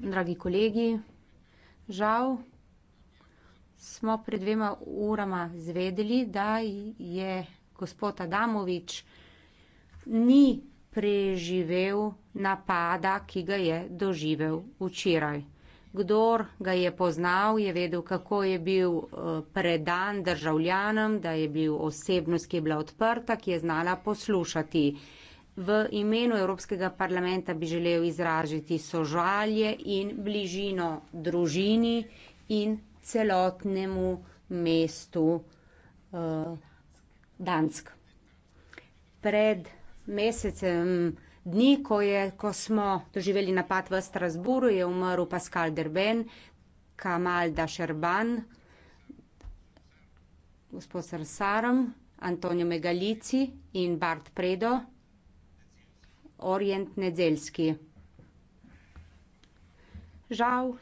dragi kolegi žal smo pred dvema urama izvedeli da je gospod adamovič ni preživel napada ki ga je doživel včeraj kdor ga je poznal je vedel kako je bil eh, predan državljanom da je bil osebnost ki je bila odprta ki je znala poslušati V imenu Evropskega parlamenta bi želel izražiti sožalje in bližino družini in celotnemu mestu uh, Dansk. Pred mesecem dni, ko, je, ko smo doživeli napad v Strasburu, je umrl Pascal Derben, Kamal Dašerban, gospod Sarsarom, Antonio Megalici in Bart Predo. Orient nedeljski. Žal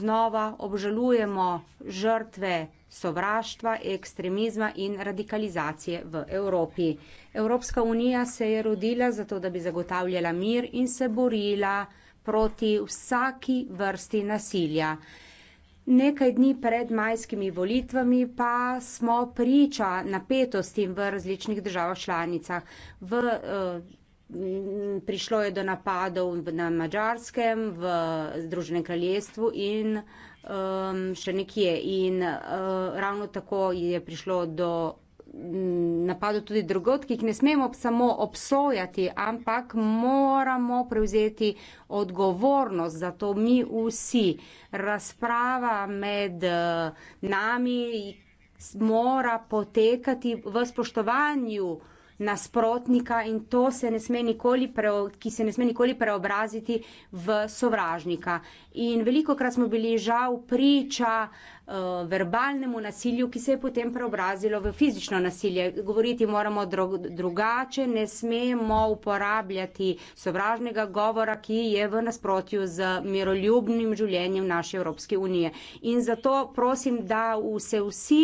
znova obžalujemo žrtve sovraštva, ekstremizma in radikalizacije v Evropi. Evropska unija se je rodila zato, da bi zagotavljala mir in se borila proti vsaki vrsti nasilja. Nekaj dni pred majskimi volitvami pa smo priča napetosti v različnih državah članicah. V, eh, Mm, prišlo je do napadov na Mačarskem, v Združenem kraljestvu in um, še nekje. In uh, ravno tako je prišlo do mm, napadov tudi drugot, ki jih ne smemo samo obsojati, ampak moramo prevzeti odgovornost za to mi vsi. Razprava med uh, nami mora potekati v spoštovanju nasprotnika in to se ne sme nikoli, preo, ki se ne sme nikoli preobraziti v sovražnika. In veliko krat smo bili žal priča uh, verbalnemu nasilju, ki se je potem preobrazilo v fizično nasilje. Govoriti moramo dro, drugače, ne smemo uporabljati sovražnega govora, ki je v nasprotju z miroljubnim življenjem naše Evropske unije. In zato prosim, da se vsi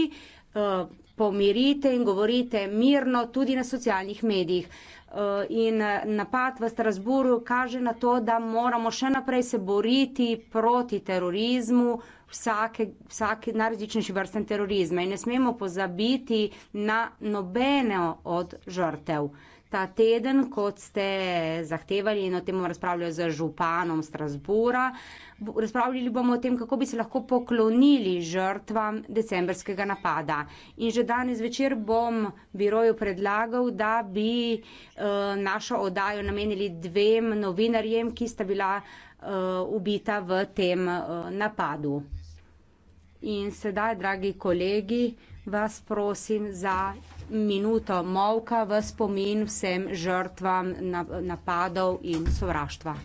uh, pomirite in govorite mirno tudi na socialnih medijih. Eh, in eh, napad v Strasburu kaže na to, da moramo še naprej se boriti proti terorizmu, vsake, vsake najrazličnejši vrsten terorizma. In ne smemo pozabiti na nobeno od žrtev. Ta teden, kot ste zahtevali in o tem razpravljajo z županom Strasbura, uh, Razpravljali bomo o tem, kako bi se lahko poklonili žrtvam decembrskega napada. In že danes večer bom biroju predlagal, da bi e, našo oddajo namenili dvem novinarjem, ki sta bila e, ubita v tem e, napadu. In sedaj, dragi kolegi, vas prosim za minuto molka v spomin vsem žrtvam napadov in sovraštva.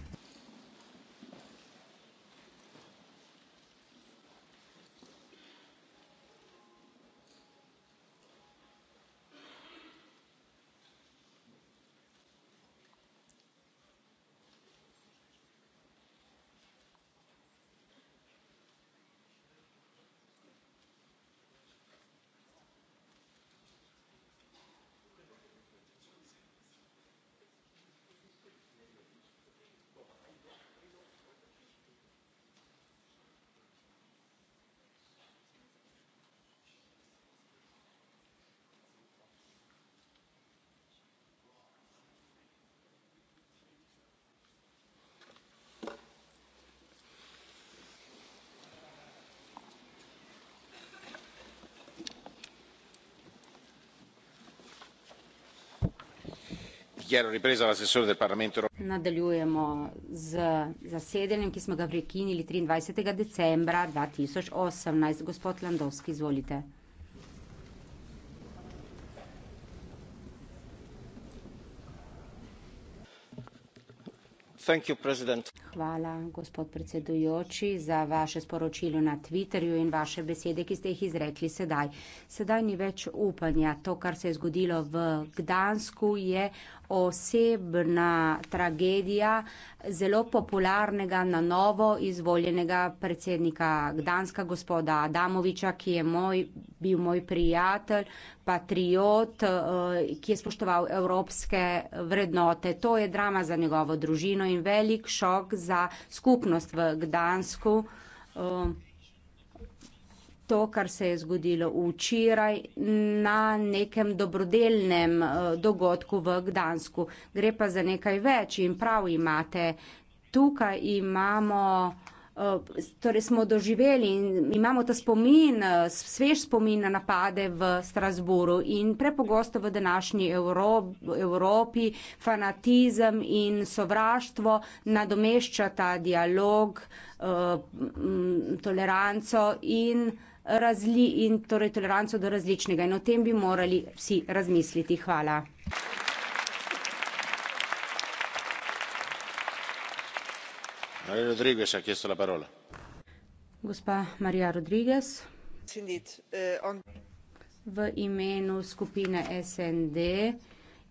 nadaljujemo z zasedanjem ki smo ga prekinili triindvajsetega decembra dva tisoč osemnajst gospod landowski izvolite hvala gospod predsedujoči za vaše sporočilo na twitterju in vaše besede ki ste jih izrekli sedaj sedaj ni več upanja to kar se je zgodilo v gdansku je osebna tragedija zelo popularnega na novo izvoljenega predsednika Gdanska gospoda Adamoviča, ki je moj, bil moj prijatelj, patriot, eh, ki je spoštoval evropske vrednote. To je drama za njegovo družino in velik šok za skupnost v Gdansku. Eh, to, kar se je zgodilo včeraj na nekem dobrodelnem eh, dogodku v Gdansku. Gre pa za nekaj več in prav imate. Tukaj imamo, eh, torej smo doživeli in imamo ta spomin, eh, svež spomin na napade v Strasburu in prepogosto v današnji Evropi fanatizem in sovraštvo nadomešča ta dialog, toleranco in razli in torej toleranco do različnega in o tem bi morali vsi razmisliti. Hvala. Gospa Marija Rodriguez. Uh, v imenu skupine SND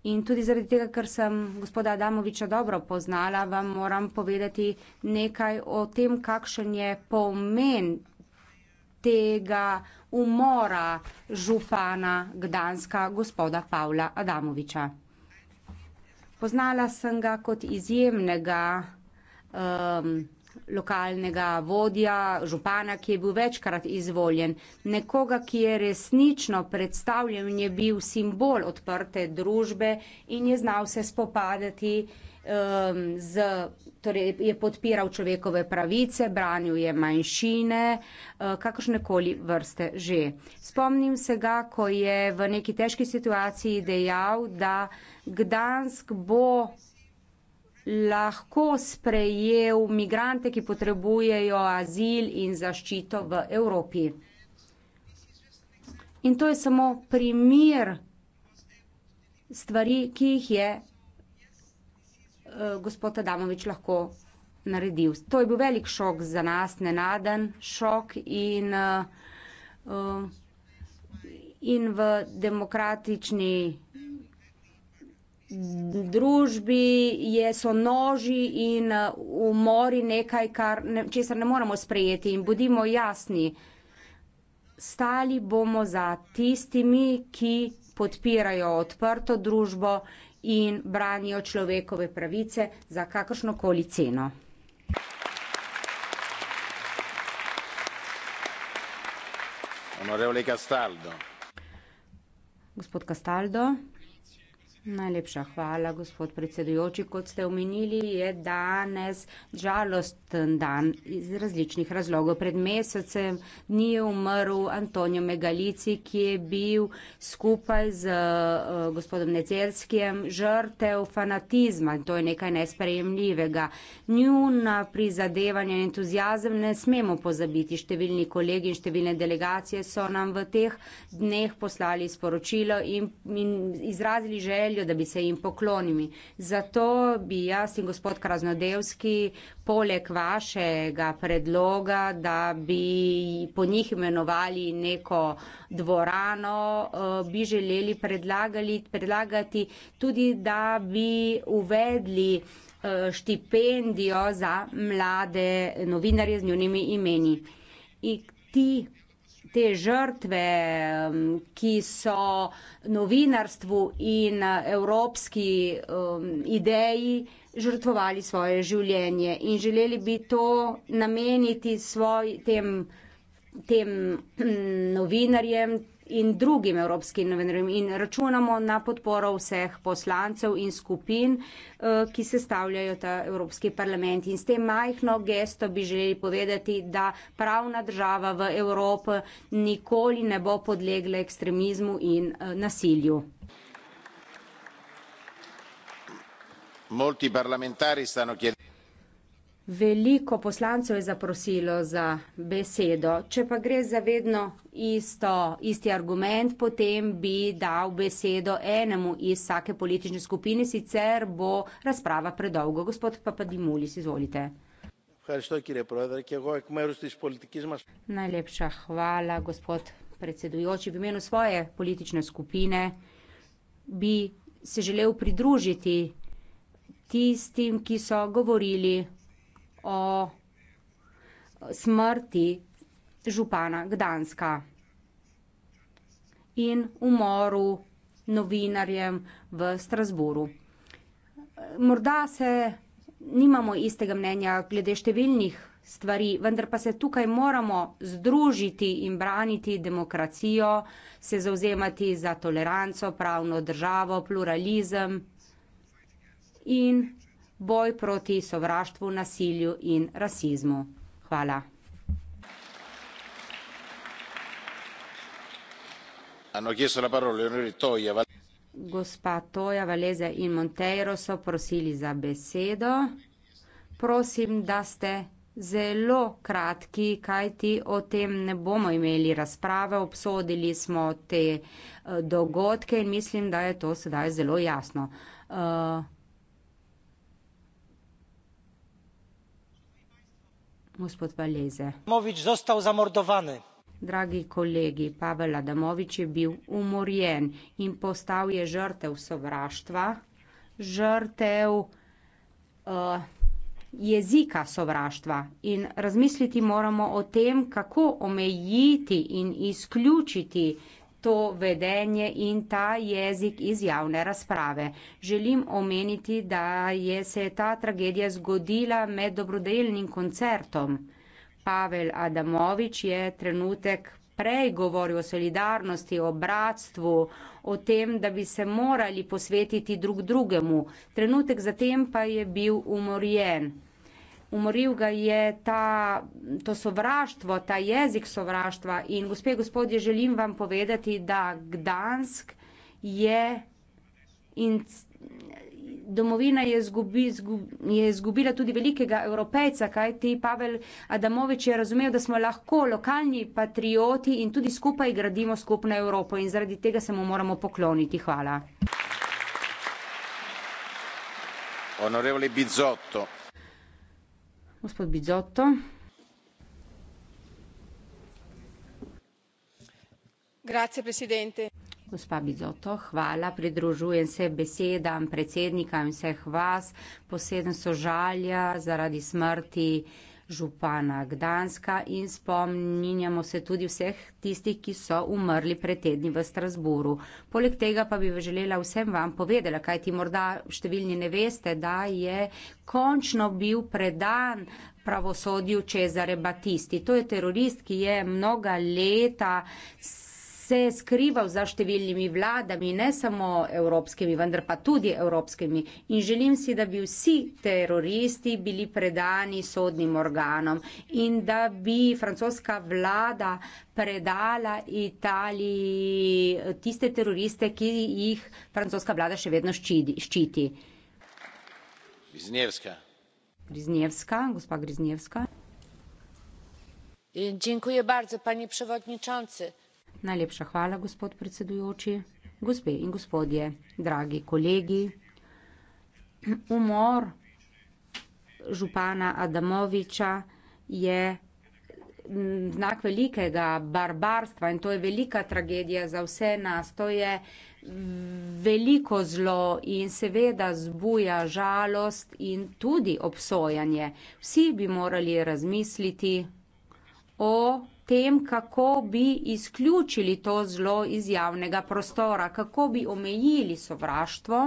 in tudi zaradi tega, ker sem gospoda Adamoviča dobro poznala, vam moram povedati nekaj o tem, kakšen je pomen tega umora župana Gdanska, gospoda Pavla Adamoviča. Poznala sem ga kot izjemnega um, lokalnega vodja, župana, ki je bil večkrat izvoljen, nekoga, ki je resnično predstavljen, je bil simbol odprte družbe in je znal se spopadati uh, um, z, torej je podpiral človekove pravice, branil je manjšine, uh, kakršnekoli vrste že. Spomnim se ga, ko je v neki težki situaciji dejal, da Gdansk bo lahko sprejel migrante, ki potrebujejo azil in zaščito v Evropi. In to je samo primer stvari, ki jih je uh, gospod Adamovič lahko naredil. To je bil velik šok za nas, nenaden šok in, uh, in v demokratični družbi je, so noži in eh, umori nekaj, kar ne, česar ne moremo sprejeti in bodimo jasni. Stali bomo za tistimi, ki podpirajo odprto družbo, in branijo človekove pravice za kakršnokoli ceno. Gospod Castaldo. Najlepša hvala, gospod predsedujoči. Kot ste omenili, je danes žalosten dan iz različnih razlogov. Pred mesecem ni umrl Antonijo Megalici, ki je bil skupaj z uh, gospodom Necelskijem žrtev fanatizma in to je nekaj nesprejemljivega. Njuna prizadevanja in entuzijazem ne smemo pozabiti. Številni kolegi in številne delegacije so nam v teh dneh poslali sporočilo in, in izrazili želje, željo, da bi se jim poklonili. Zato bi jaz in gospod Kraznodevski, poleg vašega predloga, da bi po njih imenovali neko dvorano, eh, bi želeli predlagati tudi, da bi uvedli eh, štipendijo za mlade novinarje z njunimi imeni. In ti te žrtve, ki so novinarstvu in evropski ideji žrtvovali svoje življenje in želeli bi to nameniti svoj, tem, tem novinarjem, in drugim evropskim novinarjem in računamo na podporo vseh poslancev in skupin, eh, ki sestavljajo ta Evropski parlament. In s tem majhno gesto bi želeli povedati, da pravna država v Evropi nikoli ne bo podlegla ekstremizmu in eh, nasilju. Molti parlamentari stanno chiedendo. Veliko poslancev je zaprosilo za besedo. Če pa gre za vedno isto, isti argument, potem bi dal besedo enemu iz vsake politične skupine, sicer bo razprava predolgo. Gospod Papadimulis, izvolite. Najlepša hvala, gospod predsedujoči. V imenu svoje politične skupine bi se želel pridružiti tistim, ki so govorili o smrti župana Gdanska in umoru novinarjem v Strasburu. Morda se nimamo istega mnenja glede številnih stvari, vendar pa se tukaj moramo združiti in braniti demokracijo, se zauzemati za toleranco, pravno državo, pluralizem in boj proti sovraštvu, nasilju in rasizmu. Hvala. Gospa Toja, Valeze in Monteiro so prosili za besedo. Prosim, da ste zelo kratki, kajti o tem ne bomo imeli razprave, obsodili smo te eh, dogodke in mislim, da je to sedaj zelo jasno. Eh, Adamovič został zamordowany. Dragi kolegi, Pavel Adamovič je bil umorjen in postal je žrtev sovraštva, žrtev uh, jezika sovraštva. In razmisliti moramo o tem, kako omejiti in izključiti to vedenje in ta jezik iz javne razprave. Želim omeniti, da je se ta tragedija zgodila med dobrodelnim koncertom. Pavel Adamovič je trenutek prej govoril o solidarnosti, o bratstvu, o tem, da bi se morali posvetiti drug drugemu. Trenutek zatem pa je bil umorjen umoril ga je ta, to sovraštvo, ta jezik sovraštva. In gospe in gospodje, želim vam povedati, da Gdansk je in domovina je, zgubi, zgubi, je zgubila tudi velikega evropejca, kaj ti Pavel Adamovič je razumel, da smo lahko lokalni patrioti in tudi skupaj gradimo skupno Evropo in zaradi tega se mu moramo pokloniti. Hvala. Onorevole Bizotto. Gospod Bizzotto. Grazie, presidente. Gospa Bizoto, hvala. Pridružujem se besedam predsednika in vseh vas. Posebno sožalja zaradi smrti eh, župana Gdanska in spominjamo se tudi vseh tistih, ki so umrli pred tedni v Strasburu. Poleg tega pa bi želela vsem vam povedala, kaj ti morda številni ne veste, da je končno bil predan pravosodju Čezare Batisti. To je terorist, ki je mnoga leta s se je skrival za številnimi vladami, ne samo evropskimi, vendar pa tudi evropskimi. In želim si, da bi vsi teroristi bili predani sodnim organom in da bi francoska vlada predala Italiji tiste teroriste, ki jih francoska vlada še vedno ščiti. Griznjevska. Griznjevska, gospa Griznjevska. Dziękuję bardzo, panie przewodniczący. Najlepša hvala, gospod predsedujoči. Gospe in gospodje, dragi kolegi. Umor župana Adamoviča je znak velikega barbarstva in to je velika tragedija za vse nas. To je veliko zlo in seveda zbuja žalost in tudi obsojanje. Vsi bi morali razmisliti o tem, kako bi izključili to zlo iz javnega prostora, kako bi omejili sovraštvo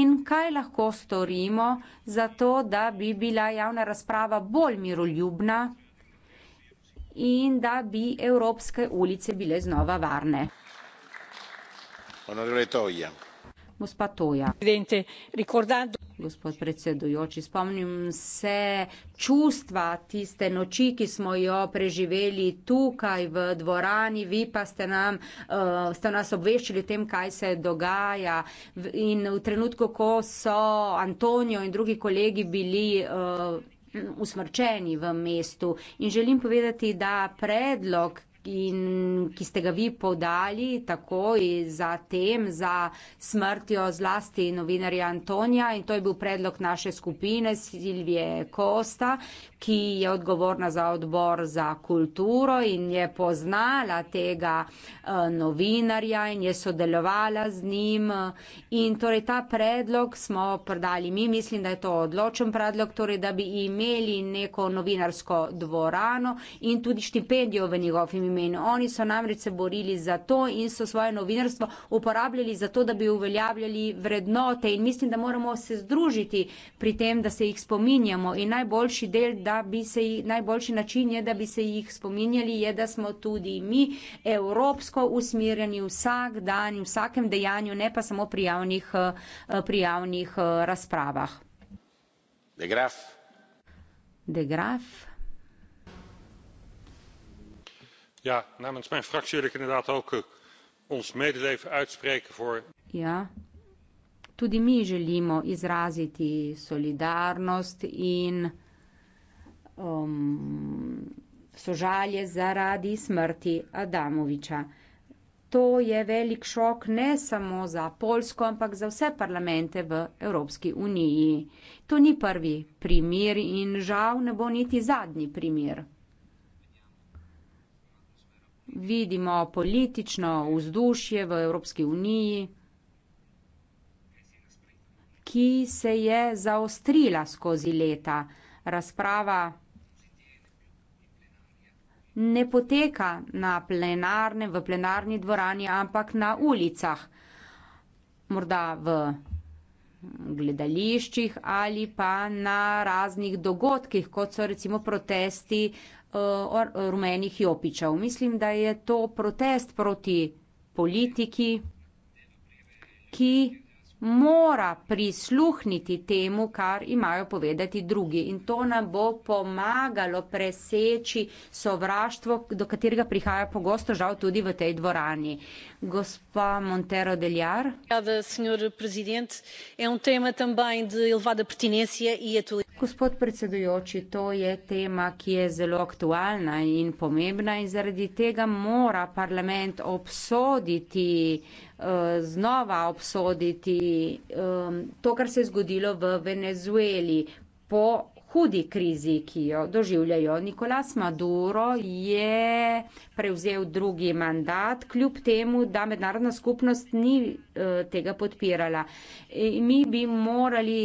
in kaj lahko storimo za to, da bi bila javna razprava bolj miroljubna in da bi evropske ulice bile znova varne. Gospa Toja gospod predsedujoči. Spomnim se čustva tiste noči, ki smo jo preživeli tukaj v dvorani, vi pa ste, nam, uh, ste nas obveščili tem, kaj se dogaja. In v trenutku, ko so Antonijo in drugi kolegi bili. Uh, usmrčeni v mestu. In želim povedati, da predlog, in ki ste ga vi povdali takoj za tem, za smrtjo zlasti novinarja Antonija in to je bil predlog naše skupine Silvije Kosta, ki je odgovorna za odbor za kulturo in je poznala tega eh, novinarja in je sodelovala z njim in torej ta predlog smo predali mi, mislim, da je to odločen predlog, torej da bi imeli neko novinarsko dvorano in tudi štipendijo v njegovim imenu imen. Oni so namreč se borili za to in so svoje novinarstvo uporabljali za to, da bi uveljavljali vrednote in mislim, da moramo se združiti pri tem, da se jih spominjamo in najboljši del, da bi se jih, najboljši način je, da bi se jih spominjali, je, da smo tudi mi evropsko usmirjeni vsak dan in vsakem dejanju, ne pa samo pri javnih, pri javnih eh, razpravah. De Graaf. De Graaf. Ja, namens mijn fractie wil ik inderdaad ook eh, ons medeleven uitspreken voor. Ja. Tudi mi želimo izraziti solidarnost in um, sožalje zaradi smrti Adamoviča. To je velik šok ne samo za Polsko, ampak za vse parlamente v Evropski uniji. To ni prvi primer in žal ne bo niti zadnji primer vidimo politično vzdušje v Evropski uniji, ki se je zaostrila skozi leta. Razprava ne poteka na plenarne, v plenarni dvorani, ampak na ulicah, morda v gledališčih ali pa na raznih dogodkih, kot so recimo protesti Eh, rumenih jopičev. Mislim, da je to protest proti politiki, ki mora prisluhniti temu, kar imajo povedati drugi. In to nam bo pomagalo preseči sovraštvo, do katerega prihaja pogosto žal tudi v tej dvorani. Gospa Montero Deljar. Um e Gospod predsedujoči, to je tema, ki je zelo aktualna in pomembna in zaradi tega mora parlament obsoditi Eh, znova obsoditi um, to, kar se je zgodilo v Venezueli po hudi krizi, ki jo doživljajo. Nikolas Maduro je prevzel drugi mandat, kljub temu, da mednarodna skupnost ni eh, tega podpirala. Mi bi morali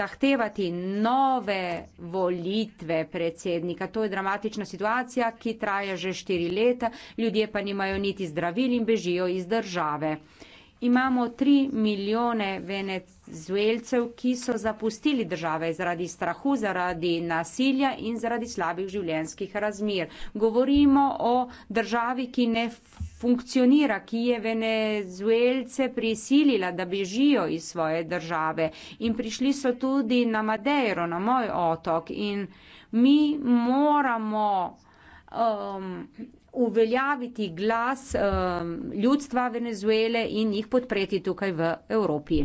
zahtevati nove volitve predsednika. To je dramatična situacija, ki traja že štiri leta, ljudje pa nimajo niti zdravil in bežijo iz države. Imamo tri milijone venezuelcev, ki so zapustili države zaradi strahu, zaradi nasilja in zaradi slabih življenskih razmir. Govorimo o državi, ki ne funkcionira, ki je venezuelce prisilila, da bežijo iz svoje države. In prišli so tudi na Madeiro, na moj otok. In mi moramo. Um, uveljaviti glas um, ljudstva Venezuele in jih podpreti tukaj v Evropi.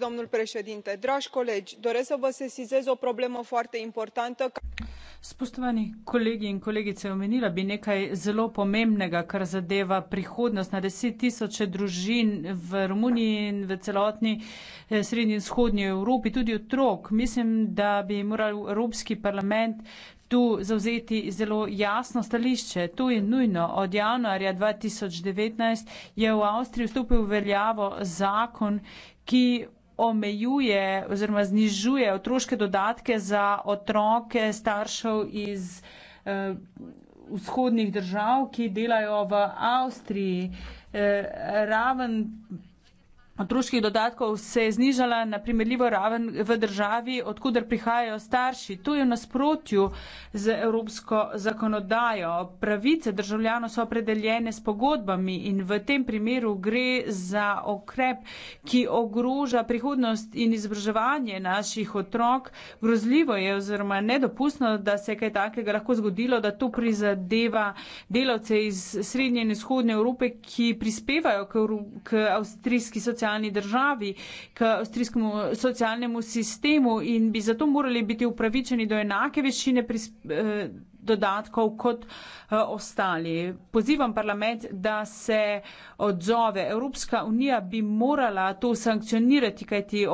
Domnul predsednik, dragi kolegi, doresc să vă sesizez o problemă foarte importantă. Spoštovani kolegi in kolegice, omenila bi nekaj zelo pomembnega, kar zadeva prihodnost na deset tisoče družin v Romuniji in v celotni eh, srednji in vzhodnji Evropi, tudi otrok. Mislim, da bi moral Evropski parlament tu zauzeti zelo jasno stališče. To je nujno. Od januarja 2019 je v Avstriji vstopil v veljavo zakon, ki omejuje oziroma znižuje otroške dodatke za otroke staršev iz eh, vzhodnih držav, ki delajo v Avstriji. Eh, raven otroških dodatkov se je znižala na primerljivo raven v državi, odkuder prihajajo starši. To je v nasprotju z evropsko zakonodajo. Pravice državljanov so opredeljene s pogodbami in v tem primeru gre za okrep, ki ogroža prihodnost in izobraževanje naših otrok. Grozljivo je oziroma nedopustno, da se je kaj takega lahko zgodilo, da to prizadeva delavce iz srednje in vzhodne Evrope, ki prispevajo k, k avstrijski socialni socialni državi, k avstrijskemu socialnemu sistemu in bi zato morali biti upravičeni do enake višine eh, dodatkov kot eh, ostali. Pozivam parlament, da se odzove. Evropska unija bi morala to sankcionirati, kajti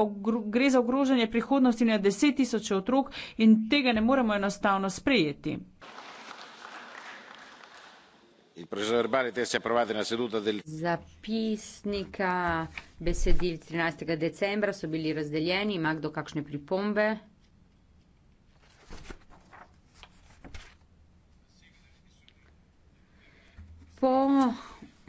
gre za ogrožanje prihodnosti na deset tisoč otrok in tega ne moremo enostavno sprejeti il processo verbale testi approvati nella seduta del zapisnika besedil 13. decembra so bili razdeljeni ima kdo kakšne pripombe po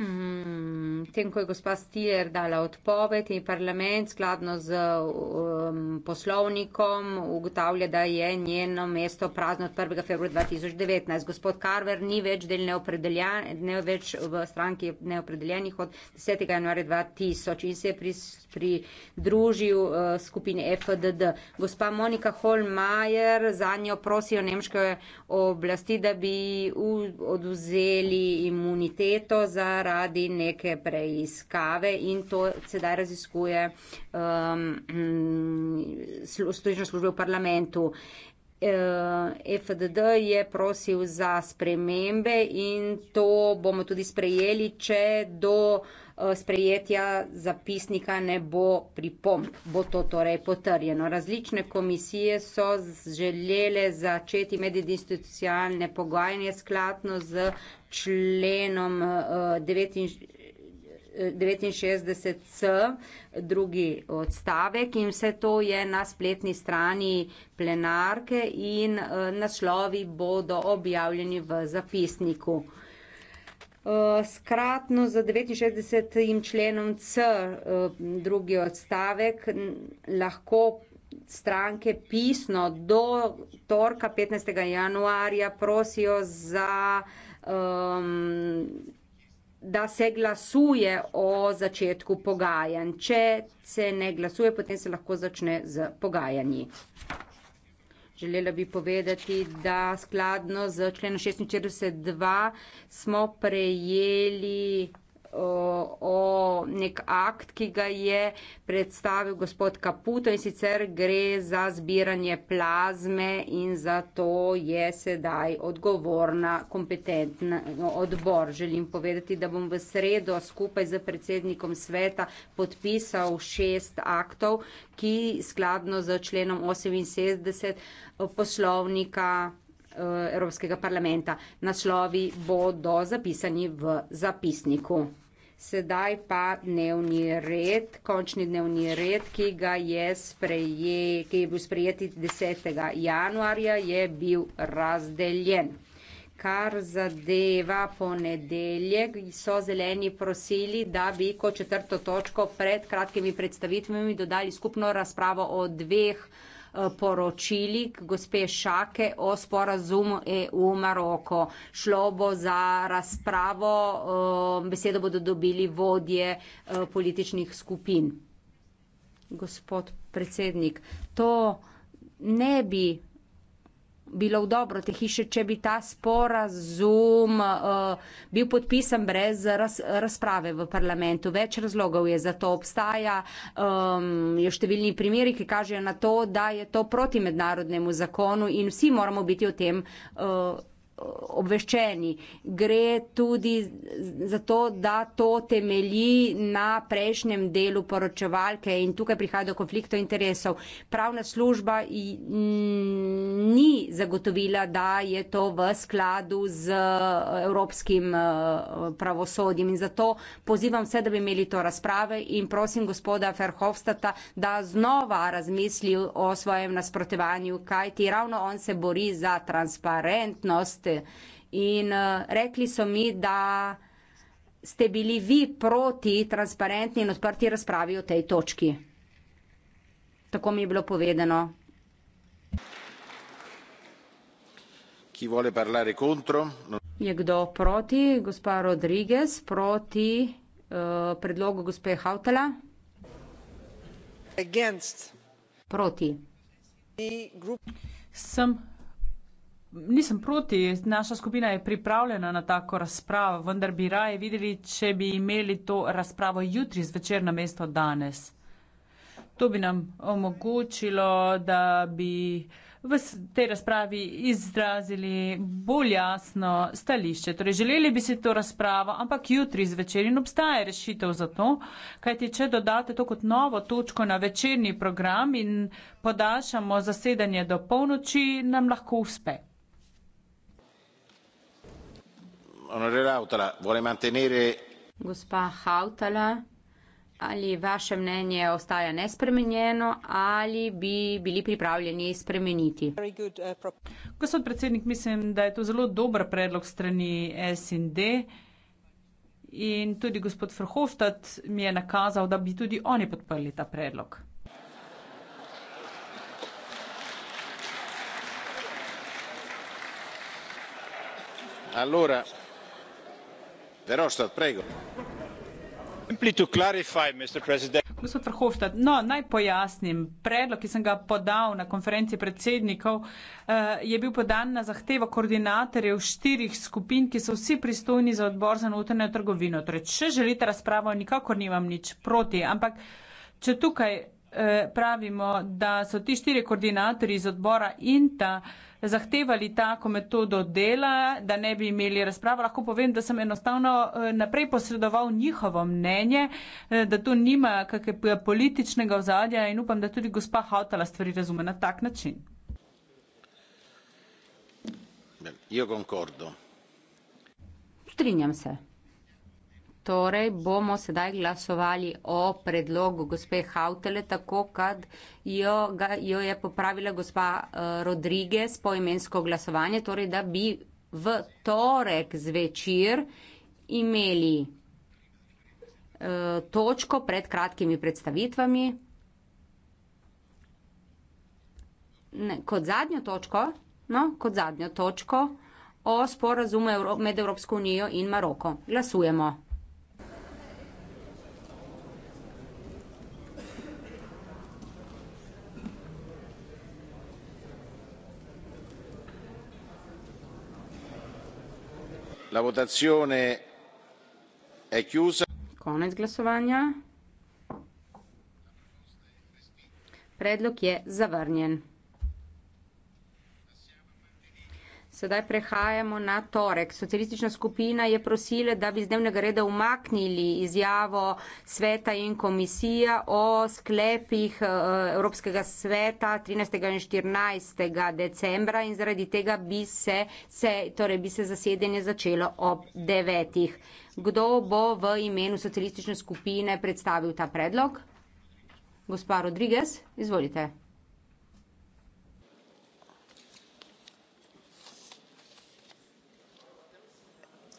Mm, tem, ko je gospa Stiller dala odpoved in parlament skladno z um, poslovnikom ugotavlja, da je njeno mesto prazno od 1. februarja 2019. Gospod Carver ni več del neopredeljen, ne več v stranki neopredeljenih od 10. januarja 2000 in se je pridružil pri uh, skupini FDD. Gospa Monika Holmajer za njo prosijo nemške oblasti, da bi u, oduzeli imuniteto zaradi zaradi neke preiskave in to sedaj raziskuje um, stolična služba v parlamentu. Uh, FDD je prosil za spremembe in to bomo tudi sprejeli, če do Eh, sprejetja zapisnika ne bo pripomp, bo to torej potrjeno. Različne komisije so želele začeti medinstitucionalne pogajanje skladno z členom 69c eh, drugi odstavek in vse to je na spletni strani plenarke in eh, naslovi bodo objavljeni v zapisniku. Eh, skratno za 69. členom C eh, drugi odstavek lahko stranke pisno do torka 15. januarja prosijo za, um, da se glasuje o začetku pogajanj. Če se ne glasuje, potem se lahko začne z pogajanji. Želela bi povedati, da skladno z členom 46.2 smo prejeli o, o nek akt, ki ga je predstavil gospod Kaputo in sicer gre za zbiranje plazme in za to je sedaj odgovorna kompetentna no, odbor. Želim povedati, da bom v sredo skupaj z predsednikom sveta podpisal šest aktov, ki skladno z členom 68 eh, poslovnika eh, Evropskega parlamenta. Naslovi bodo zapisani v zapisniku. Sedaj pa dnevni red, končni dnevni red, ki, je, spreje, ki je bil sprejet 10. januarja, je bil razdeljen. Kar zadeva ponedeljek, so zeleni prosili, da bi kot četrto točko pred kratkimi predstavitvami dodali skupno razpravo o dveh. Eh, poročili gospe Šake o sporazumu EU Maroko. Šlo bo za razpravo, eh, besedo bodo dobili vodje eh, političnih skupin. Gospod predsednik, to ne bi bilo v dobro te hiše, če bi ta sporazum uh, bil podpisan brez raz, razprave v parlamentu. Več razlogov je za to obstaja. Um, ehm, je številni primeri, ki kažejo na to, da je to proti mednarodnemu zakonu in vsi moramo biti o tem uh, obveščeni. Gre tudi za to, da to temelji na prejšnjem delu poročevalke in tukaj prihaja do konflikta interesov. Pravna služba ni zagotovila, da je to v skladu z eh, evropskim eh, pravosodjem in zato pozivam vse, da bi imeli to razprave in prosim gospoda Ferhofstata, da znova razmisli o svojem nasprotevanju, kajti ravno on se bori za transparentnost proste. In uh, rekli so mi, da ste bili vi proti transparentni in odprti razpravi o tej točki. Tako mi je bilo povedano. Je kdo proti? Gospa Rodriguez proti uh, predlogu gospe Hautela? Against. Proti. Sem Nisem proti, naša skupina je pripravljena na tako razpravo, vendar bi raje videli, če bi imeli to razpravo jutri zvečer na mesto danes. To bi nam omogočilo, da bi v tej razpravi izrazili bolj jasno stališče. Torej, želeli bi si to razpravo, ampak jutri zvečer in obstaja rešitev za to, kajti če dodate to kot novo točko na večerni program in podaljšamo zasedanje do polnoči, nam lahko uspe. gospa hautala ali vaše mnenje ostaja nespremenjeno ali bi bili pripravljeni spremeniti uh, gospod predsednik mislim da je to zelo dober predlog strani snd in tudi gospod Verhofstadt mi je nakazal, da bi tudi oni podprli ta predlog. Allora, No, gospod verhofstadt no naj pojasnim predlog ki sem ga podal na konferenci predsednikov eh, je bil podan na zahtevo koordinatorjev štirih skupin ki so vsi pristojni za odbor za notranjo trgovino torej če želite razpravo nikakor nimam nič proti ampak če tukaj eh, pravimo da so ti štirje koordinatorji iz odbora inta zahtevali tako metodo dela, da ne bi imeli razprave. Lahko povem, da sem enostavno eh, naprej posredoval njihovo mnenje, eh, da to nima kakega političnega ozadja in upam, da tudi gospa Hautala stvari razume na tak način. Strinjam se. Torej bomo sedaj glasovali o predlogu gospe Hautele, tako kad jo, ga, jo je popravila gospa uh, Rodriguez po imensko glasovanje, torej da bi v torek zvečer imeli uh, točko pred kratkimi predstavitvami. Ne, kot zadnjo točko, no, kot zadnjo točko o sporazumu med Evropsko unijo in Maroko. Glasujemo. la votazione è chiusa konec glasovanja predlog je zavrnjen Sedaj prehajamo na torek. Socialistična skupina je prosila, da bi z dnevnega reda umaknili izjavo sveta in komisija o sklepih eh, Evropskega sveta 13. in 14. decembra in zaradi tega bi se, se, torej bi se zasedenje začelo ob 9. Kdo bo v imenu socialistične skupine predstavil ta predlog? Gospa Rodriguez, izvolite.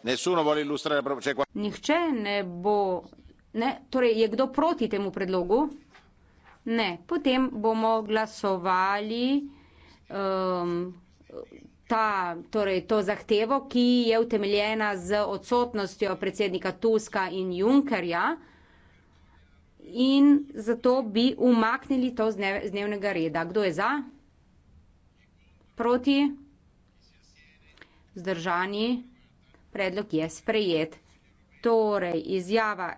Nihče ne bo. Ne? Torej, je kdo proti temu predlogu? Ne. Potem bomo glasovali um, ta, torej, to zahtevo, ki je utemeljena z odsotnostjo predsednika Tuska in Junkerja in zato bi umaknili to z dnevnega reda. Kdo je za? Proti? Zdržani? predlog je sprejet. Torej, izjava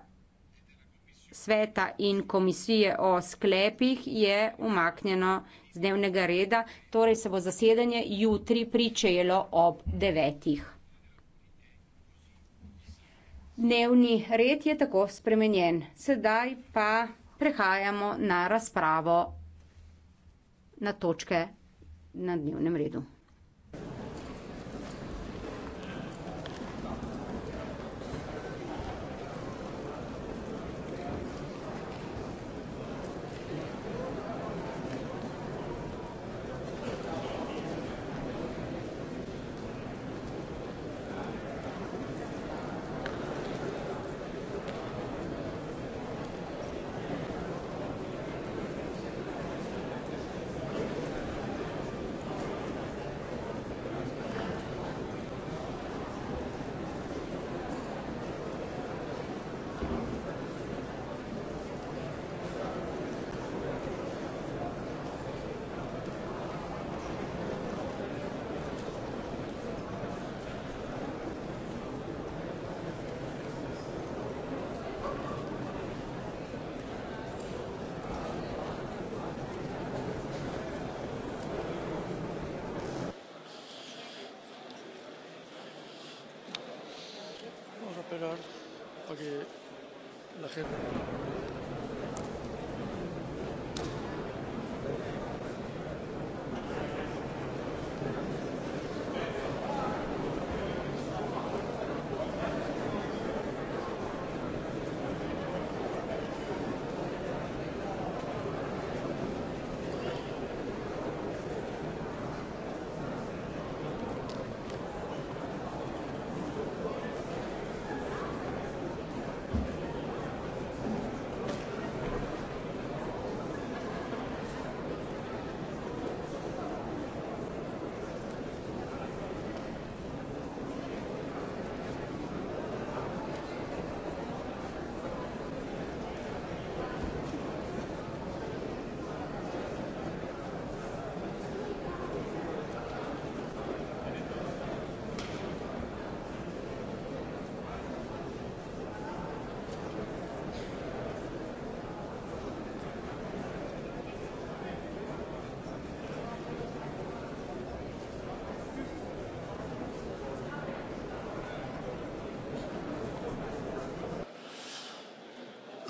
sveta in komisije o sklepih je umaknjeno z dnevnega reda, torej se bo zasedanje jutri pričelo ob devetih. Dnevni red je tako spremenjen. Sedaj pa prehajamo na razpravo na točke na dnevnem redu.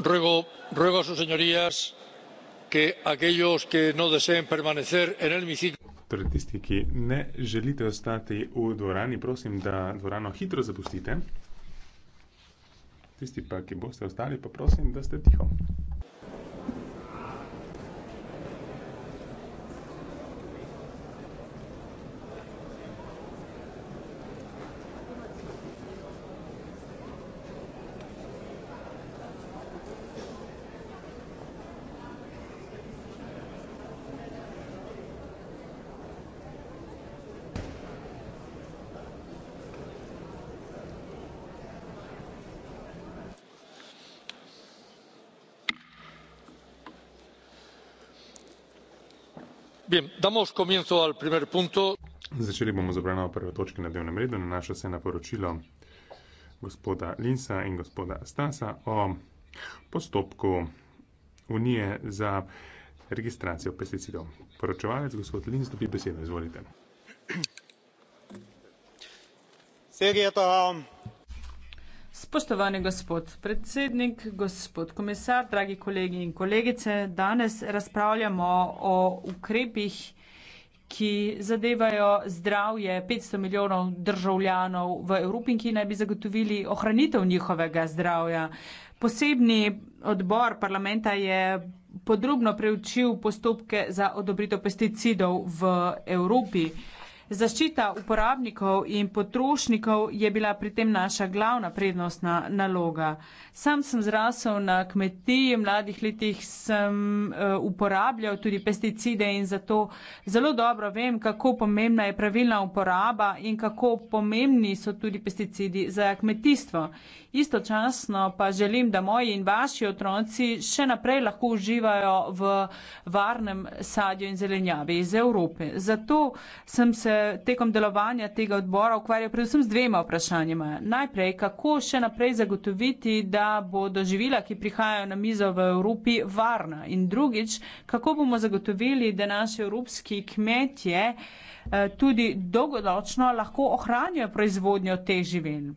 ruego a sus señorías que aquellos que no deseen permanecer en el hemiciclo. Torej, tisti, ki ne želite ostati v dvorani, prosim, da dvorano hitro zapustite. Tisti, pa, ki boste ostali, pa prosim, da ste tiho. Damos comienzo al primer punto. Začeli bomo z obravnavo prve točke na dnevnem redu. Nanaša se na poročilo gospoda Linsa in gospoda Stasa o postopku Unije za registracijo pesticidov. Poročevalec, gospod Lins, dobi besedo. Izvolite. Serijeta Spoštovani gospod predsednik, gospod komisar, dragi kolegi in kolegice, danes razpravljamo o ukrepih, ki zadevajo zdravje 500 milijonov državljanov v Evropi in ki naj bi zagotovili ohranitev njihovega zdravja. Posebni odbor parlamenta je podrobno preučil postopke za odobritev pesticidov v Evropi. Zaščita uporabnikov in potrošnikov je bila pri tem naša glavna prednostna naloga. Sam sem zrasel na kmetiji, v mladih letih sem eh, uporabljal tudi pesticide in zato zelo dobro vem, kako pomembna je pravilna uporaba in kako pomembni so tudi pesticidi za kmetijstvo. Istočasno pa želim, da moji in vaši otroci še naprej lahko uživajo v varnem sadju in zelenjavi iz Evrope. Zato sem se tekom delovanja tega odbora ukvarjal predvsem z dvema vprašanjima. Najprej, kako še naprej zagotoviti, da bodo živila, ki prihajajo na mizo v Evropi, varna. In drugič, kako bomo zagotovili, da naše evropski kmetje eh, tudi dolgodočno lahko ohranjajo proizvodnjo teh živil.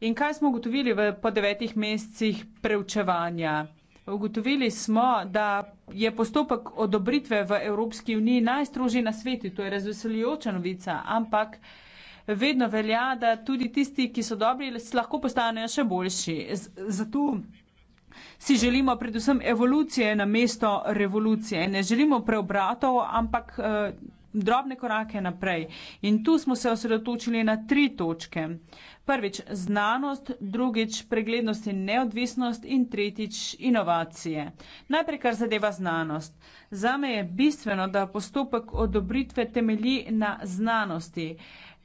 In kaj smo ugotovili po devetih mesecih preučevanja? Ugotovili smo, da je postopek odobritve v Evropski uniji najstrožji na svetu. To je razveseljujoča novica, ampak vedno velja, da tudi tisti, ki so dobri, lahko postanejo še boljši. Z zato si želimo predvsem evolucije na mesto revolucije. Ne želimo preobratov, ampak. Uh, drobne korake naprej. In tu smo se osredotočili na tri točke. Prvič znanost, drugič preglednost in neodvisnost in tretjič inovacije. Najprej, kar zadeva znanost. Zame je bistveno, da postopek odobritve temelji na znanosti. Uh,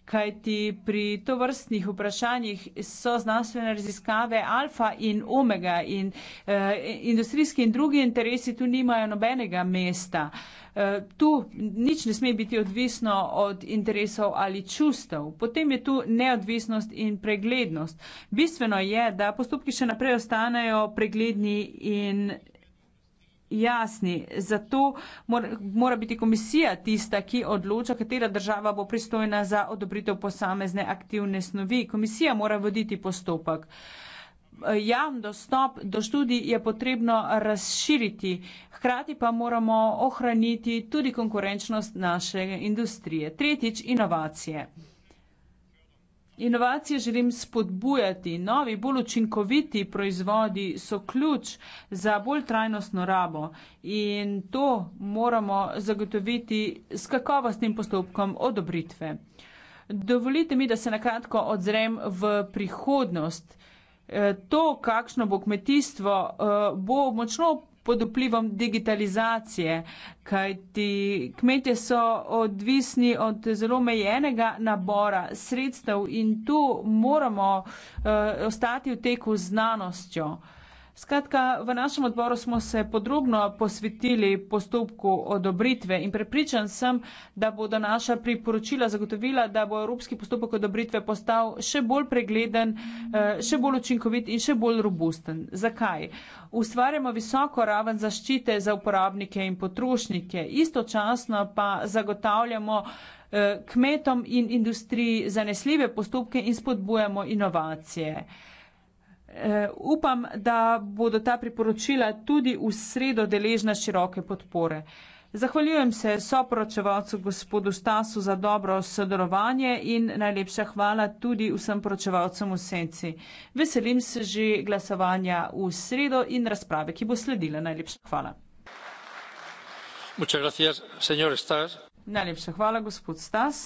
kajti pri to vrstnih vprašanjih so znanstvene raziskave alfa in omega in eh, industrijski in drugi interesi tu nimajo nobenega mesta. Eh, tu nič ne sme biti odvisno od interesov ali čustev. Potem je tu neodvisnost in preglednost. Bistveno je, da postopki še naprej ostanejo pregledni in jasni. Zato mora, mora biti komisija tista, ki odloča, katera država bo pristojna za odobritev posamezne aktivne snovi. Komisija mora voditi postopek. Jam dostop do študij je potrebno razširiti, hkrati pa moramo ohraniti tudi konkurenčnost naše industrije. Tretjič, inovacije. Inovacije želim spodbujati. Novi, bolj učinkoviti proizvodi so ključ za bolj trajnostno rabo in to moramo zagotoviti s kakovostnim postopkom odobritve. Dovolite mi, da se nakratko odzrem v prihodnost. E, to, kakšno bo kmetijstvo, e, bo močno pod vplivom digitalizacije, kajti kmetje so odvisni od zelo mejenega nabora sredstev in tu moramo uh, ostati v teku znanostjo. Skratka, v našem odboru smo se podrobno posvetili postopku odobritve in prepričan sem, da bodo naša priporočila zagotovila, da bo evropski postopek odobritve postal še bolj pregleden, eh, še bolj učinkovit in še bolj robusten. Zakaj? ustvarjamo visoko raven zaščite za uporabnike in potrošnike, istočasno pa zagotavljamo eh, kmetom in industriji zanesljive postopke in spodbujamo inovacije. Eh, upam, da bodo ta priporočila tudi v sredo deležna široke podpore. Zahvaljujem se soporočevalcu gospodu Stasu za dobro sodelovanje in najlepša hvala tudi vsem poročevalcem v senci. Veselim se že glasovanja v sredo in razprave, ki bo sledila. Najlepša hvala. Najlepša hvala, gospod Stas.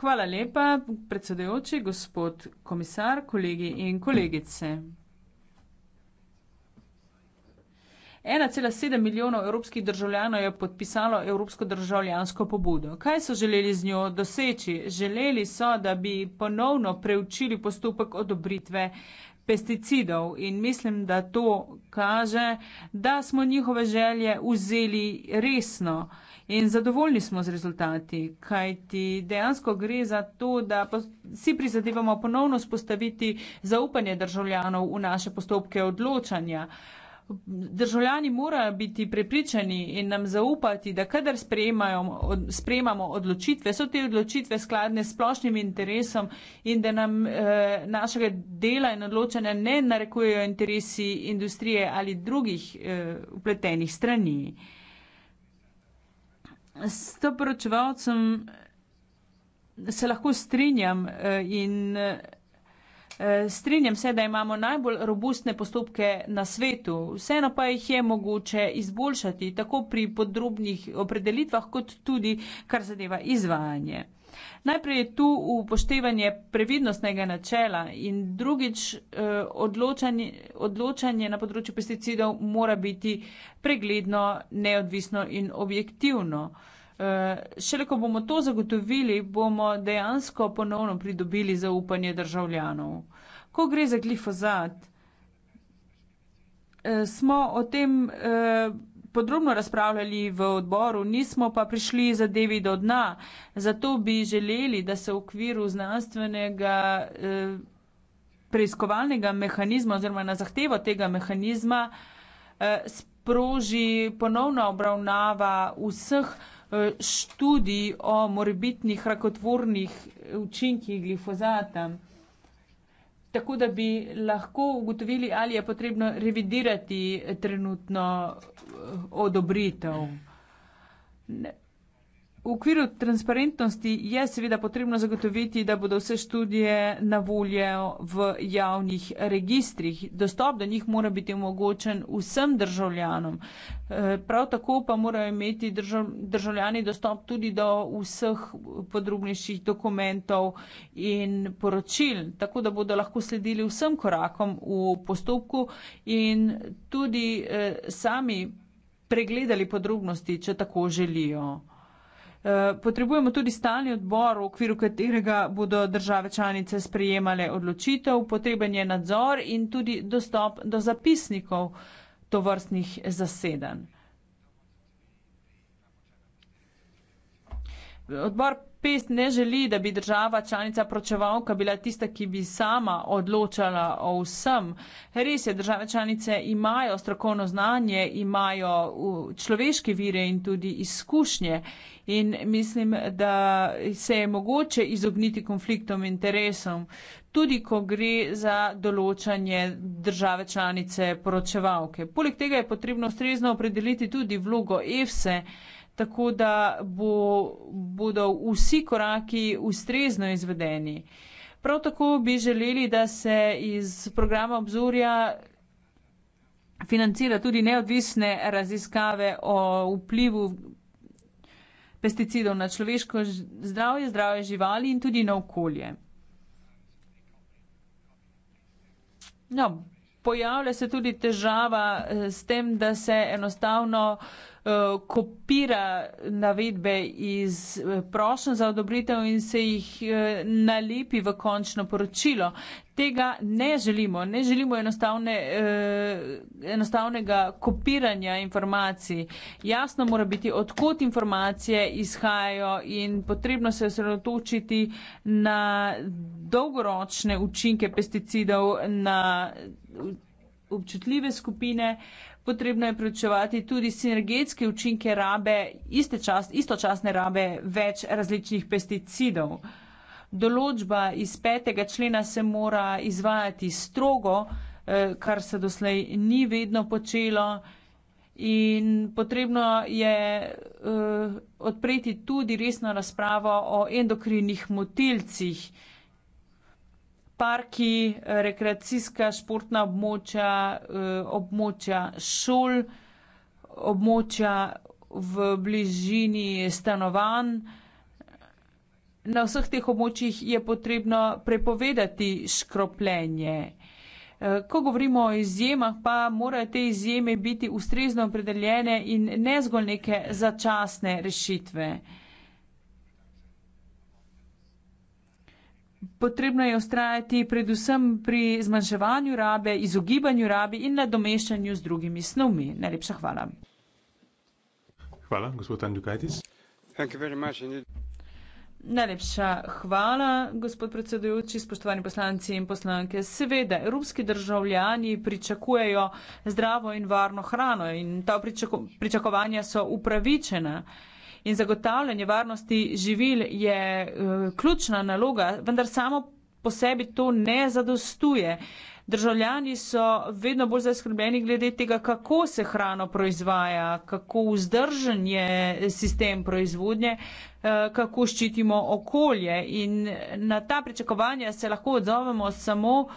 Hvala lepa, predsedujoči, gospod komisar, kolegi in kolegice. 1,7 milijonov evropskih državljanov je podpisalo evropsko državljansko pobudo. Kaj so želeli z njo doseči? Želeli so, da bi ponovno preučili postopek odobritve pesticidov in mislim, da to kaže, da smo njihove želje vzeli resno. In zadovoljni smo z rezultati, kajti dejansko gre za to, da si prizadevamo ponovno spostaviti zaupanje državljanov v naše postopke odločanja. Uh, državljani morajo biti prepričani in nam zaupati, da kadar od, sprejemamo odločitve, so te odločitve skladne s splošnim interesom in da nam eh, našega dela in odločanja ne narekujejo interesi industrije ali drugih eh, upletenih strani. S to poročevalcem eh, se lahko strinjam eh, in. Eh, Eh, strinjam se, da imamo najbolj robustne postopke na svetu, vseeno pa jih je mogoče izboljšati, tako pri podrobnih opredelitvah, kot tudi kar zadeva izvajanje. Najprej je tu upoštevanje previdnostnega načela in drugič eh, odločanje, odločanje na področju pesticidov mora biti pregledno, neodvisno in objektivno. Eh, šele ko bomo to zagotovili, bomo dejansko ponovno pridobili zaupanje državljanov. Ko gre za glifozat, eh, smo o tem eh, podrobno razpravljali v odboru, nismo pa prišli zadevi do dna. Zato bi želeli, da se v okviru znanstvenega preiskovalnega mehanizma oziroma na zahtevo tega mehanizma sproži ponovna obravnava vseh Eh, študij o morbitnih rakotvornih učinkih glifozata. Tako da bi lahko ugotovili, ali je potrebno revidirati trenutno eh, odobritev. Ne. V okviru transparentnosti je seveda potrebno zagotoviti, da bodo vse študije na voljo v javnih registrih. Dostop do njih mora biti omogočen vsem državljanom. Eh, prav tako pa morajo imeti državljani dostop tudi do vseh podrobnejših dokumentov in poročil, tako da bodo lahko sledili vsem korakom v postopku in tudi eh, sami pregledali podrobnosti, če tako želijo. Eh, potrebujemo tudi stalni odbor, v okviru katerega bodo države članice sprejemale odločitev, potreben je nadzor in tudi dostop do zapisnikov tovrstnih zasedanj. Odbor Pest ne želi, da bi država članica pročevalka bila tista, ki bi sama odločala o vsem. Res je, države članice imajo strokovno znanje, imajo človeške vire in tudi izkušnje. In mislim, da se je mogoče izogniti konfliktom interesom, tudi ko gre za določanje države članice poročevalke. Poleg tega je potrebno ustrezno opredeliti tudi vlogo EFSE, tako da bo, bodo vsi koraki ustrezno izvedeni. Prav tako bi želeli, da se iz programa obzorja financira tudi neodvisne raziskave o vplivu pesticidov na človeško zdravje, zdravje živali in tudi na okolje. No, pojavlja se tudi težava eh, s tem, da se enostavno uh, Eh, kopira navedbe iz eh, prošnja za odobritev in se jih eh, nalepi v končno poročilo. Tega ne želimo. Ne želimo enostavne, enostavnega kopiranja informacij. Jasno mora biti, odkot informacije izhajajo in potrebno se osredotočiti na dolgoročne učinke pesticidov na občutljive skupine. Potrebno je preučevati tudi sinergetske učinke rabe, čas, istočasne rabe več različnih pesticidov. Določba iz petega člena se mora izvajati strogo, eh, kar se doslej ni vedno počelo. In potrebno je uh, odpreti tudi resno razpravo o endokrinih motilcih, uh, parki, rekreacijska, športna območja, eh, območja šol, območja v bližini stanovanj. Na vseh teh območjih je potrebno prepovedati škropljenje. Eh, ko govorimo o izjemah, pa morajo te izjeme biti ustrezno opredeljene in ne zgolj neke začasne rešitve. potrebno je ustrajati predvsem pri zmanjševanju rabe, izogibanju rabi in nadomeščanju z drugimi snovmi. Najlepša hvala. Hvala, gospod Andukajtis. Najlepša hvala, gospod predsedujoči, spoštovani poslanci in poslanke. Seveda, evropski državljani pričakujejo zdravo in varno hrano in ta pričako, pričakovanja so upravičena in zagotavljanje varnosti živil je uh, ključna naloga, vendar samo po sebi to ne zadostuje. Državljani so vedno bolj zaskrbljeni glede tega, kako se hrano proizvaja, kako vzdržen je sistem proizvodnje, eh, kako ščitimo okolje. In eh, na ta pričakovanja se lahko odzovemo samo uh,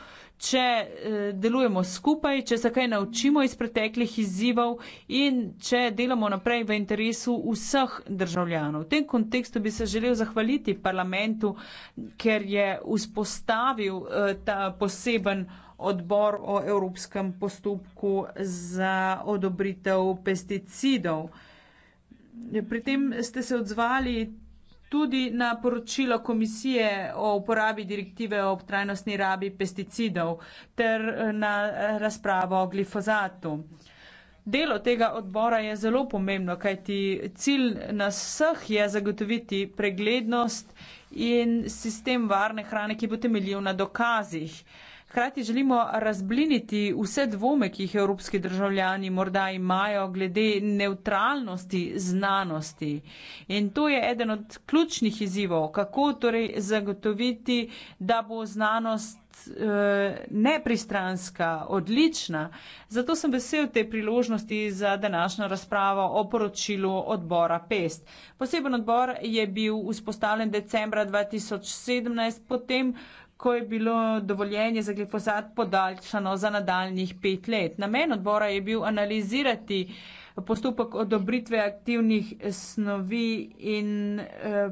če eh, delujemo skupaj, če se kaj naučimo iz preteklih izzivov in če delamo naprej v interesu vseh državljanov. V tem kontekstu bi se želel zahvaliti parlamentu, ker je vzpostavil eh, ta poseben odbor o evropskem postopku za odobritev pesticidov. Pri tem ste se odzvali tudi na poročilo komisije o uporabi direktive o trajnostni rabi pesticidov ter eh, na eh, razpravo o glifozatu. Delo tega odbora je zelo pomembno, kajti cilj nas vseh je zagotoviti preglednost in sistem varne hrane, ki bo temeljil na dokazih. Hkrati želimo razbliniti vse dvome, ki jih evropski državljani morda imajo glede neutralnosti znanosti. In to je eden od ključnih izzivov, kako torej zagotoviti, da bo znanost eh, nepristranska, odlična. Zato sem vesel te priložnosti za današnjo razpravo o poročilu odbora PEST. Poseben odbor je bil vzpostavljen decembra 2017, potem ko je bilo dovoljenje za glifosat podaljšano za nadaljnih pet let. Namen odbora je bil analizirati postopek odobritve aktivnih snovi in eh,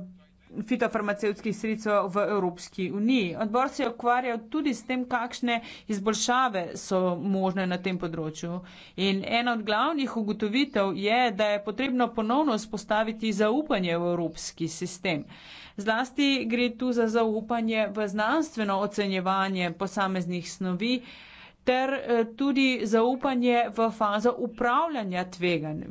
fitofarmacevskih sredstev v Evropski uniji. Odbor se je ukvarjal tudi s tem, kakšne izboljšave so možne na tem področju. In ena od glavnih ugotovitev je, da je potrebno ponovno spostaviti zaupanje v evropski sistem. Eh, Zlasti gre tu za zaupanje v znanstveno ocenjevanje posameznih snovi ter eh, tudi zaupanje v fazo upravljanja tveganj.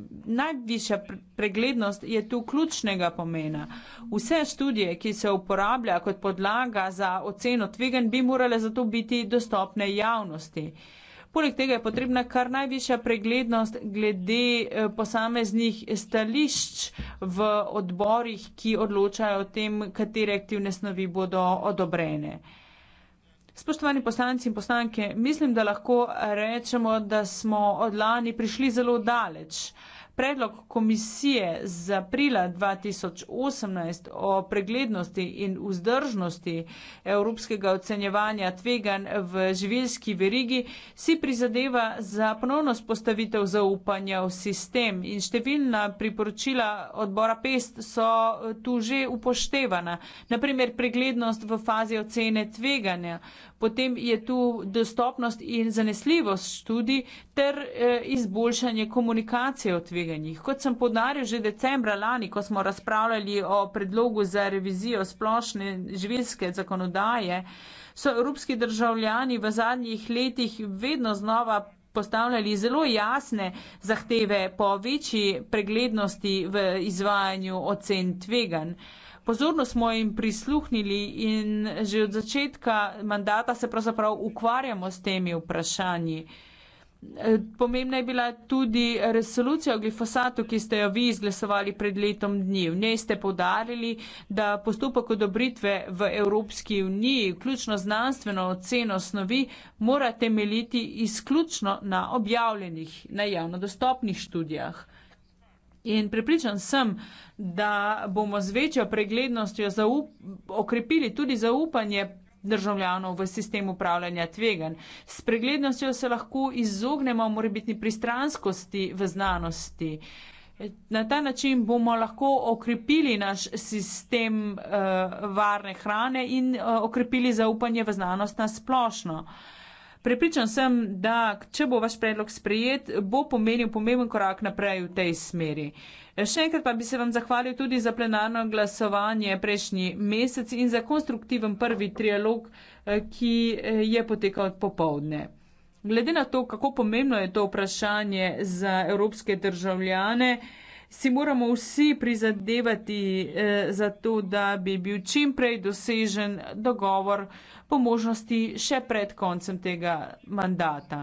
Najvišja preglednost je tu ključnega pomena. Vse študije, ki se uporablja kot podlaga za oceno tveganj, bi morale zato biti dostopne javnosti. Poleg tega je potrebna kar najvišja preglednost glede eh, posameznih stališč v odborih, ki odločajo o tem, katere aktivne snovi bodo odobrene. Spoštovani poslanci in poslanke, mislim, da lahko rečemo, da smo od lani prišli zelo daleč. Predlog komisije z aprila 2018 o preglednosti in vzdržnosti evropskega ocenjevanja tvegan v živilski verigi si prizadeva za ponovno spostavitev zaupanja v sistem in številna priporočila odbora PEST so eh, tu že upoštevana. Naprimer, preglednost v fazi ocene tveganja, potem je tu dostopnost in zanesljivost študij ter eh, izboljšanje komunikacije o tveganjih. Kot sem podaril že decembra lani, ko smo razpravljali o predlogu za revizijo splošne živilske zakonodaje, so evropski državljani v zadnjih letih vedno znova postavljali zelo jasne zahteve po večji preglednosti v izvajanju ocen tveganj. Pozorno smo jim prisluhnili in že od začetka mandata se pravzaprav ukvarjamo s temi vprašanji. E, pomembna je bila tudi resolucija o glifosatu, ki ste jo vi izglasovali pred letom dni. V njej ste podarili, da postopek odobritve v Evropski uniji, vključno znanstveno oceno snovi, mora temeljiti izključno na objavljenih, na javno dostopnih študijah. In prepričan sem, da bomo z večjo preglednostjo okrepili tudi zaupanje državljanov v sistem upravljanja tvegan. S preglednostjo se lahko izognemo morebitni pristranskosti v znanosti. Na ta način bomo lahko okrepili naš sistem uh, varne hrane in uh, okrepili zaupanje v znanost na splošno. Uh, Prepričan sem, da če bo vaš predlog sprejet, bo pomenil pomemben korak naprej v tej smeri. Še enkrat pa bi se vam zahvalil tudi za plenarno glasovanje prejšnji mesec in za konstruktiven prvi trialog, eh, ki eh, je potekal popovdne. Glede na to, kako pomembno je to vprašanje za evropske državljane, si moramo vsi prizadevati eh, za to, da bi bil čimprej dosežen dogovor po možnosti še pred koncem tega mandata.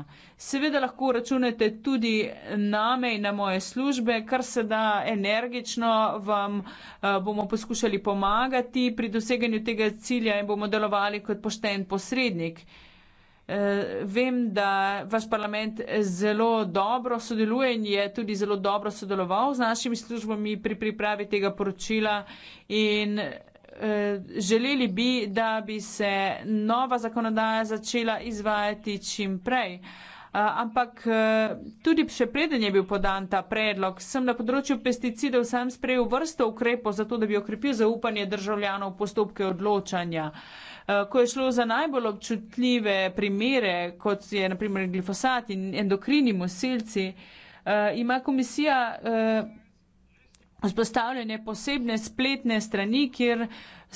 Seveda lahko računate tudi name in na moje službe, kar se da energično vam eh, bomo poskušali pomagati pri doseganju tega cilja in bomo delovali kot pošten posrednik. Eh, vem, da vaš parlament zelo dobro sodeluje in je tudi zelo dobro sodeloval z našimi službami pri pripravi tega poročila in eh, želeli bi, da bi se nova zakonodaja začela izvajati čim prej. Eh, ampak tudi še preden je bil podan ta predlog, sem na področju pesticidov sam sprejel vrsto ukrepov za to, da bi okrepil zaupanje državljanov v postopke odločanja. Eh, ko je šlo za najbolj občutljive primere, kot je naprimer glifosat in endokrini mosilci, eh, ima komisija eh, vzpostavljene posebne spletne strani, kjer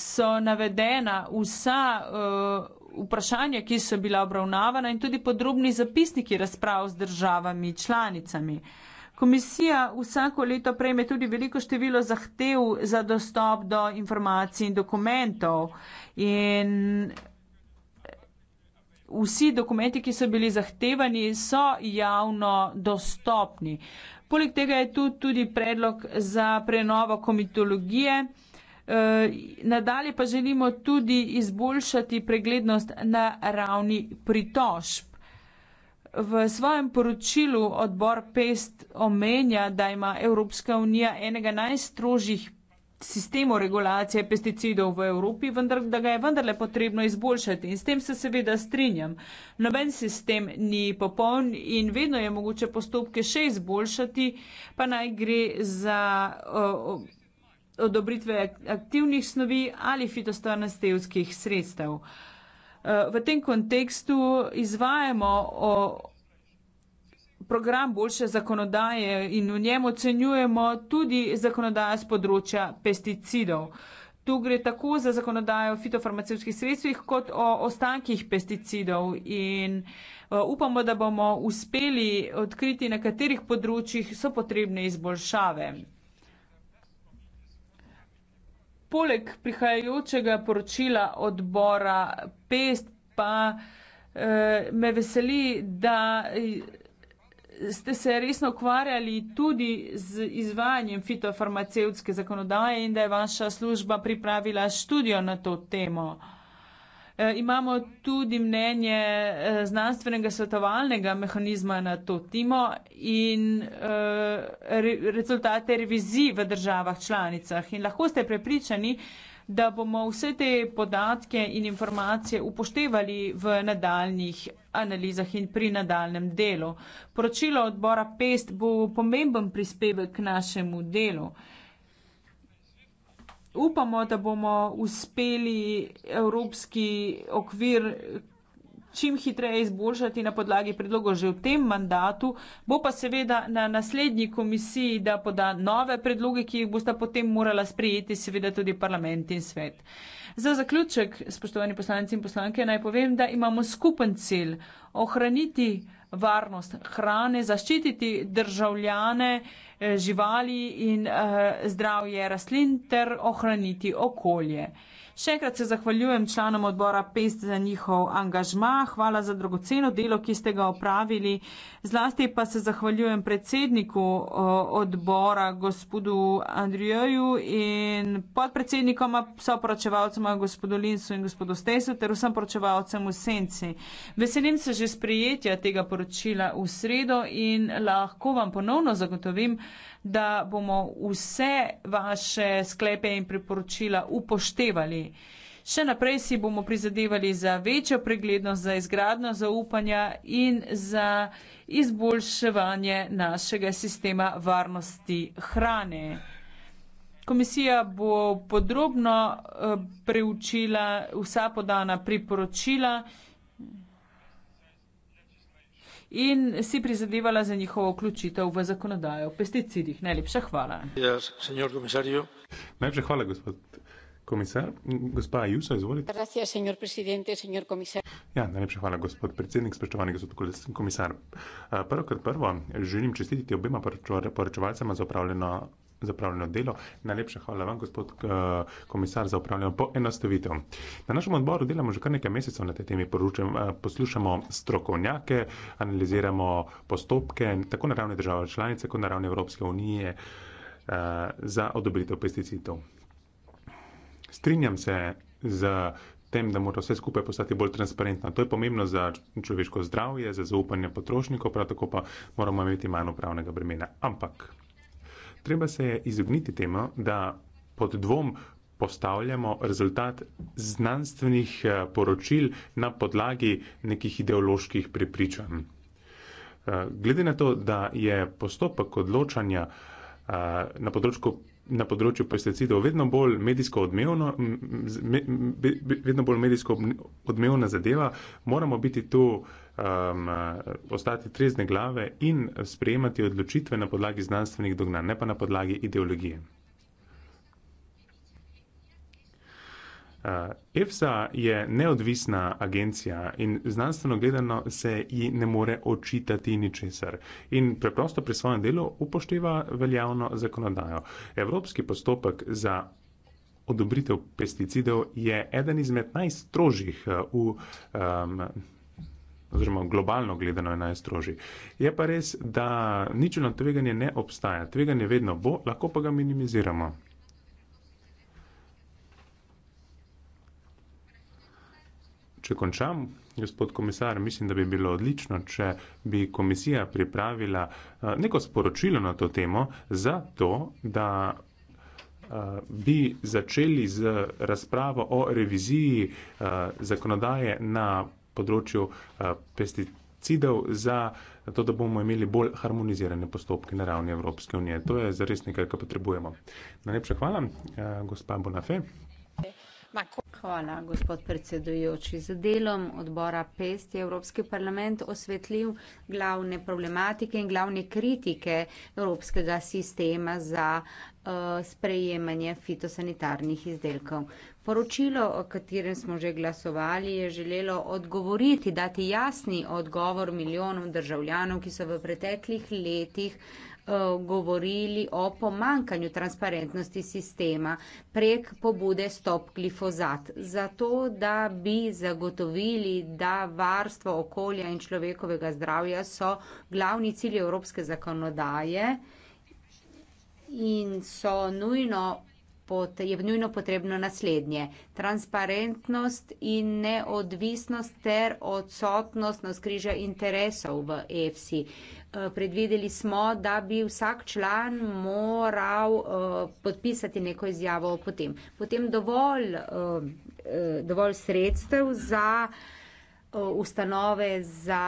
so navedena vsa vprašanja, ki so bila obravnavana in tudi podrobni zapisniki razprav z državami članicami. Uh, Komisija vsako leto prejme tudi veliko število zahtev za dostop do informacij in dokumentov. In vsi dokumenti, ki so bili zahtevani, so javno dostopni. Poleg tega je tu tudi predlog za prenovo komitologije. E, nadalje pa želimo tudi izboljšati preglednost na ravni pritožb v svojem poročilu odbor PEST omenja, da ima Evropska unija enega najstrožjih sistemov regulacije pesticidov v Evropi, vendar da ga je vendarle potrebno izboljšati. In s tem se seveda strinjam. Noben sistem ni popoln in vedno je mogoče postopke še izboljšati, pa naj gre za. Uh, odobritve aktivnih snovi ali fitostanastevskih sredstev. Uh, Eh, v tem kontekstu izvajamo program boljše zakonodaje in v njem ocenjujemo tudi zakonodajo z področja pesticidov. Tu gre tako za zakonodajo o fitofarmacevskih sredstvih, kot o ostankih pesticidov in eh, upamo, da bomo uspeli odkriti, na katerih področjih so potrebne izboljšave poleg prihajajočega poročila odbora PEST, pa eh, me veseli, da eh, ste se resno ukvarjali tudi z izvajanjem fitofarmacevtske zakonodaje in da je vaša služba pripravila študijo na to temo. Eh, imamo tudi mnenje eh, znanstvenega svetovalnega mehanizma na to timo in eh, rezultate revizij v državah članicah. In lahko ste prepričani, da bomo vse te podatke in informacije upoštevali v nadaljnih analizah in pri nadaljem delu. Poročilo odbora PEST bo pomemben prispevek k našemu delu upamo, da bomo uspeli evropski okvir čim hitreje izboljšati na podlagi predlogov že v tem mandatu. Bo pa seveda na naslednji komisiji, da poda nove predloge, ki jih boste potem morala sprejeti seveda tudi parlament in svet. Za zaključek, spoštovani poslanci in poslanke, naj povem, da imamo skupen cilj ohraniti varnost hrane, zaščititi državljane, Eh, živali in eh, zdravje rastlin ter ohraniti okolje. Še enkrat se zahvaljujem članom odbora PEST za njihov angažma, hvala za dragoceno delo, ki ste ga opravili. Zlasti pa se zahvaljujem predsedniku odbora, gospodu Andrijoju in podpredsednikoma, soporočevalcema, gospodu Linsu in gospodu Stesu ter vsem poročevalcem v Senci. Veselim se že sprejetja tega poročila v sredo in lahko vam ponovno zagotovim, da bomo vse vaše sklepe in priporočila upoštevali. Še naprej si bomo prizadevali za večjo preglednost, za izgradno zaupanja in za izboljševanje našega sistema varnosti hrane. Komisija bo podrobno eh, preučila vsa podana priporočila in si prizadevala za njihovo vključitev v zakonodajo o pesticidih. Najlepša hvala. Ja, Najlepša hvala, gospod. Komisar, gospa Jusa, izvolite. Gracias, señor presidente, señor komisar. Ja, najlepša hvala, gospod predsednik, spoštovani gospod komisar. Eh, prvo kot prvo, želim čestititi obema poročevalcema za upravljeno za upravljeno delo. Najlepša hvala vam, gospod eh, komisar, za upravljeno poenostavitev. Na našem odboru delamo že kar nekaj mesecev na tej temi, poručujem, eh, poslušamo strokovnjake, analiziramo postopke tako na ravni države članice, kot na ravni Evropske unije eh, za odobritev pesticidov. Strinjam se z tem, da mora vse skupaj postati bolj transparentno. To je pomembno za človeško zdravje, za zaupanje potrošnikov, prav tako pa moramo imeti manj upravnega bremena. Ampak treba se je izogniti temu, da pod dvom postavljamo rezultat znanstvenih eh, poročil na podlagi nekih ideoloških prepričanj. Eh, glede na to, da je postopek odločanja eh, na področju na področju pesticidov vedno bolj medijsko odmevno, vedno bolj medijsko odmevna zadeva, moramo biti tu, um, ostati trezne glave in sprejemati odločitve na podlagi znanstvenih dognanj, ne pa na podlagi ideologije. Uh, EFSA je neodvisna agencija in znanstveno gledano se ji ne more očitati ničesar in preprosto pri svojem delu upošteva veljavno zakonodajo. Evropski postopek za odobritev pesticidov je eden izmed najstrožjih eh, v. Um, oziroma globalno gledano je najstrožji. Je pa res, da ničelno tveganje ne obstaja. Tveganje vedno bo, lahko pa ga minimiziramo. Če končam, gospod komisar, mislim, da bi bilo odlično, če bi komisija pripravila eh, neko sporočilo na to temo, zato da eh, bi začeli z razpravo o reviziji eh, zakonodaje na področju pesticidov za to, da bomo imeli bolj harmonizirane postopke na ravni Evropske unije. To je zares nekaj, kar potrebujemo. Najlepša hvala, gospa Bonafe. Hvala, gospod predsedujoči. Z delom odbora PEST je Evropski parlament osvetlil glavne problematike in glavne kritike evropskega sistema za eh, sprejemanje fitosanitarnih izdelkov. Poročilo, o katerem smo že glasovali, je želelo odgovoriti, dati jasni odgovor milijonom državljanov, ki so v preteklih letih uh, Eh, govorili o pomankanju transparentnosti sistema prek pobude Stop glifozat. Zato, da bi zagotovili, da varstvo okolja in človekovega zdravja so glavni cilji evropske zakonodaje in so nujno pot, je nujno potrebno naslednje. Transparentnost in neodvisnost ter odsotnost na skriža interesov v EFSI. Eh, predvideli smo, da bi vsak član moral uh, podpisati neko izjavo o potem. Potem dovolj, uh, dovolj sredstev za uh, ustanove, za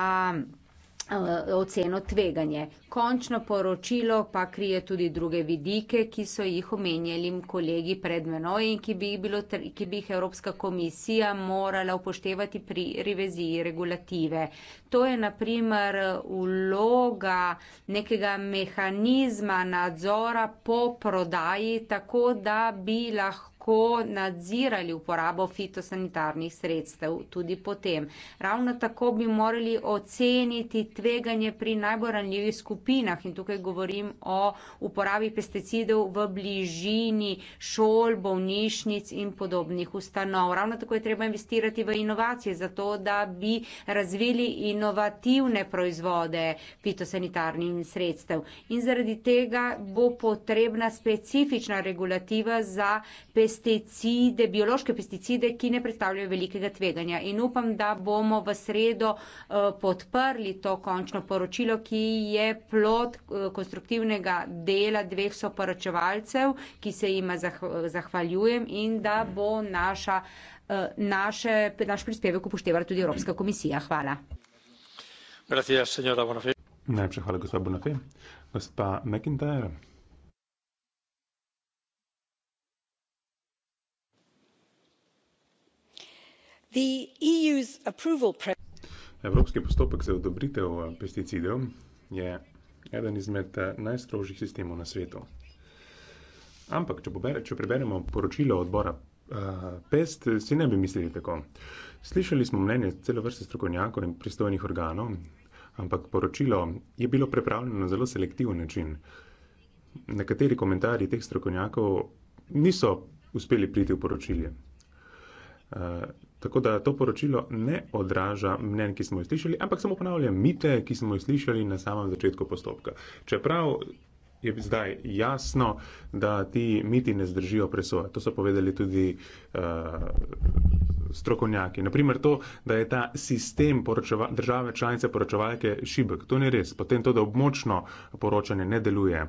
Eh, oceno tveganje. Končno poročilo pa krije tudi druge vidike, ki so jih omenjali kolegi pred menoj in ki bi, bilo, ki bi jih Evropska komisija morala upoštevati pri reviziji regulative. To je naprimer uloga eh, nekega mehanizma nadzora po prodaji, tako da bi lahko lahko nadzirali uporabo fitosanitarnih sredstev tudi potem. Ravno tako bi morali oceniti tveganje pri najbolj ranljivih skupinah in tukaj govorim o uporabi pesticidov v bližini šol, bolnišnic in podobnih ustanov. Ravno tako je treba investirati v inovacije, zato da bi razvili inovativne proizvode fitosanitarnih sredstev. In zaradi tega bo potrebna specifična regulativa za pesticide, pesticide, biološke pesticide, ki ne predstavljajo velikega tveganja. In upam, da bomo v sredo eh, podprli to končno poročilo, ki je plot eh, konstruktivnega dela dveh soporočevalcev, ki se jima zahvaljujem in da bo naša, eh, naše, naš prispevek upoštevala tudi Evropska komisija. Hvala. Gracias, señora Bonafé. Najlepša hvala, gospod Bonafé. Gospa McIntyre. E Evropski postopek za odobritev eh, pesticidov je eden izmed eh, najstrožjih sistemov na svetu. Ampak, če, pobere, če preberemo poročilo odbora uh, PEST, si ne bi mislili tako. Slišali smo mnenje celo vrste strokovnjakov in pristojnih organov, ampak poročilo je bilo prepravljeno na zelo selektiven način. Nekateri komentarji teh strokovnjakov niso uspeli priti v poročilje. Uh, Tako da to poročilo ne odraža mnen, ki smo jih slišali, ampak samo ponavlja mite, ki smo jih slišali na samem začetku postopka. Čeprav je zdaj jasno, da ti miti ne zdržijo presoje. To so povedali tudi uh, strokovnjaki. Naprimer to, da je ta sistem države članice poročevalke šibek. To ni res. Potem to, da območno poročanje ne deluje.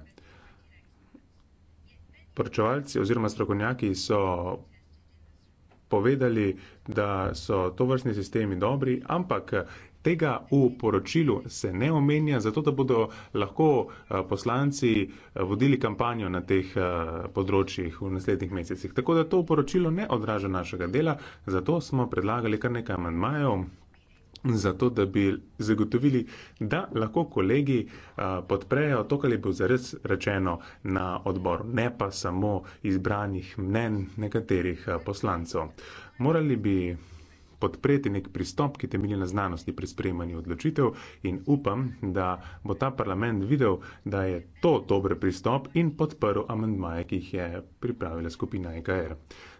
Poročevalci oziroma strokovnjaki so povedali, da so to vrstni sistemi dobri, ampak tega v poročilu se ne omenja, zato da bodo lahko eh, poslanci eh, vodili kampanjo na teh eh, področjih v naslednjih mesecih. Tako da to v poročilu ne odraža našega dela, zato smo predlagali kar nekaj manjmajev zato da bi zagotovili, da lahko kolegi podprejo to, kar je bilo zares rečeno na odboru, ne pa samo izbranih mnen nekaterih poslancev. Morali bi podpreti nek pristop, ki temelji na znanosti pri sprejemanju odločitev in upam, da bo ta parlament videl, da je to dober pristop in podprl amendmaje, ki jih je pripravila skupina EKR.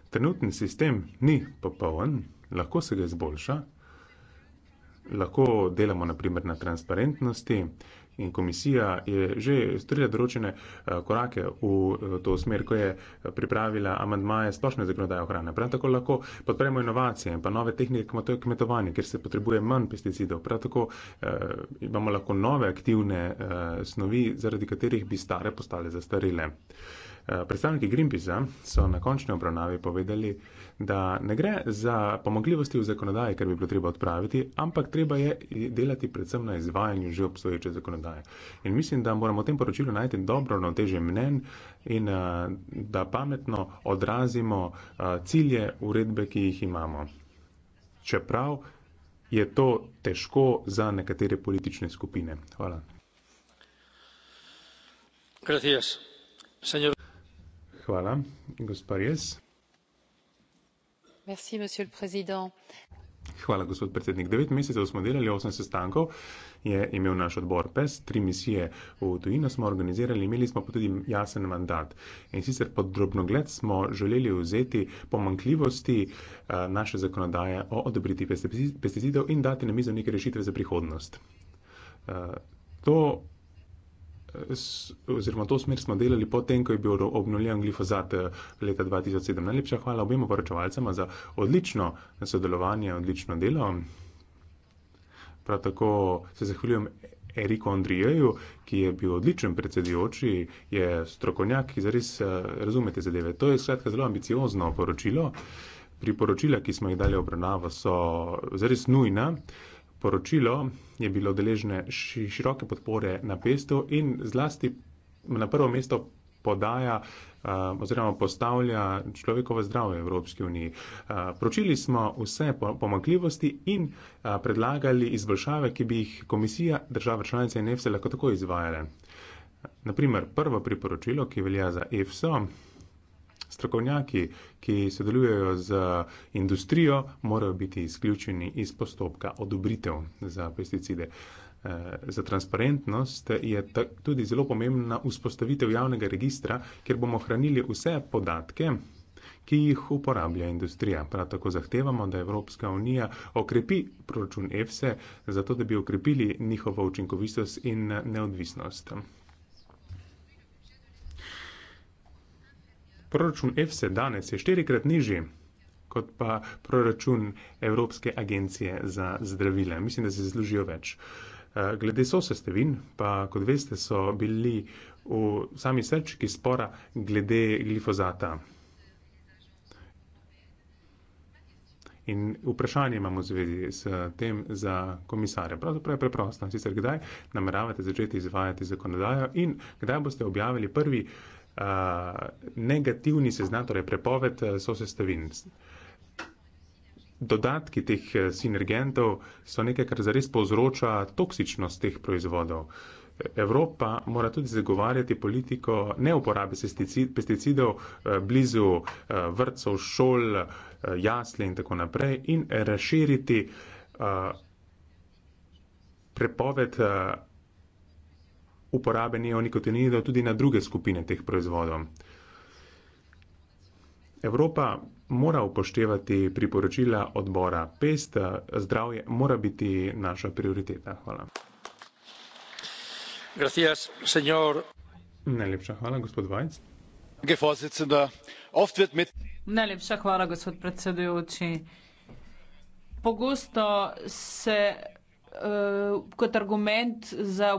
Trenutni sistem ni popoln, lahko se ga izboljša, lahko delamo naprimer na transparentnosti in komisija je že storila določene eh, korake v eh, to smer, ko je eh, pripravila amandmaje splošne zakonodaje ohrane. Prav tako lahko podpremo inovacije in pa nove tehnike kmetovanja, ker se potrebuje manj pesticidov. Prav tako imamo lahko nove aktivne snovi, zaradi katerih bi stare postale zastarele. Predstavniki Greenpeacea so na končni obravnavi povedali, da ne gre za pomagljivosti v zakonodaji, ker bi bilo treba odpraviti, ampak treba je delati predvsem na izvajanju že obstoječe zakonodaje. In mislim, da moramo v tem poročilu najti dobro na teže mnen in eh, da pametno odrazimo eh, cilje uredbe, ki jih imamo. Čeprav je to težko za nekatere politične skupine. Hvala. Gracias. Señor. Hvala, gospod Jes. Hvala, gospod predsednik. Devet mesecev smo delali, osem sestankov je imel naš odbor PES, tri misije v tujino smo organizirali, imeli smo pa tudi jasen mandat. In sicer pod drobnogled smo želeli vzeti pomankljivosti eh, naše zakonodaje o odobriti pesticidov in dati na mizo neke rešitve za prihodnost. Eh, to oziroma to smer smo delali potem, ko je bil obnovljen glifozat eh, leta 2007. Najlepša hvala obima poročevalcema za odlično sodelovanje, odlično delo. Prav tako se zahvaljujem Eriku Andrijeju, ki je bil odličen predsedujoči, je strokovnjak, ki zares eh, razumete zadeve. To je skratka zelo ambiciozno poročilo. Priporočila, ki smo jih dali obravnava, so zares nujna. Uh, Poročilo je bilo deležne široke podpore na pestu in zlasti na prvo mesto podaja oziroma postavlja človekovo zdravje v Evropski uniji. Pročili smo vse pomakljivosti in predlagali izboljšave, ki bi jih komisija države članice in EFSA lahko tako izvajale. Naprimer, prvo priporočilo, ki velja za EFSO, Strokovnjaki, ki sodelujejo z industrijo, morajo biti izključeni iz postopka odobritev za pesticide. Eh, za transparentnost je tudi zelo pomembna vzpostavitev javnega registra, kjer bomo hranili vse podatke, ki jih uporablja industrija. Prav tako zahtevamo, da Evropska unija okrepi proračun EFSE, zato da bi okrepili njihovo učinkovitost in neodvisnost. Proračun EFSE danes je štirikrat nižji kot pa proračun Evropske agencije za zdravila. Mislim, da se zaslužijo več. Eh, glede sosestevin, pa kot veste, so bili v sami srčki spora glede glifozata. In vprašanje imamo v zvezi s tem za komisarja. Pravzaprav je preprosto. Sicer kdaj nameravate začeti izvajati zakonodajo in kdaj boste objavili prvi uh, negativni seznam, torej prepoved sosestavin. Dodatki teh sinergentov so nekaj, kar zares povzroča toksičnost teh proizvodov. Evropa mora tudi zagovarjati politiko neuporabe pesticidov blizu vrtcev, šol, jasle in tako naprej in razširiti prepoved uporabe neonikotinoidov tudi na druge skupine teh proizvodov. Evropa mora upoštevati priporočila odbora PEST, zdravje mora biti naša prioriteta. Hvala. Gracias, señor. Najlepša hvala, gospod Vajc. Najlepša hvala, gospod predsedujoči. Pogosto se Eh, kot argument za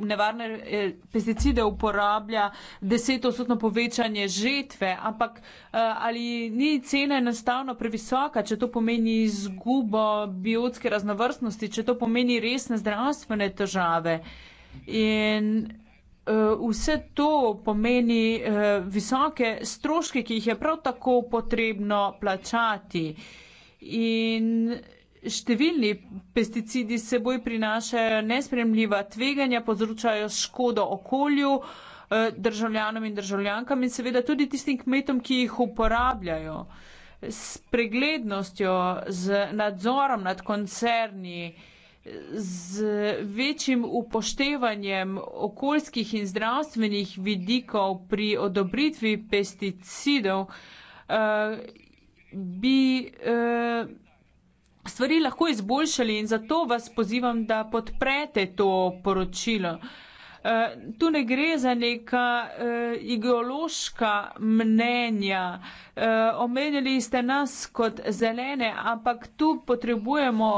nevarne eh, pesticide uporablja desetodstotno povečanje žetve, ampak eh, ali ni cena enostavno previsoka, če to pomeni izgubo biotske raznovrstnosti, če to pomeni resne zdravstvene težave. In vse to pomeni visoke stroške, ki jih je prav tako potrebno plačati. In številni pesticidi seboj prinašajo nespremljiva tveganja, povzročajo škodo okolju, eh, državljanom in državljankam in seveda tudi tistim kmetom, ki jih uporabljajo. S preglednostjo, z nadzorom nad koncerni, z večjim upoštevanjem okoljskih in zdravstvenih vidikov pri odobritvi pesticidov, eh, bi eh, stvari lahko izboljšali in zato vas pozivam, da podprete to poročilo. Eh, tu ne gre za neka eh, ideološka mnenja. Eh, Omenjali ste nas kot zelene, ampak tu potrebujemo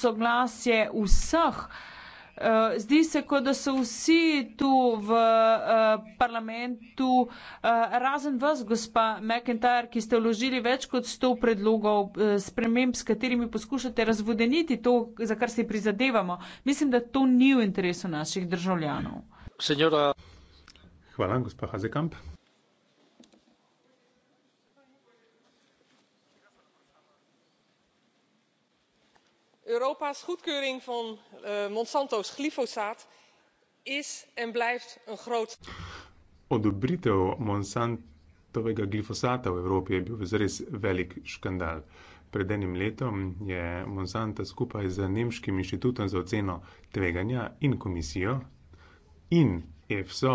soglasje vseh. Eh, zdi se, kot da so vsi tu v uh, parlamentu, uh, razen vas, gospa McIntyre, ki ste vložili več kot 100 predlogov uh, sprememb, s katerimi poskušate razvodeniti to, za kar se prizadevamo. Mislim, da to ni v interesu naših državljanov. Senjora. Hvala, gospa Hazekamp. europa's goedkeuring van eh, monsanto's glyfosaat is en blijft een groot. Odobritev monsantovega glifosata v Evropi je bil zares velik škandal. Pred enim letom je Monsanto skupaj z Nemškim inštitutom za oceno tveganja in komisijo in EFSO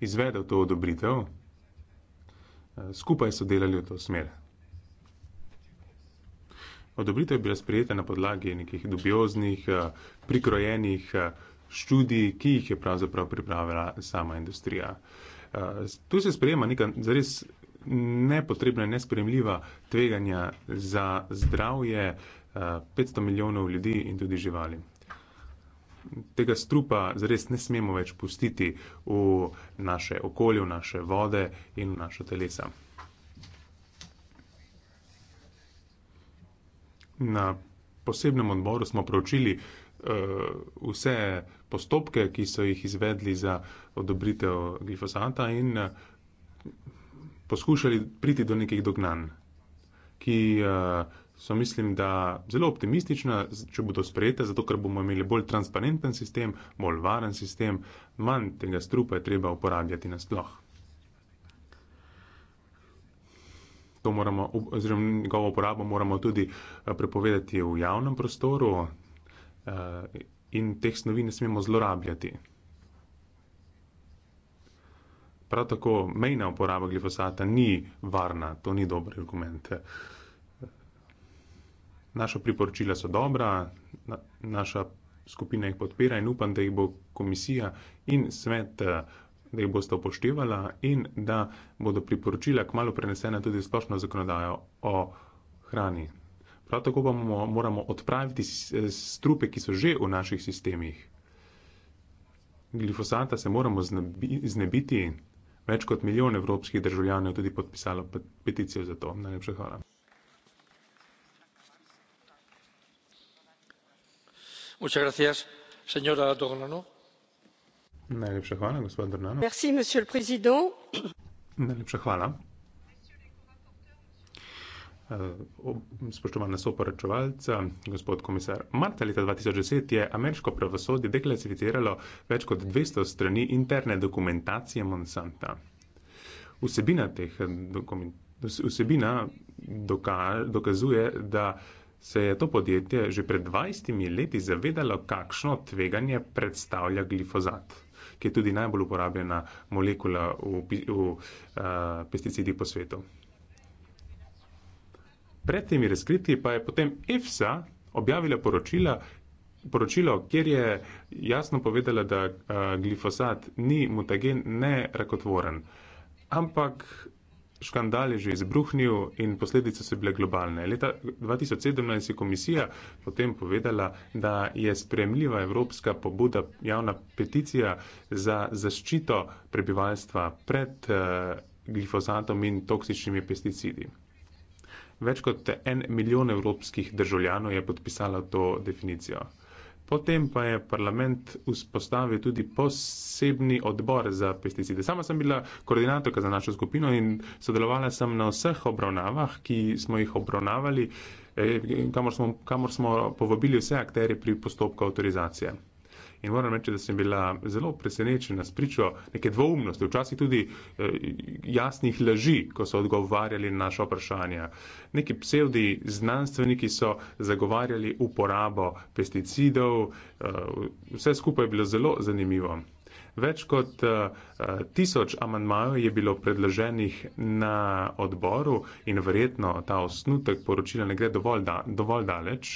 izvedel to odobritev. Eh, skupaj so delali v to smer odobritev je bila sprejeta na podlagi nekih dubioznih, eh, prikrojenih eh, študij, ki jih je pravzaprav pripravila sama industrija. Eh, tu se sprejema neka zares nepotrebna in nespremljiva tveganja za zdravje 500 milijonov ljudi in tudi živali. Tega strupa zares ne smemo več pustiti v naše okolje, v naše vode in v naša telesa. Na posebnem odboru smo pročili eh, vse postopke, ki so jih izvedli za odobritev glifosata in eh, poskušali priti do nekih dognanj, ki eh, so, mislim, da zelo optimistična, če bodo sprejete, zato ker bomo imeli bolj transparenten sistem, bolj varen sistem, manj tega strupa je treba uporabljati nasploh. to moramo, oziroma njegovo uporabo moramo tudi eh, prepovedati v javnem prostoru eh, in teh snovi ne smemo zlorabljati. Prav tako mejna uporaba glifosata ni varna, to ni dober argument. Naša priporočila so dobra, na, naša skupina jih podpira in upam, da jih bo komisija in svet uh, da jih boste upoštevala in da bodo priporočila kmalo prenesena tudi splošno zakonodajo o hrani. Prav tako pa moramo odpraviti strupe, ki so že v naših sistemih. Glifosata se moramo znebi, znebiti. Več kot milijon evropskih državljanov je tudi podpisalo peticijo za to. Najlepša hvala. Muchas gracias, señora Dognano. Najlepša hvala, gospa Drnano. Merci, monsieur le président. Najlepša hvala. Eh, spoštovana soporočevalca, gospod komisar, marca leta 2010 je ameriško pravosodje deklasificiralo več kot 200 strani interne dokumentacije Monsanta. Vsebina teh eh, dokumentacij, vsebina doka, dokazuje, da se je to podjetje že pred 20 leti zavedalo, kakšno tveganje predstavlja glifozat ki je tudi najbolj uporabljena molekula v, v uh, pesticidih po svetu. Pred temi razkritji pa je potem EFSA objavila poročila, poročilo, kjer je jasno povedala, da uh, glifosat ni mutagen, ne rakotvoren, ampak škandal je že izbruhnil in posledice so bile globalne. Leta 2017 je komisija potem povedala, da je spremljiva evropska pobuda javna peticija za zaščito prebivalstva pred uh, glifosatom in toksičnimi pesticidi. Več kot en milijon evropskih državljanov je podpisalo to definicijo. Potem pa je parlament vzpostavil tudi posebni odbor za pesticide. Sama sem bila koordinatorka za našo skupino in sodelovala sem na vseh obravnavah, ki smo jih obravnavali, eh, kamor smo, kamor smo povabili vse akterje pri postopku avtorizacije. In moram reči, da sem bila zelo presenečena s pričo neke dvoumnosti, včasih tudi eh, jasnih laži, ko so odgovarjali na naša vprašanja. Neki psevdi znanstveniki so zagovarjali uporabo pesticidov, eh, vse skupaj je bilo zelo zanimivo. Več kot uh, tisoč amantmajev je bilo predloženih na odboru in verjetno ta osnutek poročila ne gre dovolj, da, dovolj daleč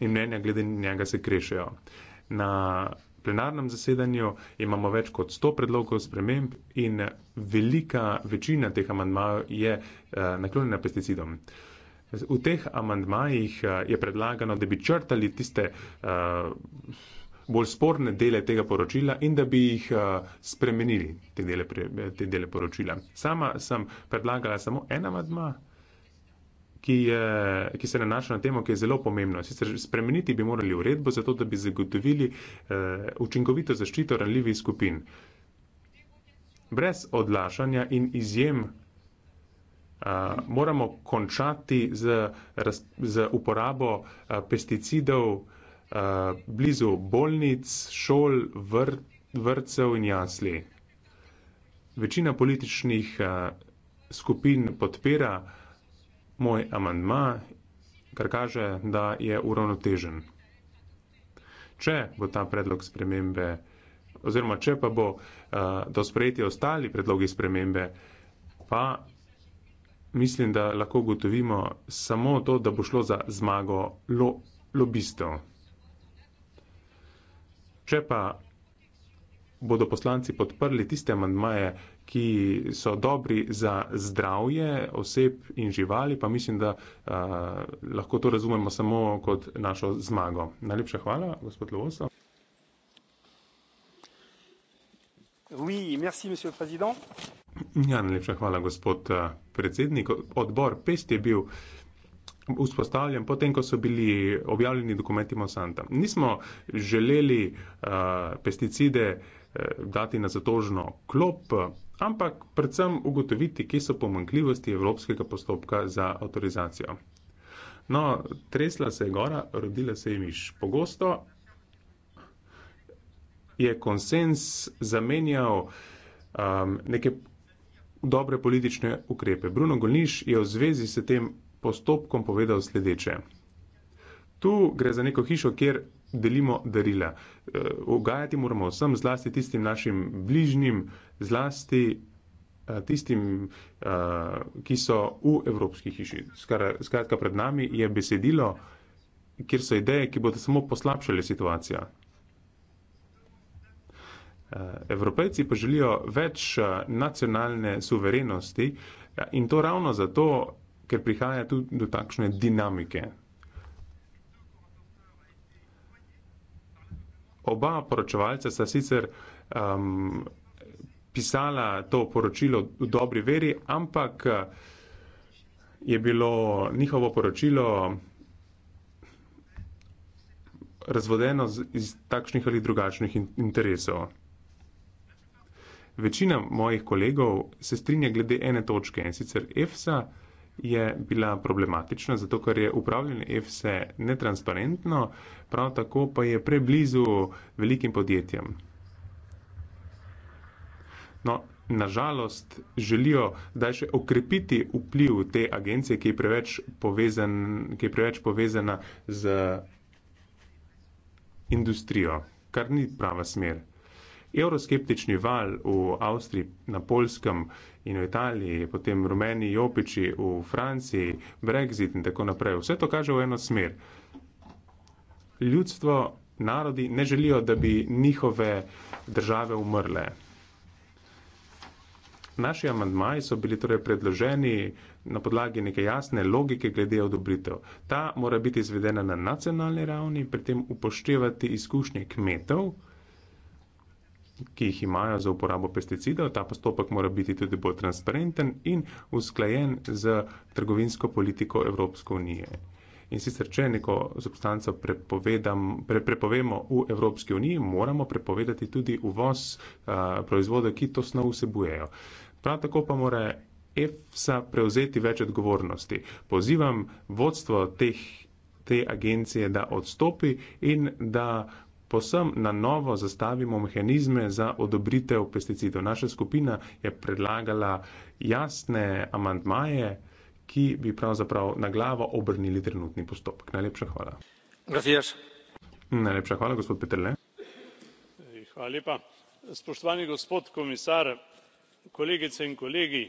in mnenja glede njega se krešejo. Uh, na plenarnem zasedanju imamo več kot 100 predlogov sprememb in velika večina teh amandmajev je eh, naklonjena pesticidom. V teh amandmajih eh, je predlagano, da bi črtali tiste eh, bolj sporne dele tega poročila in da bi jih spremenili, te dele, te dele poročila. Sama sem predlagala samo en amandmaj ki, je, ki se nanaša na temo, ki je zelo pomembno. Sicer spremeniti bi morali uredbo, zato da bi zagotovili eh, učinkovito zaščito ranljivih skupin. Brez odlašanja in izjem eh, moramo končati z, raz, z uporabo eh, pesticidov eh, blizu bolnic, šol, vrt, vrtcev in jasli. Večina političnih eh, skupin podpira eh, moj amandma, kar kaže, da je uravnotežen. Če bo ta predlog spremembe, oziroma če pa bo uh, do sprejeti ostali predlogi spremembe, pa mislim, da lahko gotovimo samo to, da bo šlo za zmago lo, lobistov. Če pa bodo poslanci podprli tiste amandmaje, uh, ki so dobri za zdravje oseb in živali, pa mislim, da uh, lahko to razumemo samo kot našo zmago. Najlepša hvala, gospod Lovosa. Oui, merci, monsieur le président. Ja, najlepša hvala, gospod predsednik. Odbor PEST je bil vzpostavljen potem, ko so bili objavljeni dokumenti Monsanta. Nismo želeli uh, pesticide uh, dati na zatožno klop, ampak predvsem ugotoviti, kje so pomankljivosti evropskega postopka za avtorizacijo. No, tresla se je gora, rodila se je miš. Pogosto je konsens zamenjal um, neke dobre politične ukrepe. Bruno Golniš je v zvezi s tem postopkom povedal sledeče. Tu gre za neko hišo, kjer delimo darila. Eh, ugajati moramo vsem, zlasti tistim našim bližnjim, zlasti eh, tistim, eh, ki so v Evropski hiši. Skratka, pred nami je besedilo, kjer so ideje, ki bodo samo poslabšale situacijo. Evropejci pa želijo več nacionalne suverenosti in to ravno zato, ker prihaja tudi do takšne dinamike, Oba poročevalca sta sicer um, pisala to poročilo v dobri veri, ampak uh, je bilo njihovo poročilo razvodeno z, iz takšnih ali drugačnih in, interesov. Večina mojih kolegov se strinja glede ene točke in sicer EFSA je bila problematična, zato ker je upravljanje EFSE netransparentno, prav tako pa je preblizu velikim podjetjem. No, nažalost, želijo zdaj še okrepiti vpliv te agencije, ki je preveč, povezan, ki je preveč povezana z industrijo, kar ni prava smer evroskeptični val v Avstriji, na Polskem in v Italiji, potem rumeni jopiči v Franciji, Brexit in tako naprej. Vse to kaže v eno smer. Ljudstvo, narodi ne želijo, da bi njihove države umrle. Naši amandmaji so bili torej predloženi na podlagi neke jasne logike glede odobritev. Ta mora biti izvedena na nacionalni ravni, pri tem upoštevati izkušnje kmetov, ki jih imajo za uporabo pesticidov. Ta postopek mora biti tudi bolj transparenten in usklajen z trgovinsko politiko Evropske unije. In sicer, če neko substanco pre, prepovemo v Evropski uniji, moramo prepovedati tudi uvoz eh, proizvodov, ki to snov vsebujejo. Prav tako pa mora EFSA prevzeti več odgovornosti. Pozivam vodstvo teh, te agencije, da odstopi in da uh, posem na novo zastavimo mehanizme za odobritev pesticidov. Naša skupina je predlagala jasne amantmaje, ki bi pravzaprav na glavo obrnili trenutni postopek. Najlepša hvala. Gracias. Najlepša hvala, gospod Petrle. Hvala lepa. Spoštovani gospod komisar, kolegice in kolegi,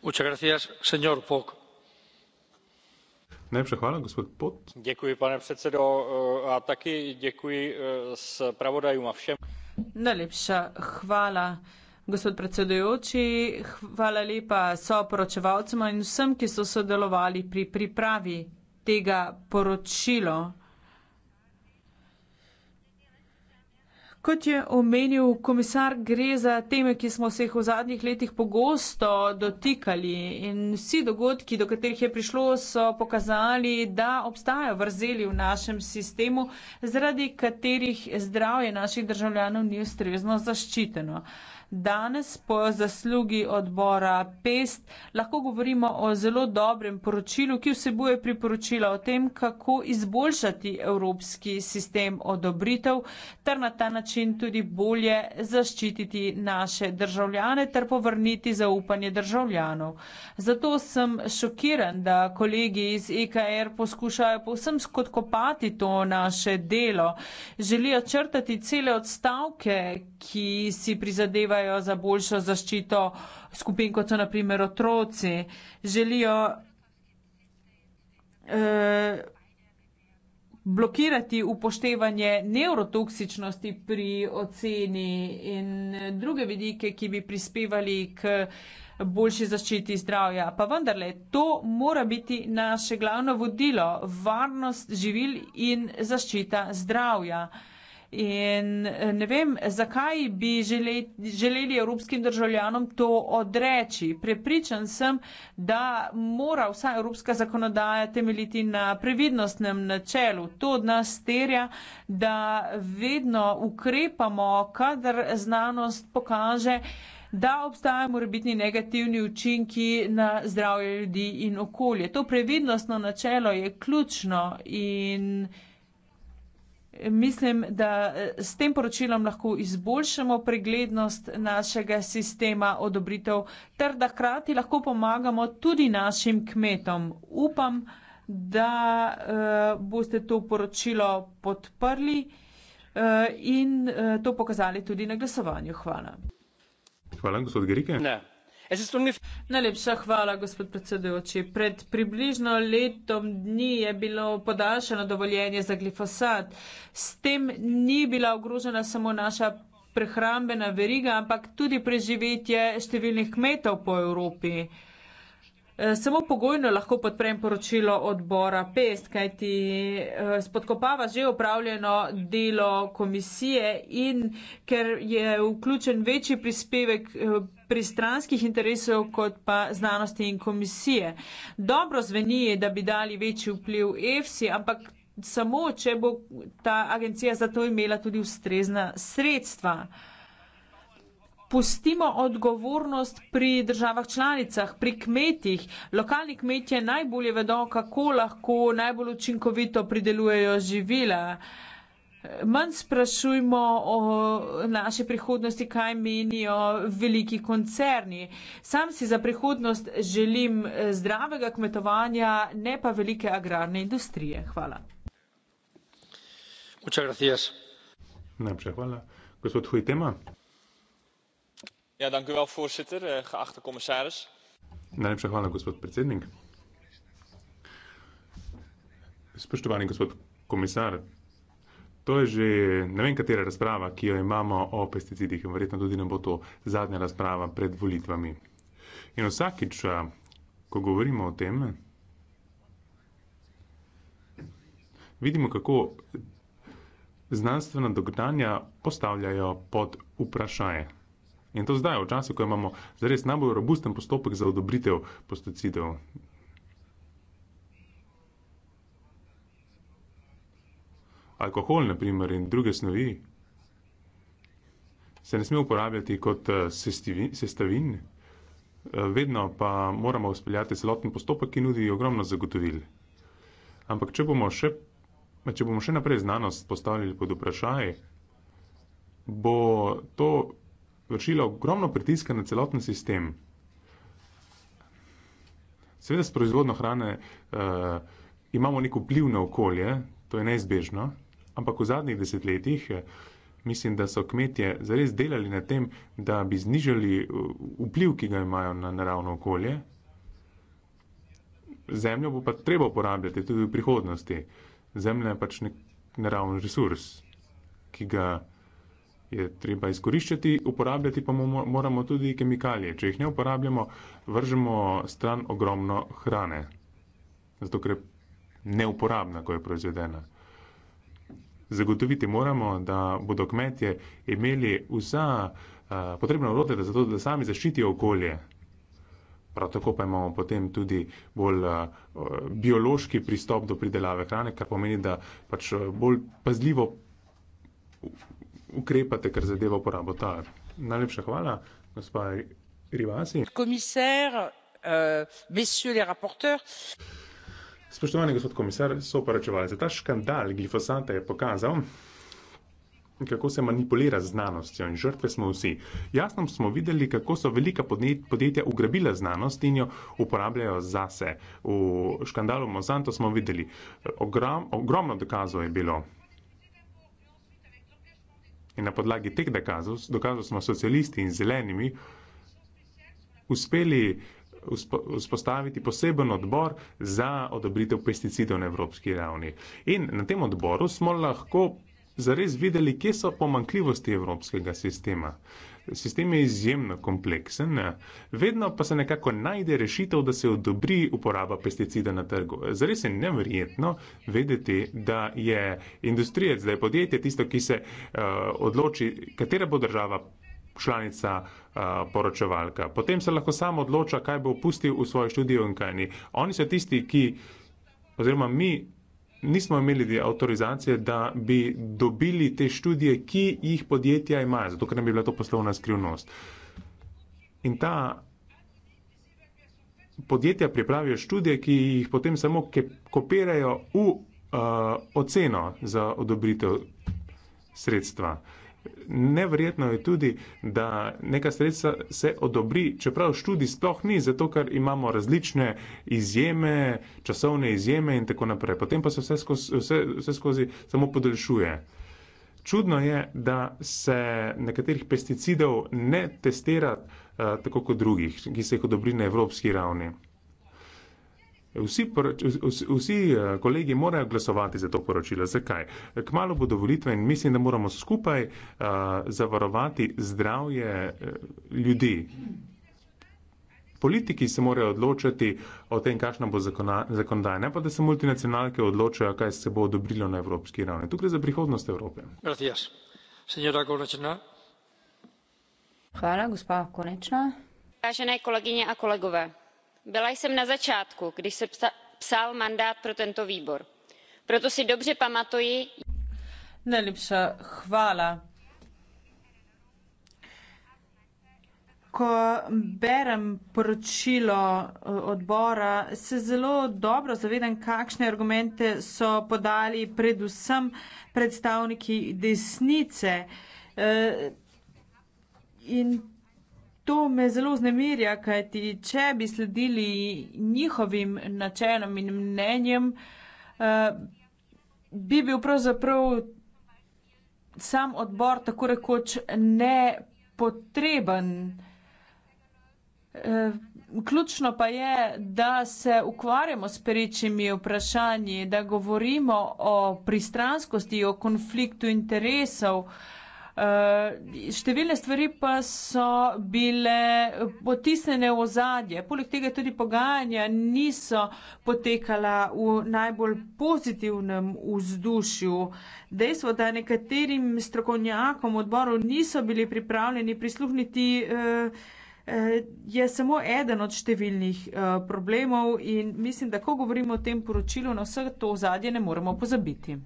pane předsedající já taky děkuji zpravodajům e, a všem. najlepša hvala gospod predsedujoči hvala lepa soporočevalcema in vsem ki so sodelovali pri pripravi tega poročila. Kot je omenil komisar, gre za teme, ki smo se jih v zadnjih letih pogosto dotikali in vsi dogodki, do katerih je prišlo, so pokazali, da obstajajo vrzeli v našem sistemu, zaradi katerih zdravje naših državljanov ni ustrezno zaščiteno. Danes po zaslugi odbora PEST lahko govorimo o zelo dobrem poročilu, ki vsebuje priporočila o tem, kako izboljšati evropski sistem odobritev ter na ta način tudi bolje zaščititi naše državljane ter povrniti zaupanje državljanov. Zato sem šokiran, da kolegi iz EKR poskušajo povsem skotkopati to naše delo. Želijo črtati cele odstavke, ki si prizadevajo zavzemajo za boljšo zaščito skupin, kot so naprimer otroci. Želijo eh, blokirati upoštevanje neurotoksičnosti pri oceni in druge vidike, ki bi prispevali k boljši zaščiti zdravja. Pa vendarle, to mora biti naše glavno vodilo, varnost živil in zaščita zdravja. Eh, In eh, ne vem, zakaj bi želeli, želeli evropskim državljanom to odreči. Prepričan sem, da mora vsa evropska zakonodaja temeljiti na previdnostnem načelu. To od nas terja, da vedno ukrepamo, kadar znanost pokaže, da obstaja morebitni negativni učinki na zdravje ljudi in okolje. To previdnostno načelo je ključno in. Mislim, da eh, s tem poročilom lahko izboljšamo preglednost našega sistema odobritev, ter da hkrati lahko pomagamo tudi našim kmetom. Upam, da eh, boste to poročilo podprli eh, in to pokazali tudi na glasovanju. Hvala. Hvala, gospod Grike. Ne. Najlepša hvala, gospod predsedujoči. Pred približno letom dni je bilo podaljšano dovoljenje za glifosat. S tem ni bila ogrožena samo naša prehrambena veriga, ampak tudi preživetje številnih kmetov po Evropi. Eh, samo pogojno lahko podprem poročilo odbora PEST, kajti eh, spodkopava že upravljeno delo komisije in ker je vključen večji prispevek eh, pri stranskih interesov kot pa znanosti in komisije. Dobro zveni, da bi dali večji vpliv EFSI, ampak samo, če bo ta agencija za to imela tudi ustrezna sredstva pustimo odgovornost pri državah članicah, pri kmetih. Lokalni kmetje najbolje vedo, kako lahko najbolj učinkovito pridelujejo živila. Manj sprašujmo o naši prihodnosti, kaj menijo veliki koncerni. Sam si za prihodnost želim eh, zdravega kmetovanja, ne pa velike agrarne industrije. Hvala. Najprej hvala. Gospod Hujtema. Ja, voorzitter eh, geachte commissaris najlepša hvala gospod predsednik spoštovani gospod komisar to je že ne vem katera razprava ki jo imamo o pesticidih in verjetno tudi ne bo to zadnja razprava pred volitvami in vsakič ko govorimo o tem vidimo kako znanstvena dognanja postavljajo pod vprašanje In to zdaj, v času, ko imamo zares najbolj robusten postopek za odobritev postocidov. Alkohol, na primer, in druge snovi se ne sme uporabljati kot eh, sestavin, eh, vedno pa moramo uspeljati celoten postopek, ki nudi ogromno zagotovil. Ampak, če bomo še, če bomo še naprej znanost postavili pod vprašaj, bo to vršila ogromno pritiska na celoten sistem. Seveda s proizvodno hrane eh, imamo neko vpliv na okolje, to je neizbežno, ampak v zadnjih desetletjih eh, mislim, da so kmetje zares delali na tem, da bi znižali eh, vpliv, ki ga imajo na naravno okolje. Zemljo bo pa treba uporabljati tudi v prihodnosti. Zemlja je pač nek naravni resurs, ki ga je treba izkoriščati, uporabljati pa moramo tudi kemikalije. Če jih ne uporabljamo, vržemo stran ogromno hrane, zato ker je neuporabna, ko je proizvedena. Zagotoviti moramo, da bodo kmetje imeli vsa eh, potrebna urodja, da, da sami zaščitijo okolje. Prav tako pa imamo potem tudi bolj a, eh, biološki pristop do pridelave hrane, kar pomeni, da pač eh, bolj pazljivo ukrepate, kar zadeva uporabo tar. Najlepša hvala, gospa Rivasi. Komisar, eh, mesijo le raporter. Spoštovani gospod komisar, so poročevali, da ta škandal glifosata je pokazal, kako se manipulira z znanostjo in žrtve smo vsi. Jasno smo videli, kako so velika podjetja ugrabila znanost in jo uporabljajo zase. V škandalu Monsanto smo videli, eh, ogrom, ogromno dokazov je bilo In na podlagi teh dokazov, dokazov smo socialisti in zelenimi uspeli vzpostaviti poseben odbor za odobritev pesticidov na evropski ravni. In na tem odboru smo lahko zares videli, kje so pomankljivosti evropskega sistema. Sistem je izjemno kompleksen, vedno pa se nekako najde rešitev, da se odobri uporaba pesticida na trgu. Zares je nevrjetno vedeti, da je industrija, da je podjetje tisto, ki se uh, odloči, katera bo država članica uh, poročevalka. Potem se lahko samo odloča, kaj bo opustil v svojo študijo in kaj ni. Oni so tisti, ki, oziroma mi, nismo imeli avtorizacije, da bi dobili te študije, ki jih podjetja imajo, zato ker nam bi bila to poslovna skrivnost. In ta podjetja pripravijo študije, ki jih potem samo kopirajo v uh, oceno za odobritev sredstva. Uh, Neverjetno je tudi, da neka sredstva se odobri, čeprav študij sploh ni, zato ker imamo različne izjeme, časovne izjeme in tako naprej. Potem pa se vse skozi, vse, vse skozi samo podaljšuje. Čudno je, da se nekaterih pesticidov ne testira uh, tako kot drugih, ki se jih odobri na evropski ravni. Vsi, vsi, vsi eh, kolegi morajo glasovati za to poročilo. Zakaj? Kmalo bodo volitve in mislim, da moramo skupaj uh, zavarovati zdravje uh, ljudi. Politiki se morajo odločiti o tem, kakšna bo zakonodaja, ne pa da se multinacionalke odločajo, kaj se bo odobrilo na evropski ravni. Tukaj gre za prihodnost Evrope. Hvala, gospa Konečna. Vprašanje kolegine in kolegove byla jsem na začátku když se psal mandát pro tento výbor proto si dobře pamatuji. ko berem poročilo eh, odbora se zelo dobro zavedam kakšne argumente so podali predvsem predstavniki desnice eh, in To me zelo znemirja, kajti če bi sledili njihovim načelom in mnenjem, eh, bi bil pravzaprav sam odbor tako rekoč nepotreben. Eh, ključno pa je, da se ukvarjamo s perečimi vprašanji, da govorimo o pristranskosti, o konfliktu interesov. Eh, številne stvari pa so bile potisnjene v ozadje. Poleg tega tudi pogajanja niso potekala v najbolj pozitivnem vzdušju. Dejstvo, da nekaterim strokovnjakom odboru niso bili pripravljeni prisluhniti, eh, eh, je samo eden od številnih problemov in mislim, da ko govorimo o tem poročilu, na vse to ozadje ne moremo pozabiti.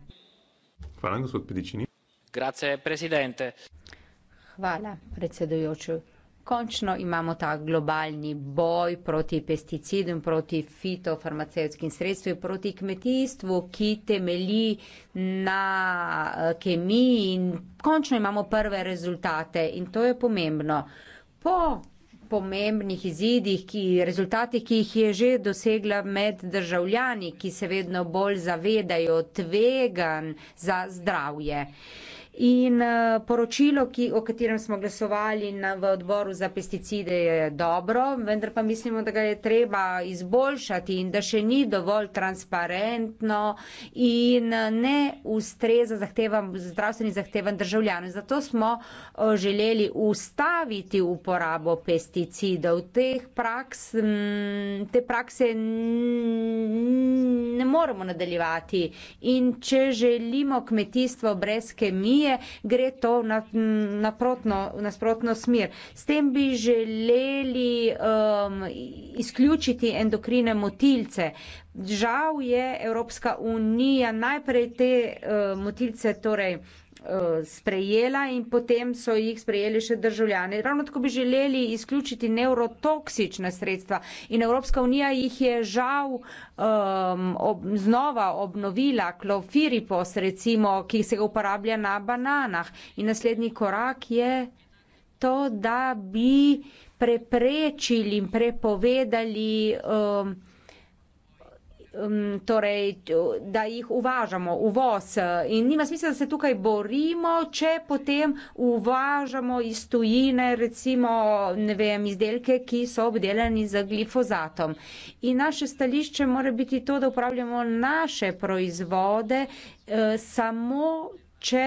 Hvala, gospod Pedičini hvala predsedujoči končno imamo ta globalni boj proti pesticidom proti fitofarmacevtskim sredstvom proti kmetijstvu ki temelji na eh, kemiji in končno imamo prve rezultate in to je pomembno po pomembnih izidih ki rezultatih ki jih je že dosegla med državljani ki se vedno bolj zavedajo tveganj za zdravje In eh, poročilo, ki, o katerem smo glasovali na, v odboru za pesticide, je dobro, vendar pa mislimo, da ga je treba izboljšati in da še ni dovolj transparentno in eh, ne ustreza zahtevam, zdravstveni zahtevam državljanov. Zato smo eh, želeli ustaviti uporabo pesticidov. Praks, te prakse ne moremo nadaljevati. In če želimo kmetijstvo brez kemije, ekonomije, gre to naprotno, nasprotno smer. S tem bi želeli um, izključiti endokrine motilce. Žal je Evropska unija najprej te uh, motilce torej, uh, Eh, sprejela in potem so jih sprejeli še državljani. Ravno tako bi želeli izključiti neurotoksična sredstva in Evropska unija jih je žal um, ob, znova obnovila, klofiripos recimo, ki se ga uporablja na bananah. In naslednji korak je to, da bi preprečili in prepovedali um, Um, torej, da jih uvažamo, uvoz. In nima smisla, da se tukaj borimo, če potem uvažamo iz tujine, recimo, ne vem, izdelke, ki so obdelani z glifozatom. In naše stališče mora biti to, da upravljamo naše proizvode eh, samo, če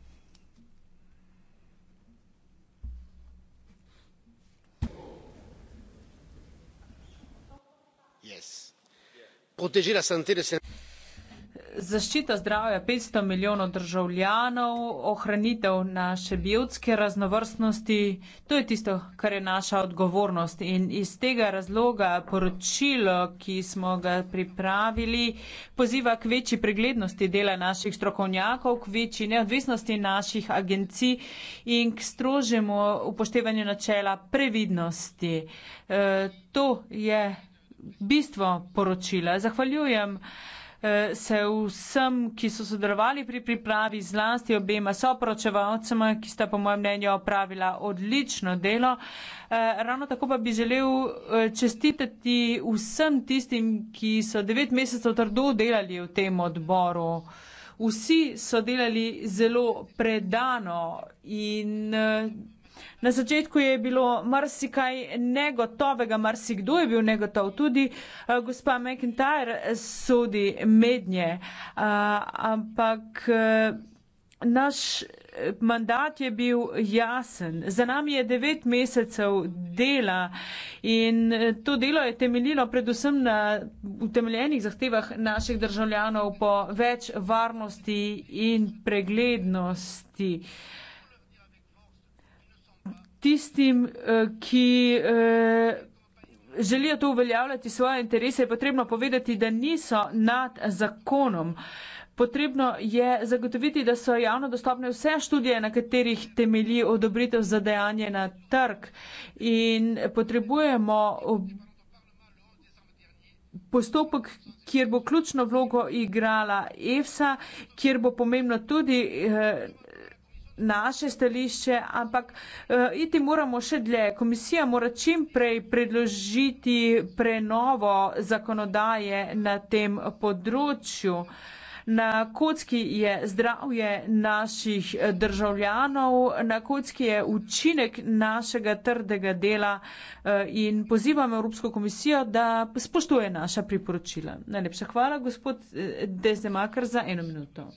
protéger la santé de ses... Zaščita zdravja 500 milijonov državljanov, ohranitev naše biotske raznovrstnosti, to je tisto, kar je naša odgovornost. In iz tega razloga poročilo, ki smo ga pripravili, poziva k večji preglednosti dela naših strokovnjakov, k večji neodvisnosti naših agencij in k strožjemu upoštevanju načela previdnosti. E, to je bistvo poročila. Zahvaljujem eh, se vsem, ki so sodelovali pri pripravi zlasti obema soporočevalcema, ki sta po mojem mnenju opravila odlično delo. Eh, ravno tako pa bi želel eh, čestitati vsem tistim, ki so devet mesecev trdo delali v tem odboru. Vsi so delali zelo predano in Na začetku je bilo marsikaj negotovega, marsikdo je bil negotov, tudi eh, gospa McIntyre sodi mednje. Eh, ampak eh, naš mandat je bil jasen. Za nami je devet mesecev dela in to delo je temeljilo predvsem na utemeljenih zahtevah naših državljanov po več varnosti in preglednosti. Uh, tistim, eh, ki eh, želijo to uveljavljati svoje interese, je potrebno povedati, da niso nad zakonom. Potrebno je zagotoviti, da so javno dostopne vse študije, na katerih temelji odobritev za dejanje na trg in potrebujemo postopek, kjer bo ključno vlogo igrala EFSA, kjer bo pomembno tudi eh, naše stališče, ampak uh, iti moramo še dlje. Komisija mora čim prej predložiti prenovo zakonodaje na tem področju. Uh, Na kocki je zdravje naših eh, državljanov, na kocki je učinek našega trdega dela eh, in pozivam Evropsko komisijo, da spoštuje naša priporočila. Najlepša hvala, gospod eh, Dezdemakar, za eno minuto.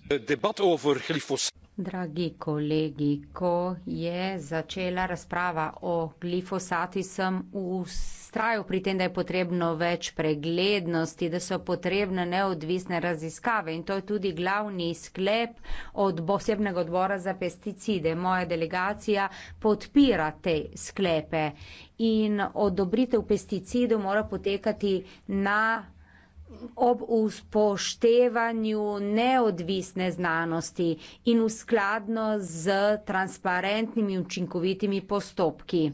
Dragi kolegi, ko je začela razprava o glifosati, sem vse vztrajal pri tem, da je potrebno več preglednosti, da so potrebne neodvisne raziskave in to je tudi glavni sklep od posebnega odbora za pesticide. Moja delegacija podpira te sklepe in odobritev pesticidov mora potekati na ob uspoštevanju neodvisne znanosti in v skladno z transparentnimi učinkovitimi postopki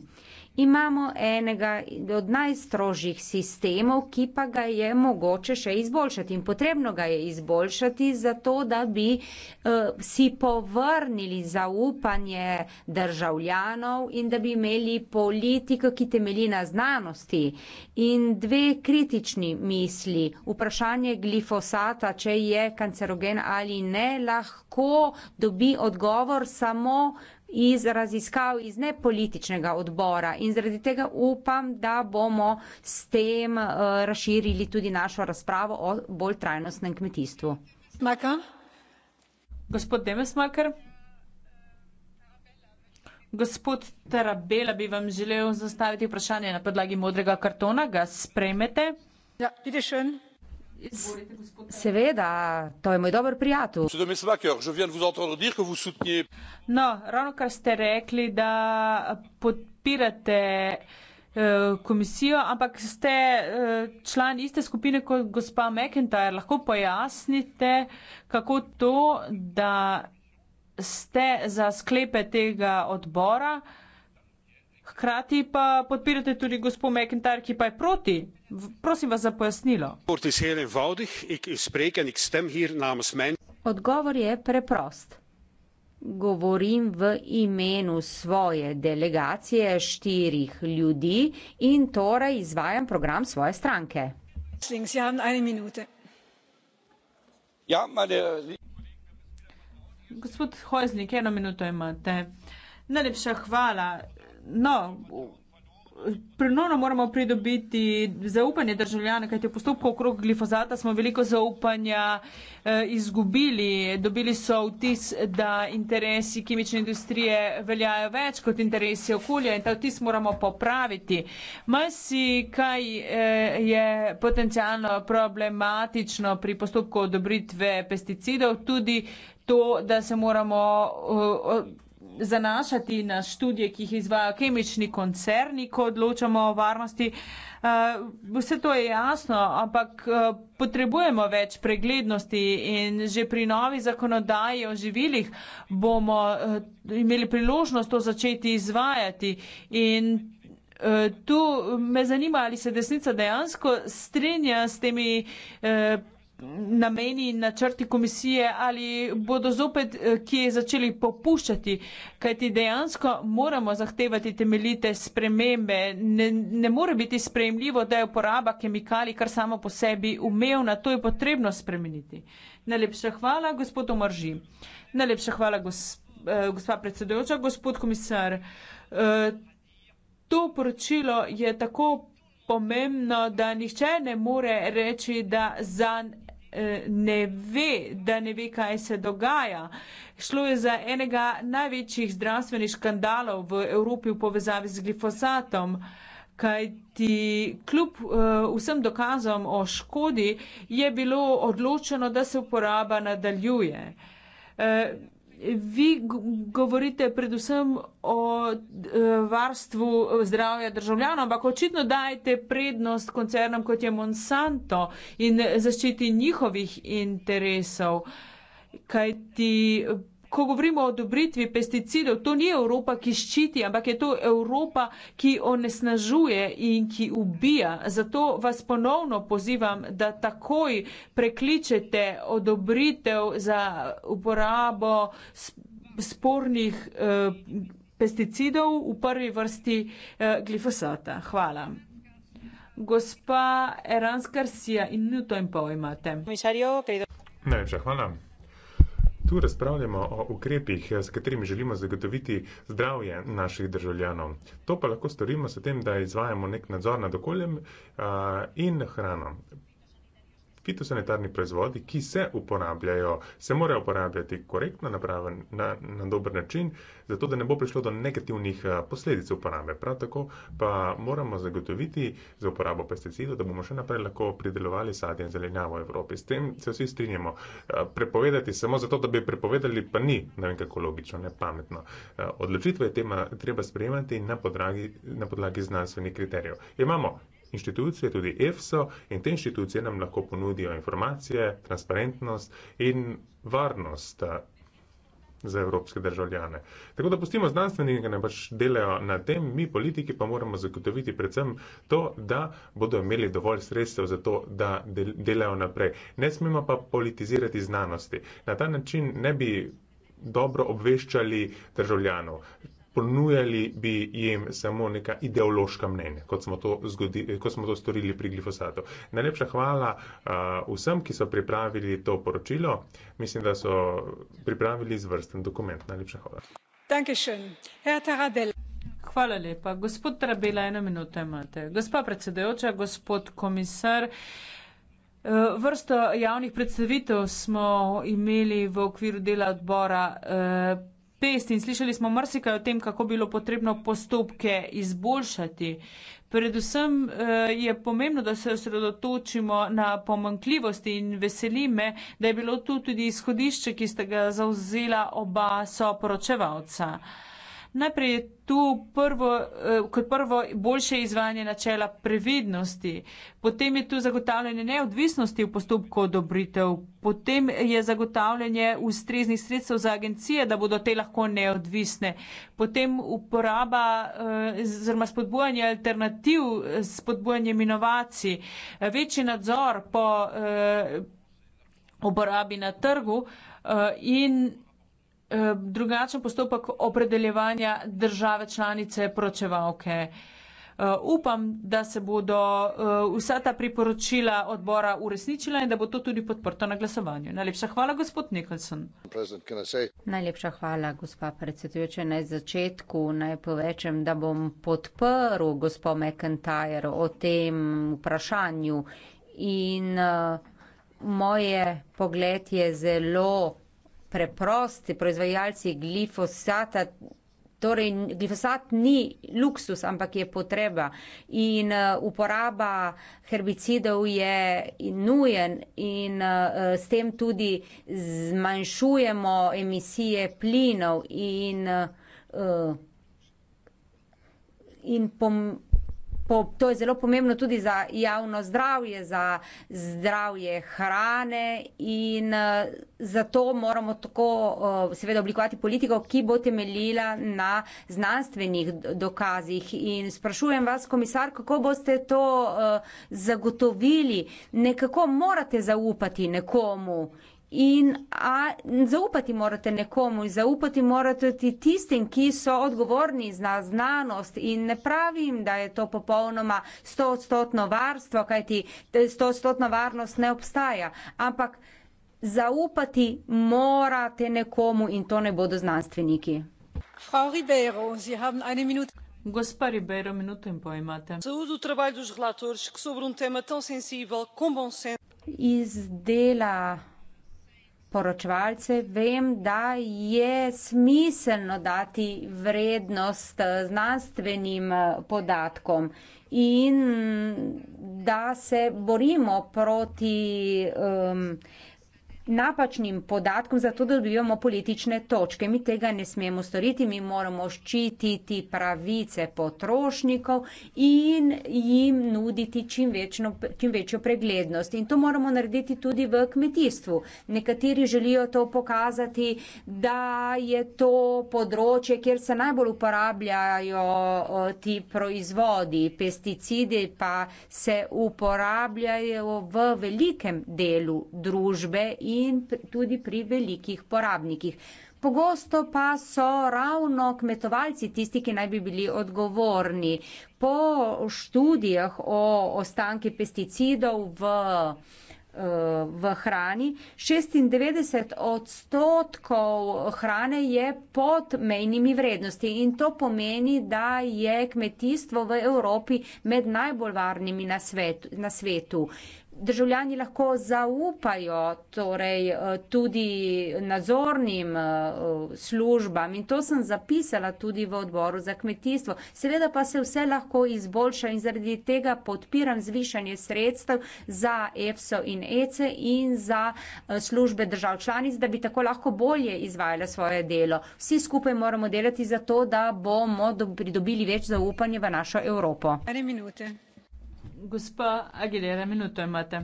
imamo enega od najstrožjih sistemov, ki pa ga je mogoče še izboljšati in potrebno ga je izboljšati zato, da bi uh, si povrnili zaupanje državljanov in da bi imeli politiko, ki temelji na znanosti in dve kritični misli. Vprašanje glifosata, če je kancerogen ali ne, lahko dobi odgovor samo iz raziskav iz nepolitičnega odbora in zaradi tega upam, da bomo s tem eh, razširili tudi našo razpravo o bolj trajnostnem kmetijstvu. Smaka? Gospod Demesmaker? Gospod Tarabela bi vam želel zastaviti vprašanje na podlagi modrega kartona, ga sprejmete? Ja, bitte schön. Seveda, to je moj dober prijatelj. No, ravno kar ste rekli, da podpirate eh, komisijo, ampak ste eh, član iste skupine kot gospa McIntyre. Lahko pojasnite, kako to, da ste za sklepe tega odbora, hkrati pa podpirate tudi gospo McIntyre, ki pa je proti Prosim vas za pojasnilo. Odgovor je preprost. Govorim v imenu svoje delegacije štirih ljudi in torej izvajam program svoje stranke. Ja, Gospod Hojznik, eno minuto imate. Najlepša hvala. No, Prenovno moramo pridobiti zaupanje državljana, kajti v postopku okrog glifozata smo veliko zaupanja eh, izgubili. Dobili so vtis, da interesi kemične industrije veljajo več kot interesi okolja in ta vtis moramo popraviti. Masi, kaj eh, je potencijalno problematično pri postopku odobritve pesticidov, tudi to, da se moramo. Eh, zanašati na študije, ki jih izvajo kemični koncerni, ko odločamo o varnosti. Eh, vse to je jasno, ampak eh, potrebujemo več preglednosti in že pri novi zakonodaji o živilih bomo eh, imeli priložnost to začeti izvajati. In tu me zanima, ali se desnica dejansko strinja s temi. Eh, nameni in načrti komisije ali bodo zopet eh, kje začeli popuščati, kajti dejansko moramo zahtevati temeljite spremembe. Ne, ne more biti sprejemljivo, da je uporaba kemikalij kar samo po sebi umevna, to je potrebno spremeniti. Najlepša hvala, gospod Omarži. Najlepša hvala, eh, gospa predsedujoča, gospod komisar. Eh, to poročilo je tako. Pomembno, da nihče ne more reči, da zan Eh, ne ve, da ne ve, kaj se dogaja. Šlo je za enega največjih zdravstvenih škandalov v Evropi v povezavi z glifosatom. Kaj ti kljub uh, vsem dokazom o škodi je bilo odločeno, da se uporaba nadaljuje. Uh, vi govorite predvsem o eh, varstvu zdravja državljanov, ampak očitno dajete prednost koncernom kot je Monsanto in zaščiti njihovih interesov. Kaj ti ko govorimo o dobritvi pesticidov, to ni Evropa, ki ščiti, ampak je to Evropa, ki onesnažuje in ki ubija. Zato vas ponovno pozivam, da takoj prekličete odobritev za uporabo spornih eh, pesticidov, v prvi vrsti eh, glifosata. Hvala. Gospa Eranskarsija in nuto in pol imate. Najlepša hvala. Tu razpravljamo o ukrepih, s katerimi želimo zagotoviti zdravje naših državljanov. To pa lahko storimo s tem, da izvajamo nek nadzor nad okoljem in hrano fitosanitarni proizvodi, ki se uporabljajo, se morajo uporabljati korektno, na, praven, na, na dober način, zato da ne bo prišlo do negativnih eh, posledic uporabe. Prav tako pa moramo zagotoviti za uporabo pesticidov, da bomo še naprej lahko pridelovali sadje in zelenjavo v Evropi. S tem se vsi strinjamo. Eh, prepovedati samo zato, da bi prepovedali, pa ni, ne vem kako logično, ne pametno. Eh, odločitve je tema, treba sprejemati na, podragi, na podlagi znanstvenih kriterijev. Imamo inštitucije, tudi EFSO in te inštitucije nam lahko ponudijo informacije, transparentnost in varnost eh, za evropske državljane. Tako da pustimo znanstvenike, ne pač delajo na tem, mi politiki pa moramo zagotoviti predvsem to, da bodo imeli dovolj sredstev za to, da delajo naprej. Ne smemo pa politizirati znanosti. Na ta način ne bi dobro obveščali državljanov ponujali bi jim samo neka ideološka mnenja, kot smo to, zgodi, kot smo to storili pri glifosatu. Najlepša hvala uh, vsem, ki so pripravili to poročilo. Mislim, da so pripravili izvrsten dokument. Najlepša hvala. Hvala lepa. Gospod Trabela, eno minuto imate. Gospa predsedajoča, gospod komisar. E, vrsto javnih predstavitev smo imeli v okviru dela odbora. Uh, test in slišali smo marsikaj o tem, kako bilo potrebno postopke izboljšati. Predvsem eh, je pomembno, da se osredotočimo na pomankljivosti in veseli me, da je bilo tu tudi izhodišče, ki ste ga zauzela oba soporočevalca. Najprej je tu prvo, eh, kot prvo boljše izvajanje načela previdnosti, potem je tu zagotavljanje neodvisnosti v postopku odobritev, potem je zagotavljanje ustreznih sredstev za agencije, da bodo te lahko neodvisne, potem uporaba eh, oziroma spodbujanje alternativ, eh, spodbujanje inovacij, večji nadzor po uporabi na trgu in drugačen postopek opredeljevanja države članice pročevalke. E, upam, da se bodo e, vsa ta priporočila odbora uresničila in da bo to tudi podprto na glasovanju. Najlepša hvala, gospod Nicholson. Najlepša hvala, gospa predsedujoča. Na začetku naj povečem, da bom podprl gospo McIntyre o tem vprašanju in e, moje pogled je zelo preprosti proizvajalci glifosata. Torej, glifosat ni luksus, ampak je potreba. In uh, uporaba herbicidov je nujen in uh, s tem tudi zmanjšujemo emisije plinov in, uh, in pomoč po, to je zelo pomembno tudi za javno zdravje, za zdravje hrane in uh, zato moramo tako uh, seveda oblikovati politiko, ki bo temeljila na znanstvenih dokazih. In sprašujem vas, komisar, kako boste to uh, zagotovili? Nekako morate zaupati nekomu. Uh, In a, zaupati morate nekomu, zaupati morate tistim, ki so odgovorni za znanost. In ne pravim, da je to popolnoma stotstotno varstvo, kajti stotstotna varnost ne obstaja. Ampak zaupati morate nekomu in to ne bodo znanstveniki. Frau Ribeiro, Sie haben eine Minute. Gospa Ribeiro, minuto in pa imate. Zaudu trabajdu žlatorš, k sobrum tema tão sensível, kom bom sen. Izdela poročevalce, vem, da je smiselno dati vrednost eh, znanstvenim eh, podatkom in da se borimo proti um, napačnim podatkom, zato da dobivamo politične točke. Mi tega ne smemo storiti, mi moramo ščititi pravice potrošnikov in jim nuditi čim, večno, čim večjo preglednost. In to moramo narediti tudi v kmetijstvu. Nekateri želijo to pokazati, da je to področje, kjer se najbolj uporabljajo ti proizvodi, pesticidi pa se uporabljajo v velikem delu družbe. In in tudi pri velikih porabnikih. Pogosto pa so ravno kmetovalci tisti, ki naj bi bili odgovorni. Po študijah o ostanki pesticidov v, eh, v hrani, 96 odstotkov hrane je pod mejnimi vrednosti in to pomeni, da je kmetijstvo v Evropi med najbolj varnimi na svetu. Na svetu državljani lahko zaupajo torej, eh, tudi nadzornim eh, službam in to sem zapisala tudi v odboru za kmetijstvo. Seveda pa se vse lahko izboljša in zaradi tega podpiram zvišanje sredstev za EFSO in ECE in za eh, službe držav članic, da bi tako lahko bolje izvajala svoje delo. Vsi skupaj moramo delati za to, da bomo pridobili več zaupanja v našo Evropo. Gospa Aguilera, minuto imate.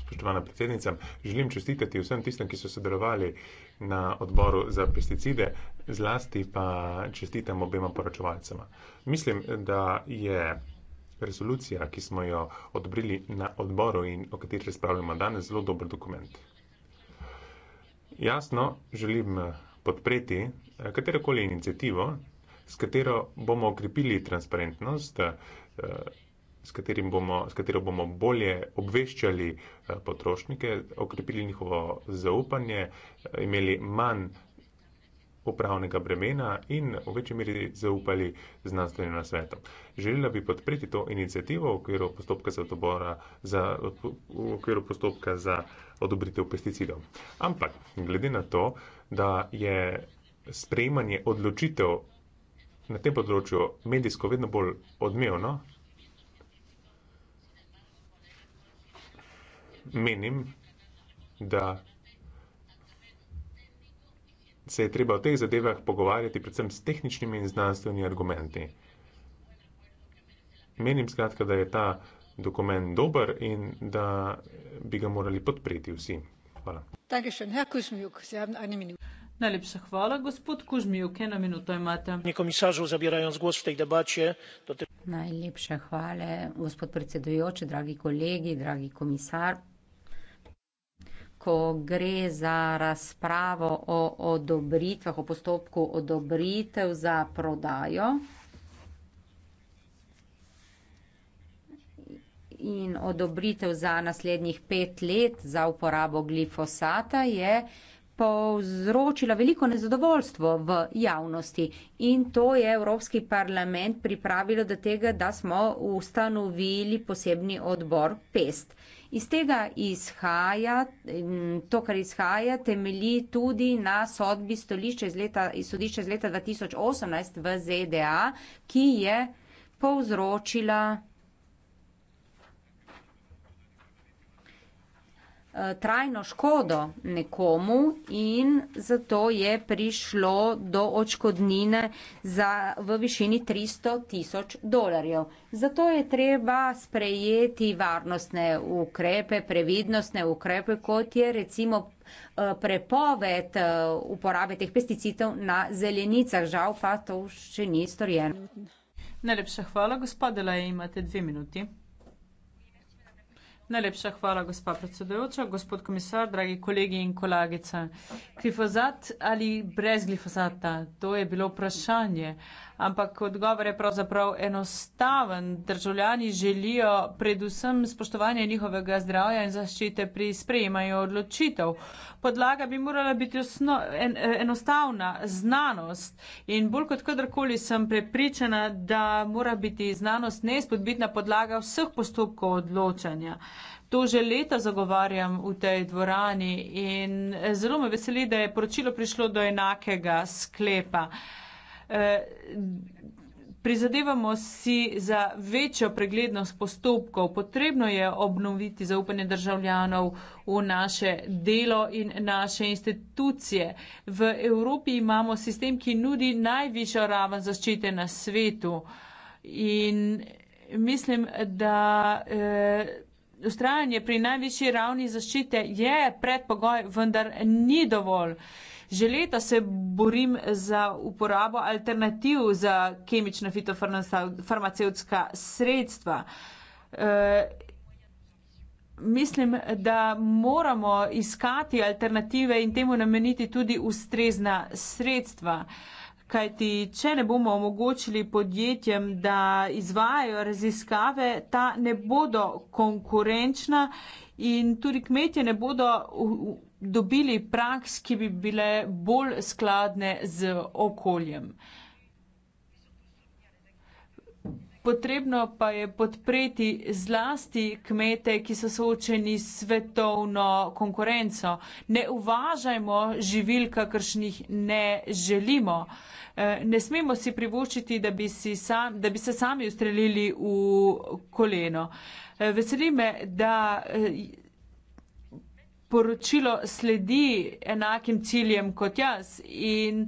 Spoštovana predsednica, želim čestitati vsem tistem, ki so sodelovali na odboru za pesticide, zlasti pa čestitam obema poročevalcema. Mislim, da je resolucija, ki smo jo odbrili na odboru in o kateri razpravljamo danes, zelo dober dokument. Jasno, želim podpreti eh, katerokoli inicijativo, s katero bomo okrepili transparentnost. Eh, s, bomo, s katero bomo bolje obveščali eh, potrošnike, okrepili njihovo zaupanje, eh, imeli manj upravnega bremena in v večji meri zaupali znanstvenim nasvetom. Želela bi podpreti to inicijativo v okviru postopka za, za, v okviru postopka za odobritev pesticidov. Ampak glede na to, da je sprejemanje odločitev na tem področju medijsko vedno bolj odmevno, menim, da se je treba o teh zadevah pogovarjati predvsem s tehničnimi in znanstveni argumenti. Menim skratka, da je ta dokument dober in da bi ga morali podpreti vsi. Hvala. Najlepša hvala, gospod Kužmijuk. Eno minuto imate. Najlepša hvala, gospod predsedujoči, dragi kolegi, dragi komisar ko gre za razpravo o odobritvah, o postopku odobritev za prodajo. In odobritev za naslednjih pet let za uporabo glifosata je povzročila veliko nezadovoljstvo v javnosti. In to je Evropski parlament pripravilo do tega, da smo ustanovili posebni odbor PEST. Iz tega izhaja, to, kar izhaja, temelji tudi na sodbi stolišče iz leta, iz sodišče iz leta 2018 v ZDA, ki je povzročila Eh, trajno škodo nekomu in zato je prišlo do očkodnine za, v višini 300 tisoč dolarjev. Zato je treba sprejeti varnostne ukrepe, previdnostne ukrepe, kot je recimo eh, prepoved eh, uporabe teh pesticidov na zelenicah. Žal pa to še ni storjeno. Najlepša hvala, gospod Delaj, imate dve minuti. Najlepša hvala, gospa predsedujoča, gospod komisar, dragi kolegi in kolegice. Glifozat ali brez glifozata? To je bilo vprašanje ampak odgovor je pravzaprav enostaven. Državljani želijo predvsem spoštovanje njihovega zdravja in zaščite pri sprejemanju odločitev. Podlaga bi morala biti osno, en, e, enostavna znanost in bolj kot kadarkoli sem prepričana, da mora biti znanost neizpodbitna podlaga vseh postopkov odločanja. To že leta zagovarjam v tej dvorani in e, zelo me veseli, da je poročilo prišlo do enakega sklepa. Uh, Eh, prizadevamo si za večjo preglednost postopkov. Potrebno je obnoviti zaupanje državljanov v naše delo in naše institucije. V Evropi imamo sistem, ki nudi najvišjo raven zaščite na svetu. In mislim, da eh, ustrajanje pri najvišji ravni zaščite je predpogoj, vendar ni dovolj. Eh, Že leta se borim za uporabo alternativ za kemična fitofarmacevtska sredstva. E, mislim, da moramo iskati alternative in temu nameniti tudi ustrezna sredstva. Kajti, če ne bomo omogočili podjetjem, da izvajajo raziskave, ta ne bodo konkurenčna in tudi kmetje ne bodo. V, dobili praks, ki bi bile bolj skladne z okoljem. Potrebno pa je podpreti zlasti kmete, ki so soočeni s svetovno konkurenco. Ne uvažajmo živil, kakršnih ne želimo. E, ne smemo si privoščiti, da, da bi se sami ustrelili v koleno. E, veseli me, da e, poročilo sledi enakim ciljem kot jaz. In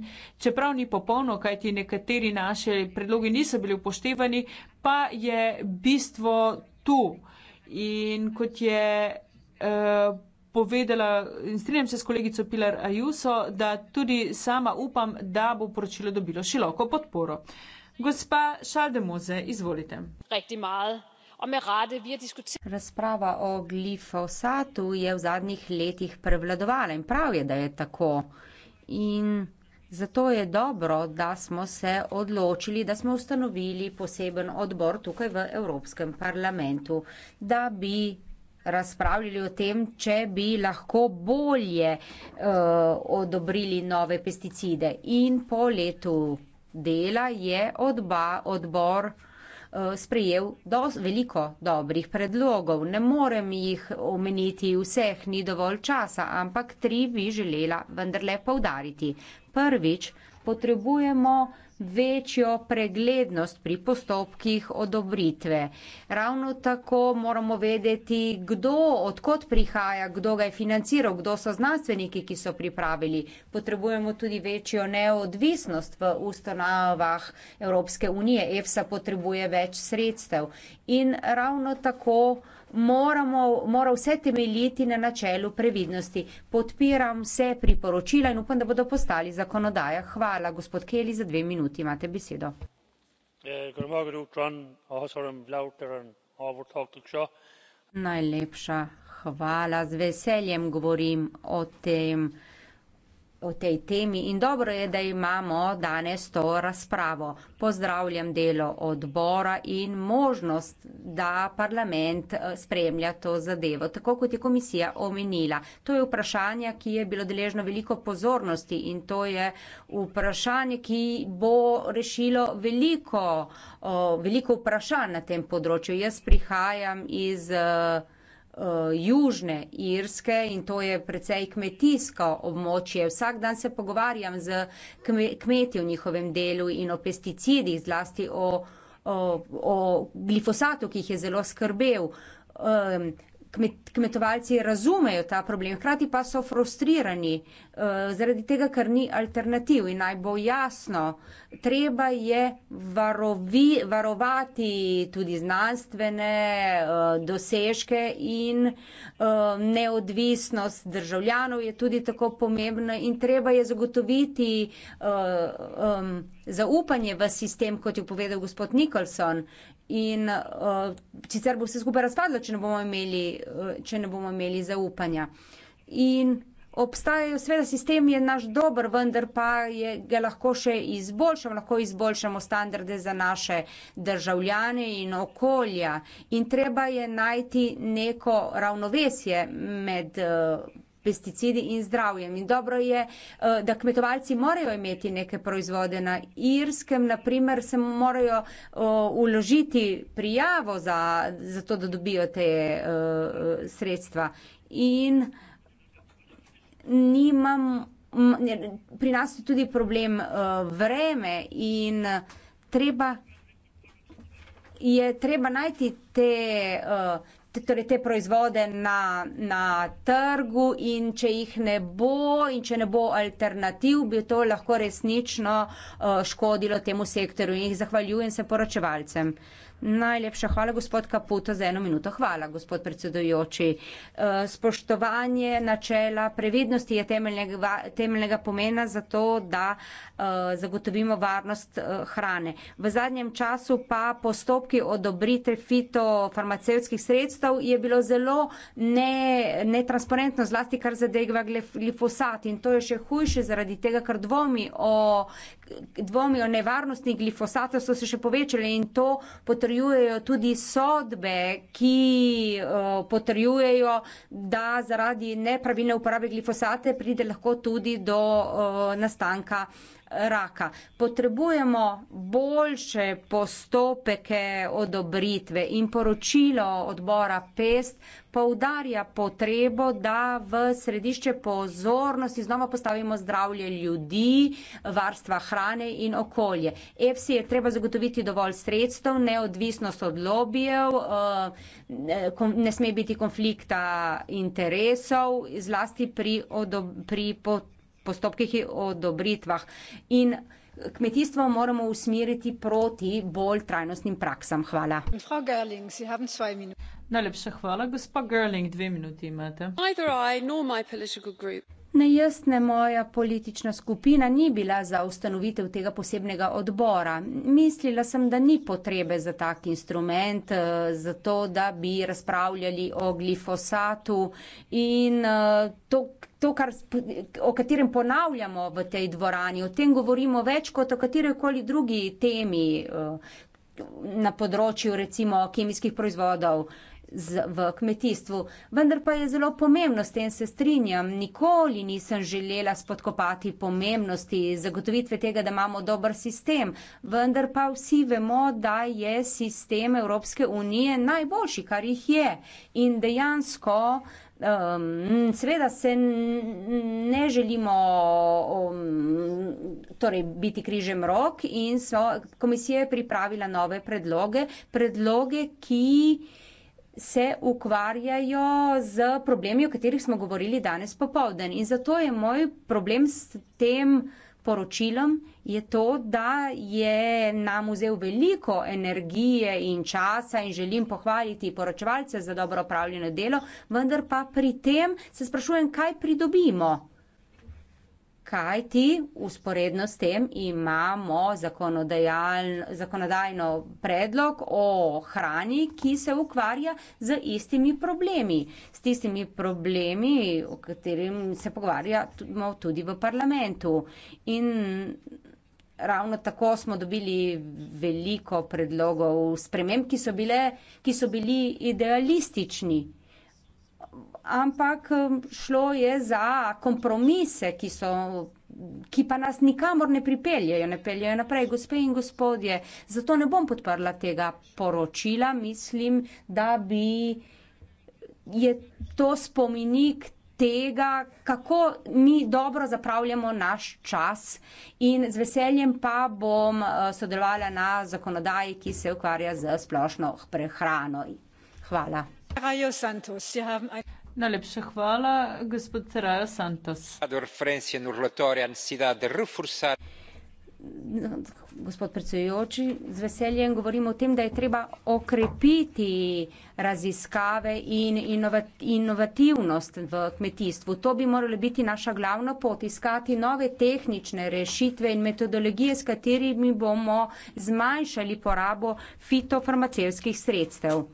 čeprav ni popolno, kajti nekateri naše predlogi niso bili upoštevani, pa je bistvo tu. In kot je uh, povedala in strinjam se s kolegico Pilar Ajuso, da tudi sama upam, da bo poročilo dobilo široko podporo. Gospa Šaldemoze, izvolite. Rekti malo. Razprava o glifosatu je v zadnjih letih prevladovala in prav je, da je tako. In zato je dobro, da smo se odločili, da smo ustanovili poseben odbor tukaj v Evropskem parlamentu, da bi razpravljali o tem, če bi lahko bolje uh, odobrili nove pesticide. In po letu dela je odba, odbor. Eh, sprejel dos, veliko dobrih predlogov. Ne morem jih omeniti vseh, ni dovolj časa, ampak tri bi želela vendarle poudariti. Prvič, potrebujemo večjo preglednost pri postopkih odobritve. Ravno tako moramo vedeti, kdo, odkot prihaja, kdo ga je financiral, kdo so znanstveniki, ki so pripravili. Potrebujemo tudi večjo neodvisnost v ustanovah Evropske unije. EFSA potrebuje več sredstev. In ravno tako moramo, mora vse temeljiti na načelu previdnosti. Podpiram vse priporočila in upam, da bodo postali zakonodaja. Hvala, gospod Keli, za dve minuti imate besedo. Najlepša hvala. Z veseljem govorim o tem, o tej temi in dobro je, da imamo danes to razpravo. Pozdravljam delo odbora in možnost, da parlament eh, spremlja to zadevo, tako kot je komisija omenila. To je vprašanje, ki je bilo deležno veliko pozornosti in to je vprašanje, ki bo rešilo veliko, veliko vprašanj na tem področju. Jaz prihajam iz. Eh, Eh, južne Irske in to je precej kmetijsko območje. Vsak dan se pogovarjam z kmeti v njihovem delu in o pesticidih, zlasti o, o, o glifosatu, ki jih je zelo skrbel kmet, kmetovalci razumejo ta problem, hkrati pa so frustrirani uh, zaradi tega, ker ni alternativ. In naj bo jasno, treba je varovi, varovati tudi znanstvene uh, dosežke in uh, neodvisnost državljanov je tudi tako pomembna in treba je zagotoviti uh, um, zaupanje v sistem, kot je povedal gospod Nikolson. In uh, sicer bo vse skupaj razpadlo, če ne bomo imeli, uh, če ne bomo imeli zaupanja. In obstajajo seveda sistemi, je naš dober, vendar pa je, ga lahko še izboljšamo, lahko izboljšamo standarde za naše državljane in okolja. In treba je najti neko ravnovesje med. Uh, pesticidi in zdravjem. In dobro je, eh, da kmetovalci morajo imeti neke proizvode na Irskem, naprimer se morajo eh, uložiti prijavo za, za to, da dobijo te eh, sredstva. In nimam, pri nas je tudi problem vreme in treba, je treba najti te torej te proizvode na, na trgu in če jih ne bo in če ne bo alternativ, bi to lahko resnično uh, škodilo temu sektorju. In jih zahvaljujem se poročevalcem. Najlepša hvala, gospod Kaputo, za eno minuto. Hvala, gospod predsedujoči. Eh, spoštovanje načela previdnosti je temeljnega, temeljnega pomena za to, da eh, zagotovimo varnost eh, hrane. V zadnjem času pa postopki odobrite fitofarmacevskih sredstev je bilo zelo ne, netransparentno, zlasti kar zadeva glifosat. In to je še hujše zaradi tega, ker dvomi o dvomi o nevarnosti glifosata so se še povečali in to potrjujejo tudi sodbe, ki eh, potrjujejo, da zaradi nepravilne uporabe glifosate pride lahko tudi do eh, nastanka raka. Potrebujemo boljše postopke odobritve in poročilo odbora PEST poudarja potrebo, da v središče pozornosti znova postavimo zdravje ljudi, varstva hrane in okolje. EFSI je treba zagotoviti dovolj sredstev, neodvisnost od lobijev, eh, ne sme biti konflikta interesov, zlasti pri, pri potrebi postopkih in odobritvah. In Kmetijstvo moramo usmeriti proti bolj trajnostnim praksam. Hvala. Gerling, Najlepša hvala, gospa Gerling, dve minuti imate. Ne jaz, ne moja politična skupina ni bila za ustanovitev tega posebnega odbora. Mislila sem, da ni potrebe za tak instrument, eh, za to, da bi razpravljali o glifosatu in eh, to, k to, kar, o katerem ponavljamo v tej dvorani, o tem govorimo več kot o katerekoli drugi temi eh, na področju recimo kemijskih proizvodov z, v kmetijstvu. Vendar pa je zelo pomembno, s tem se strinjam, nikoli nisem želela spodkopati pomembnosti zagotovitve tega, da imamo dober sistem. Vendar pa vsi vemo, da je sistem Evropske unije najboljši, kar jih je. In dejansko. Um, seveda se ne želimo um, torej biti križem rok in so, komisija je pripravila nove predloge, predloge, ki se ukvarjajo z problemi, o katerih smo govorili danes popovden. In zato je moj problem s tem, uh, poročilom je to, da je nam vzel veliko energije in časa in želim pohvaliti poročevalce za dobro opravljeno delo, vendar pa pri tem se sprašujem, kaj pridobimo kajti usporedno s tem imamo zakonodajno predlog o hrani, ki se ukvarja z istimi problemi, s tistimi problemi, o katerim se pogovarjamo tudi v parlamentu. In Ravno tako smo dobili veliko predlogov sprememb, ki so, bile, ki so bili idealistični ampak um, šlo je za kompromise, ki so ki pa nas nikamor ne pripeljajo, ne peljajo naprej, gospe in gospodje. Zato ne bom podprla tega poročila. Mislim, da bi je to spomenik tega, kako mi dobro zapravljamo naš čas in z veseljem pa bom uh, sodelovala na zakonodaji, ki se ukvarja z splošno prehrano. Hvala. Najlepša hvala, gospod Rajo Santos. Gospod predsedujoči, z veseljem govorimo o tem, da je treba okrepiti raziskave in inovativnost v kmetijstvu. To bi morala biti naša glavna pot, iskati nove tehnične rešitve in metodologije, s katerimi bomo zmanjšali porabo fitofarmacevskih sredstev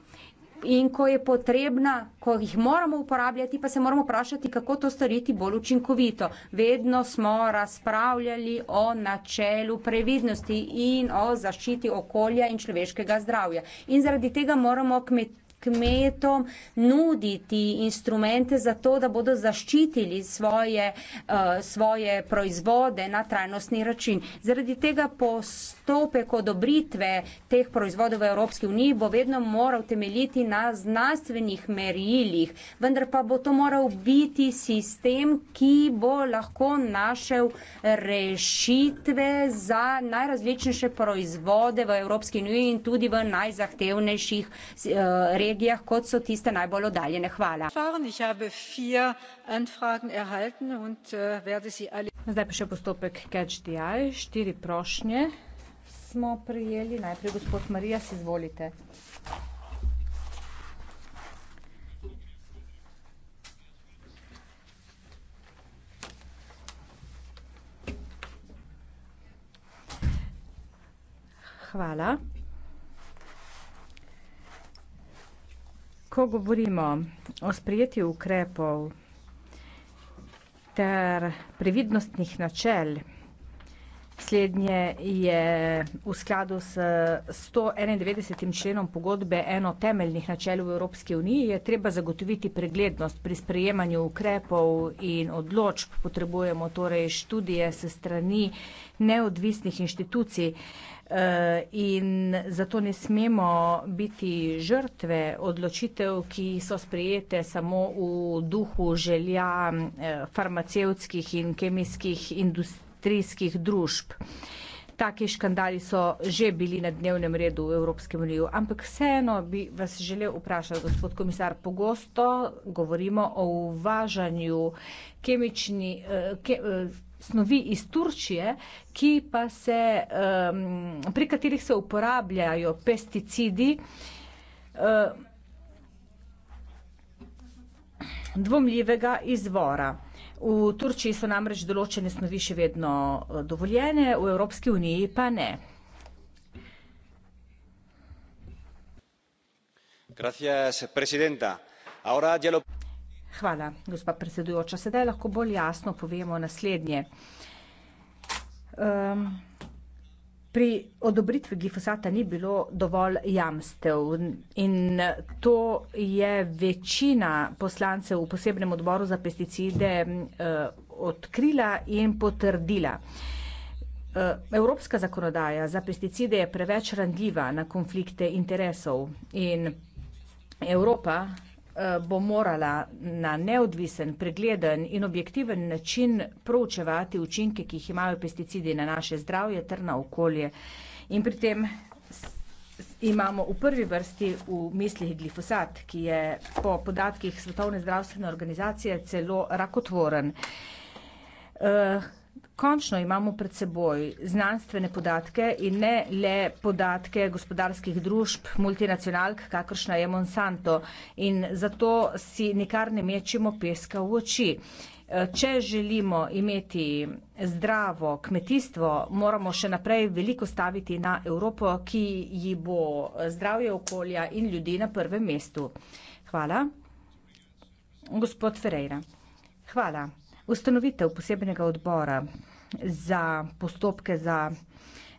in ko je potrebna, ko jih moramo uporabljati, pa se moramo vprašati, kako to storiti bolj učinkovito. Vedno smo razpravljali o načelu previdnosti in o zaščiti okolja in človeškega zdravja. In zaradi tega moramo kmetijstvo kmetom nuditi instrumente za to, da bodo zaščitili svoje, uh, svoje proizvode na trajnostni račin. Zaradi tega postopek odobritve teh proizvodov v Evropski uniji bo vedno moral temeljiti na znanstvenih merilih, vendar pa bo to moral biti sistem, ki bo lahko našel rešitve za najrazličnejše proizvode v Evropski uniji in tudi v najzahtevnejših uh, eh, regijah regijah kot so tiste najbolj oddaljene. hvala. Äh, zdaj pa še postopek catch the eye štiri prošnje smo prejeli najprej gospod marias izvolite. hvala. Ko govorimo o sprejetju ukrepov ter previdnostnih načel, Slednje je v skladu s 191. členom pogodbe eno temeljnih načel v Evropski uniji, je treba zagotoviti preglednost pri sprejemanju ukrepov in odločb. Potrebujemo torej študije se strani neodvisnih inštitucij eh, in zato ne smemo biti žrtve odločitev, ki so sprejete samo v duhu želja eh, farmacevskih in kemijskih industrij industrijskih družb. Taki škandali so že bili na dnevnem redu v Evropskem uniju, ampak vseeno bi vas želel vprašati, gospod komisar, pogosto govorimo o uvažanju kemični, eh, ke, eh, snovi iz Turčije, ki pa se, eh, pri katerih se uporabljajo pesticidi. Dvomljivega izvora. V Turčiji so namreč določene snovi še vedno eh, dovoljene, v Evropski uniji pa ne. Hvala, gospa predsedujoča. Sedaj lahko bolj jasno povemo naslednje. Pri odobritvi glifosata ni bilo dovolj jamstev in to je večina poslancev v posebnem odboru za pesticide eh, odkrila in potrdila. Eh, evropska zakonodaja za pesticide je preveč randljiva na konflikte interesov in Evropa Eh, bo morala na neodvisen, pregleden in objektiven način proučevati učinke, ki jih imajo pesticidi na naše zdravje ter na okolje. In pri tem imamo v prvi vrsti v mislih glifosat, ki je po podatkih Svetovne zdravstvene organizacije celo rakotvoren. Uh, končno imamo pred seboj znanstvene podatke in ne le podatke gospodarskih družb, multinacionalk, kakršna je Monsanto. In zato si nikar ne mečemo peska v oči. Eh, če želimo imeti zdravo kmetijstvo, moramo še naprej veliko staviti na Evropo, ki ji bo zdravje okolja in ljudi na prvem mestu. Hvala. Gospod Ferreira. Hvala. Ustanovitev posebnega odbora za postopke za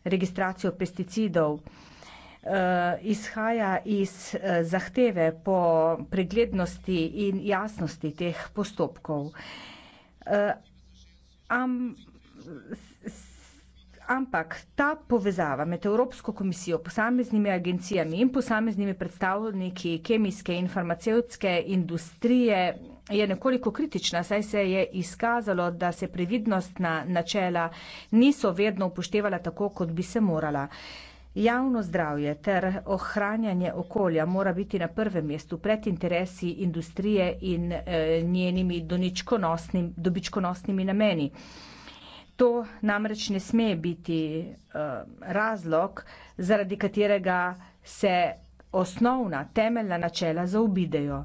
registracijo pesticidov eh, izhaja iz eh, zahteve po preglednosti in jasnosti teh postopkov. Eh, am, ampak ta povezava med Evropsko komisijo, posameznimi agencijami in posameznimi predstavniki kemijske in farmacevtske industrije je nekoliko kritična, saj se je izkazalo, da se previdnostna načela niso vedno upoštevala tako, kot bi se morala. Javno zdravje ter ohranjanje okolja mora biti na prvem mestu pred interesi industrije in eh, njenimi dobičkonosnimi nameni. To namreč ne sme biti eh, razlog, zaradi katerega se osnovna temeljna načela zaobidejo.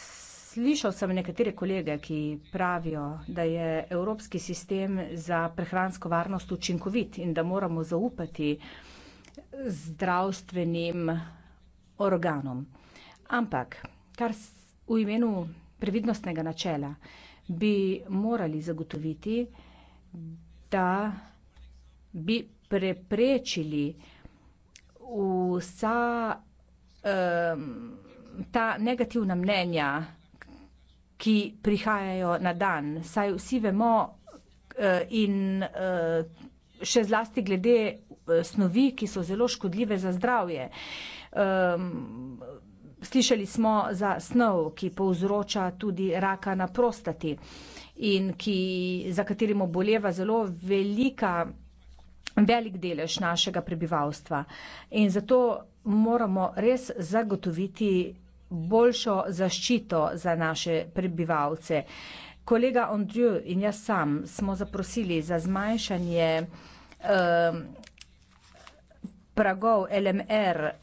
Slišal sem nekatere kolege, ki pravijo, da je evropski sistem za prehransko varnost učinkovit in da moramo zaupati zdravstvenim organom. Ampak, kar v imenu previdnostnega načela bi morali zagotoviti, da bi preprečili vsa um, ta negativna mnenja, ki prihajajo na dan. Saj vsi vemo uh, in uh, še zlasti glede uh, snovi, ki so zelo škodljive za zdravje. Um, slišali smo za snov, ki povzroča tudi raka na prostati in ki, za katerim oboleva zelo velika, velik delež našega prebivalstva. In zato moramo res zagotoviti boljšo zaščito za naše prebivalce. Kolega Andrew in jaz sam smo zaprosili za zmanjšanje eh, pragov LMR eh,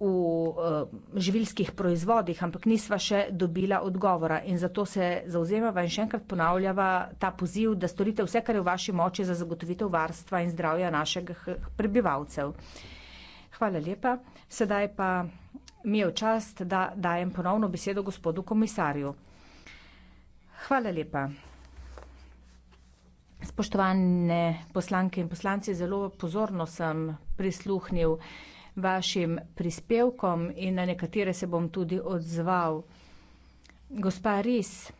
v eh, živilskih proizvodih, ampak nisva še dobila odgovora in zato se zauzemava in še enkrat ponavljava ta poziv, da storite vse, kar je v vaši moči za zagotovitev varstva in zdravja našega prebivalcev. Hvala lepa. Sedaj pa mi je v čast, da dajem ponovno besedo gospodu komisarju. Hvala lepa. Spoštovane poslanke in poslanci, zelo pozorno sem prisluhnil vašim prispevkom in na nekatere se bom tudi odzval. Gospa Ris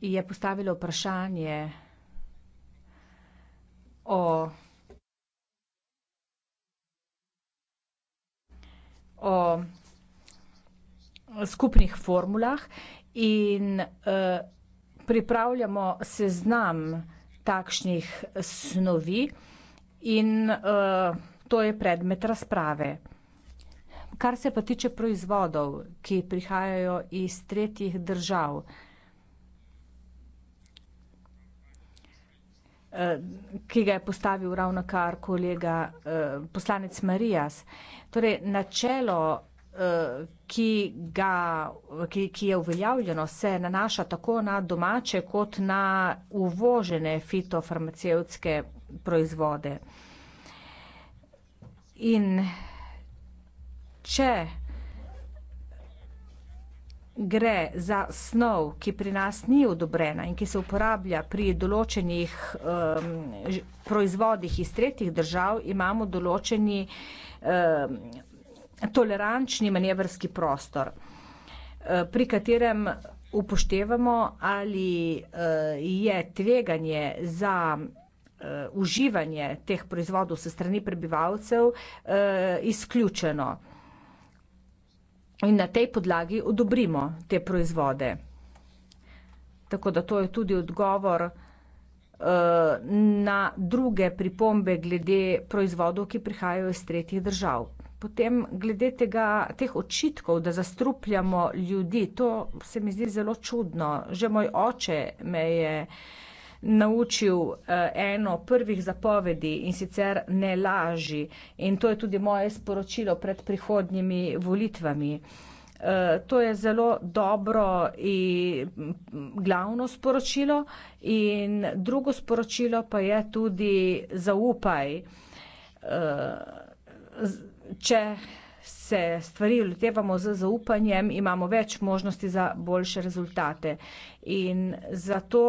je postavila vprašanje o o skupnih formulah in e, pripravljamo seznam takšnih snovi in e, to je predmet razprave. Kar se pa tiče proizvodov, ki prihajajo iz tretjih držav, ki ga je postavil ravno kar kolega eh, poslanec Marijas. Torej, načelo, eh, ki, ga, ki, ki je uveljavljeno, se nanaša tako na domače kot na uvožene fitofarmacevtske proizvode. In če gre za snov, ki pri nas ni odobrena in ki se uporablja pri določenih um, proizvodih iz tretjih držav, imamo določeni um, tolerančni manevrski prostor, eh, pri katerem upoštevamo, ali eh, je tveganje za eh, uživanje teh proizvodov se strani prebivalcev izključeno in na tej podlagi odobrimo te proizvode. Tako da to je tudi odgovor eh, na druge pripombe glede proizvodov, ki prihajajo iz tretjih držav. Potem glede tega, teh očitkov, da zastrupljamo ljudi, to se mi zdi zelo čudno. Že moj oče me je uh, naučil eh, eno prvih zapovedi in sicer ne laži. In to je tudi moje sporočilo pred prihodnjimi volitvami. Eh, to je zelo dobro in mm, glavno sporočilo in drugo sporočilo pa je tudi zaupaj. Eh, če se stvari lotevamo z zaupanjem, imamo več možnosti za boljše rezultate. In zato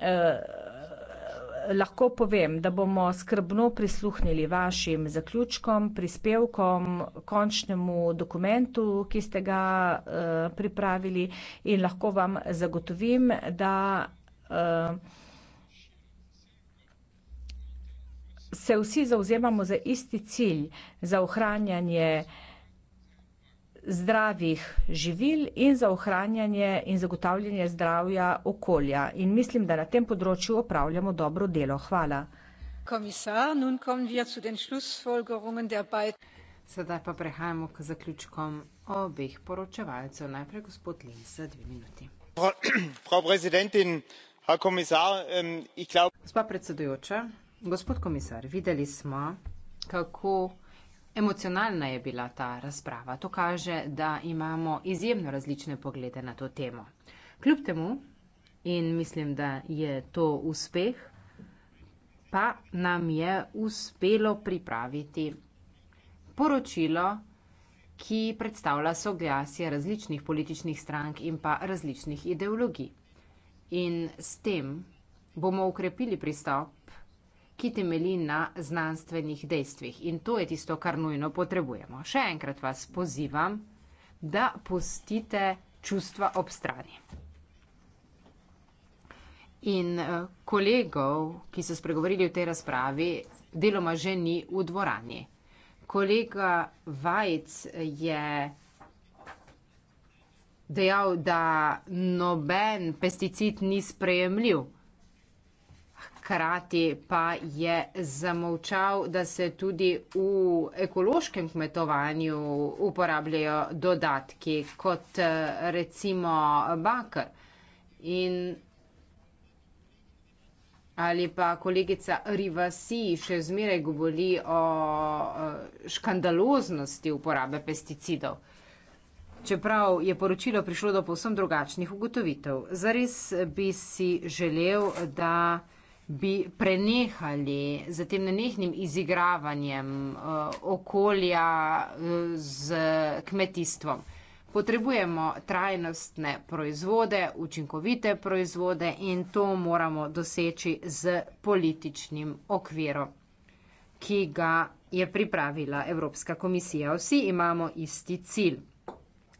Eh, lahko povem, da bomo skrbno prisluhnili vašim zaključkom, prispevkom, končnemu dokumentu, ki ste ga uh, pripravili in lahko vam zagotovim, da uh, se vsi zauzemamo za isti cilj, za ohranjanje uh, zdravih živil in za ohranjanje in zagotavljanje zdravja okolja. In mislim, da na tem področju opravljamo dobro delo. Hvala. Sedaj pa prehajamo k zaključkom obeh poročevalcev. Najprej gospod Lins za dve minuti. Ähm, Gospa predsedujoča, gospod komisar, videli smo, kako Emocionalna je bila ta razprava. To kaže, da imamo izjemno različne poglede na to temo. Kljub temu, in mislim, da je to uspeh, pa nam je uspelo pripraviti poročilo, ki predstavlja soglasje različnih političnih strank in pa različnih ideologij. In s tem bomo ukrepili pristop ki temeli na znanstvenih dejstvih. In to je tisto, kar nujno potrebujemo. Še enkrat vas pozivam, da pustite čustva ob strani. In eh, kolegov, ki so spregovorili v tej razpravi, deloma že ni v dvorani. Kolega Vajc je dejal, da noben pesticid ni sprejemljiv hkrati pa je zamovčal, da se tudi v ekološkem kmetovanju uporabljajo dodatki, kot recimo bakr. In ali pa kolegica Rivasi še zmeraj govori o škandaloznosti uporabe pesticidov. Čeprav je poročilo prišlo do povsem drugačnih ugotovitev, zares bi si želel, da bi prenehali z tem nenehnim izigravanjem uh, okolja uh, z kmetijstvom. Potrebujemo trajnostne proizvode, učinkovite proizvode in to moramo doseči z političnim okvirom, ki ga je pripravila Evropska komisija. Vsi imamo isti cilj,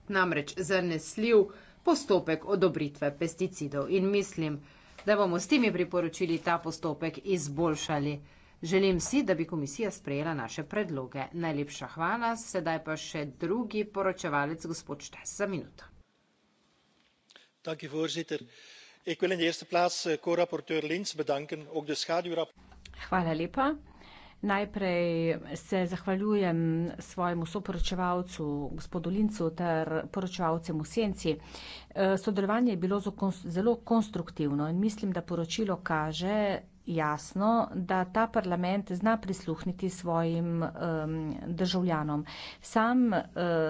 namreč zanesljiv postopek odobritve pesticidov in mislim, da bomo s temi priporočili ta postopek izboljšali. Želim si, da bi komisija sprejela naše predloge. Najlepša hvala, sedaj pa še drugi poročevalec, gospod Štes, za minuto. Eh, hvala lepa. Najprej se zahvaljujem svojemu soporočevalcu, gospodu Lincu ter poročevalcem v Senci. Eh, sodelovanje je bilo zelo konstruktivno in mislim, da poročilo kaže, jasno, da ta parlament zna prisluhniti svojim um, državljanom. Sam uh,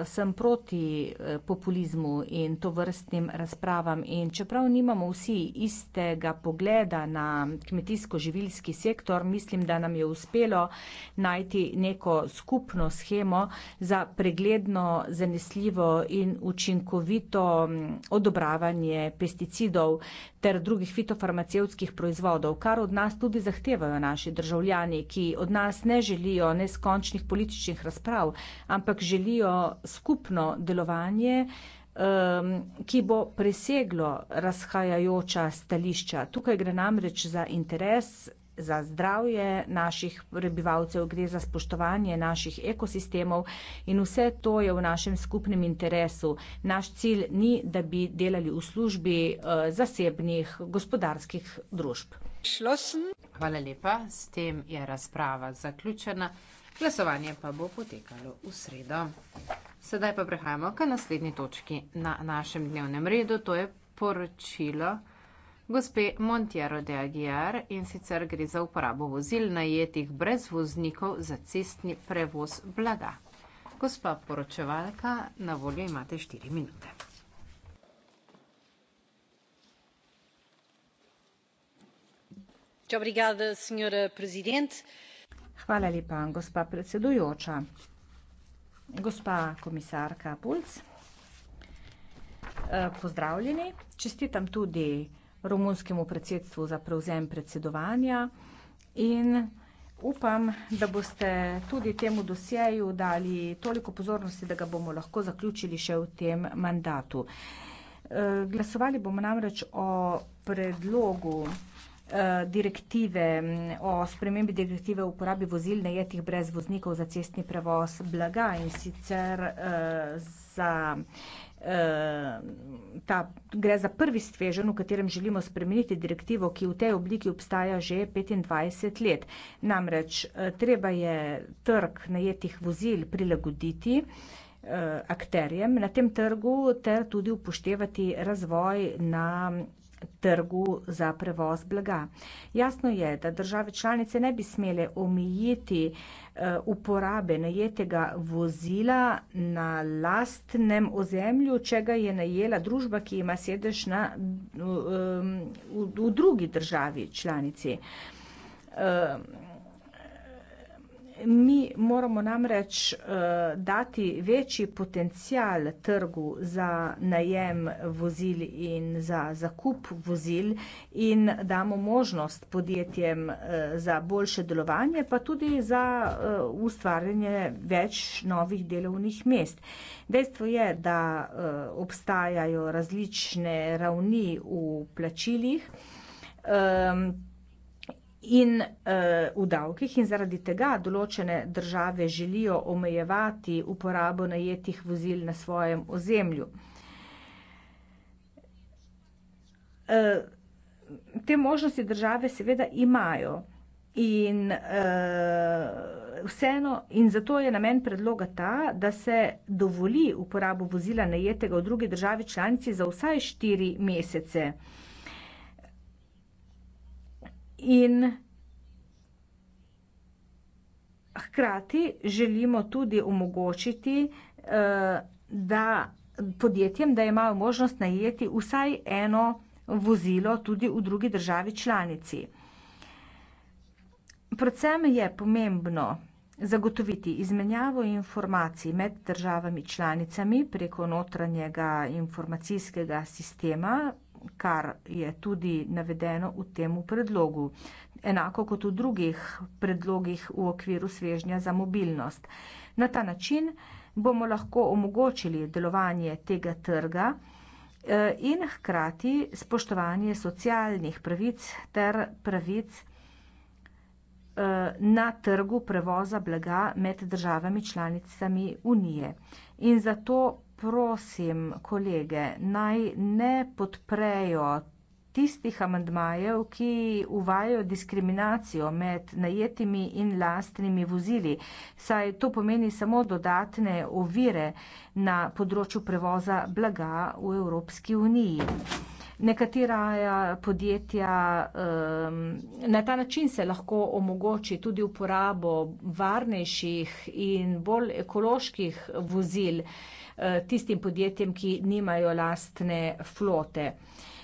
sem proti uh, populizmu in to vrstnim razpravam in čeprav nimamo vsi istega pogleda na kmetijsko-živilski sektor, mislim, da nam je uspelo najti neko skupno schemo za pregledno, zanesljivo in učinkovito um, odobravanje pesticidov ter drugih fitofarmacevskih proizvodov, kar od nas tudi zahtevajo naši državljani, ki od nas ne želijo neskončnih političnih razprav, ampak želijo skupno delovanje, um, ki bo preseglo razhajajoča stališča. Tukaj gre namreč za interes za zdravje naših prebivalcev, gre za spoštovanje naših ekosistemov in vse to je v našem skupnem interesu. Naš cilj ni, da bi delali v službi eh, zasebnih gospodarskih družb. Hvala lepa, s tem je razprava zaključena. Glasovanje pa bo potekalo v sredo. Sedaj pa prehajamo k naslednji točki na našem dnevnem redu, to je poročilo gospe Montiero de Aguiar in sicer gre za uporabo vozil najetih brez voznikov za cestni prevoz blaga. Gospa poročevalka, na voljo imate 4 minute. Obrigada, Hvala lepa, gospa predsedujoča. Gospa komisarka Pulc, eh, pozdravljeni. Čestitam tudi romunskemu predsedstvu za prevzem predsedovanja in upam, da boste tudi temu dosjeju dali toliko pozornosti, da ga bomo lahko zaključili še v tem mandatu. E, glasovali bomo namreč o predlogu e, direktive o spremembi direktive o uporabi vozil najetih brez voznikov za cestni prevoz blaga in sicer e, za Eh, ta, gre za prvi svežen, v katerem želimo spremeniti direktivo, ki v tej obliki obstaja že 25 let. Namreč eh, treba je trg najetih vozil prilagoditi eh, akterjem na tem trgu ter tudi upoštevati razvoj na trgu za prevoz blaga. Jasno je, da države članice ne bi smele omejiti eh, uporabe najetega vozila na lastnem ozemlju, če ga je najela družba, ki ima sedež na, v, eh, v, v drugi državi članici. Eh, Mi moramo namreč uh, dati večji potencial trgu za najem vozil in za zakup vozil in damo možnost podjetjem uh, za boljše delovanje, pa tudi za uh, ustvarjanje več novih delovnih mest. Dejstvo je, da uh, obstajajo različne ravni v plačilih. Um, in uh, v davkih in zaradi tega določene države želijo omejevati uporabo najetih vozil na svojem ozemlju. Uh, te možnosti države seveda imajo in uh, vseeno in zato je namen predloga ta, da se dovoli uporabo vozila najetega v drugi državi članici za vsaj štiri mesece. In hkrati želimo tudi omogočiti, eh, da podjetjem, da imajo možnost najeti vsaj eno vozilo tudi v drugi državi članici. Predvsem je pomembno zagotoviti izmenjavo informacij med državami članicami preko notranjega informacijskega sistema kar je tudi navedeno v tem predlogu. Enako kot v drugih predlogih v okviru svežnja za mobilnost. Na ta način bomo lahko omogočili delovanje tega trga eh, in hkrati spoštovanje socialnih pravic ter pravic eh, na trgu prevoza blaga med državami članicami Unije. In zato prosim kolege, naj ne podprejo tistih amandmajev, ki uvajajo diskriminacijo med najetimi in lastnimi vozili, saj to pomeni samo dodatne ovire na področju prevoza blaga v Evropski uniji. Nekatera ja, podjetja um, na ta način se lahko omogoči tudi uporabo varnejših in bolj ekoloških vozil. Eh, tistim podjetjem, ki nimajo lastne flote.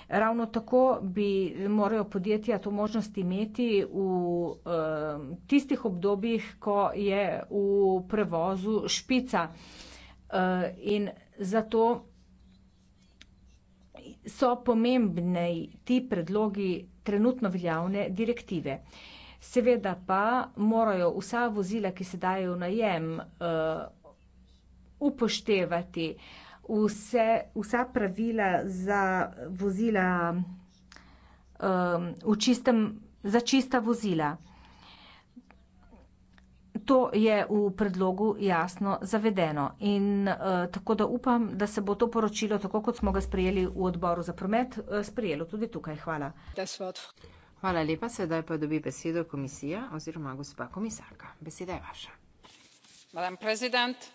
Ravno tako bi morajo podjetja to možnost imeti v eh, tistih obdobjih, ko je v prevozu špica. Eh, in zato so pomembni ti predlogi trenutno veljavne direktive. Seveda pa morajo vsa vozila, ki se dajo v najem, upoštevati vse, vsa pravila za vozila, um, čistem, za čista vozila. To je v predlogu jasno zavedeno in uh, tako da upam, da se bo to poročilo, tako kot smo ga sprejeli v odboru za promet, uh, sprejelo tudi tukaj. Hvala. Hvala lepa, sedaj pa dobi besedo komisija oziroma gospa komisarka. Beseda je vaša. Madame Presidente.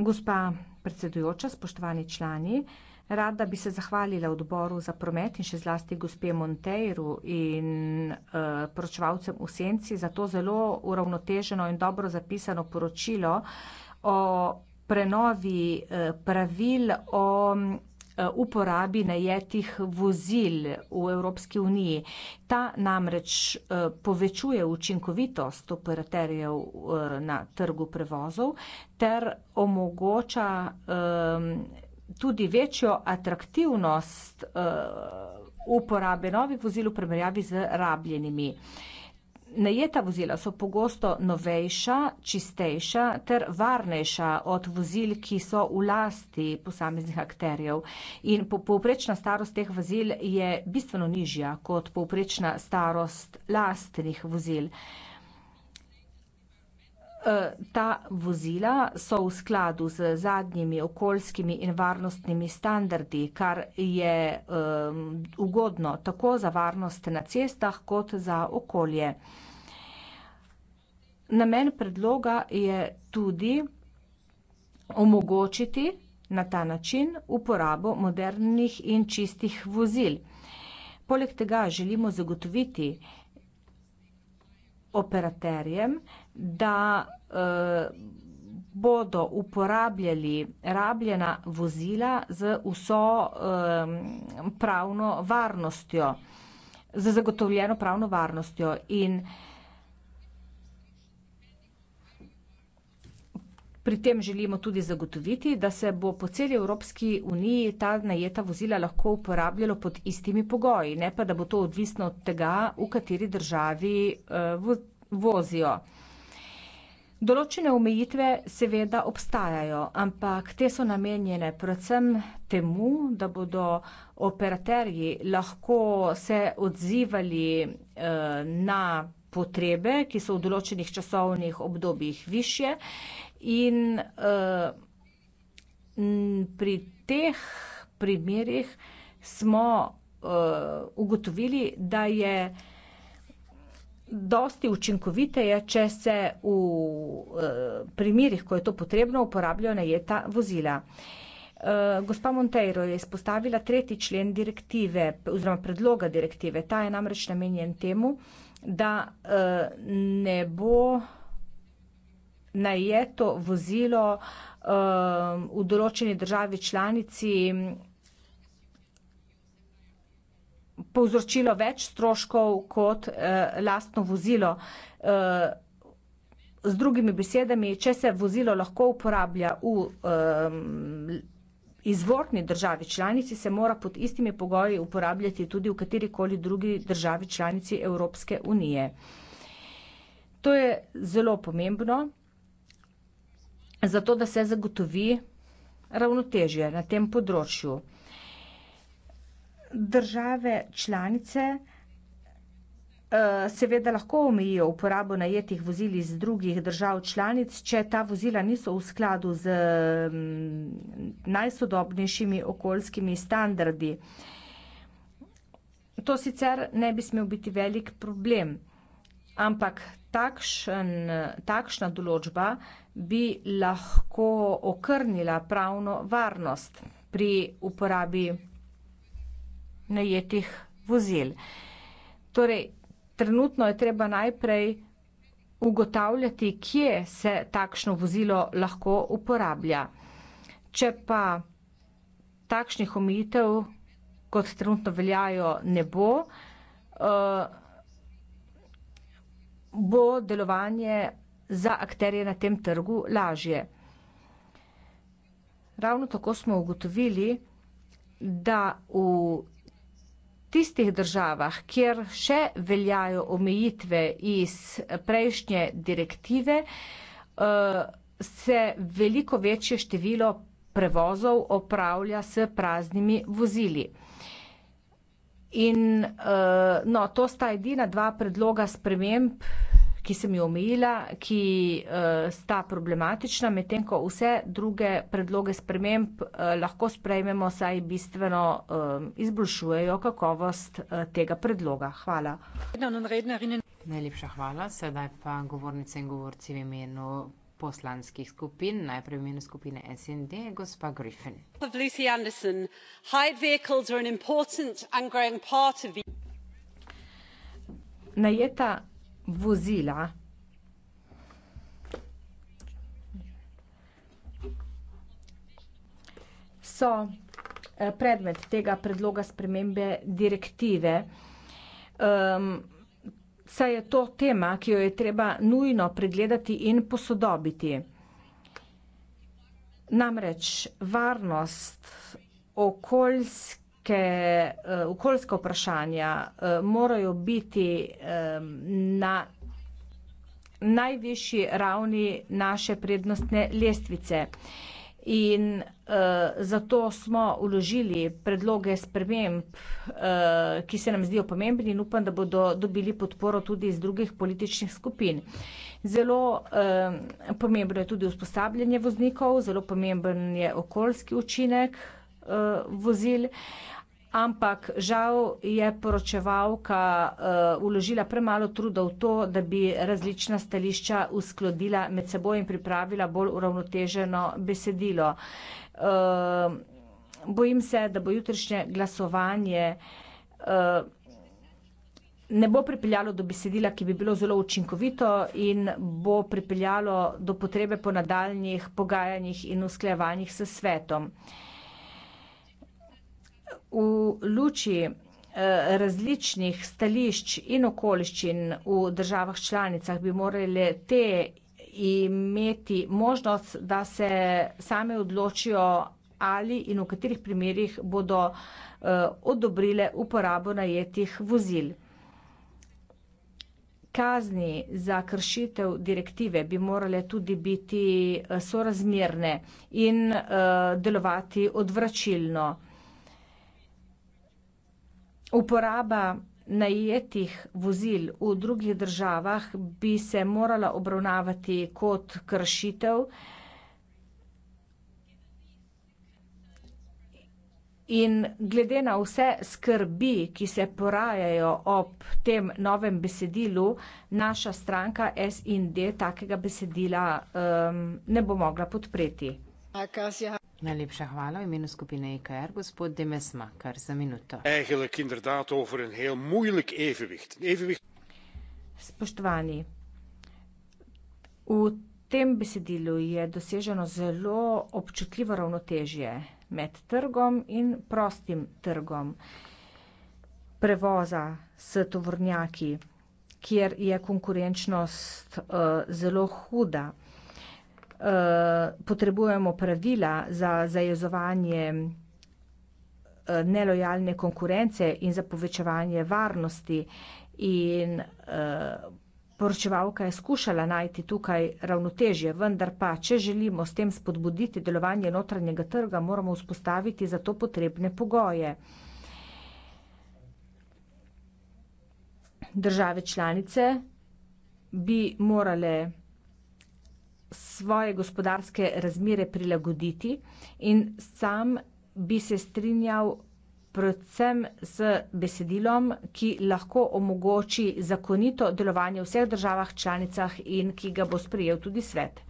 Gospa predsedujoča, spoštovani člani, rada bi se zahvalila odboru za promet in še zlasti gospe Monteiro in, eh, poročevalcem v senci za to zelo uravnoteženo in dobro zapisano poročilo o prenovi, eh, pravil o uporabi najetih vozil v Evropski uniji. Ta namreč eh, povečuje učinkovitost operaterjev eh, na trgu prevozov ter omogoča ehm, tudi večjo atraktivnost eh, uporabe novih vozil v primerjavi z rabljenimi. Najeta vozila so pogosto novejša, čistejša ter varnejša od vozil, ki so v lasti posameznih akterjev. In povprečna starost teh vozil je bistveno nižja kot povprečna starost lastnih vozil. E, ta vozila so v skladu z zadnjimi okoljskimi in varnostnimi standardi, kar je e, ugodno tako za varnost na cestah kot za okolje. Namen predloga je tudi omogočiti na ta način uporabo modernih in čistih vozil. Poleg tega želimo zagotoviti operaterjem, da Eh, bodo uporabljali rabljena vozila z vso eh, pravno varnostjo, z zagotovljeno pravno varnostjo in pri tem želimo tudi zagotoviti, da se bo po celi Evropski uniji ta najeta vozila lahko uporabljalo pod istimi pogoji, ne pa da bo to odvisno od tega, v kateri državi eh, vozijo. Določene omejitve seveda obstajajo, ampak te so namenjene predvsem temu, da bodo operaterji lahko se odzivali eh, na potrebe, ki so v določenih časovnih obdobjih više in eh, pri teh primerjih smo eh, ugotovili, da je eh, dosti učinkoviteje, če se v eh, primirih, ko je to potrebno, uporabljajo najeta vozila. Eh, gospa Monteiro je izpostavila tretji člen direktive oziroma predloga direktive. Ta je namreč namenjen temu, da eh, ne bo najeto vozilo v določeni državi članici povzročilo več stroškov kot eh, lastno vozilo. Eh, z drugimi besedami, če se vozilo lahko uporablja v eh, izvorni državi članici, se mora pod istimi pogoji uporabljati tudi v katerikoli drugi državi članici Evropske unije. To je zelo pomembno, zato da se zagotovi ravnotežje na tem področju države članice eh, seveda lahko omejijo uporabo najetih vozil iz drugih držav članic, če ta vozila niso v skladu z mm, najsodobnejšimi okoljskimi standardi. To sicer ne bi smel biti velik problem, ampak takšen, takšna določba bi lahko okrnila pravno varnost pri uporabi najetih vozil. Torej, trenutno je treba najprej ugotavljati, kje se takšno vozilo lahko uporablja. Če pa takšnih omejitev, kot trenutno veljajo, ne bo, eh, bo delovanje za akterje na tem trgu lažje. Ravno tako smo ugotovili, da v tistih državah, kjer še veljajo omejitve iz prejšnje direktive, eh, se veliko večje število prevozov opravlja s praznimi vozili. In eh, no, to sta edina dva predloga sprememb, ki sem jo omejila, ki uh, sta problematična, medtem ko vse druge predloge sprememb uh, lahko sprejmemo, saj bistveno um, izboljšujejo kakovost uh, tega predloga. Hvala. Najlepša hvala. Sedaj pa govornice in govorci v imenu poslanskih skupin, najprej v imenu skupine SND, gospa Griffin. Najeta vozila. So eh, predmet tega predloga spremembe direktive. Um, saj je to tema, ki jo je treba nujno pregledati in posodobiti. Namreč varnost okoljske okoljske, uh, e, okoljske vprašanja uh, morajo biti um, na najvišji ravni naše prednostne lestvice. In uh, zato smo uložili predloge sprememb, uh, ki se nam zdijo pomembni in upam, da bodo dobili podporo tudi iz drugih političnih skupin. Zelo uh, pomembno je tudi usposabljanje voznikov, zelo pomemben je okoljski učinek uh, vozil, ampak žal je poročevalka uh, eh, uložila premalo truda v to, da bi različna stališča uskladila med seboj in pripravila bolj uravnoteženo besedilo. Uh, bojim se, da bo jutrišnje glasovanje uh, ne bo pripeljalo do besedila, ki bi bilo zelo učinkovito in bo pripeljalo do potrebe po nadaljnih pogajanjih in usklajevanjih s svetom. Uh, v luči eh, različnih stališč in okoliščin v državah članicah bi morale te imeti možnost, da se same odločijo, ali in v katerih primerih bodo eh, odobrile uporabo najetih vozil. Kazni za kršitev direktive bi morale tudi biti eh, sorazmerne in delovati odvračilno. Uporaba najetih vozil v drugih državah bi se morala obravnavati kot kršitev in glede na vse skrbi, ki se porajajo ob tem novem besedilu, naša stranka SD takega besedila um, ne bo mogla podpreti. Najlepša hvala v imenu skupine EKR, gospod Demesma, kar za minuto. Spoštovani, v tem besedilu je doseženo zelo občutljivo ravnotežje med trgom in prostim trgom prevoza s tovornjaki, kjer je konkurenčnost uh, zelo huda. Eh, potrebujemo pravila za zajezovanje eh, nelojalne konkurence in za povečevanje varnosti in eh, poročevalka je skušala najti tukaj ravnotežje, vendar pa, če želimo s tem spodbuditi delovanje notranjega trga, moramo vzpostaviti za to potrebne pogoje. Države članice bi morale svoje gospodarske razmere prilagoditi in sam bi se strinjal predvsem z besedilom, ki lahko omogoči zakonito delovanje v vseh državah članicah in ki ga bo sprejel tudi svet.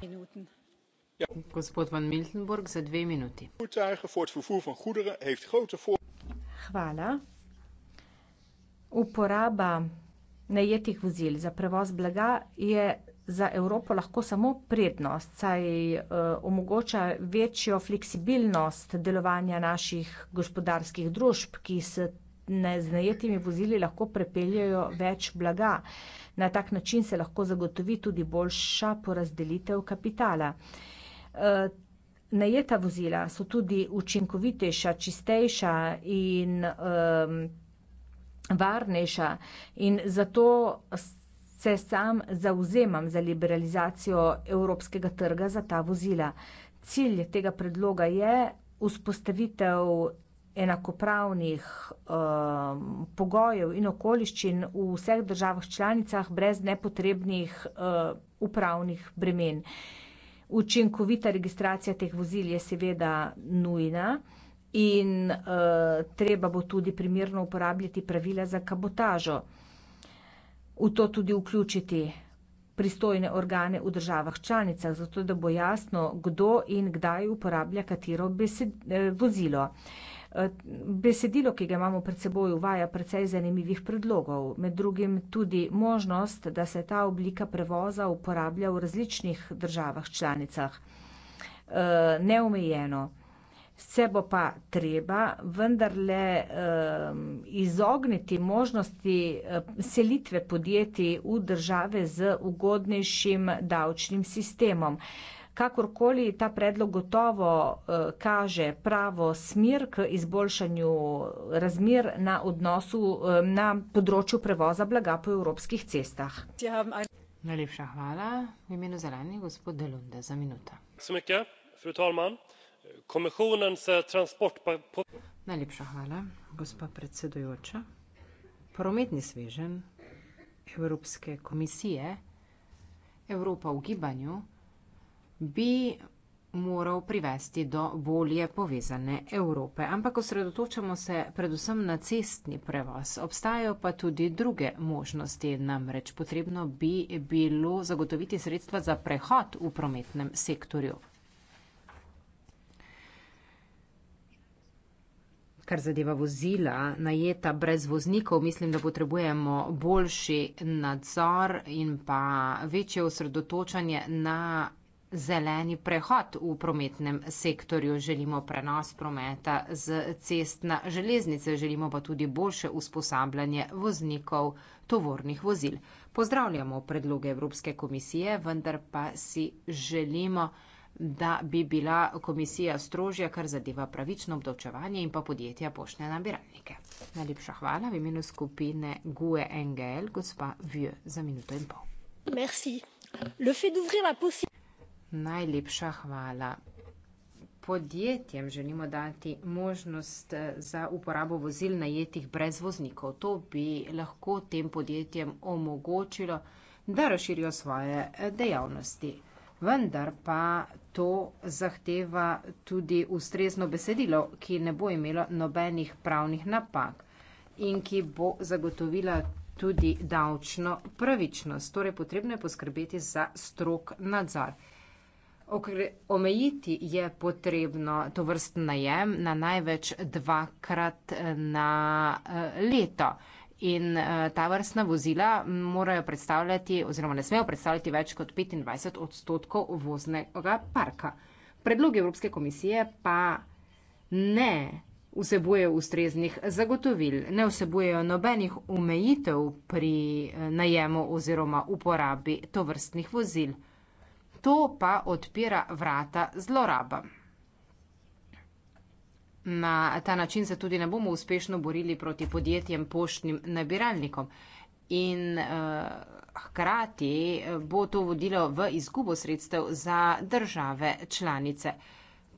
Ja. Gospod Van Miltenburg, za dve minuti. Hvala. Uporaba najetih vozil za prevoz blaga je za Evropo lahko samo prednost, saj eh, omogoča večjo fleksibilnost delovanja naših gospodarskih družb, ki s neznajetimi vozili lahko prepeljejo več blaga. Na tak način se lahko zagotovi tudi boljša porazdelitev kapitala. Eh, najeta vozila so tudi učinkovitejša, čistejša in um, varnejša in zato se sam zauzemam za liberalizacijo evropskega trga za ta vozila. Cilj tega predloga je vzpostavitev enakopravnih um, pogojev in okoliščin v vseh državah članicah brez nepotrebnih uh, upravnih bremen. Učinkovita registracija teh vozil je seveda nujna in uh, treba bo tudi primerno uporabljati pravila za kabotažo v to tudi vključiti pristojne organe v državah članicah, zato da bo jasno, kdo in kdaj uporablja katero besed, eh, vozilo. Eh, besedilo, ki ga imamo pred seboj, uvaja precej zanimivih predlogov, med drugim tudi možnost, da se ta oblika prevoza uporablja v različnih državah članicah. Eh, neomejeno. Se bo pa treba vendarle izogniti možnosti selitve podjetij v države z ugodnejšim davčnim sistemom. Kakorkoli ta predlog gotovo kaže pravo smer k izboljšanju razmer na odnosu na področju prevoza blaga po evropskih cestah. Najlepša hvala. V imenu zelenih, gospod Delunde, za minuto. Smekja, frutalman kommissionen se transport pa po... Najlepša hvala, gospa predsedujoča. Prometni svežen Evropske komisije Evropa v gibanju bi moral privesti do bolje povezane Evrope. Ampak osredotočamo se predvsem na cestni prevoz. Obstajajo pa tudi druge možnosti. Namreč potrebno bi bilo zagotoviti sredstva za prehod v prometnem sektorju. kar zadeva vozila, najeta brez voznikov, mislim, da potrebujemo boljši nadzor in pa večje osredotočanje na zeleni prehod v prometnem sektorju. Želimo prenos prometa z cest na železnice, želimo pa tudi boljše usposabljanje voznikov tovornih vozil. Pozdravljamo predloge Evropske komisije, vendar pa si želimo, da bi bila komisija strožja, kar zadeva pravično obdavčevanje in pa podjetja pošne nabiralnike. Najlepša hvala v imenu skupine GUE NGL, gospa Vue, za minuto in pol. Merci. Le fait d'ouvrir la possibilité. Najlepša hvala. Podjetjem želimo dati možnost eh, za uporabo vozil najetih brez voznikov. To bi lahko tem podjetjem omogočilo, da razširijo svoje eh, dejavnosti vendar pa to zahteva tudi ustrezno besedilo, ki ne bo imelo nobenih pravnih napak in ki bo zagotovila tudi davčno pravičnost. Torej potrebno je poskrbeti za strok nadzor. Omejiti je potrebno to vrst najem na največ dvakrat eh, na eh, leto in eh, ta vrstna vozila morajo predstavljati oziroma ne smejo predstavljati več kot 25 odstotkov voznega parka. Predlog Evropske komisije pa ne vsebujejo ustreznih zagotovil, ne vsebujejo nobenih omejitev pri eh, najemu oziroma uporabi tovrstnih vozil. To pa odpira vrata zlorabam. Na ta način se tudi ne bomo uspešno borili proti podjetjem poštnim nabiralnikom. In uh, hkrati eh, bo to vodilo v izgubo sredstev za države članice.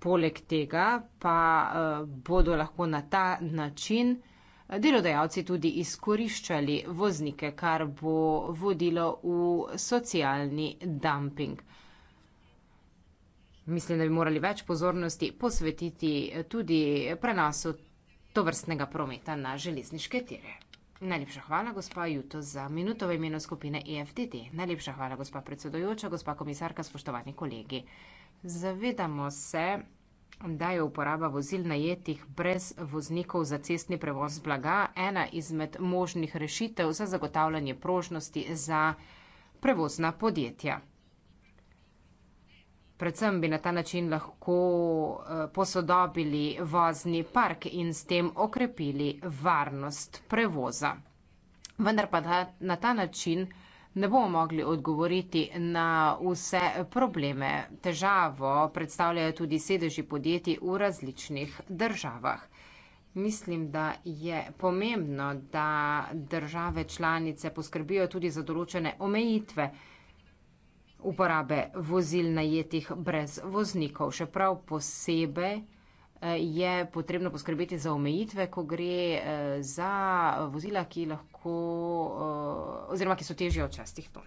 Poleg tega pa uh, bodo lahko na ta način delodajalci tudi izkoriščali voznike, kar bo vodilo v socialni dumping. Mislim, da bi morali več pozornosti posvetiti eh, tudi prenosu to vrstnega prometa na železniške tire. Najlepša hvala, gospa Juto, za minuto v imenu skupine EFTT. Najlepša hvala, gospa predsedojoča, gospa komisarka, spoštovani kolegi. Zavedamo se, da je uporaba vozil najetih brez voznikov za cestni prevoz blaga ena izmed možnih rešitev za zagotavljanje prožnosti za prevozna podjetja. Predvsem bi na ta način lahko eh, posodobili vozni park in s tem okrepili varnost prevoza. Vendar pa na ta način ne bomo mogli odgovoriti na vse probleme. Težavo predstavljajo tudi sedeži podjetij v različnih državah. Mislim, da je pomembno, da države članice poskrbijo tudi za določene omejitve uporabe vozil najetih brez voznikov. Še prav posebej eh, je potrebno poskrbeti za omejitve, ko gre eh, za vozila, ki lahko eh, oziroma ki so težje od častih ton.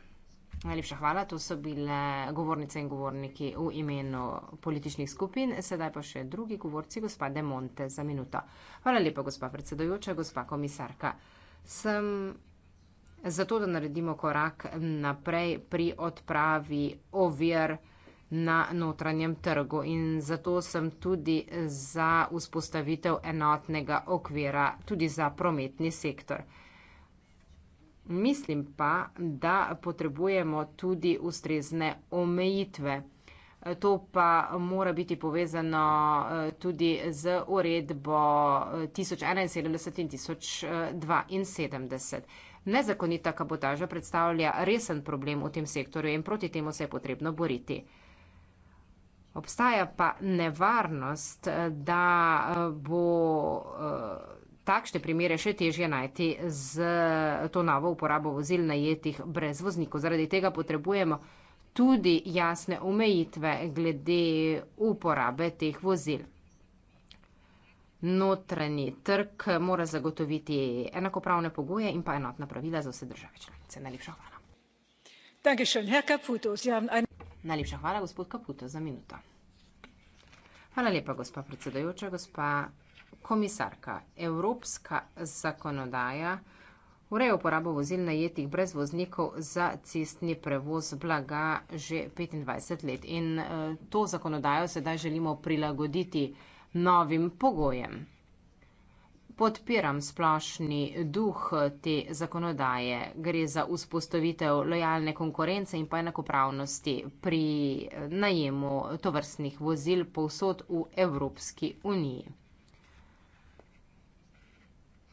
Najlepša hvala, to so bile govornice in govorniki v imenu političnih skupin, sedaj pa še drugi govorci, gospa De Monte, za minuto. Hvala lepa, gospa predsedojoča, gospa komisarka. Sem zato da naredimo korak naprej pri odpravi ovir na notranjem trgu in zato sem tudi za vzpostavitev enotnega okvira tudi za prometni sektor. Mislim pa, da potrebujemo tudi ustrezne omejitve. To pa mora biti povezano eh, tudi z uredbo eh, tisoč enainsedemdeset in tisoč eh, dvainsedemdeset. Nezakonita kabotaža predstavlja resen problem v tem sektorju in proti temu se je potrebno boriti. Obstaja pa nevarnost, da bo eh, takšne primere še težje najti z to novo uporabo vozil najetih brez voznikov. Zaradi tega potrebujemo tudi jasne omejitve glede uporabe teh vozil notranji trg mora zagotoviti enakopravne pogoje in pa enotna pravila za vse države članice. Najlepša hvala. Najlepša hvala, gospod Kaputo, za minuto. Hvala lepa, gospa predsedajoča, gospa komisarka. Evropska zakonodaja ureja uporabo vozil najetih brez voznikov za cestni prevoz blaga že 25 let. In eh, to zakonodajo sedaj želimo prilagoditi novim pogojem. Podpiram splošni duh te zakonodaje. Gre za vzpostavitev lojalne konkurence in pa enakopravnosti pri najemu tovrstnih vozil povsod v Evropski uniji.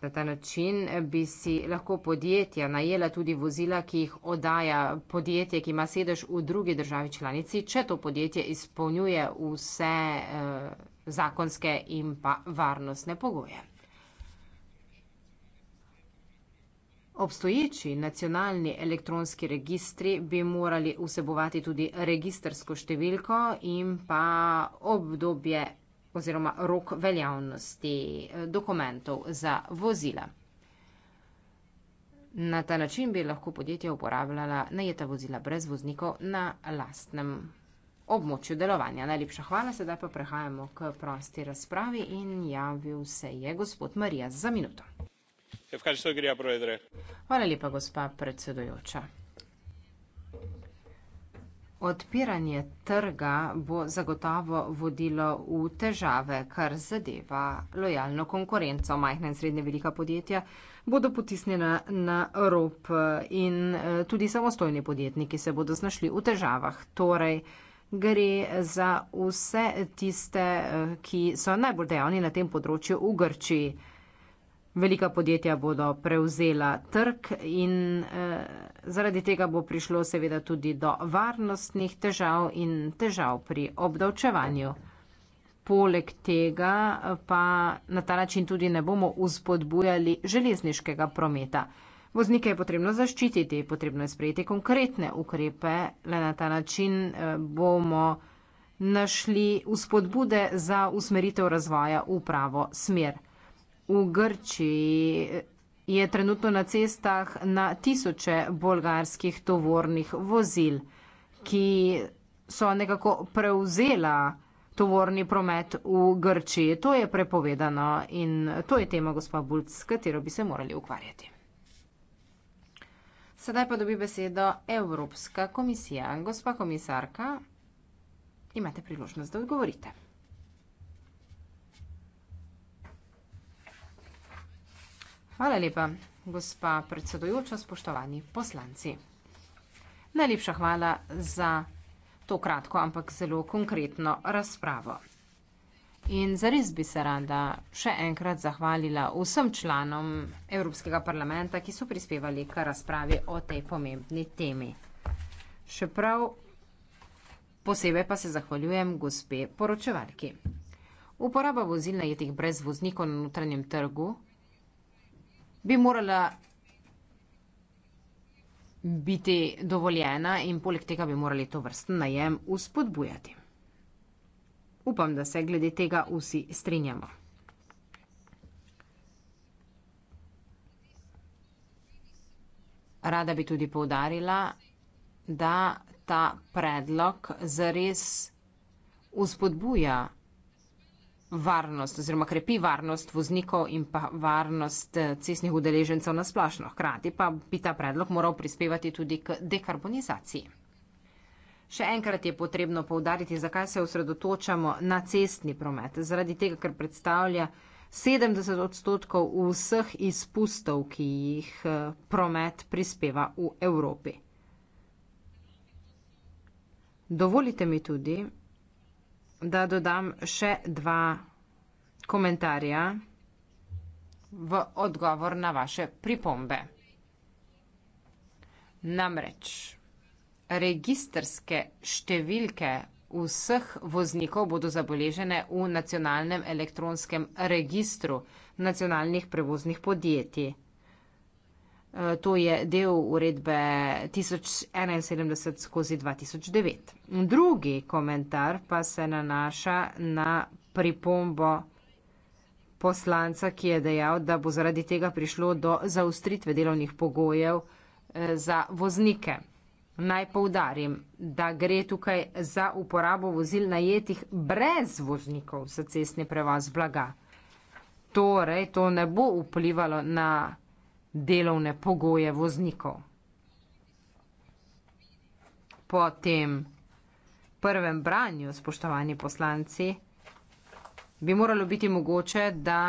Na ta način bi si lahko podjetja najela tudi vozila, ki jih oddaja podjetje, ki ima sedež v drugi državi članici, če to podjetje izpolnjuje vse. Eh, zakonske in pa varnostne pogoje. Obstoječi nacionalni elektronski registri bi morali vsebovati tudi registrsko številko in pa obdobje oziroma rok veljavnosti eh, dokumentov za vozila. Na ta način bi lahko podjetja uporabljala najeta vozila brez voznikov na lastnem območju delovanja. Najlepša hvala, sedaj pa prehajamo k prosti razpravi in javil se je gospod Marija za minuto. Hvala lepa, gospa predsedujoča. Odpiranje trga bo zagotovo vodilo v težave, kar zadeva lojalno konkurenco. Majhna in srednje velika podjetja bodo potisnjena na rop in eh, tudi samostojni podjetniki se bodo znašli v težavah. Torej, gre za vse tiste, eh, ki so najbolj dejavni na tem področju v Grčiji. Velika podjetja bodo prevzela trg in eh, zaradi tega bo prišlo seveda tudi do varnostnih težav in težav pri obdavčevanju. Poleg tega eh, pa na ta način tudi ne bomo uspodbujali železniškega prometa. Voznike je potrebno zaščititi, potrebno je sprejeti konkretne ukrepe, le na ta način eh, bomo našli vzpodbude za usmeritev razvoja v pravo smer. V Grčiji eh, je trenutno na cestah na tisoče bolgarskih tovornih vozil, ki so nekako prevzela tovorni promet v Grčiji. To je prepovedano in to je tema, gospod Bulc, s katero bi se morali ukvarjati. Sedaj pa dobi besedo Evropska komisija. Gospa komisarka, imate priložnost, da odgovorite. Hvala lepa, gospa predsedujoča, spoštovani poslanci. Najlepša hvala za to kratko, ampak zelo konkretno razpravo. In zares bi se rada še enkrat zahvalila vsem članom Evropskega parlamenta, ki so prispevali k razpravi o tej pomembni temi. Še prav posebej pa se zahvaljujem gospe poročevalki. Uporaba vozil najetih brez voznikov na notranjem trgu bi morala biti dovoljena in poleg tega bi morali to vrsten najem uspodbujati. Upam, da se glede tega vsi strinjamo. Rada bi tudi povdarila, da ta predlog zares uspodbuja varnost oziroma krepi varnost voznikov in pa varnost eh, cestnih udeležencev na splošno. Hkrati pa bi ta predlog moral prispevati tudi k dekarbonizaciji. Še enkrat je potrebno povdariti, zakaj se osredotočamo na cestni promet. Zaradi tega, ker predstavlja 70 odstotkov vseh izpustov, ki jih eh, promet prispeva v Evropi. Dovolite mi tudi, da dodam še dva komentarja v odgovor na vaše pripombe. Namreč registrske številke vseh voznikov bodo zabeležene v nacionalnem elektronskem registru nacionalnih prevoznih podjetij. E, to je del uredbe 1071 skozi 2009. Drugi komentar pa se nanaša na pripombo poslanca, ki je dejal, da bo zaradi tega prišlo do zaustritve delovnih pogojev e, za voznike. Naj poudarim, da gre tukaj za uporabo vozil najetih brez voznikov za cestni prevoz blaga. Torej, to ne bo vplivalo na delovne pogoje voznikov. Po tem prvem branju, spoštovani poslanci, bi moralo biti mogoče, da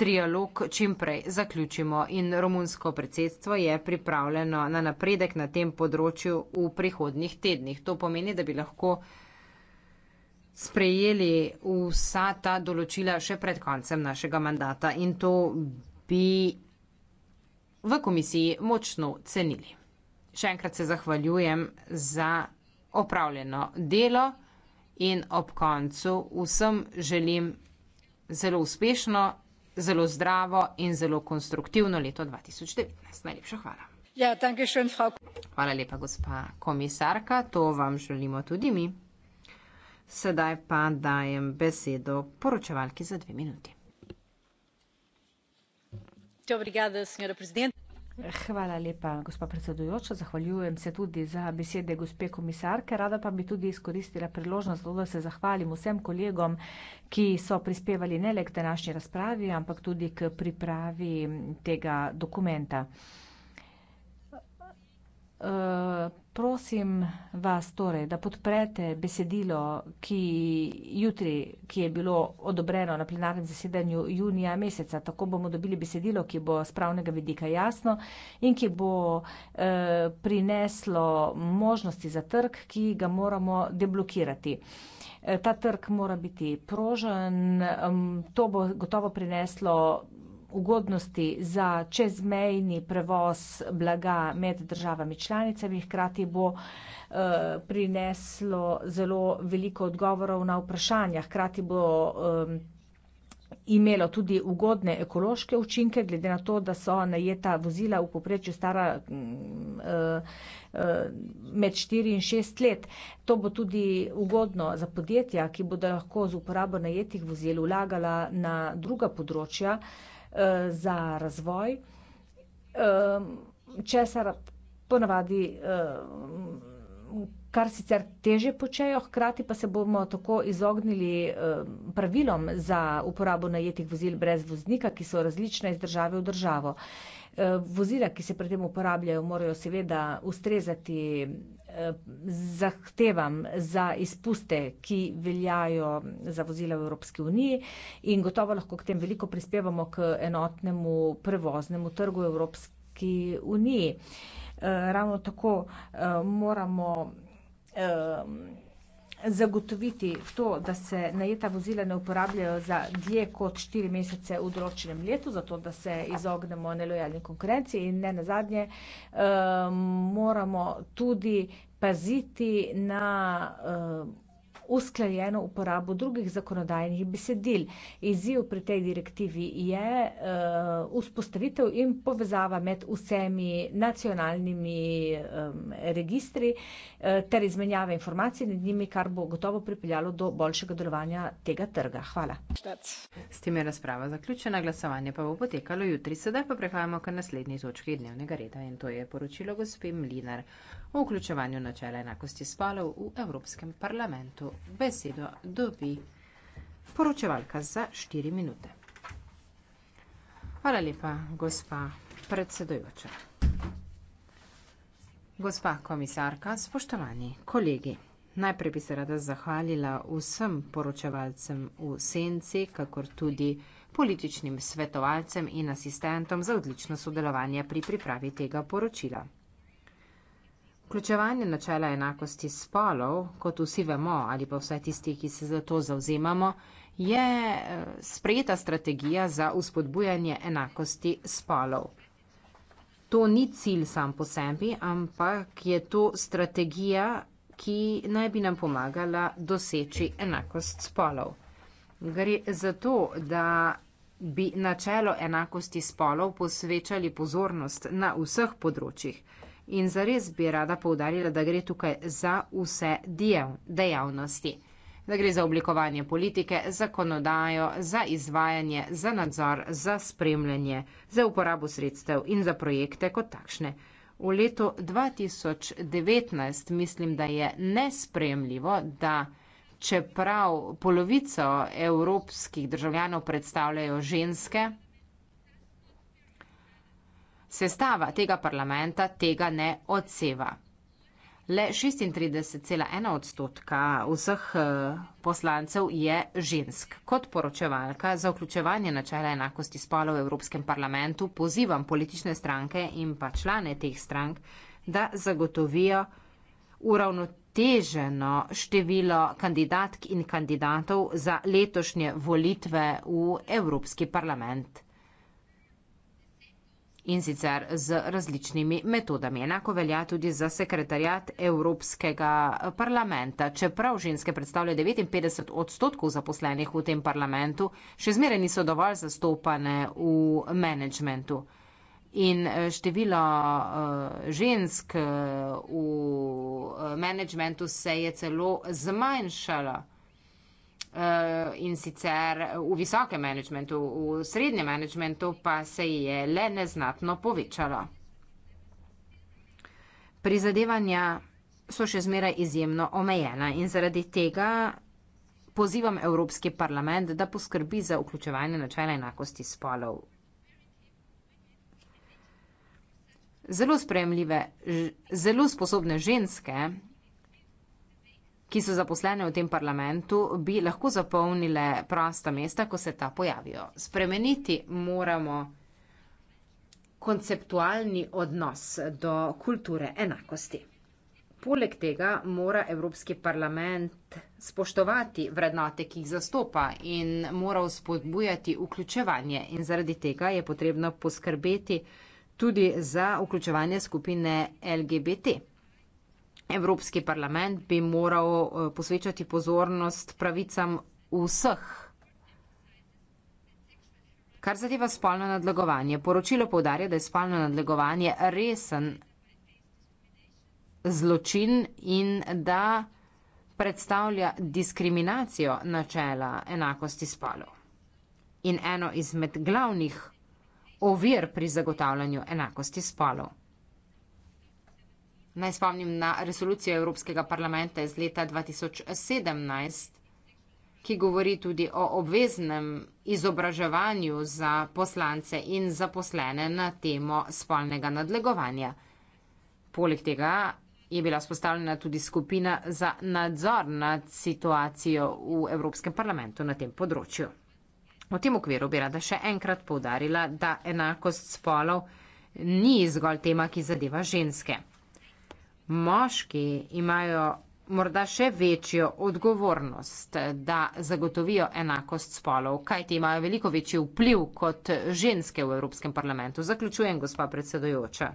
trialog čim prej zaključimo in romunsko predsedstvo je pripravljeno na napredek na tem področju v prihodnjih tednih. To pomeni, da bi lahko sprejeli vsa ta določila še pred koncem našega mandata in to bi v komisiji močno cenili. Še enkrat se zahvaljujem za opravljeno delo in ob koncu vsem želim zelo uspešno zelo zdravo in zelo konstruktivno leto 2019. Najlepša hvala. Ja, schön, Frau... Hvala lepa, gospa komisarka, to vam želimo tudi mi. Sedaj pa dajem besedo poročevalki za dve minuti. Obrigada, senhora presidente. Hvala lepa, gospa predsedujoča. Zahvaljujem se tudi za besede gospe komisarke. Rada pa bi tudi izkoristila priložnost, da se zahvalim vsem kolegom, ki so prispevali ne le k današnji razpravi, ampak tudi k pripravi tega dokumenta. Eh, Prosim vas torej, da podprete besedilo, ki jutri, ki je bilo odobreno na plenarnem zasedanju junija meseca. Tako bomo dobili besedilo, ki bo z pravnega vidika jasno in ki bo eh, prineslo možnosti za trg, ki ga moramo deblokirati. Eh, ta trg mora biti prožen, to bo gotovo prineslo ugodnosti za čezmejni prevoz blaga med državami članicami, hkrati bo eh, prineslo zelo veliko odgovorov na vprašanja. Hkrati bo eh, imelo tudi ugodne ekološke učinke, glede na to, da so najeta vozila v poprečju stara mm, eh, med 4 in 6 let. To bo tudi ugodno za podjetja, ki bodo lahko z uporabo najetih vozil vlagala na druga področja, Eh, za razvoj, eh, česar ponavadi, eh, kar sicer težje počejo, hkrati pa se bomo tako izognili pravilom za uporabo najetih vozil brez voznika, ki so različna iz države v državo. Eh, vozila, ki se pri tem uporabljajo, morajo seveda ustrezati eh, zahtevam za izpuste, ki veljajo za vozila v Evropski uniji in gotovo lahko k tem veliko prispevamo k enotnemu prevoznemu trgu Evropski uniji. Eh, ravno tako moramo zagotoviti to, da se najeta vozila ne uporabljajo za dlje kot 4 mesece v določenem letu, zato da se izognemo nelojalni konkurenci in ne na zadnje, eh, moramo tudi paziti na. Eh, usklajeno uporabo drugih zakonodajnih besedil. Izziv pri tej direktivi je uh, vzpostavitev in povezava med vsemi nacionalnimi um, registri uh, ter izmenjava informacij nad njimi, kar bo gotovo pripeljalo do boljšega delovanja tega trga. Hvala. S tem je razprava zaključena, glasovanje pa bo potekalo jutri. Sedaj pa prehajamo k naslednji točki dnevnega reda in to je poročilo gospe Mlinar o vključevanju načela enakosti spolov v Evropskem parlamentu besedo dobi poročevalka za štiri minute. Hvala lepa, gospa predsedojoča. Gospa komisarka, spoštovani kolegi. Najprej bi se rada zahvalila vsem poročevalcem v senci, kakor tudi političnim svetovalcem in asistentom za odlično sodelovanje pri pripravi tega poročila. Vključevanje načela enakosti spolov, kot vsi vemo ali pa vsaj tisti, ki se za to zauzemamo, je eh, sprejeta strategija za uspodbujanje enakosti spolov. To ni cilj sam po sebi, ampak je to strategija, ki naj bi nam pomagala doseči enakost spolov. Gre za to, da bi načelo enakosti spolov posvečali pozornost na vseh področjih in zares bi rada povdarjala, da gre tukaj za vse dejavnosti. Da gre za oblikovanje politike, zakonodajo, za izvajanje, za nadzor, za spremljanje, za uporabo sredstev in za projekte kot takšne. V letu 2019 mislim, da je nespremljivo, da čeprav polovico evropskih državljanov predstavljajo ženske, Sestava tega parlamenta tega ne odseva. Le 36,1 odstotka vseh eh, poslancev je žensk. Kot poročevalka za vključevanje načela enakosti spolov v Evropskem parlamentu pozivam politične stranke in pa člane teh strank, da zagotovijo uravnoteženo število kandidatk in kandidatov za letošnje volitve v Evropski parlament in sicer z različnimi metodami. Enako velja tudi za sekretarjat Evropskega parlamenta. Čeprav ženske predstavljajo 59 odstotkov zaposlenih v tem parlamentu, še zmeraj niso dovolj zastopane v menedžmentu. In eh, število eh, žensk eh, v menedžmentu se je celo zmanjšalo. Eh, in sicer v visokem menedžmentu, v srednjem menedžmentu pa se je le neznatno povečalo. Prizadevanja so še zmera izjemno omejena in zaradi tega pozivam Evropski parlament, da poskrbi za vključevanje načela enakosti spolov. Zelo, zelo sposobne ženske ki so zaposlene v tem parlamentu, bi lahko zapolnile prosta mesta, ko se ta pojavijo. Spremeniti moramo konceptualni odnos do kulture enakosti. Poleg tega mora Evropski parlament spoštovati vrednote, ki jih zastopa in mora vzpodbujati vključevanje. In zaradi tega je potrebno poskrbeti tudi za vključevanje skupine LGBT. Evropski parlament bi moral eh, posvečati pozornost pravicam vseh. Kar zadeva spolno nadlegovanje, poročilo povdarja, da je spolno nadlegovanje resen zločin in da predstavlja diskriminacijo načela enakosti spolov in eno izmed glavnih ovir pri zagotavljanju enakosti spolov. Naj spomnim na resolucijo Evropskega parlamenta iz leta 2017, ki govori tudi o obveznem izobraževanju za poslance in zaposlene na temo spolnega nadlegovanja. Poleg tega je bila spostavljena tudi skupina za nadzor nad situacijo v Evropskem parlamentu na tem področju. V tem okviru bi rada še enkrat povdarila, da enakost spolov ni zgolj tema, ki zadeva ženske moški imajo morda še večjo odgovornost, da zagotovijo enakost spolov, kajti imajo veliko večji vpliv kot ženske v Evropskem parlamentu. Zaključujem, gospa predsedojoča.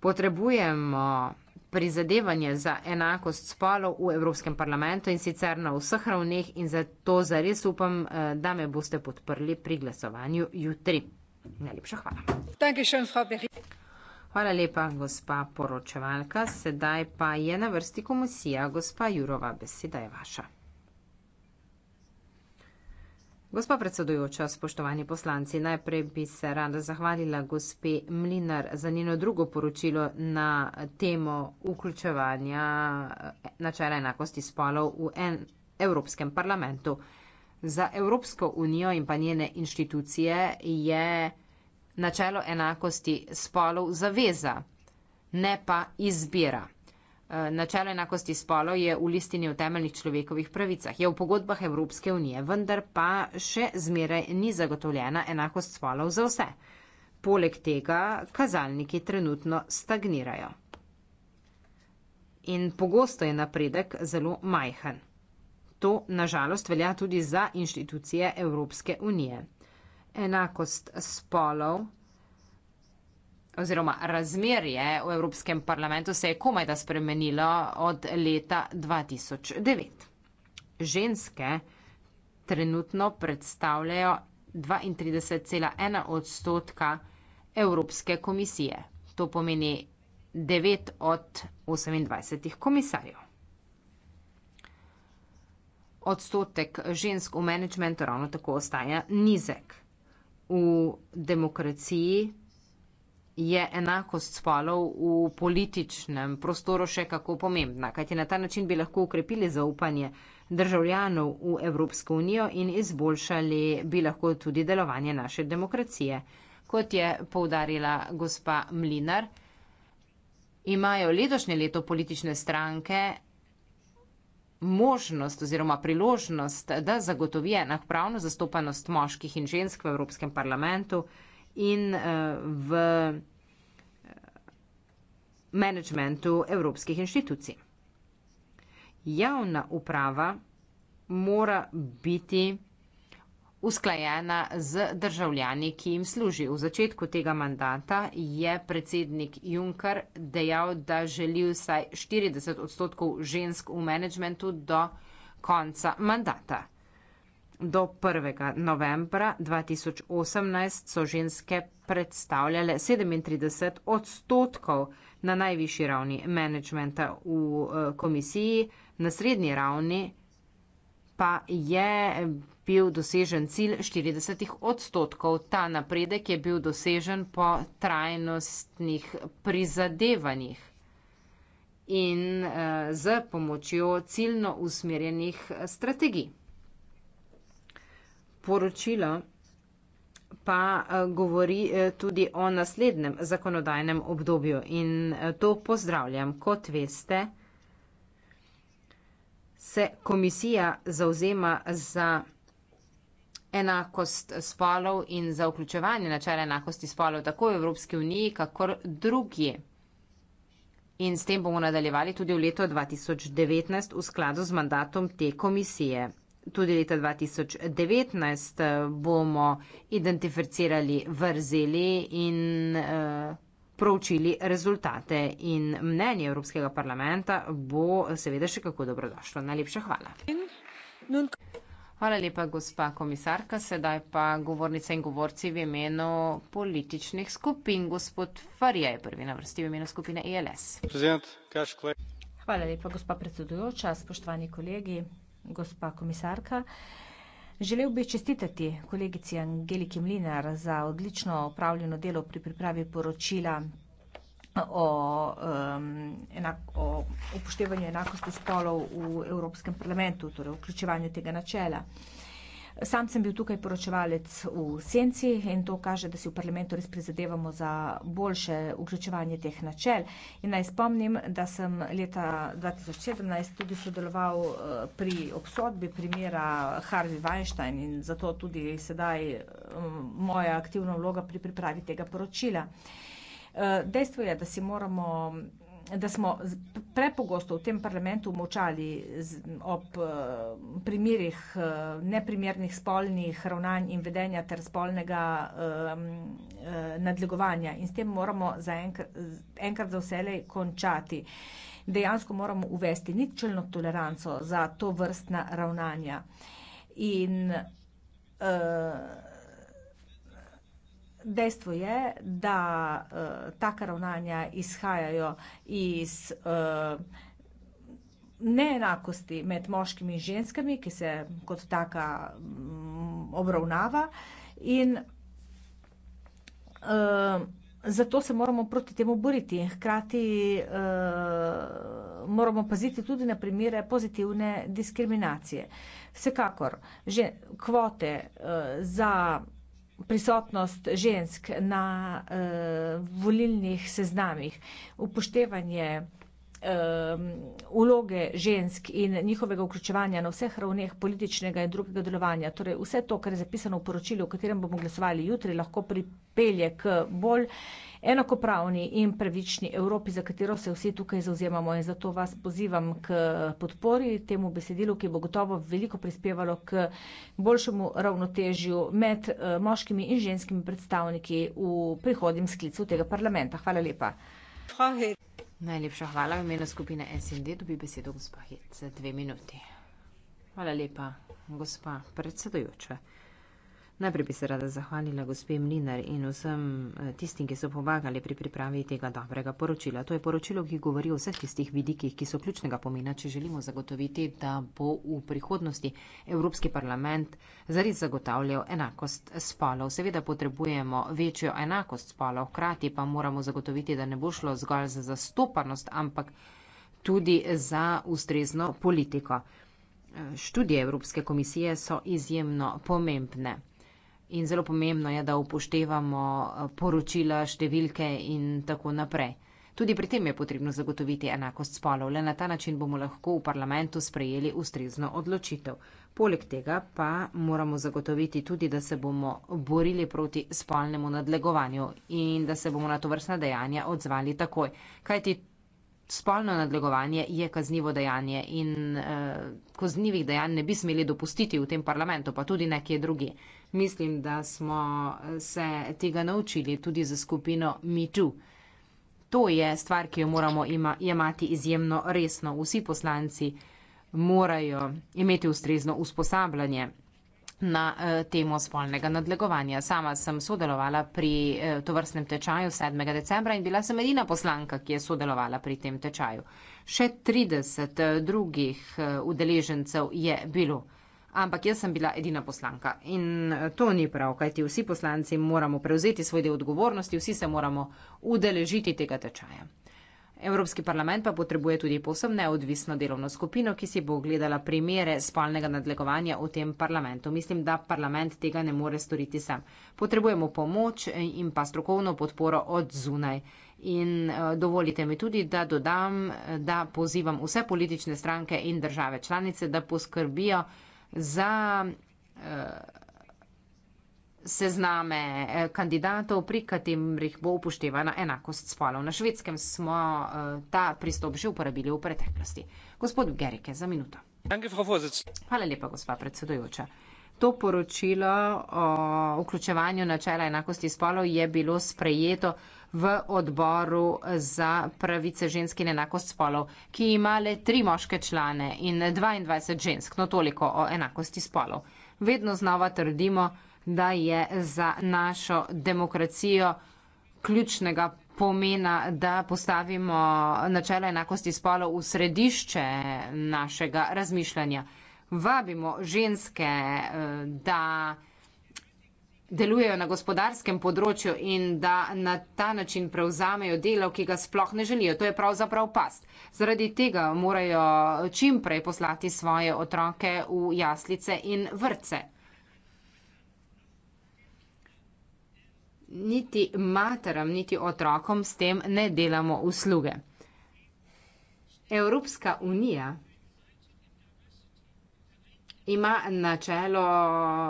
Potrebujemo prizadevanje za enakost spolov v Evropskem parlamentu in sicer na vseh ravneh in zato zares upam, da me boste podprli pri glasovanju jutri. Najlepša hvala. Hvala lepa, gospa poročevalka. Sedaj pa je na vrsti komisija. Gospa Jurova, beseda je vaša. Gospa predsedujoča, spoštovani poslanci, najprej bi se rada zahvalila gospe Mlinar za njeno drugo poročilo na temo vključevanja načela enakosti spolov v en Evropskem parlamentu. Za Evropsko unijo in pa njene inštitucije je načelo enakosti spolov zaveza, ne pa izbira. E, načelo enakosti spolov je v listini o temeljnih človekovih pravicah, je v pogodbah Evropske unije, vendar pa še zmeraj ni zagotovljena enakost spolov za vse. Poleg tega kazalniki trenutno stagnirajo. In pogosto je napredek zelo majhen. To, nažalost, velja tudi za inštitucije Evropske unije enakost spolov. Oziroma, razmerje v Evropskem parlamentu se je komaj da spremenilo od leta 2009. Ženske trenutno predstavljajo 32,1 odstotka Evropske komisije. To pomeni 9 od 28 komisarjev. Odstotek žensk v menedžmentu ravno tako ostaja nizek v demokraciji je enakost spolov v političnem prostoru še kako pomembna, kajti na ta način bi lahko ukrepili zaupanje državljanov v Evropsko unijo in izboljšali bi lahko tudi delovanje naše demokracije. Kot je poudarila gospa Mlinar, imajo letošnje leto politične stranke možnost oziroma priložnost, da zagotovi enak pravno zastopanost moških in žensk v Evropskem parlamentu in eh, v eh, menedžmentu evropskih inštitucij. Javna uprava mora biti usklajena z državljani, ki jim služi. V začetku tega mandata je predsednik Juncker dejal, da želi vsaj 40 odstotkov žensk v menedžmentu do konca mandata. Do 1. novembra 2018 so ženske predstavljale 37 odstotkov na najvišji ravni menedžmenta v eh, komisiji, na srednji ravni pa je bil dosežen cilj 40 odstotkov. Ta napredek je bil dosežen po trajnostnih prizadevanjih in eh, z pomočjo ciljno usmerjenih strategij. Poročilo pa eh, govori eh, tudi o naslednjem zakonodajnem obdobju in to pozdravljam. Kot veste, se komisija zauzema za enakost spolov in za vključevanje načela enakosti spolov tako v Evropski uniji, kakor drugi. In s tem bomo nadaljevali tudi v leto 2019 v skladu z mandatom te komisije. Tudi leta 2019 eh, bomo identificirali vrzeli in uh, proučili rezultate in mnenje Evropskega parlamenta bo seveda še kako dobrodošlo. Najlepša hvala. In, nunk... Hvala lepa, gospa komisarka. Sedaj pa govornice in govorci v imenu političnih skupin. Gospod Farija je prvi na vrsti v imenu skupine ILS. E Hvala lepa, gospa predsedujoča, spoštovani kolegi, gospa komisarka. Želel bi čestitati kolegici Angeliki Mlinar za odlično opravljeno delo pri pripravi poročila o, enak, o upoštevanju enakosti spolov v Evropskem parlamentu, torej vključevanju tega načela. Sam sem bil tukaj poročevalec v Senci in to kaže, da si v parlamentu res prizadevamo za boljše vključevanje teh načel. In naj spomnim, da sem leta 2017 tudi sodeloval eh, pri obsodbi primera Harvey Weinstein in zato tudi sedaj eh, moja aktivna vloga pri pripravi tega poročila. Uh, Eh, dejstvo je, da si moramo da smo prepogosto v tem parlamentu močali ob eh, primirih eh, neprimernih spolnih ravnanj in vedenja ter spolnega ehm, nadlegovanja in s tem moramo za enkrat, enkrat za vselej končati. Dejansko moramo uvesti ničelno toleranco za to vrstna ravnanja. In uh, Dejstvo je, da uh, eh, taka ravnanja izhajajo iz uh, neenakosti med moškimi in ženskami, ki se kot taka um, obravnava. In uh, zato se moramo proti temu boriti. Hkrati uh, moramo paziti tudi na primere pozitivne diskriminacije. Vsekakor, že kvote uh, za prisotnost žensk na uh, volilnih seznamih, upoštevanje uloge eh, žensk in njihovega vključevanja na vseh ravneh političnega in drugega delovanja. Torej vse to, kar je zapisano v poročilu, o katerem bomo glasovali jutri, lahko pripelje k bolj uh, enakopravni in pravični Evropi, za katero se vsi tukaj zauzemamo. In zato vas pozivam k podpori temu besedilu, ki bo gotovo veliko prispevalo k boljšemu ravnotežju med eh, moškimi in ženskimi predstavniki v prihodnjem sklicu tega parlamenta. Hvala lepa. Najlepša hvala v imenu skupine SND, dobi besedo gospa Hit za dve minuti. Hvala lepa, gospa predsedujoča. Najprej bi se rada zahvalila gospe Mlinar in vsem eh, tistim, ki so pomagali pri pripravi tega dobrega poročila. To je poročilo, ki govori o vseh tistih vidikih, ki so ključnega pomena, če želimo zagotoviti, da bo v prihodnosti Evropski parlament zares zagotavljal enakost spolov. Seveda potrebujemo večjo enakost spolov, hkrati pa moramo zagotoviti, da ne bo šlo zgolj za zastopanost, ampak tudi za ustrezno politiko. Eh, študije Evropske komisije so izjemno pomembne in zelo pomembno je, da upoštevamo eh, poročila, številke in tako naprej. Tudi pri tem je potrebno zagotoviti enakost spolov, le na ta način bomo lahko v parlamentu sprejeli ustrezno odločitev. Poleg tega pa moramo zagotoviti tudi, da se bomo borili proti spolnemu nadlegovanju in da se bomo na to vrstna dejanja odzvali takoj. Kajti spolno nadlegovanje je kaznivo dejanje in eh, kaznivih dejanj ne bi smeli dopustiti v tem parlamentu, pa tudi nekje drugi. Mislim, da smo eh, se tega naučili tudi za skupino MeToo. To je stvar, ki jo moramo imati izjemno resno. Vsi poslanci morajo imeti ustrezno usposabljanje na eh, temo spolnega nadlegovanja. Sama sem sodelovala pri eh, tovrstnem tečaju 7. decembra in bila sem edina poslanka, ki je sodelovala pri tem tečaju. Še 30 eh, drugih udeležencev je bilo. Ampak jaz sem bila edina poslanka in to ni prav, kajti vsi poslanci moramo prevzeti svoj del odgovornosti, vsi se moramo udeležiti tega tečaja. Evropski parlament pa potrebuje tudi posebno neodvisno delovno skupino, ki si bo ogledala primere spolnega nadlegovanja v tem parlamentu. Mislim, da parlament tega ne more storiti sam. Potrebujemo pomoč in pa strokovno podporo od zunaj. In eh, dovolite mi tudi, da dodam, da pozivam vse politične stranke in države članice, da poskrbijo za. Uh, Sezname eh, kandidatov, pri katerih bo upoštevana enakost spolov. Na švedskem smo eh, ta pristop že uporabili v preteklosti. Gospod Gerike, za minuto. Hvala lepa, gospa predsedojoča. To poročilo o vključevanju načela enakosti spolov je bilo sprejeto v odboru za pravice žensk in enakost spolov, ki ima le tri moške člane in 22 žensk, no toliko o enakosti spolov. Vedno znova trdimo, da je za našo demokracijo ključnega pomena, da postavimo načelo enakosti spolov v središče našega razmišljanja. Vabimo ženske, eh, da delujejo na gospodarskem področju in da na ta način prevzamejo delo, ki ga sploh ne želijo. To je pravzaprav past. Zaradi tega morajo čimprej poslati svoje otroke v jaslice in vrce. niti materam, niti otrokom s tem ne delamo usluge. Evropska unija ima načelo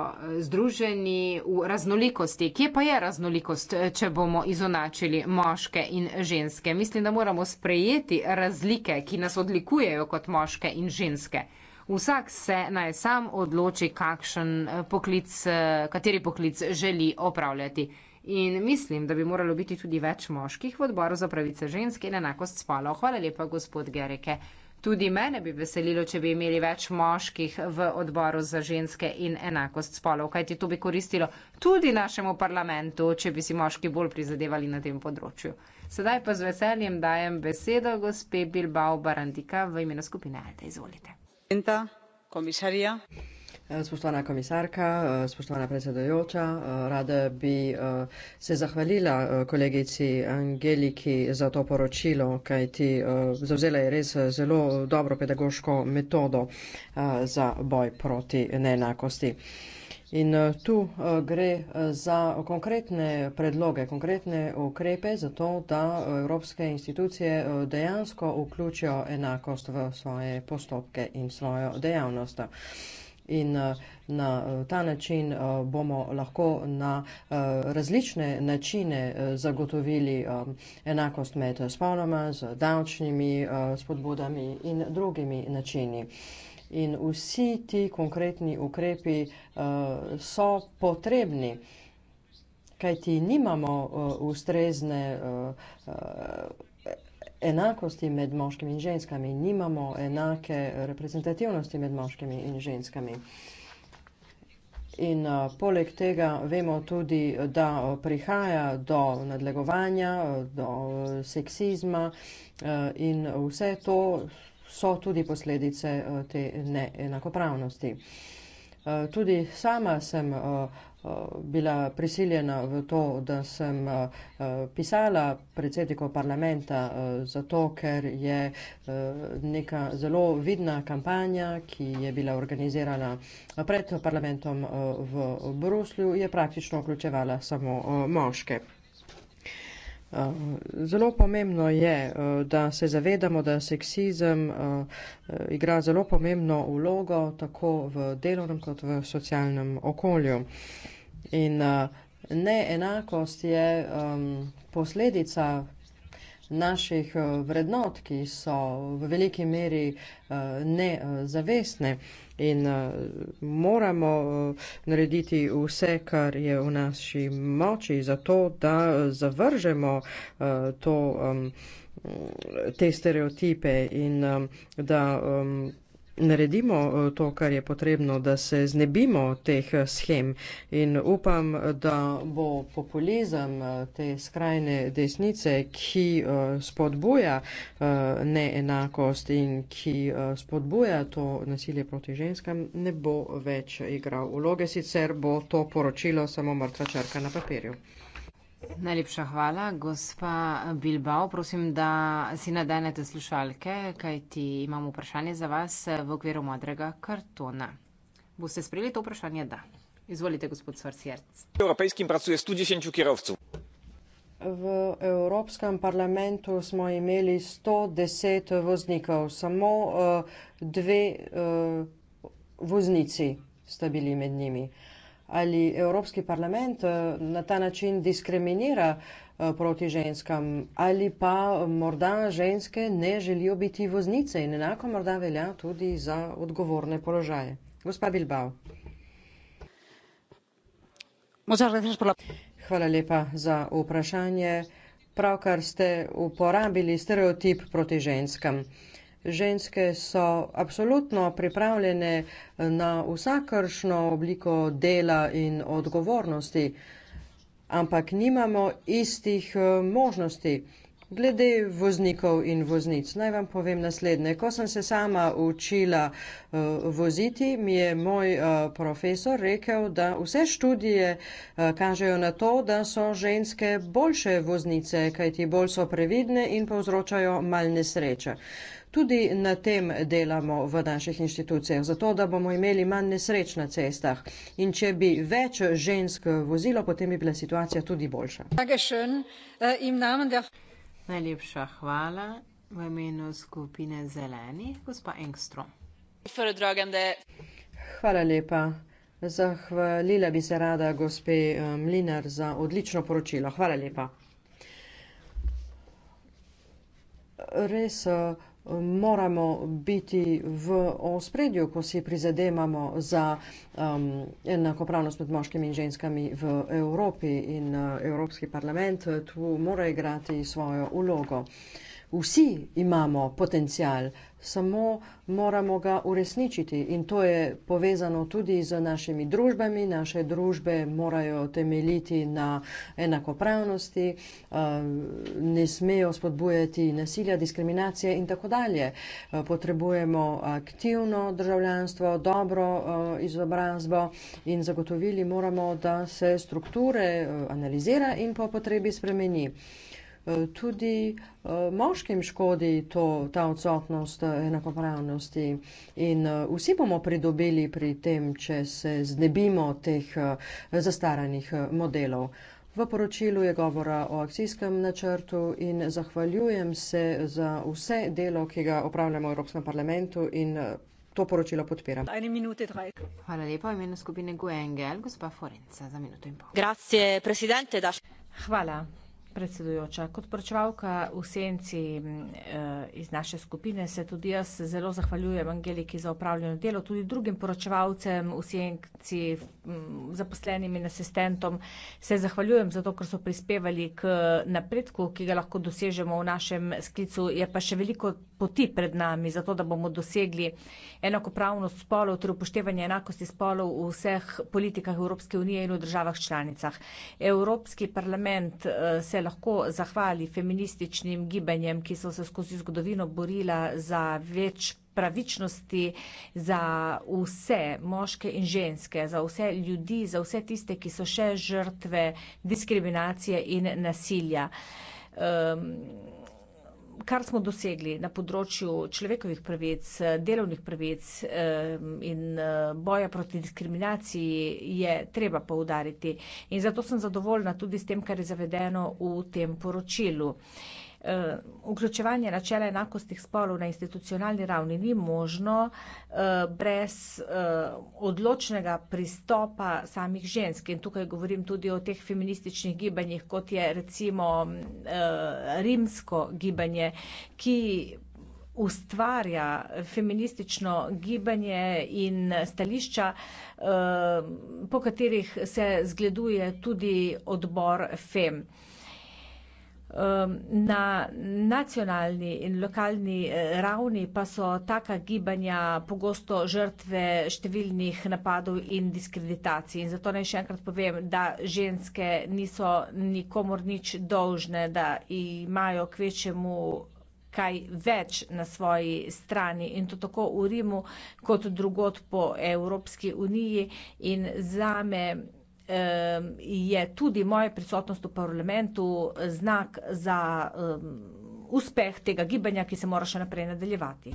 eh, združeni v raznolikosti. Kje pa je raznolikost, eh, če bomo izonačili moške in ženske? Mislim, da moramo sprejeti razlike, ki nas odlikujejo kot moške in ženske. Vsak se naj sam odloči, kakšen eh, poklic, kateri poklic želi opravljati. In mislim, da bi moralo biti tudi več moških v odboru za pravice ženske in enakost spolov. Hvala lepa, gospod Gerike. Tudi mene bi veselilo, če bi imeli več moških v odboru za ženske in enakost spolov, kajti to bi koristilo tudi našemu parlamentu, če bi si moški bolj prizadevali na tem področju. Sedaj pa z veseljem dajem besedo gospe Bilbao Barandika v imenu skupine Alde. Izvolite. Inta komisarja. Eh, spoštovana komisarka, eh, spoštovana predsedojoča, eh, rada bi se zahvalila kolegici Angeliki za to poročilo, kajti zavzela je res zelo dobro pedagoško metodo za boj proti neenakosti. In eh, tu eh, gre eh, za konkretne predloge, konkretne ukrepe za to, da evropske institucije dejansko vključijo enakost v svoje postopke in svojo dejavnost. In na ta način bomo lahko na različne načine zagotovili enakost med spoloma, z davčnimi spodbudami in drugimi načini in vsi ti konkretni ukrepi uh, so potrebni, kajti nimamo uh, ustrezne uh, uh, enakosti med moškimi in ženskami, nimamo enake reprezentativnosti med moškimi in ženskami. In uh, poleg tega vemo tudi, da uh, prihaja do nadlegovanja, uh, do uh, seksizma uh, in vse to so tudi posledice eh, te neenakopravnosti. Eh, tudi sama sem eh, bila prisiljena v to, da sem pisala predsedniku parlamenta, zato ker je neka zelo vidna kampanja, ki je bila organizirana pred parlamentom v Bruslju, je praktično vključevala samo moške. Eh, zelo pomembno je, eh, da se zavedamo, da seksizem eh, igra zelo pomembno vlogo tako v delovnem kot v socialnem okolju. In neenakost je ehm, posledica naših vrednot, ki so v veliki meri nezavestne in uh, moramo uh, narediti vse, kar je v naši moči, zato da zavržemo uh, to, um, te stereotipe in um, da. Um, naredimo eh, to, kar je potrebno, da se znebimo teh eh, schem in upam, da bo populizem eh, te skrajne desnice, ki spodbuja neenakost in ki spodbuja to nasilje proti ženskam, ne bo več igral vloge, sicer bo to poročilo samo mrtva črka na papirju. Najlepša hvala, gospa Bilbao. Prosim, da si nadenete slušalke, kajti imam vprašanje za vas v okviru modrega kartona. Boste sprejeli to vprašanje? Da. Izvolite, gospod Svarsjerc. Evropejskim pracuje 110 kirovcev. V Evropskem parlamentu smo imeli 110 voznikov, samo uh, dve uh, voznici sta bili med njimi. Uh, ali Evropski parlament eh, na ta način diskriminira eh, proti ženskam ali pa eh, morda ženske ne želijo biti voznice in enako morda velja tudi za odgovorne položaje. Gospa Bilbao. Hvala lepa za vprašanje. Pravkar ste uporabili stereotip proti ženskam ženske so absolutno pripravljene na vsakršno obliko dela in odgovornosti, ampak nimamo istih eh, možnosti. Glede voznikov in voznic, naj vam povem naslednje. Ko sem se sama učila uh, voziti, mi je moj uh, profesor rekel, da vse študije uh, kažejo na to, da so ženske boljše voznice, kajti bolj so previdne in povzročajo malne sreče. Uh, Tudi na tem delamo v naših inštitucijah, zato da bomo imeli manj nesreč na cestah. In če bi več žensk vozilo, potem bi bila situacija tudi boljša. Äh, Najlepša hvala v imenu skupine Zeleni, gospa Engstrom. Hvala lepa. Zahvalila bi se rada gospe Mlinar za odlično poročilo. Hvala lepa. Res. Uh, moramo biti v ospredju, ko si prizadevamo za um, enakopravnost med moškimi in ženskami v Evropi in uh, Evropski parlament tu mora igrati svojo ulogo. Uh, Vsi imamo potencial, samo moramo ga uresničiti in to je povezano tudi z našimi družbami. Naše družbe morajo temeljiti na enakopravnosti, eh, ne smejo spodbujati nasilja, diskriminacije in tako dalje. Eh, potrebujemo aktivno državljanstvo, dobro eh, izobrazbo in zagotovili moramo, da se strukture analizira in po potrebi spremeni. Eh, tudi eh, moškim škodi to, ta odsotnost eh, enakopravnosti in vsi bomo pridobili pri tem, če se znebimo teh zastaranih modelov. V poročilu je govora o akcijskem načrtu in zahvaljujem se za vse delo, ki ga opravljamo v Evropskem parlamentu in to poročilo podpiram. Hvala lepa v imenu skupine Guengel, gospa Forenca, za minuto in pol. Hvala predsedujoča. Kot pročevalka v senci eh, iz naše skupine se tudi jaz zelo zahvaljujem Angeliki za upravljeno delo, tudi drugim pročevalcem v senci, zaposlenim in asistentom se zahvaljujem za to, ker so prispevali k napredku, ki ga lahko dosežemo v našem sklicu. Je pa še veliko poti pred nami za to, da bomo dosegli enakopravnost spolov ter upoštevanje enakosti spolov v vseh politikah Evropske unije in v državah članicah. Evropski parlament eh, se lahko zahvali feminističnim gibanjem, ki so se skozi zgodovino borila za več pravičnosti za vse moške in ženske, za vse ljudi, za vse tiste, ki so še žrtve diskriminacije in nasilja. Um, kar smo dosegli na področju človekovih pravic, delovnih pravic in eh, boja proti diskriminaciji, je treba poudariti. In zato sem zadovoljna tudi s tem, kar je zavedeno v tem poročilu. Eh, vključevanje načela enakostih spolov na institucionalni ravni ni možno eh, brez eh, odločnega pristopa samih žensk. In tukaj govorim tudi o teh feminističnih gibanjih, kot je recimo rimsko gibanje, ki ustvarja feministično gibanje in stališča, po katerih se zgleduje tudi odbor FEM. Um, na nacionalni in lokalni eh, ravni pa so taka gibanja pogosto žrtve številnih napadov in diskreditacij. In zato naj še enkrat povem, da ženske niso nikomor nič dolžne, da imajo k večjemu kaj več na svoji strani in to tako v Rimu kot drugot po Evropski uniji in zame je tudi moja prisotnost v parlamentu znak za uspeh tega gibanja, ki se mora še naprej nadaljevati.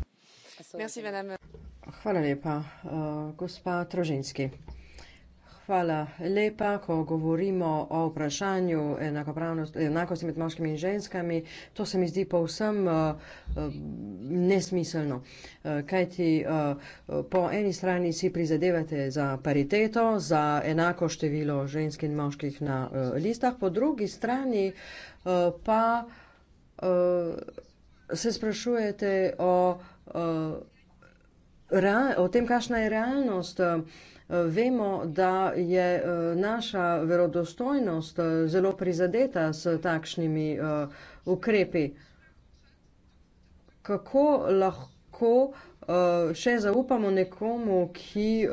Hvala lepa, eh, gospa Troženski. Hvala lepa. Ko govorimo o vprašanju enakosti med moškimi in ženskami, to se mi zdi povsem uh, nesmiselno. Uh, kajti uh, po eni strani si prizadevate za pariteto, za enako število žensk in moških na uh, listah, po drugi strani uh, pa uh, se sprašujete o, uh, o tem, kakšna je realnost. Uh, Vemo, da je eh, naša verodostojnost eh, zelo prizadeta s takšnimi eh, ukrepi. Kako lahko še zaupamo nekomu, ki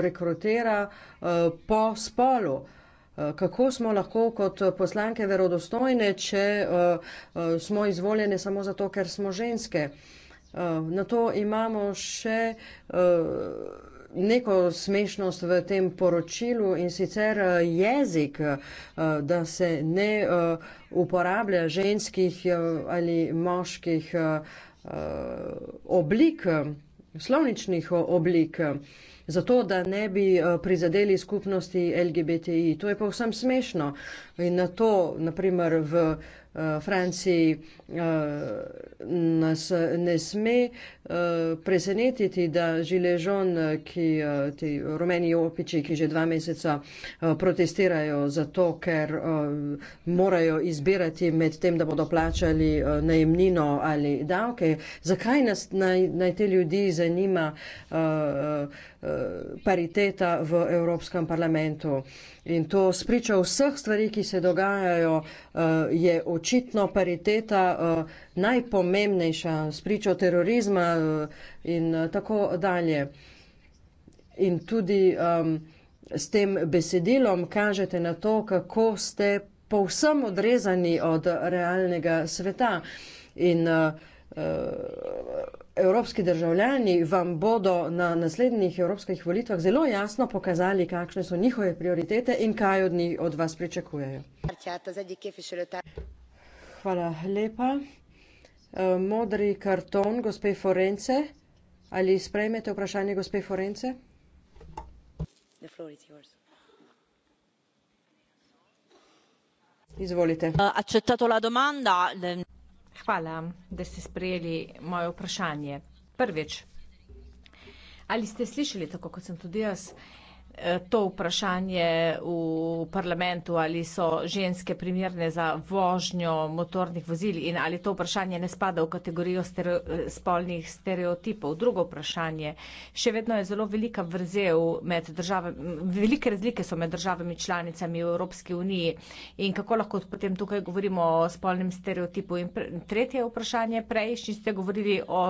rekrutira po spolu? Kako smo lahko kot poslanke verodostojne, če smo izvoljene samo zato, ker smo ženske? Na to imamo še neko smešnost v tem poročilu in sicer eh, jezik, eh, da se ne eh, uporablja ženskih ali moških oblik, slovničnih oblik, zato da ne bi prizadeli skupnosti LGBTI. To je pa vsem smešno. In na to, naprimer, v Eh, Franciji eh, nas ne sme eh, presenetiti, da Žiležon, ki ti rumeni opiči, ki že dva meseca protestirajo zato, ker morajo izbirati med tem, da bodo plačali najemnino ali davke, zakaj nas naj, naj te ljudi zanima? Uh, Eh, pariteta v Evropskem parlamentu. In to spriča vseh stvari, ki se dogajajo, eh, je očitno pariteta eh, najpomembnejša, spriča terorizma in tako dalje. In tudi um, s tem besedilom kažete na to, kako ste povsem odrezani od realnega sveta. In, uh, uh, evropski državljani vam bodo na naslednjih evropskih volitvah zelo jasno pokazali, kakšne so njihove prioritete in kaj od njih od vas pričakujejo. Hvala lepa. E, modri karton gospe Forence. Ali sprejmete vprašanje gospe Forence? Izvolite. E, accettato la domanda. Hvala, da ste sprejeli moje vprašanje. Prvič, ali ste slišali, tako kot sem tudi jaz, to vprašanje v parlamentu, ali so ženske primerne za vožnjo motornih vozil in ali to vprašanje ne spada v kategorijo stereo, spolnih stereotipov. Drugo vprašanje. Še vedno je zelo velika vrzel med državami, velike razlike so med državami članicami v Evropski uniji in kako lahko potem tukaj govorimo o spolnem stereotipu. In tretje vprašanje, prejšnji ste govorili o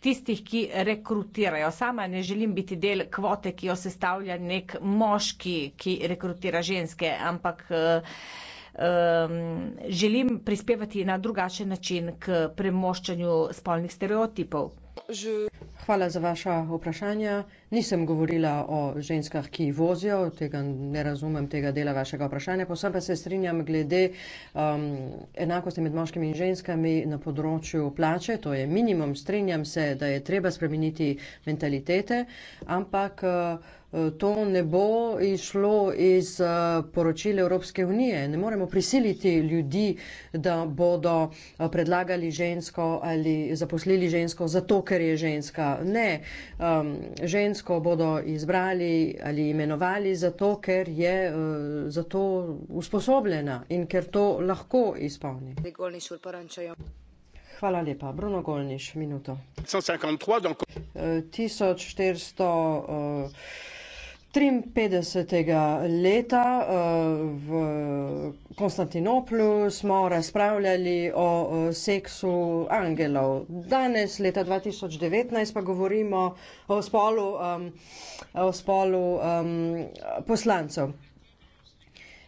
tistih, ki rekrutirajo. Sama ne želim biti del kvote, ki jo sestavlja nek moški, ki rekrutira ženske, ampak um, želim prispevati na drugačen način k premoščanju spolnih stereotipov. Hvala za vaša vprašanja. Nisem govorila o ženskah, ki vozijo, tega ne razumem tega dela vašega vprašanja. Posebej pa se strinjam glede um, enakosti med moškimi in ženskami na področju plače, to je minimum. Strinjam se, da je treba spremeniti mentalitete, ampak. Uh, Eh, to ne bo izšlo iz eh, poročila Evropske unije. Ne moremo prisiliti ljudi, da bodo eh, predlagali žensko ali zaposlili žensko zato, ker je ženska. Ne, žensko bodo izbrali ali imenovali zato, ker je zato usposobljena in ker to lahko izpolni. Hvala lepa. Bruno Golniš, minuto. 153, 1400. 53. leta eh, v Konstantinoplu smo razpravljali o eh, seksu angelov. Danes, leta 2019, pa govorimo o spolu, um, o spolu um, poslancev.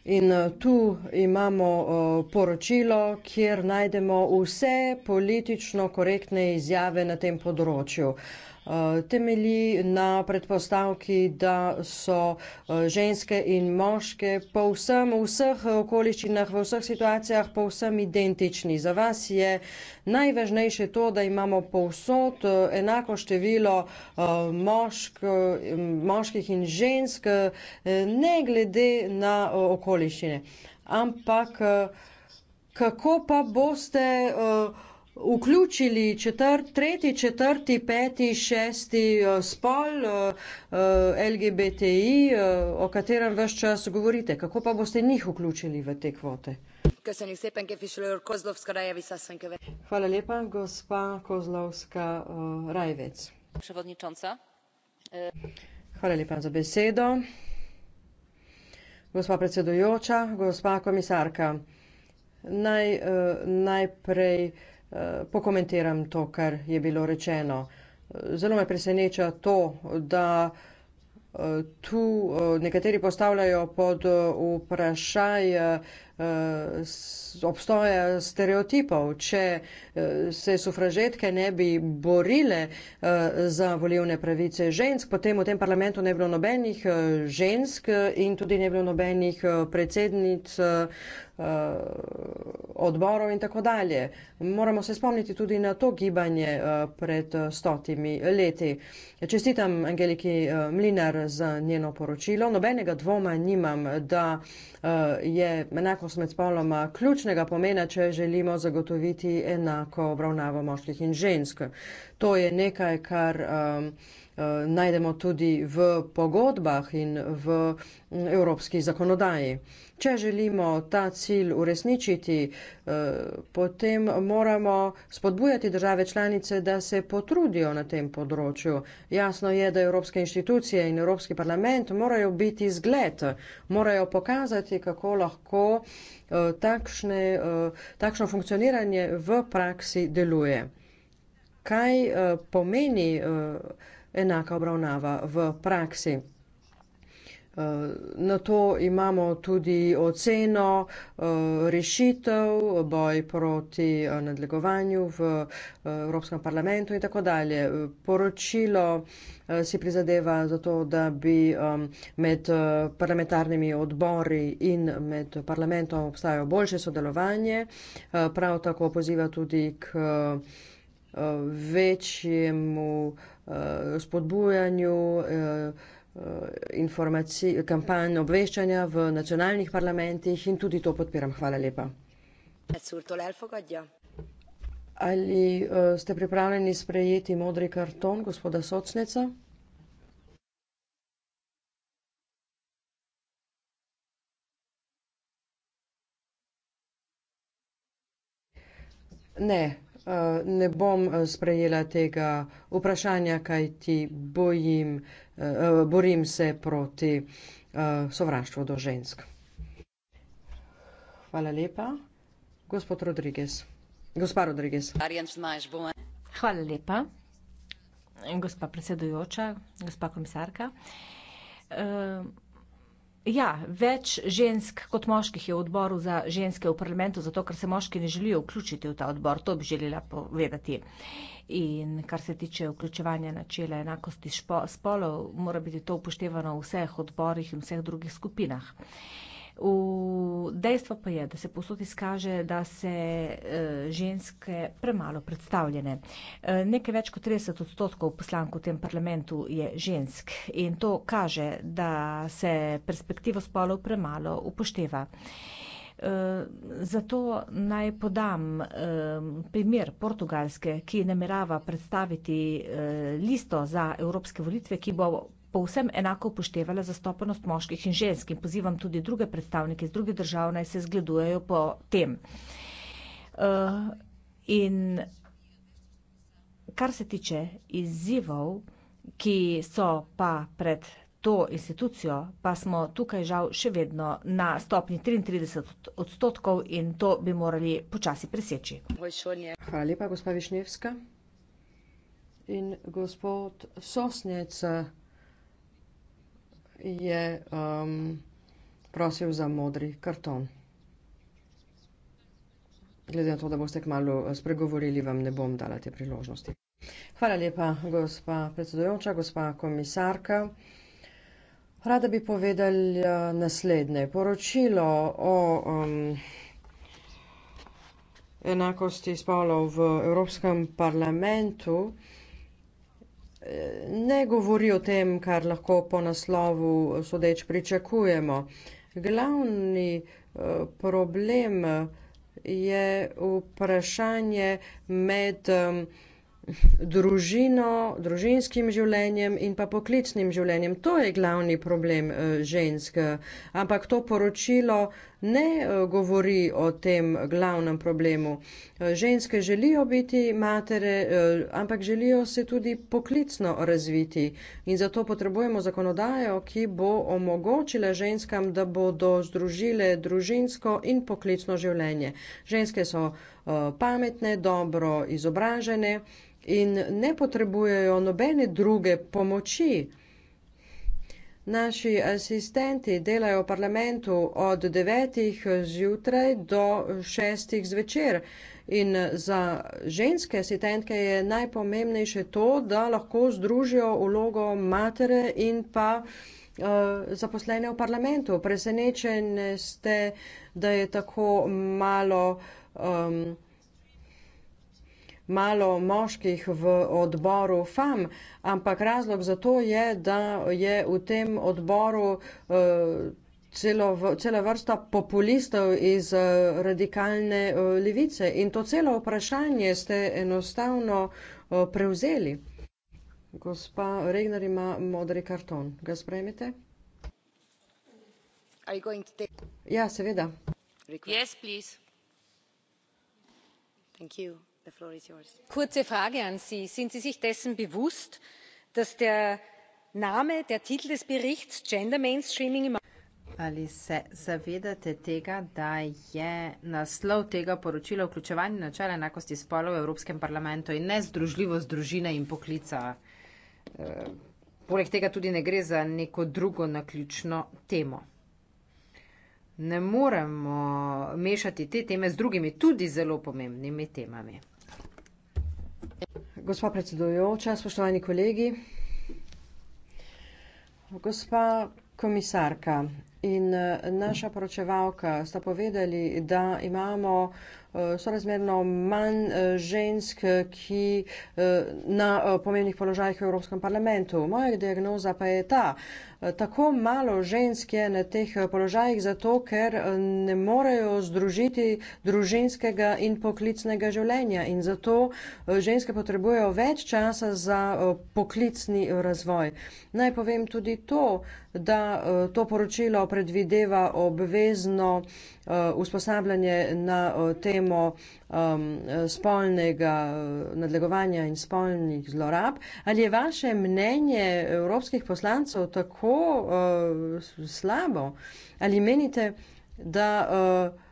In eh, tu imamo poročilo, kjer najdemo vse politično korektne izjave na tem področju. Uh, Eh, temelji na predpostavki, da so eh, ženske in moške po vsem, v vseh okoliščinah, v vseh situacijah povsem identični. Za vas je najvažnejše to, da imamo povsod eh, enako število mošk, moških in žensk, ne glede na okoliščine. Ampak kako pa boste uh, vključili četrt, tretji, četrti, peti, šesti eh, spol eh, eh, LGBTI, o katerem vse čas govorite. Kako pa boste njih vključili v te kvote? Hvala lepa, gospa Kozlovska Rajvec. Hvala lepa za besedo. Gospa predsedujoča, gospa komisarka, naj, najprej Eh, pokomentiram to, kar je bilo rečeno. Eh, zelo me preseneča to, da eh, tu nekateri postavljajo pod vprašaj obstoja stereotipov. Če se sufražetke ne bi borile za volivne pravice žensk, potem v tem parlamentu ne bi bilo nobenih žensk in tudi ne bi bilo nobenih predsednic Eh, odborov in tako dalje. Moramo se spomniti tudi na to gibanje eh, pred stotimi leti. Čestitam Angeliki eh, Mlinar za njeno poročilo. Nobenega dvoma nimam, da je enakost med spoloma ključnega pomena, če želimo zagotoviti enako obravnavo moških in žensk. To je nekaj, kar najdemo tudi v pogodbah in v mm, evropski zakonodaji. Če želimo ta cilj uresničiti, eh, potem moramo spodbujati države članice, da se potrudijo na tem področju. Jasno je, da evropske inštitucije in Evropski parlament morajo biti zgled, morajo pokazati, kako lahko eh, takšne, eh, takšno funkcioniranje v praksi deluje. Kaj pomeni enaka obravnava v praksi? Eh, na to imamo tudi oceno eh, rešitev, boj proti eh, nadlegovanju v Evropskem parlamentu in tako dalje. Poročilo si prizadeva za to, da bi med parlamentarnimi odbori in med parlamentom obstajalo boljše sodelovanje. Prav tako poziva tudi k večjemu spodbujanju Eh, informacij, kampanj obveščanja v nacionalnih parlamentih in tudi to podpiram. Hvala lepa. Ali uh, ste pripravljeni sprejeti modri karton gospoda Socneca? Ne, uh, ne bom sprejela tega vprašanja, kaj ti bojim, Eh, borim se proti eh, sovraštvu do žensk. Hvala lepa. Gospod Rodriguez. Gospa Rodriguez. Hvala lepa. Gospa predsedujoča, gospa komisarka. Eh, Ja, več žensk kot moških je v odboru za ženske v parlamentu, zato ker se moški ne želijo vključiti v ta odbor. To bi želela povedati. In kar se tiče vključevanja načela enakosti spolov, mora biti to upoštevano v vseh odborih in vseh drugih skupinah. Uh, V dejstvo pa je, da se posod izkaže, da se eh, ženske premalo predstavljene. Eh, nekaj več kot 30 odstotkov poslank v tem parlamentu je žensk in to kaže, da se perspektivo spolov premalo upošteva. Eh, zato naj podam primer Portugalske, ki namerava predstaviti listo za evropske volitve, ki bo povsem enako upoštevala zastopanost moških in žensk in pozivam tudi druge predstavnike iz druge države, naj se zgledujejo po tem. Uh, in kar se tiče izzivov, ki so pa pred to institucijo, pa smo tukaj žal še vedno na stopni 33 odstotkov in to bi morali počasi preseči. Hvala lepa, gospa Višnevska. In gospod Sosnec, je um, prosil za modri karton. Glede na to, da boste kmalo eh, spregovorili, vam ne bom dala te priložnosti. Hvala lepa, gospa predsedojoča, gospa komisarka. Rada bi povedala eh, naslednje. Poročilo o um, enakosti spolov v Evropskem parlamentu ne govori o tem, kar lahko po naslovu sodeč pričakujemo. Glavni eh, problem je vprašanje med družino, družinskim življenjem in pa poklicnim življenjem. To je glavni problem eh, žensk. Ampak to poročilo ne eh, govori o tem glavnem problemu. Eh, ženske želijo biti matere, eh, ampak želijo se tudi poklicno razviti in zato potrebujemo zakonodajo, ki bo omogočila ženskam, da bodo združile družinsko in poklicno življenje. Ženske so pametne, dobro izobražene in ne potrebujejo nobene druge pomoči. Naši asistenti delajo v parlamentu od devetih zjutraj do šestih zvečer in za ženske asistentke je najpomembnejše to, da lahko združijo vlogo matere in pa eh, zaposlene v parlamentu. Presenečene ste, da je tako malo. Um, malo moških v odboru FAM, ampak razlog za to je, da je v tem odboru eh, celo, cela vrsta populistov iz eh, radikalne eh, levice in to celo vprašanje ste enostavno prevzeli. Gospa Regner ima modri karton. Ga sprejmete? Ja, seveda. Yes, please. Thank you kurze frage an sie sind sie sich dessen bewusst dass der name der titel des berichts gender mainstreaming. ali se zavedate tega da je naslov tega poročila vključevanje načela enakosti spolov v evropskem parlamentu in nezdružljivost družine in poklica eh, poleg tega tudi ne gre za neko drugo naključno temo. Ne moremo mešati te teme z drugimi, tudi zelo pomembnimi temami. Gospa predsedujoča, spoštovani kolegi, gospa komisarka in eh, naša poročevalka sta povedali, da imamo sorazmerno manj eh, žensk, eh, ki eh, na pomembnih položajih v Evropskem parlamentu. Moja diagnoza pa je ta. Tako malo žensk je na teh položajih zato, ker ne morejo združiti družinskega in poklicnega življenja in zato ženske potrebujejo več časa za poklicni razvoj. Naj povem tudi to, da to poročilo predvideva obvezno usposabljanje na tem temo um, spolnega eh, nadlegovanja in spolnih zlorab. Ali je vaše mnenje evropskih poslancev tako uh, slabo? Ali menite, da. Uh,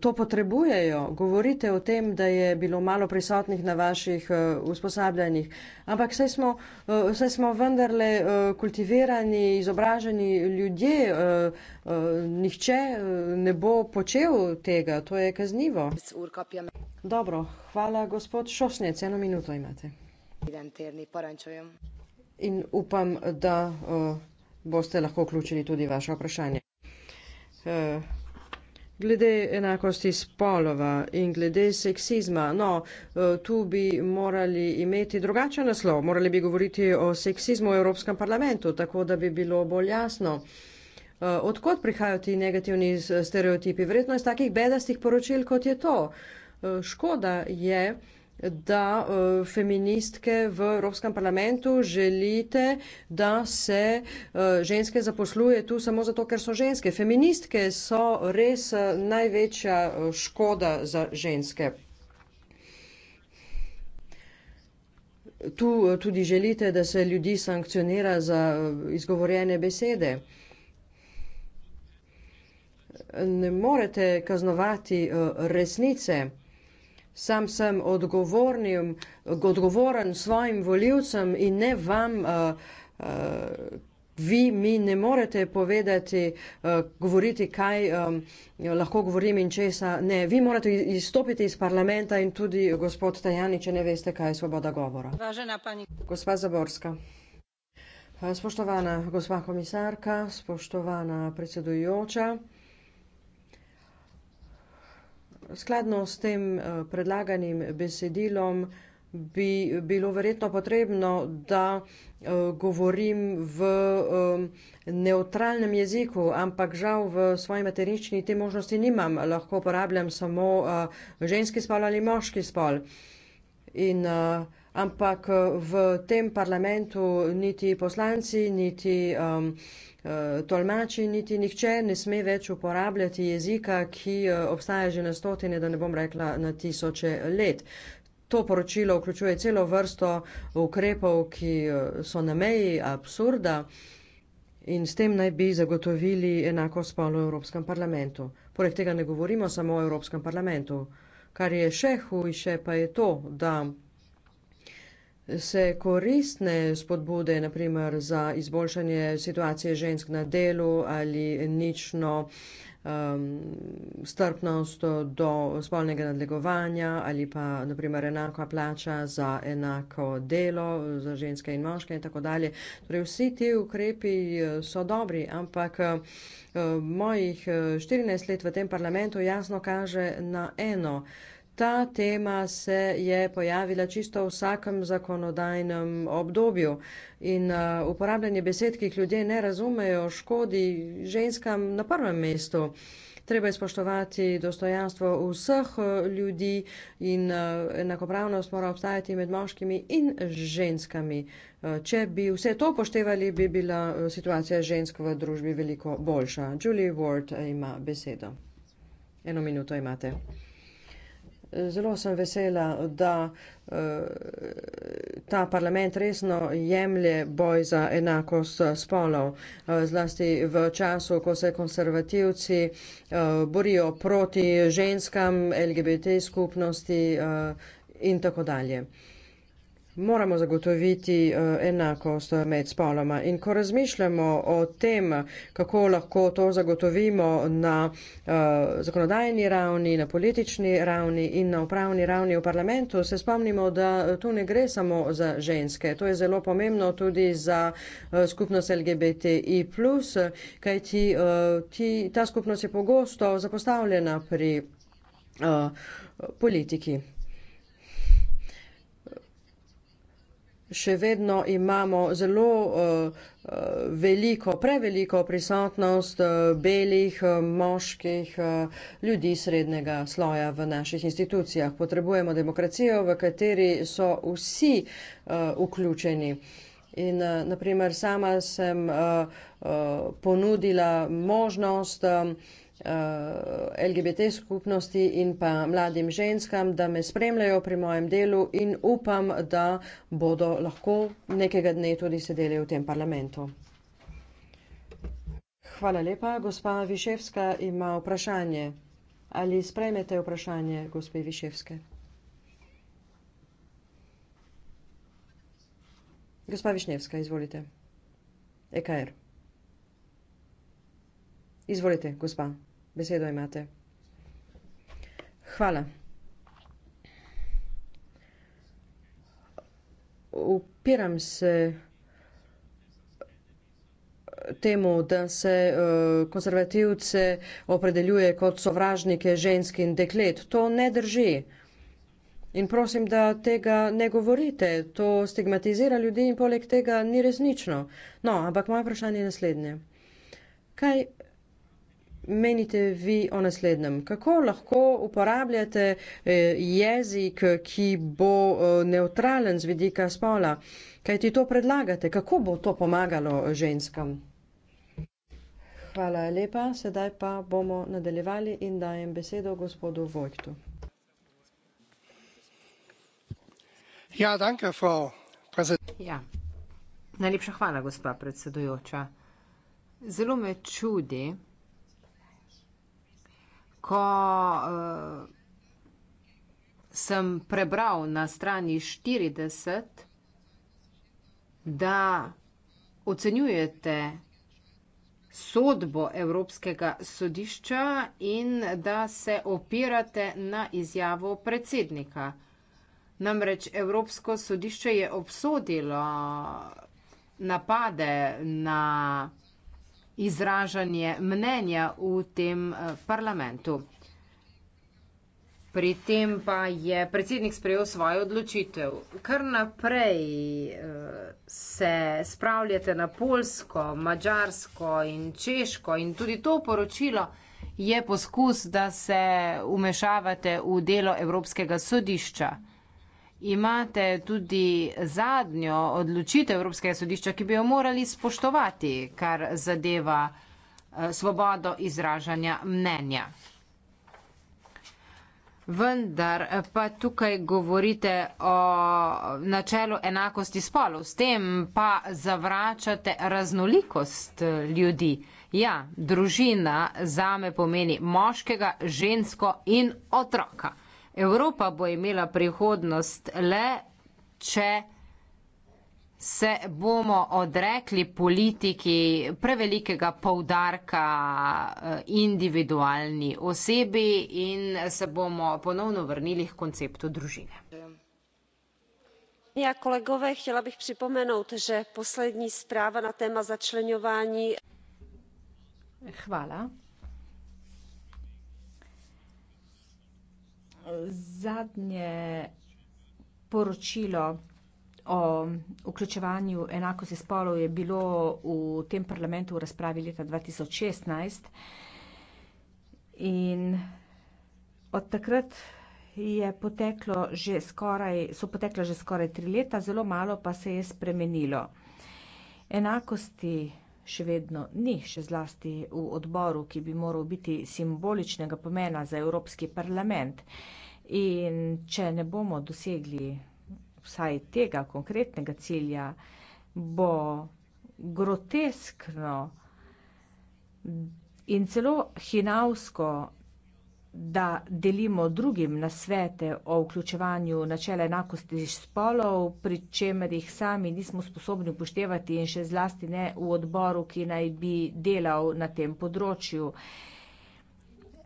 to potrebujejo. Govorite o tem, da je bilo malo prisotnih na vaših uh, usposabljanjih, ampak vse smo, uh, eh, vse smo vendarle uh, kultivirani, izobraženi ljudje. Uh, uh, nihče uh, ne bo počel tega, to je kaznivo. Dobro, hvala gospod Šošnec, eno minuto imate. In upam, da uh, boste lahko vključili tudi vaše vprašanje. Uh, Glede enakosti spolova in glede seksizma, no, eh, tu bi morali imeti drugačen naslov. Morali bi govoriti o seksizmu v Evropskem parlamentu, tako da bi bilo bolj jasno, eh, odkot prihajajo ti negativni stereotipi. Verjetno iz takih bedastih poročil, kot je to. Eh, škoda je, da uh, feministke v Evropskem parlamentu želite, da se uh, ženske zaposluje tu samo zato, ker so ženske. Feministke so res uh, največja uh, škoda za ženske. Tu uh, tudi želite, da se ljudi sankcionira za uh, izgovorjene besede. Ne morete kaznovati uh, resnice. Sam sem odgovoren svojim voljivcem in ne vam. Uh, uh, Vi mi ne morete povedati, uh, govoriti, kaj um, lahko govorim in česa ne. Vi morate izstopiti iz parlamenta in tudi gospod Tajani, če ne veste, kaj je svoboda govora. Važena, pani... Gospa Zaborska. Uh, spoštovana gospa komisarka, spoštovana predsedujoča. Skladno s tem eh, predlaganim besedilom bi bilo verjetno potrebno, da eh, govorim v eh, neutralnem jeziku, ampak žal v svoji materični te možnosti nimam. Lahko uporabljam samo ženski spol ali moški spol. In, ampak v tem parlamentu niti poslanci, niti um, tolmači, niti nihče ne sme več uporabljati jezika, ki eh, obstaja že na stotine, da ne bom rekla na tisoče let. To poročilo vključuje celo vrsto ukrepov, ki eh, so na meji absurda in s tem naj bi zagotovili enako spolno v Evropskem parlamentu. Poleg tega ne govorimo samo o Evropskem parlamentu. Kar je še hujše pa je to, da se koristne spodbude, naprimer za izboljšanje situacije žensk na delu ali nično um, strpnost do spolnega nadlegovanja ali pa naprimer enaka plača za enako delo za ženske in moške in tako dalje. Torej vsi ti ukrepi eh, so dobri, ampak uh, mojih 14 eh, let v tem parlamentu jasno kaže na eno. Uh, Ta tema se je pojavila čisto v vsakem zakonodajnem obdobju in uh, uporabljanje besed, ki jih ljudje ne razumejo, škodi ženskam na prvem mestu. Treba je spoštovati dostojanstvo vseh uh, ljudi in uh, enakopravnost mora obstajati med moškimi in ženskami. Uh, če bi vse to poštevali, bi bila uh, situacija žensk v družbi veliko boljša. Julie Ward ima besedo. Eno minuto imate. Zelo sem vesela, da eh, ta parlament resno jemlje boj za enakost spolov, eh, zlasti v času, ko se konservativci eh, borijo proti ženskam, LGBT skupnosti in tako dalje. Moramo zagotoviti eh, enakost eh, med spoloma. In ko razmišljamo o tem, kako lahko to zagotovimo na eh, zakonodajni ravni, na politični ravni in na upravni ravni v parlamentu, se spomnimo, da tu ne gre samo za ženske. To je zelo pomembno tudi za skupnost LGBTI, kajti ti, ta skupnost je pogosto zapostavljena pri politiki. še vedno imamo zelo eh, eh, veliko, preveliko prisotnost eh, belih, moških ljudi srednjega sloja v naših institucijah. Potrebujemo demokracijo, v kateri so vsi vključeni. In, naprimer, sama sem ponudila možnost, da Eh, LGBT skupnosti in pa mladim ženskam, da me spremljajo pri mojem delu in upam, da bodo lahko nekega dne tudi sedeli v tem parlamentu. Hvala lepa. Gospa Viševska ima vprašanje. Ali sprejmete vprašanje gospe Viševske? Gospa Višnevska, izvolite. EKR. Er. Izvolite, gospa. Besedo imate. Hvala. Upiram se temu, da se uh, konservativce opredeljuje kot sovražnike žensk in deklet. To ne drži. In prosim, da tega ne govorite. To stigmatizira ljudi in poleg tega ni resnično. No, ampak moje vprašanje je naslednje. Kaj menite vi o naslednjem? Kako lahko uporabljate eh, jezik, ki bo eh, neutralen z vidika spola? Kaj ti to predlagate? Kako bo to pomagalo ženskam? Hvala lepa. Sedaj pa bomo nadaljevali in dajem besedo gospodu Vojtu. Ja, danke, frau predsedujoča. Ja. Najlepša hvala, gospa predsedujoča. Zelo me čudi, ko uh, sem prebral na strani 40, da ocenjujete sodbo Evropskega sodišča in da se opirate na izjavo predsednika. Namreč Evropsko sodišče je obsodilo napade na izražanje mnenja v tem eh, parlamentu. Pri tem pa je predsednik sprejel svojo odločitev. Kar naprej eh, se spravljate na polsko, mačarsko in češko in tudi to poročilo je poskus, da se umešavate v delo Evropskega sodišča imate tudi zadnjo odločitev Evropskega sodišča, ki bi jo morali spoštovati, kar zadeva eh, svobodo izražanja mnenja. Vendar pa tukaj govorite o načelu enakosti spolov, s tem pa zavračate raznolikost eh, ljudi. Ja, družina zame pomeni moškega, žensko in otroka. Evropa bo imela prihodnost le, če se bomo odrekli politiki prevelikega povdarka eh, individualni osebi in se bomo ponovno vrnili k konceptu družine. Ja, kolegove, htjela bih pripomenout, že poslednji sprava na tema začlenjovanji. Hvala. zadnje poročilo o vključevanju enakosti spolov je bilo v tem parlamentu v razpravi leta 2016 in od takrat je poteklo že skoraj, so potekla že skoraj tri leta, zelo malo pa se je spremenilo. Enakosti še vedno ni, še zlasti v odboru, ki bi moral biti simboličnega pomena za Evropski parlament. In če ne bomo dosegli vsaj tega konkretnega cilja, bo groteskno in celo hinavsko da delimo drugim na svete o vključevanju načela enakosti spolov, pri čemer jih sami nismo sposobni upoštevati in še zlasti ne v odboru, ki naj bi delal na tem področju.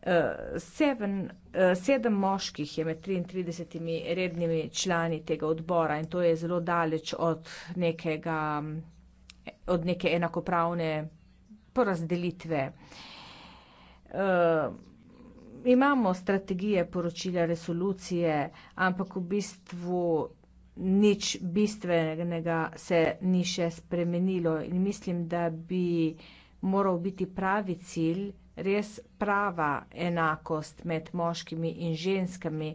Eh, seven, eh, sedem moških je med 33 rednimi člani tega odbora in to je zelo daleč od, nekega, od neke enakopravne porazdelitve. Uh, imamo strategije, poročila, resolucije, ampak v bistvu nič bistvenega se ni še spremenilo in mislim, da bi moral biti pravi cilj res prava enakost med moškimi in ženskami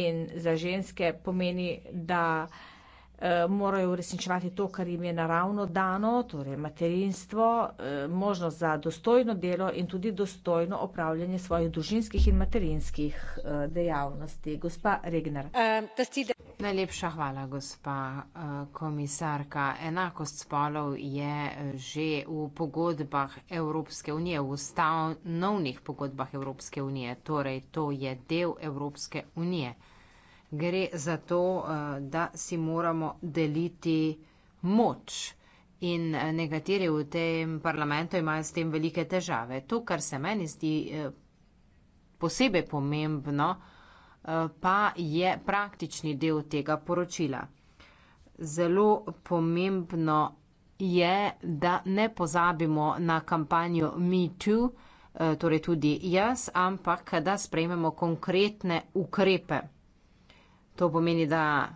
in za ženske pomeni, da Eh, morajo uresničevati to, kar jim je naravno dano, torej materinstvo, eh, možnost za dostojno delo in tudi dostojno opravljanje svojih družinskih in materinskih eh, dejavnosti. Gospa Regner. Najlepša hvala, gospa komisarka. Enakost spolov je že v pogodbah Evropske unije, v ustavnovnih pogodbah Evropske unije, torej to je del Evropske unije gre za to, eh, da si moramo deliti moč. In eh, nekateri v tem parlamentu imajo s tem velike težave. To, kar se meni zdi eh, posebej pomembno, pa je praktični del tega poročila. Zelo pomembno je, da ne pozabimo na kampanjo MeToo, torej tudi jaz, ampak da sprejmemo konkretne ukrepe. To pomeni, da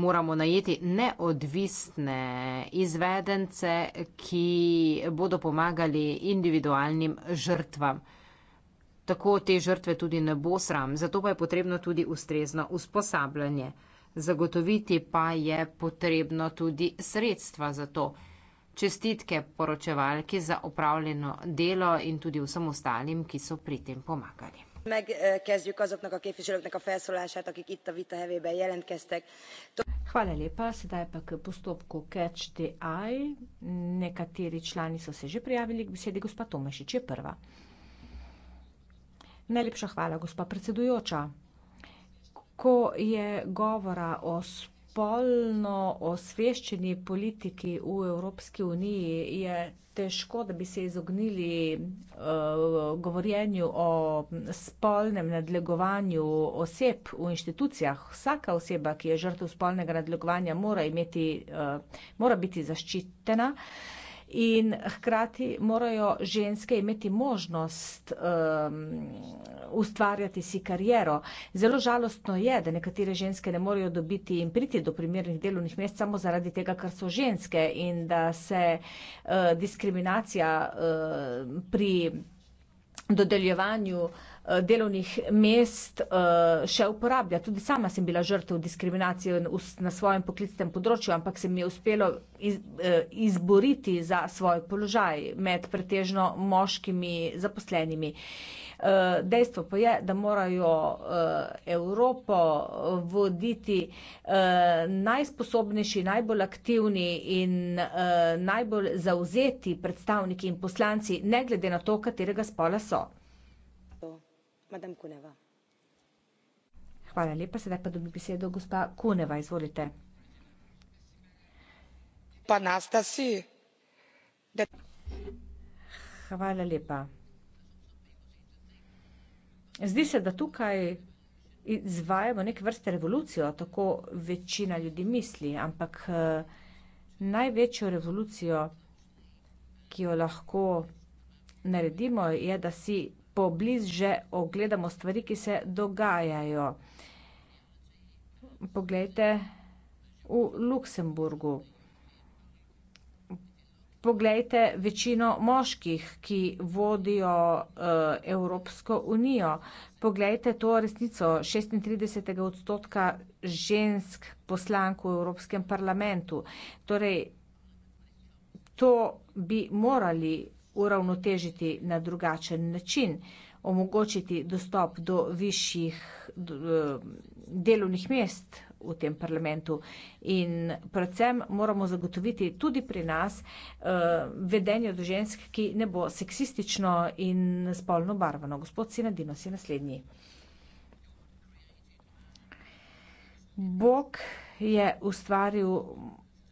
moramo najeti neodvisne izvedence, ki bodo pomagali individualnim žrtvam. Tako te žrtve tudi ne bo sram, zato pa je potrebno tudi ustrezno usposabljanje. Zagotoviti pa je potrebno tudi sredstva za to. Čestitke poročevalki za opravljeno delo in tudi vsem ostalim, ki so pri tem pomagali. Hvala lepa, sedaj pa k postopku catch the eye. Nekateri člani so se že prijavili k besedi, gospa Tomašič je prva. Najlepša hvala, gospa predsedujoča. Ko je govora o spolno osveščeni politiki v Evropski uniji je težko, da bi se izognili uh, govorjenju o spolnem nadlegovanju oseb v inštitucijah. Vsaka oseba, ki je žrtev spolnega nadlegovanja, mora, imeti, uh, mora biti zaščitena. Uh, in hkrati morajo ženske imeti možnost um, ustvarjati si kariero. Zelo žalostno je, da nekatere ženske ne morejo dobiti in priti do primernih delovnih mest samo zaradi tega, ker so ženske in da se uh, diskriminacija uh, pri dodeljevanju uh, Eh, delovnih mest eh, še uporablja. Tudi sama sem bila žrtev diskriminacije na svojem poklicnem področju, ampak se mi je uspelo eh, izboriti za svoj položaj med pretežno moškimi zaposlenimi. Dejstvo pa je, da morajo Evropo voditi najsposobnejši, najbolj aktivni in najbolj zauzeti predstavniki in poslanci, ne glede na to, katerega spola so madam Kuneva. Hvala lepa, sedaj pa dobi besedo gospa Kuneva, izvolite. Pa Nastasi. Hvala lepa. Zdi se, da tukaj izvajamo neke vrste revolucijo, tako večina ljudi misli, ampak eh, največjo revolucijo, ki jo lahko naredimo, je, da si pobliže ogledamo stvari, ki se dogajajo. Poglejte v Luksemburgu. Poglejte večino moških, ki vodijo eh, Evropsko unijo. Poglejte to resnico 36. odstotka žensk poslank v Evropskem parlamentu. Torej, to bi morali uravnotežiti na drugačen način, omogočiti dostop do višjih eh, delovnih mest v tem parlamentu in predvsem moramo zagotoviti tudi pri nas uh, vedenje do žensk, ki ne bo seksistično in spolno barvano. Gospod Sinadino, si naslednji. Bog je ustvaril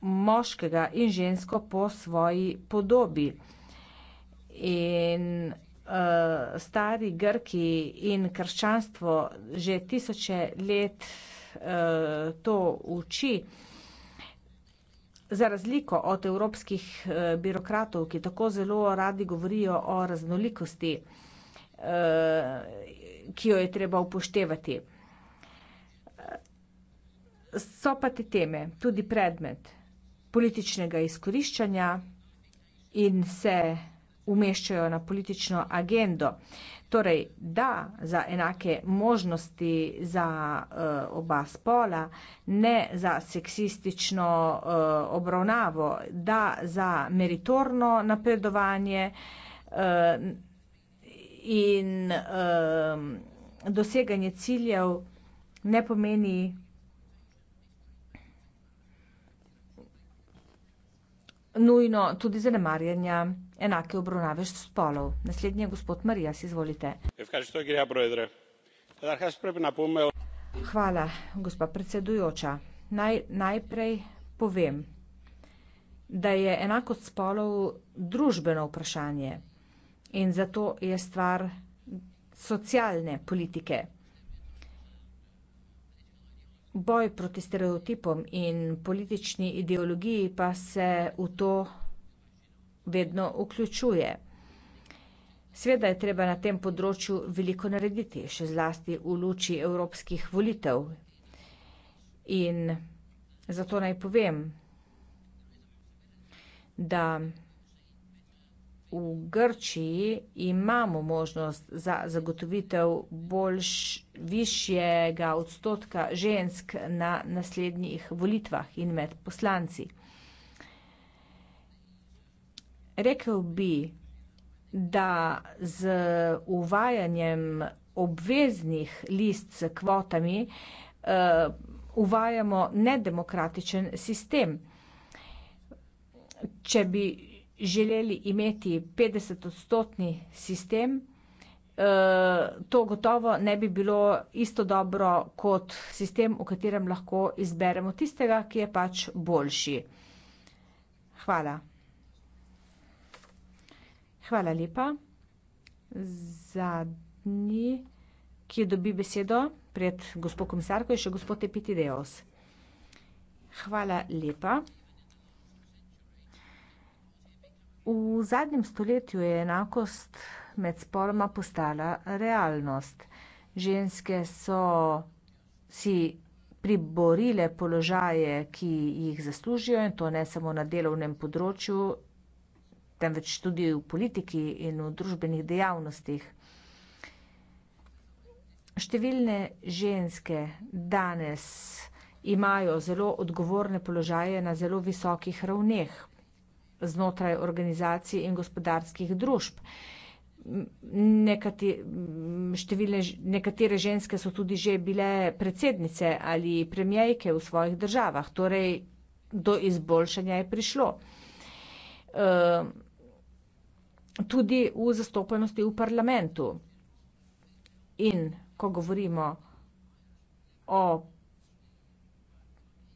moškega in žensko po svoji podobi in uh, stari Grki in krščanstvo že tisoče let uh, to uči. Za razliko od evropskih uh, birokratov, ki tako zelo radi govorijo o raznolikosti, uh, ki jo je treba upoštevati. So pa te teme tudi predmet političnega izkoriščanja in se umeščajo na politično agendo. Torej, da za enake možnosti za uh, oba spola, ne za seksistično uh, obravnavo, da za meritorno napredovanje uh, in uh, doseganje ciljev ne pomeni nujno tudi zanemarjanja enake obravnave spolov. Naslednji je gospod Marijas, izvolite. Hvala, gospa predsedujoča. Naj najprej povem, da je enakost spolov družbeno vprašanje in zato je stvar socialne politike. Boj proti stereotipom in politični ideologiji pa se v to vedno vključuje. Sveda je treba na tem področju veliko narediti, še zlasti v luči evropskih volitev. In zato naj povem, da v Grčiji imamo možnost za zagotovitev boljš, višjega odstotka žensk na naslednjih volitvah in med poslanci rekel bi, da z uvajanjem obveznih list s kvotami uh, uvajamo nedemokratičen sistem. Če bi želeli imeti 50 odstotni sistem, eh, To gotovo ne bi bilo isto dobro kot sistem, v katerem lahko izberemo tistega, ki je pač boljši. Hvala. Hvala lepa. Zadnji, ki dobi besedo pred gospod komisarko, je še gospod Epitideos. Hvala lepa. V zadnjem stoletju je enakost med spoloma postala realnost. Ženske so si priborile položaje, ki jih zaslužijo, in to ne samo na delovnem področju, temveč tudi v politiki in v družbenih dejavnostih. Številne ženske danes imajo zelo odgovorne položaje na zelo visokih ravneh znotraj organizacij in gospodarskih družb. Nekati, številne, nekatere ženske so tudi že bile predsednice ali premijejke v svojih državah, torej do izboljšanja je prišlo. Uh, tudi v zastopanosti v parlamentu. In ko govorimo o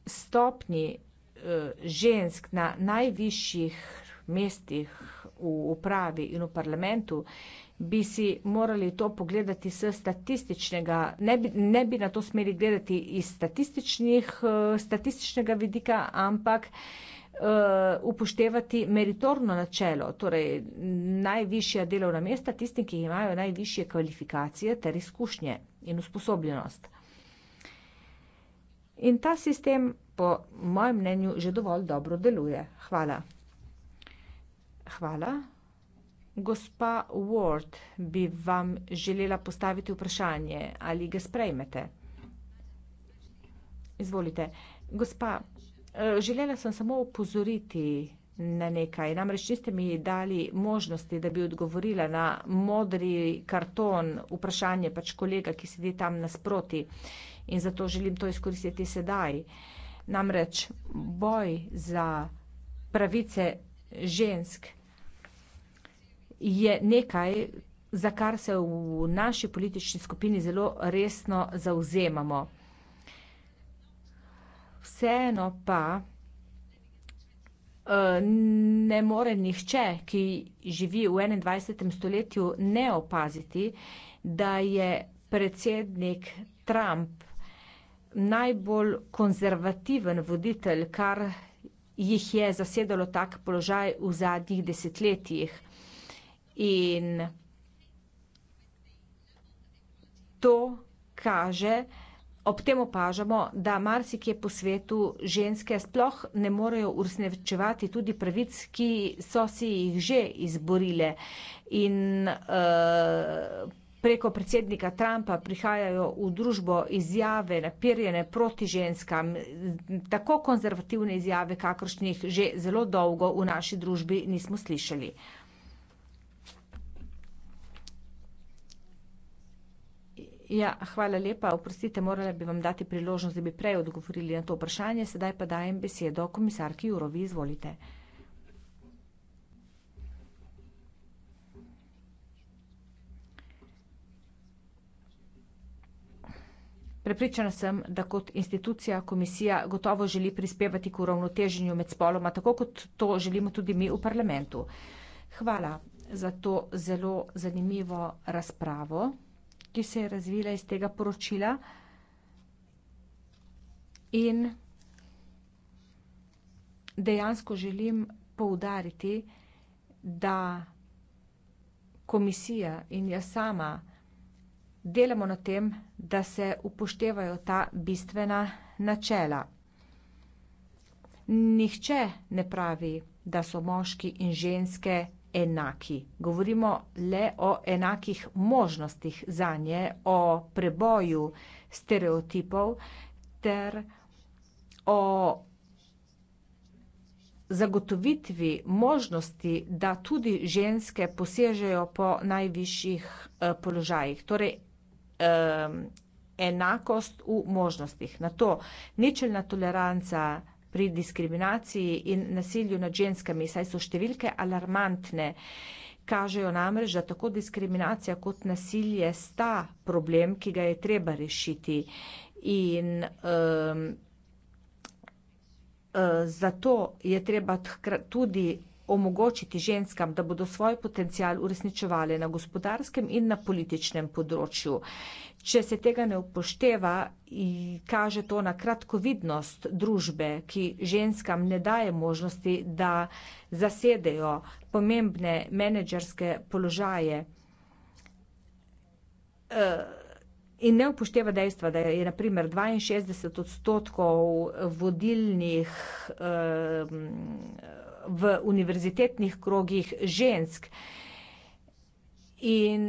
stopni eh, žensk na najvišjih mestih v upravi in v parlamentu, bi si morali to pogledati s statističnega, ne bi, ne bi na to smeli gledati iz statističnih, eh, statističnega vidika, ampak eh, uh, upoštevati meritorno načelo, torej najvišja delovna mesta tistim, ki imajo najvišje kvalifikacije ter izkušnje in usposobljenost. In ta sistem po mojem mnenju že dovolj dobro deluje. Hvala. Hvala. Gospa Ward bi vam želela postaviti vprašanje, ali ga sprejmete. Izvolite. Gospa, Eh, želela sem samo upozoriti na nekaj, namreč niste mi dali možnosti, da bi odgovorila na modri karton vprašanje pač kolega, ki sedi tam nasproti in zato želim to izkoristiti sedaj. Namreč boj za pravice žensk je nekaj, za kar se v naši politični skupini zelo resno zavzemamo vseeno pa uh, ne more nihče, ki živi v 21. stoletju, ne opaziti, da je predsednik Trump najbolj konzervativen voditelj, kar jih je zasedalo tak položaj v zadnjih desetletjih. In to kaže, da ob tem opažamo, da marsikje po svetu ženske sploh ne morejo uresničevati tudi pravic, ki so si jih že izborile. In uh, preko predsednika Trumpa prihajajo v družbo izjave, napirjene proti ženskam, tako konzervativne izjave, kakršnih že zelo dolgo v naši družbi nismo slišali. Ja, hvala lepa. Oprostite, morala bi vam dati priložnost, da bi prej odgovorili na to vprašanje. Sedaj pa dajem besedo komisarki Jurovi. Izvolite. Prepričana sem, da kot institucija komisija gotovo želi prispevati k uravnoteženju med spoloma, tako kot to želimo tudi mi v parlamentu. Hvala za to zelo zanimivo razpravo ki se je razvila iz tega poročila. In dejansko želim poudariti, da komisija in jaz sama delamo na tem, da se upoštevajo ta bistvena načela. Nihče ne pravi, da so moški in ženske enaki. Govorimo le o enakih možnostih za nje, o preboju stereotipov ter o zagotovitvi možnosti, da tudi ženske posežejo po najvišjih eh, položajih. Torej, eh, enakost v možnostih. Na to ničelna toleranca pri diskriminaciji in nasilju nad ženskami, saj so številke alarmantne. Kažejo namreč, da tako diskriminacija kot nasilje sta problem, ki ga je treba rešiti. In um, uh, zato je treba tudi omogočiti ženskam, da bodo svoj potencial uresničevale na gospodarskem in na političnem področju. Če se tega ne upošteva, kaže to na kratkovidnost družbe, ki ženskam ne daje možnosti, da zasedejo pomembne menedžerske položaje. E In ne upošteva dejstva, da je naprimer 62 odstotkov vodilnih eh, v univerzitetnih krogih žensk. In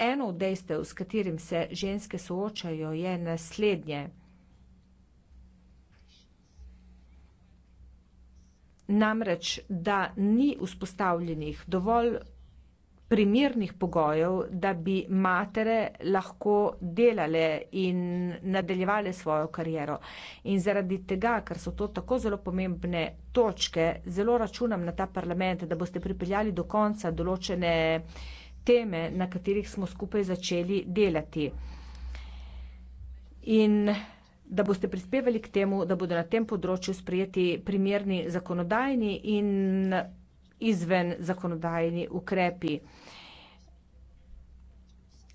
eno od dejstev, s katerim se ženske soočajo, je naslednje. Namreč, da ni vzpostavljenih dovolj primernih pogojev, da bi matere lahko delale in nadaljevale svojo kariero. In zaradi tega, ker so to tako zelo pomembne točke, zelo računam na ta parlament, da boste pripeljali do konca določene teme, na katerih smo skupaj začeli delati. In da boste prispevali k temu, da bodo na tem področju sprejeti primerni zakonodajni in izven zakonodajni ukrepi.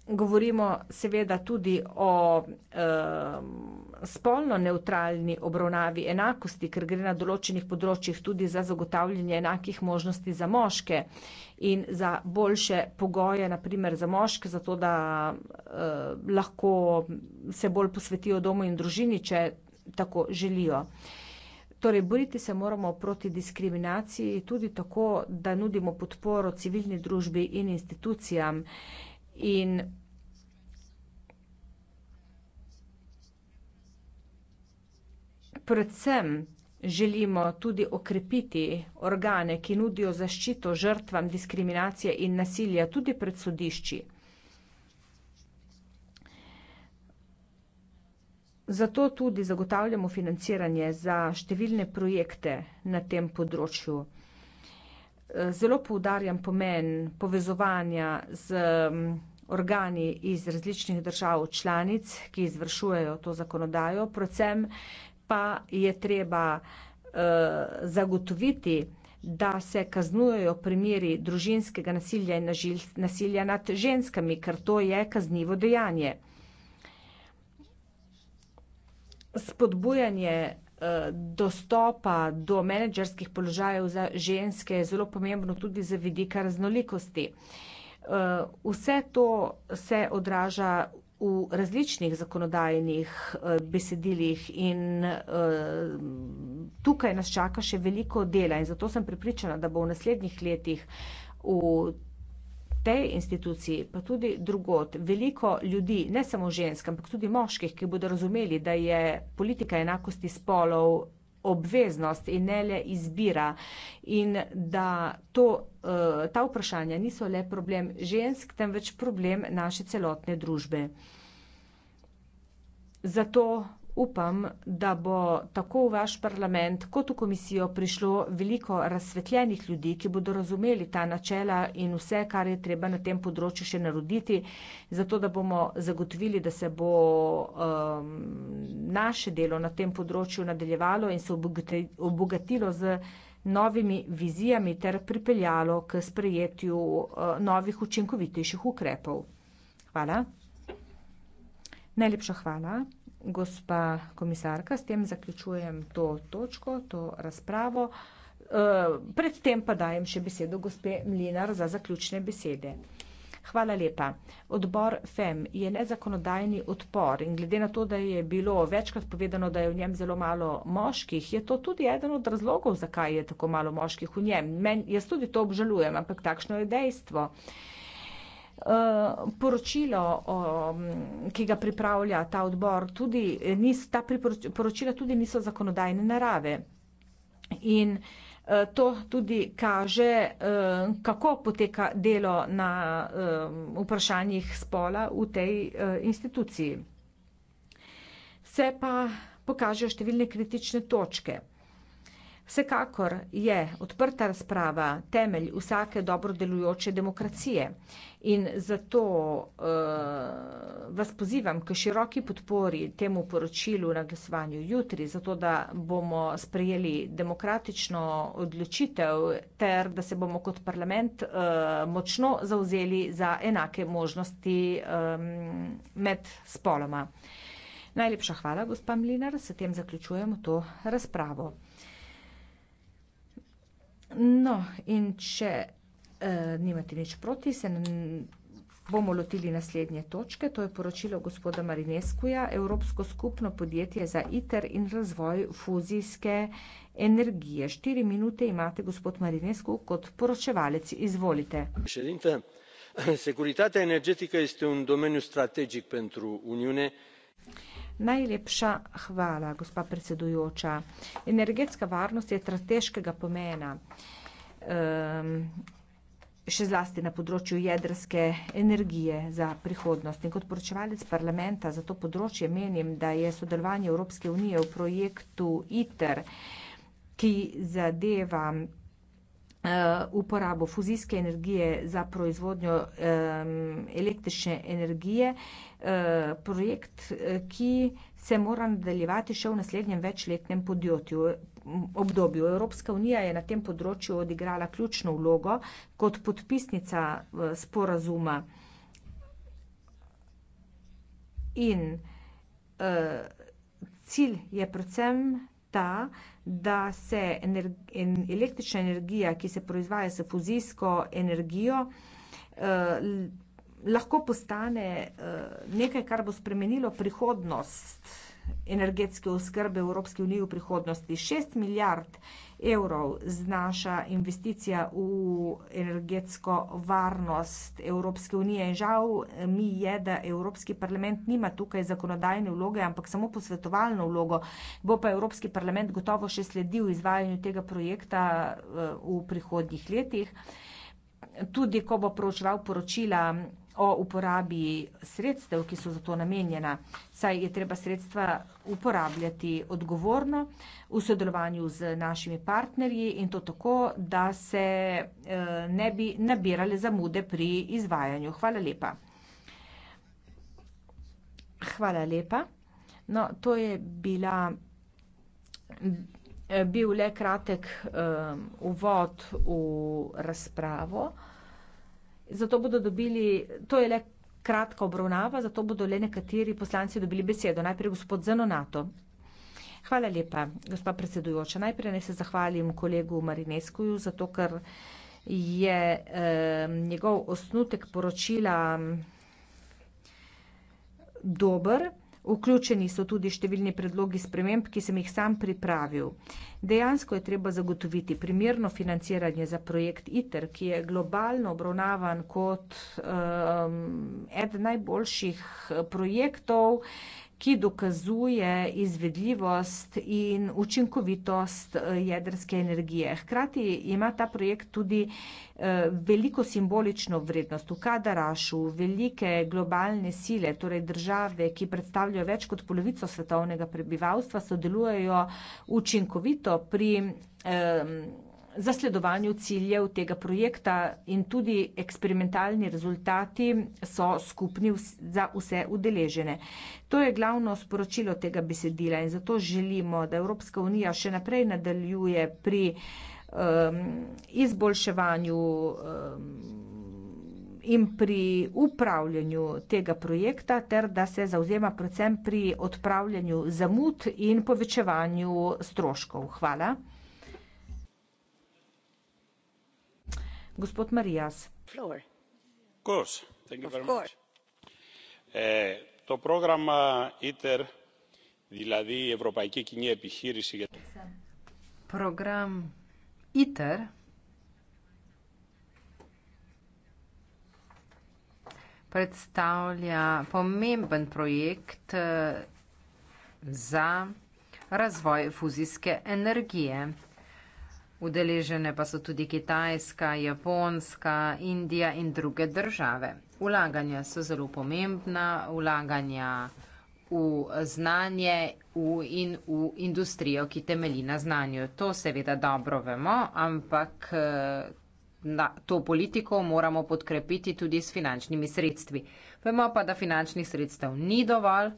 Govorimo seveda tudi o um, spolno neutralni obravnavi enakosti, ker gre na določenih področjih tudi za zagotavljanje enakih možnosti za moške in za boljše pogoje, naprimer za moške, zato da uh, lahko se bolj posvetijo domu in družini, če tako želijo. Uh, Torej, boriti se moramo proti diskriminaciji tudi tako, da nudimo podporo civilni družbi in institucijam in predvsem želimo tudi okrepiti organe, ki nudijo zaščito žrtvam diskriminacije in nasilja tudi pred sodišči. Zato tudi zagotavljamo financiranje za številne projekte na tem področju. Eh, zelo poudarjam pomen povezovanja z mm, organi iz različnih držav članic, ki izvršujejo to zakonodajo, predvsem pa je treba eh, zagotoviti, da se kaznujejo primeri družinskega nasilja in nasilja nad ženskami, ker to je kaznivo dejanje spodbujanje eh, dostopa do menedžerskih položajev za ženske je zelo pomembno tudi za vidika raznolikosti. Eh, vse to se odraža v različnih zakonodajnih eh, besedilih in tukaj nas čaka še veliko dela in zato sem pripričana, da bo v naslednjih letih v tej instituciji, pa tudi drugot, veliko ljudi, ne samo žensk, ampak tudi moških, ki bodo razumeli, da je politika enakosti spolov obveznost in ne le izbira in da to, eh, ta vprašanja niso le problem žensk, temveč problem naše celotne družbe. Zato Upam, da bo tako v vaš parlament kot v komisijo prišlo veliko razsvetljenih ljudi, ki bodo razumeli ta načela in vse, kar je treba na tem področju še naroditi, zato da bomo zagotovili, da se bo um, naše delo na tem področju nadaljevalo in se obogatilo z novimi vizijami ter pripeljalo k sprejetju uh, novih učinkovitejših ukrepov. Hvala. Najlepša hvala gospa komisarka, s tem zaključujem to točko, to razpravo. E, Predtem pa dajem še besedo gospe Mlinar za zaključne besede. Hvala lepa. Odbor FEM je nezakonodajni odpor in glede na to, da je bilo večkrat povedano, da je v njem zelo malo moških, je to tudi eden od razlogov, zakaj je tako malo moških v njem. Men, jaz tudi to obžalujem, ampak takšno je dejstvo. Uh, Uh, poročilo, um, ki ga pripravlja ta odbor, tudi nis, ta priporočila tudi niso zakonodajne narave. In uh, to tudi kaže, uh, kako poteka delo na uh, vprašanjih spola v tej uh, instituciji. Se pa pokažejo številne kritične točke. Vsekakor je odprta razprava temelj vsake dobro delujoče demokracije in zato uh, vas pozivam k široki podpori temu poročilu na glasovanju jutri, zato da bomo sprejeli demokratično odločitev ter da se bomo kot parlament uh, močno zauzeli za enake možnosti um, med spoloma. Najlepša hvala, gospa Mlinar, s tem zaključujemo to razpravo. No, in če eh, nimate nič proti, se nam bomo lotili naslednje točke. To je poročilo gospoda Marineskuja, Evropsko skupno podjetje za ITER in razvoj fuzijske energije. Štiri minute imate, gospod Marinesku, kot poročevalec. Izvolite. Šedinte. Securitatea energetică este un domeniu strategic pentru Uniune. Najlepša hvala, gospa predsedujoča. Energetska varnost je strateškega pomena, ehm, še zlasti na področju jedrske energije za prihodnost. In kot poročevalec parlamenta za to področje menim, da je sodelovanje Evropske unije v projektu ITER, ki zadeva Eh, uporabo fuzijske energije za proizvodnjo električne energije, eh, projekt, eh, ki se mora nadaljevati še v naslednjem večletnem podjetju. Obdobju. Evropska unija je na tem področju odigrala ključno vlogo kot podpisnica sporazuma in eh, cilj je predvsem ta, da se električna energija, ki se proizvaja s fuzijsko energijo, eh, lahko postane eh, nekaj, kar bo spremenilo prihodnost energetske oskrbe v Evropski uniji v prihodnosti. 6 milijard evrov znaša investicija v energetsko varnost Evropske unije in žal mi je, da Evropski parlament nima tukaj zakonodajne vloge, ampak samo posvetovalno vlogo. Bo pa Evropski parlament gotovo še sledil izvajanju tega projekta eh, v prihodnjih letih. Tudi, ko bo proučeval poročila o uporabi sredstev, ki so za to namenjena, saj je treba sredstva uporabljati odgovorno v sodelovanju z našimi partnerji in to tako, da se eh, ne bi nabirale zamude pri izvajanju. Hvala lepa. Hvala lepa. No, to je bila, eh, bil le kratek um, uvod v razpravo zato bodo dobili, to je le kratka obravnava, zato bodo le nekateri poslanci dobili besedo. Najprej gospod Zanonato. Hvala lepa, gospa predsedujoča. Najprej naj se zahvalim kolegu Marineskuju, zato ker je eh, njegov osnutek poročila mm, dober. Vključeni so tudi številni predlogi sprememb, ki sem jih sam pripravil. Dejansko je treba zagotoviti primerno financiranje za projekt ITER, ki je globalno obravnavan kot um, eden najboljših eh, projektov, uh, ki dokazuje izvedljivost in učinkovitost eh, jedrske energije. Hkrati ima ta projekt tudi eh, veliko simbolično vrednost. V Kadarašu velike globalne sile, torej države, ki predstavljajo več kot polovico svetovnega prebivalstva, sodelujejo učinkovito pri um, zasledovanju ciljev tega projekta in tudi eksperimentalni rezultati so skupni za vse udeležene. To je glavno sporočilo tega besedila in zato želimo, da Evropska unija še naprej nadaljuje pri um, izboljševanju um, in pri upravljanju tega projekta ter da se zauzema predvsem pri odpravljanju zamud in povečevanju stroškov. Hvala. gospod marias. Eh, το πρόγραμμα iter δηλαδή η ευρωπαϊκή κοινή επιχείρηση για. program iter predstavlja pomemben projekt eh, za razvoj fuzijske energije. Udeležene pa so tudi Kitajska, Japonska, Indija in druge države. Ulaganja so zelo pomembna, ulaganja v znanje v in v industrijo, ki temelji na znanju. To seveda dobro vemo, ampak eh, na to politiko moramo podkrepiti tudi s finančnimi sredstvi. Vemo pa, da finančnih sredstev ni dovolj.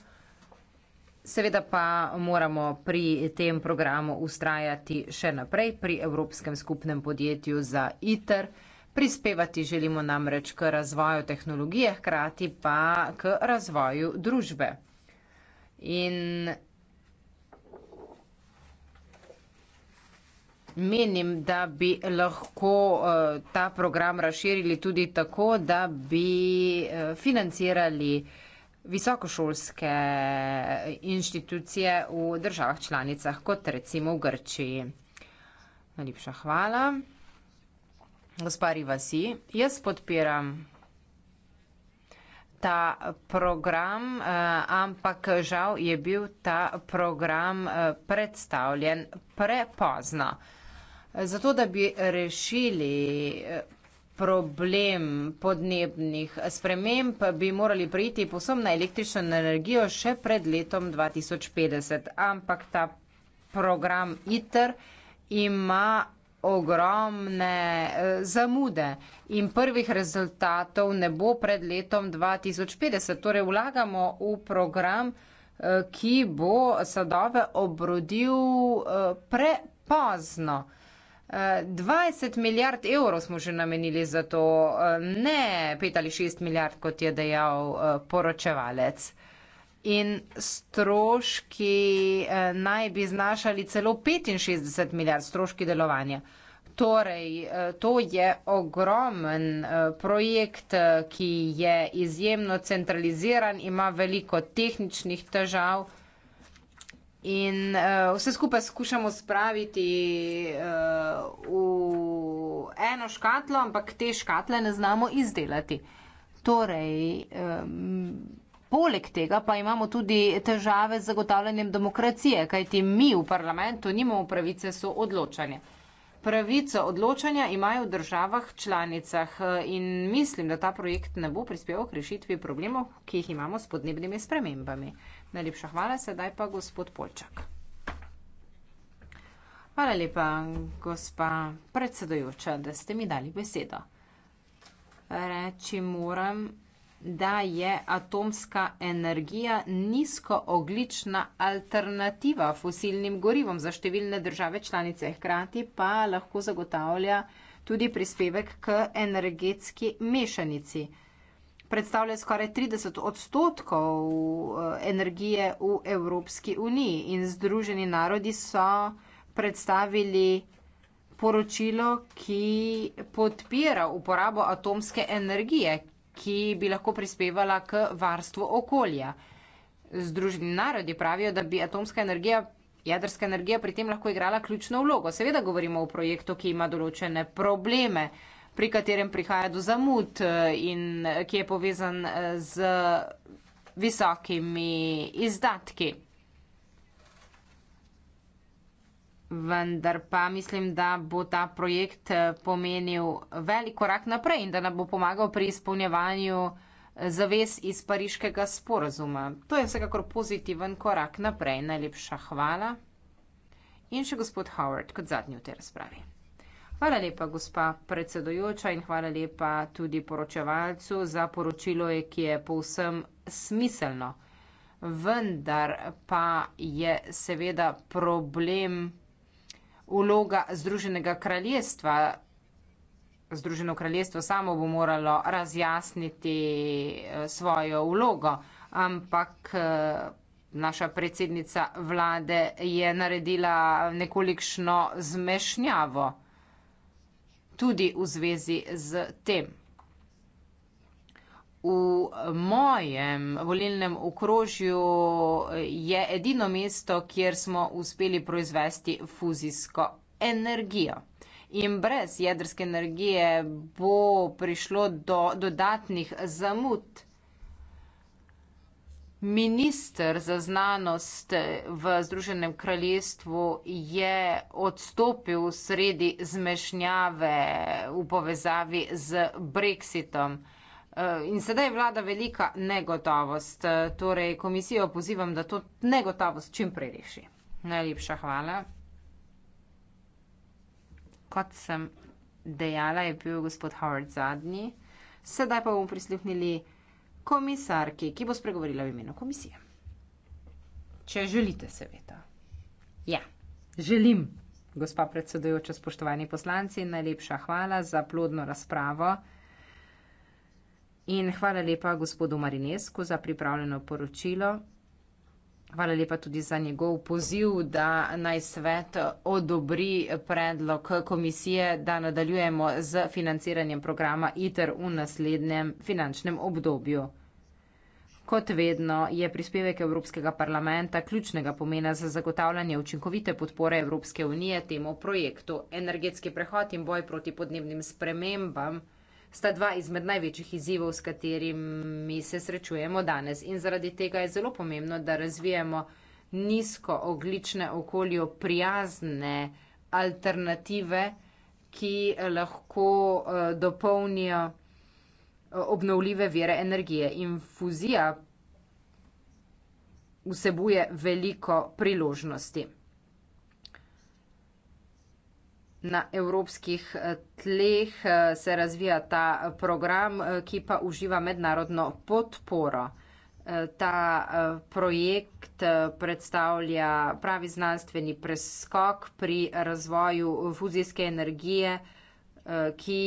Seveda pa moramo pri tem programu ustrajati še naprej pri Evropskem skupnem podjetju za ITER. Prispevati želimo namreč k razvoju tehnologije, hkrati pa k razvoju družbe. In menim, da bi lahko eh, ta program razširili tudi tako, da bi eh, financirali uh, visokošolske eh, inštitucije v državah članicah, kot recimo v Grčiji. Najlepša hvala. Gospa Rivasi, jaz podpiram ta program, eh, ampak žal je bil ta program eh, predstavljen prepozno. Zato, da bi rešili problem podnebnih sprememb bi morali prijeti posom na električno energijo še pred letom 2050. Ampak ta program ITER ima ogromne eh, zamude in prvih rezultatov ne bo pred letom 2050. Torej vlagamo v program, eh, ki bo sadove obrodil eh, prepozno. 20 milijard evrov smo že namenili za to, ne 5 ali 6 milijard, kot je dejal eh, poročevalec. In stroški eh, naj bi znašali celo 65 milijard stroški delovanja. Torej, eh, to je ogromen projekt, ki je izjemno centraliziran, ima veliko tehničnih težav. In uh, vse skupaj skušamo spraviti uh, v eno škatlo, ampak te škatle ne znamo izdelati. Torej, um, poleg tega pa imamo tudi težave z zagotavljanjem demokracije, kajti mi v parlamentu nimamo pravice so odločanje. Pravico odločanja imajo v državah članicah eh, in mislim, da ta projekt ne bo prispeval k rešitvi problemov, ki jih imamo s podnebnimi spremembami. Najlepša hvala, sedaj pa gospod Polčak. Hvala lepa, gospa predsedojoča, da ste mi dali besedo. Reči moram, da je atomska energija nizkooglična alternativa fosilnim gorivom za številne države članice, hkrati pa lahko zagotavlja tudi prispevek k energetski mešanici predstavlja skoraj 30 odstotkov eh, energije v Evropski uniji in Združeni narodi so predstavili poročilo, ki podpira uporabo atomske energije, ki bi lahko prispevala k varstvu okolja. Združeni narodi pravijo, da bi atomska energija, jedrska energija pri tem lahko igrala ključno vlogo. Seveda govorimo o projektu, ki ima določene probleme pri katerem prihaja do zamud eh, in eh, ki je povezan eh, z visokimi izdatki. Vendar pa mislim, da bo ta projekt pomenil velik korak naprej in da nam bo pomagal pri izpolnjevanju zavez iz pariškega sporazuma. To je vsekakor pozitiven korak naprej. Najlepša hvala. In še gospod Howard kot zadnji v tej razpravi. Hvala lepa, gospa predsedojoča in hvala lepa tudi poročevalcu za poročilo, ki je povsem smiselno. Vendar pa je seveda problem uloga Združenega kraljestva. Združeno kraljestvo samo bo moralo razjasniti eh, svojo vlogo, ampak eh, naša predsednica vlade je naredila nekolikšno zmešnjavo tudi v zvezi z tem. V mojem volilnem okrožju je edino mesto, kjer smo uspeli proizvesti fuzijsko energijo. In brez jedrske energije bo prišlo do dodatnih zamud. Minister za znanost v Združenem kraljestvu je odstopil sredi zmešnjave v povezavi z Brexitom. E, in sedaj je vlada velika negotovost. E, torej, komisijo pozivam, da to negotovost čim prej reši. Najlepša hvala. Kot sem dejala, je bil gospod Howard zadnji. Sedaj pa bomo prisluhnili komisarki, ki bo spregovorila v imenu komisije. Če želite, seveda. Ja, želim, gospa predsedujoča, spoštovani poslanci, najlepša hvala za plodno razpravo. In hvala lepa gospodu Marinesku za pripravljeno poročilo. Hvala lepa tudi za njegov poziv, da naj svet odobri predlog komisije, da nadaljujemo z financiranjem programa ITER v naslednjem finančnem obdobju. Kot vedno je prispevek Evropskega parlamenta ključnega pomena za zagotavljanje učinkovite podpore Evropske unije temu projektu. Energetski prehod in boj proti podnebnim spremembam sta dva izmed največjih izzivov, s katerimi se srečujemo danes. In zaradi tega je zelo pomembno, da razvijemo nizkooglične okolje prijazne alternative, ki lahko uh, dopolnijo eh, obnovljive vire energije. In fuzija vsebuje veliko priložnosti. na evropskih eh, tleh eh, se razvija ta eh, program, ki pa uživa mednarodno podporo. Ta projekt predstavlja pravi znanstveni preskok pri razvoju fuzijske energije, ki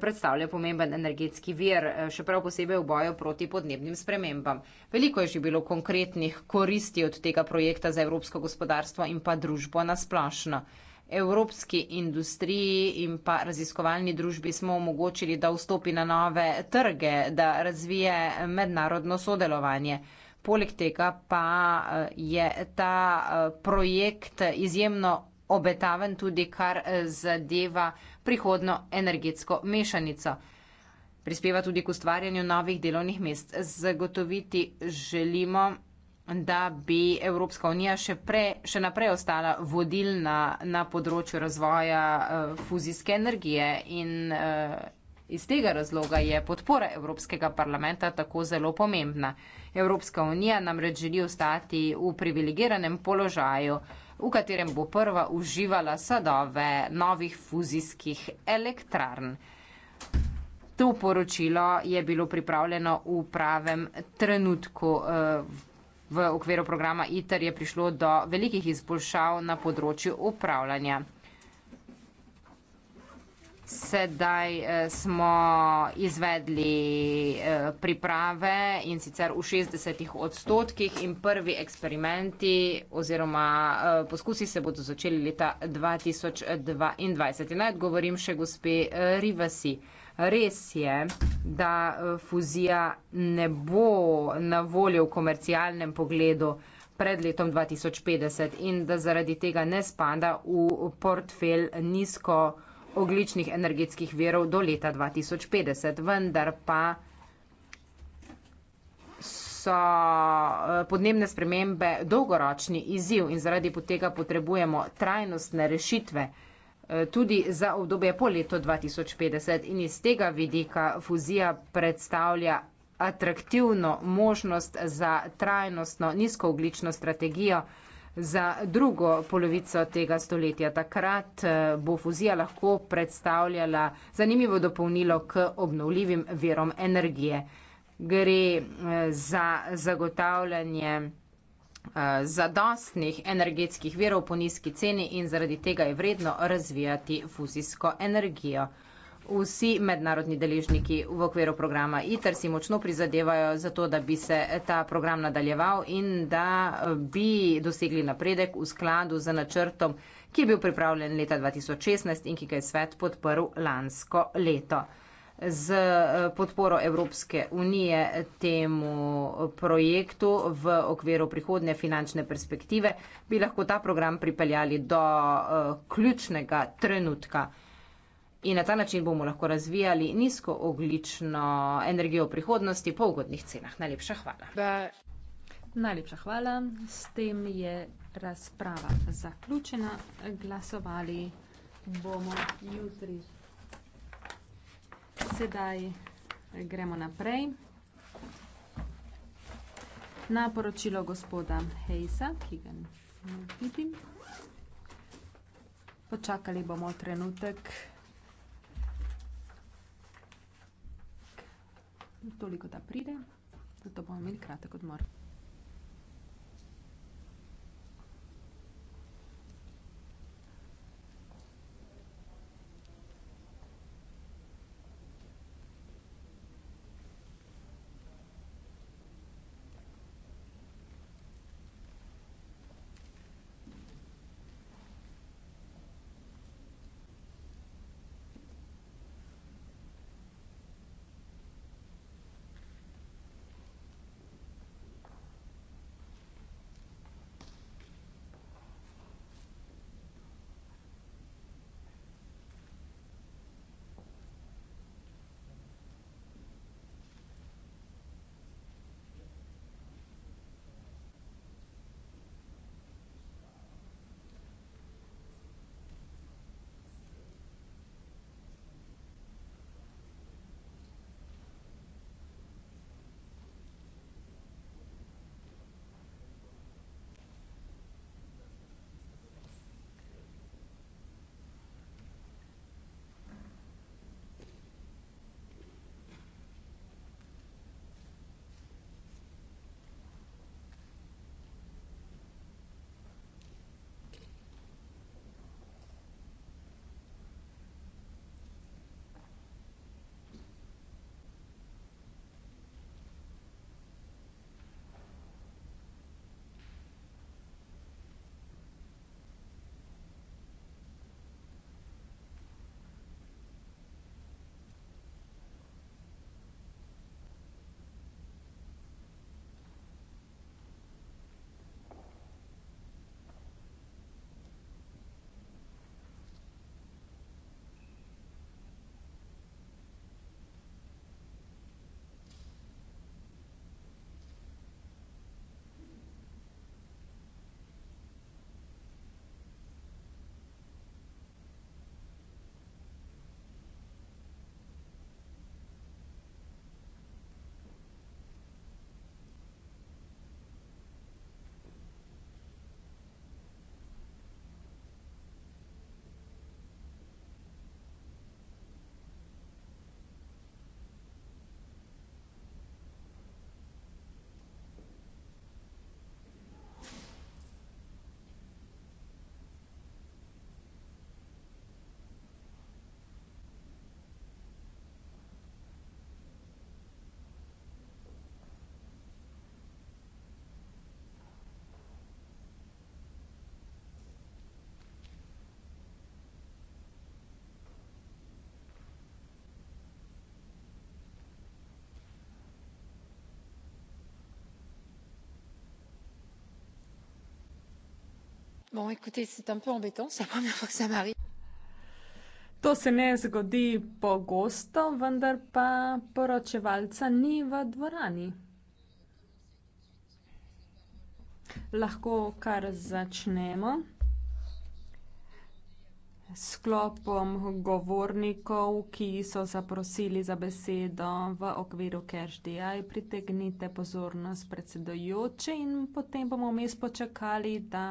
predstavlja pomemben energetski vir, še prav posebej v boju proti podnebnim spremembam. Veliko je že bilo konkretnih koristi od tega projekta za evropsko gospodarstvo in pa družbo nasplošno evropski industriji in pa raziskovalni družbi smo omogočili, da vstopi na nove trge, da razvije mednarodno sodelovanje. Poleg tega pa eh, je ta eh, projekt izjemno obetaven tudi kar eh, zadeva prihodno energetsko mešanico. Prispeva tudi k ustvarjanju novih delovnih mest. Zagotoviti želimo da bi Evropska unija še, pre, še naprej ostala vodilna na področju razvoja eh, fuzijske energije in eh, iz tega razloga je podpora Evropskega parlamenta tako zelo pomembna. Evropska unija namreč želi ostati v privilegiranem položaju, v katerem bo prva uživala sadove novih fuzijskih elektrarn. To poročilo je bilo pripravljeno v pravem trenutku. Eh, V okviru programa ITER je prišlo do velikih izboljšav na področju upravljanja. Sedaj eh, smo izvedli eh, priprave in sicer v 60 odstotkih in prvi eksperimenti oziroma eh, poskusi se bodo začeli leta 2022. In naj odgovorim še gospe Rivasi. Res je, da eh, fuzija ne bo na voljo v komercialnem pogledu pred letom 2050 in da zaradi tega ne spada v portfelj nizko ogličnih energetskih verov do leta 2050. Vendar pa so eh, podnebne spremembe dolgoročni izziv in zaradi tega potrebujemo trajnostne rešitve. Eh, tudi za obdobje po leto 2050 in iz tega vidika fuzija predstavlja atraktivno možnost za trajnostno nizkooglično strategijo za drugo polovico tega stoletja. Takrat eh, bo fuzija lahko predstavljala zanimivo dopolnilo k obnovljivim verom energije. Gre eh, za zagotavljanje Eh, zadostnih energetskih verov po nizki ceni in zaradi tega je vredno razvijati fuzijsko energijo. Vsi mednarodni deležniki v okviru programa ITER si močno prizadevajo za to, da bi se ta program nadaljeval in da eh, bi dosegli napredek v skladu z načrtom, ki je bil pripravljen leta 2016 in ki ga je svet podprl lansko leto z eh, podporo Evropske unije temu projektu v okviru prihodne finančne perspektive, bi lahko ta program pripeljali do eh, ključnega trenutka. In na ta način bomo lahko razvijali nizkooglično energijo v prihodnosti po ugodnih cenah. Najlepša hvala. Da. Najlepša hvala. S tem je razprava zaključena. Glasovali bomo jutri. Sedaj gremo naprej. Na poročilo gospoda Hejsa, ki ga ne vidim. Počakali bomo trenutek. Toliko, da pride, zato bomo imeli kratek odmor. To se ne zgodi pogosto, vendar pa poročevalca ni v dvorani. Lahko kar začnemo. Sklopom govornikov, ki so zaprosili za besedo v okviru CashDI, pritegnite pozornost predsedujoče in potem bomo vmes počakali, da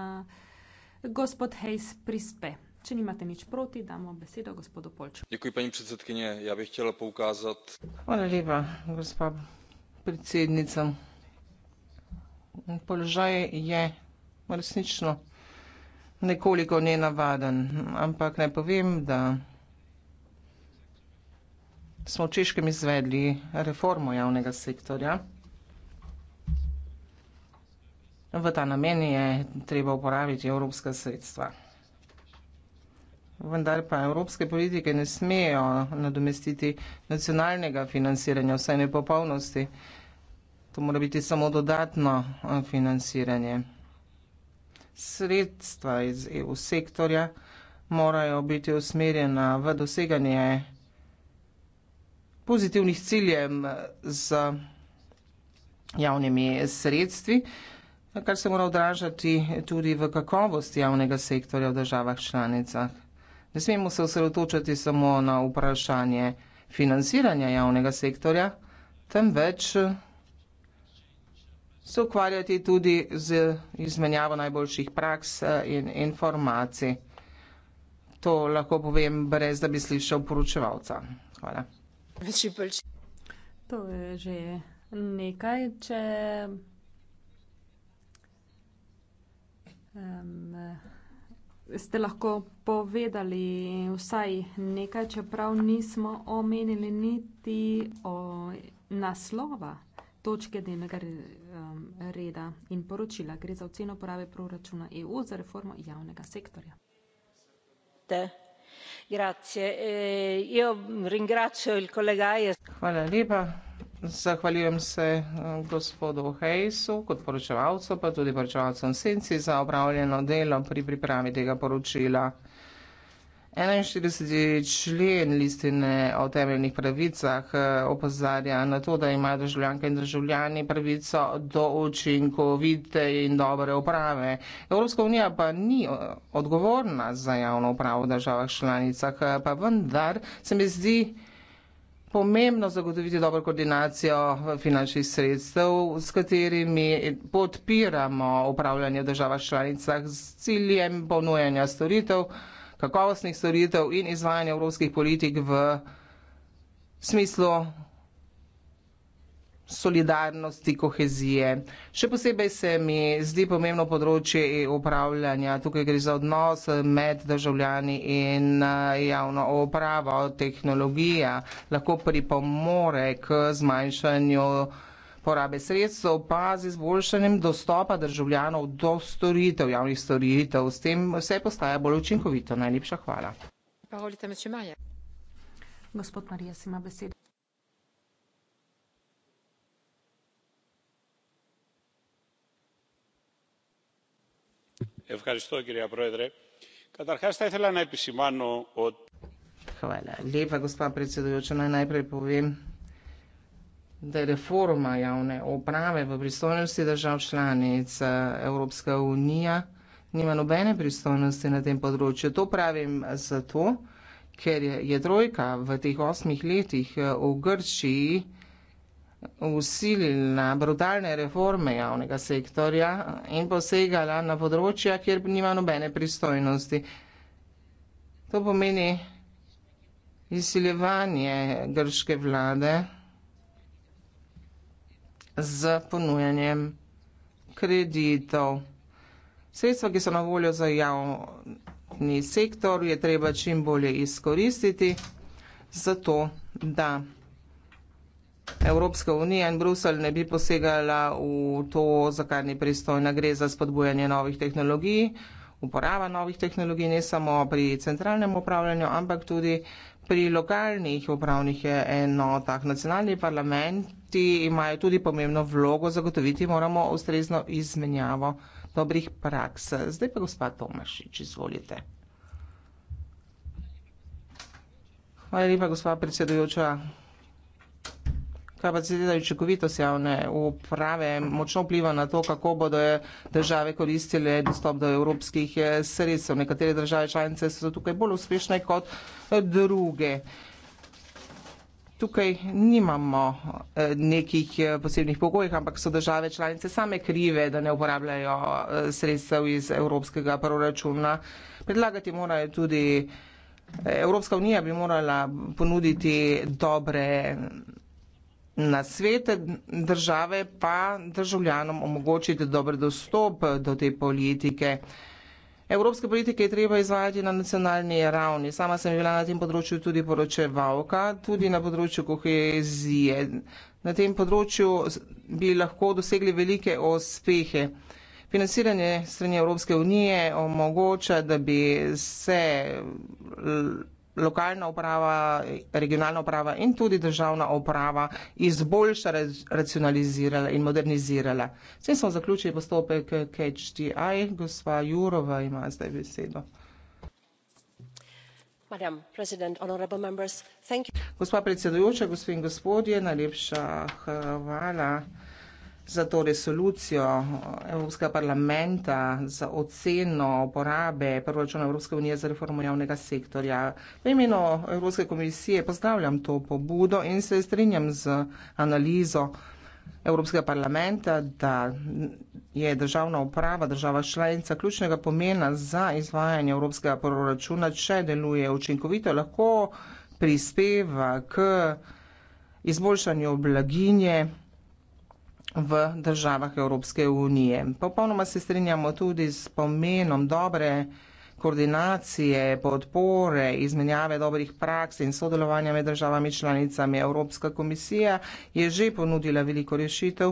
Gospod Hayes prispe. Če nimate nič proti, damo besedo gospodu Polču. Děkuji, paní predsedkynie. Ja bih chtěla poukázat... Hvala lepa, gospa predsednica. Položaj je resnično nekoliko nenavaden, ampak ne povem, da smo v Češkem izvedli reformo javnega sektorja. V ta namen je treba uporabiti evropska sredstva. Vendar pa evropske politike ne smejo nadomestiti nacionalnega financiranja, vsaj ne popolnosti. To mora biti samo dodatno eh, financiranje. Sredstva iz EU sektorja morajo biti usmerjena v doseganje pozitivnih ciljev eh, z javnimi sredstvi kar se mora odražati tudi v kakovost javnega sektorja v državah članicah. Ne smemo se osredotočati samo na vprašanje financiranja javnega sektorja, temveč se ukvarjati tudi z izmenjavo najboljših praks in informacij. To lahko povem brez, da bi slišal poročevalca. Hvala. To je že nekaj, če Um, ste lahko povedali vsaj nekaj, čeprav nismo omenili niti o naslova točke dnevnega reda in poročila. Gre za oceno porabe proračuna EU za reformo javnega sektorja. E, Hvala lepa. Zahvaljujem se eh, gospodu Hejsu kot poročevalcu, pa tudi poročevalcem Senci za opravljeno delo pri pripravi tega poročila. 41. člen listine o temeljnih pravicah eh, opozarja na to, da imajo državljanke in državljani pravico do učinkovite in dobre uprave. Evropska unija pa ni eh, odgovorna za javno upravo v državah članicah, pa vendar se mi zdi, pomembno zagotoviti dobro koordinacijo finančnih sredstev, s katerimi podpiramo upravljanje država članicah s ciljem ponujanja storitev, kakovostnih storitev in izvajanja evropskih politik v smislu solidarnosti, kohezije. Še posebej se mi zdi pomembno področje upravljanja. Tukaj gre za odnos med državljani in eh, javno upravo. Tehnologija lahko pripomore k zmanjšanju porabe sredstev, pa z izboljšanjem dostopa državljanov do storitev, javnih storitev. S tem vse postaja bolj učinkovito. Najlepša hvala. Gospod Marija, si ima besedo. gospa predsedujoča naj najprej povem, da je reforma javne uprave v pristojnosti držav članic, eh, Evropska unija nima nobene pristojnosti na tem področju. To pravim zato, ker je, je trojka v teh osmih letih, eh, v Grčiji usilila na brutalne reforme javnega sektorja in posegala na področja, kjer nima nobene pristojnosti. To pomeni izsiljevanje grške vlade z ponujanjem kreditov. Sredstva, ki so na voljo za javni sektor, je treba čim bolje izkoristiti, zato da. Evropska unija in Bruselj ne bi posegala v to, zakaj ni pristojna. Gre za spodbujanje novih tehnologij, uporaba novih tehnologij ne samo pri centralnem upravljanju, ampak tudi pri lokalnih upravnih enotah. Nacionalni parlamenti imajo tudi pomembno vlogo zagotoviti, moramo ustrezno izmenjavo dobrih praks. Zdaj pa gospod Tomašič, izvolite. Hvala lepa, gospod predsedujoča kapaciteta in učinkovitost javne uprave močno vpliva na to, kako bodo države koristile dostop do evropskih eh, sredstev. Nekatere države članice so tukaj bolj uspešne kot eh, druge. Tukaj nimamo eh, nekih posebnih pogojev, ampak so države članice same krive, da ne uporabljajo sredstev iz evropskega proračuna. Predlagati morajo tudi, Evropska unija bi morala ponuditi dobre Na svete države pa državljanom omogočiti dober dostop do te politike. Evropske politike je treba izvajati na nacionalni ravni. Sama sem bila na tem področju tudi poročevalka, tudi na področju kohezije. Na tem področju bi lahko dosegli velike uspehe. Financiranje strani Evropske unije omogoča, da bi se lokalna uprava, regionalna uprava in tudi državna uprava izboljša racionalizirala in modernizirala. S tem smo zaključili postopek KHDI. Gospa Jurova ima zdaj besedo. Gospa predsedujoča, gospe in gospodje, najlepša eh, hvala za to resolucijo Evropskega parlamenta za oceno porabe proračuna Evropske unije za reformo javnega sektorja. V imenu Evropske komisije pozdravljam to pobudo in se strinjam z analizo Evropskega parlamenta, da je državna uprava, država članica ključnega pomena za izvajanje Evropskega proračuna, če deluje učinkovito, lahko prispeva k izboljšanju blaginje v državah Evropske unije. Popolnoma se strinjamo tudi s pomenom dobre koordinacije, podpore, izmenjave dobrih praks in sodelovanja med državami članicami. Evropska komisija je že ponudila veliko rešitev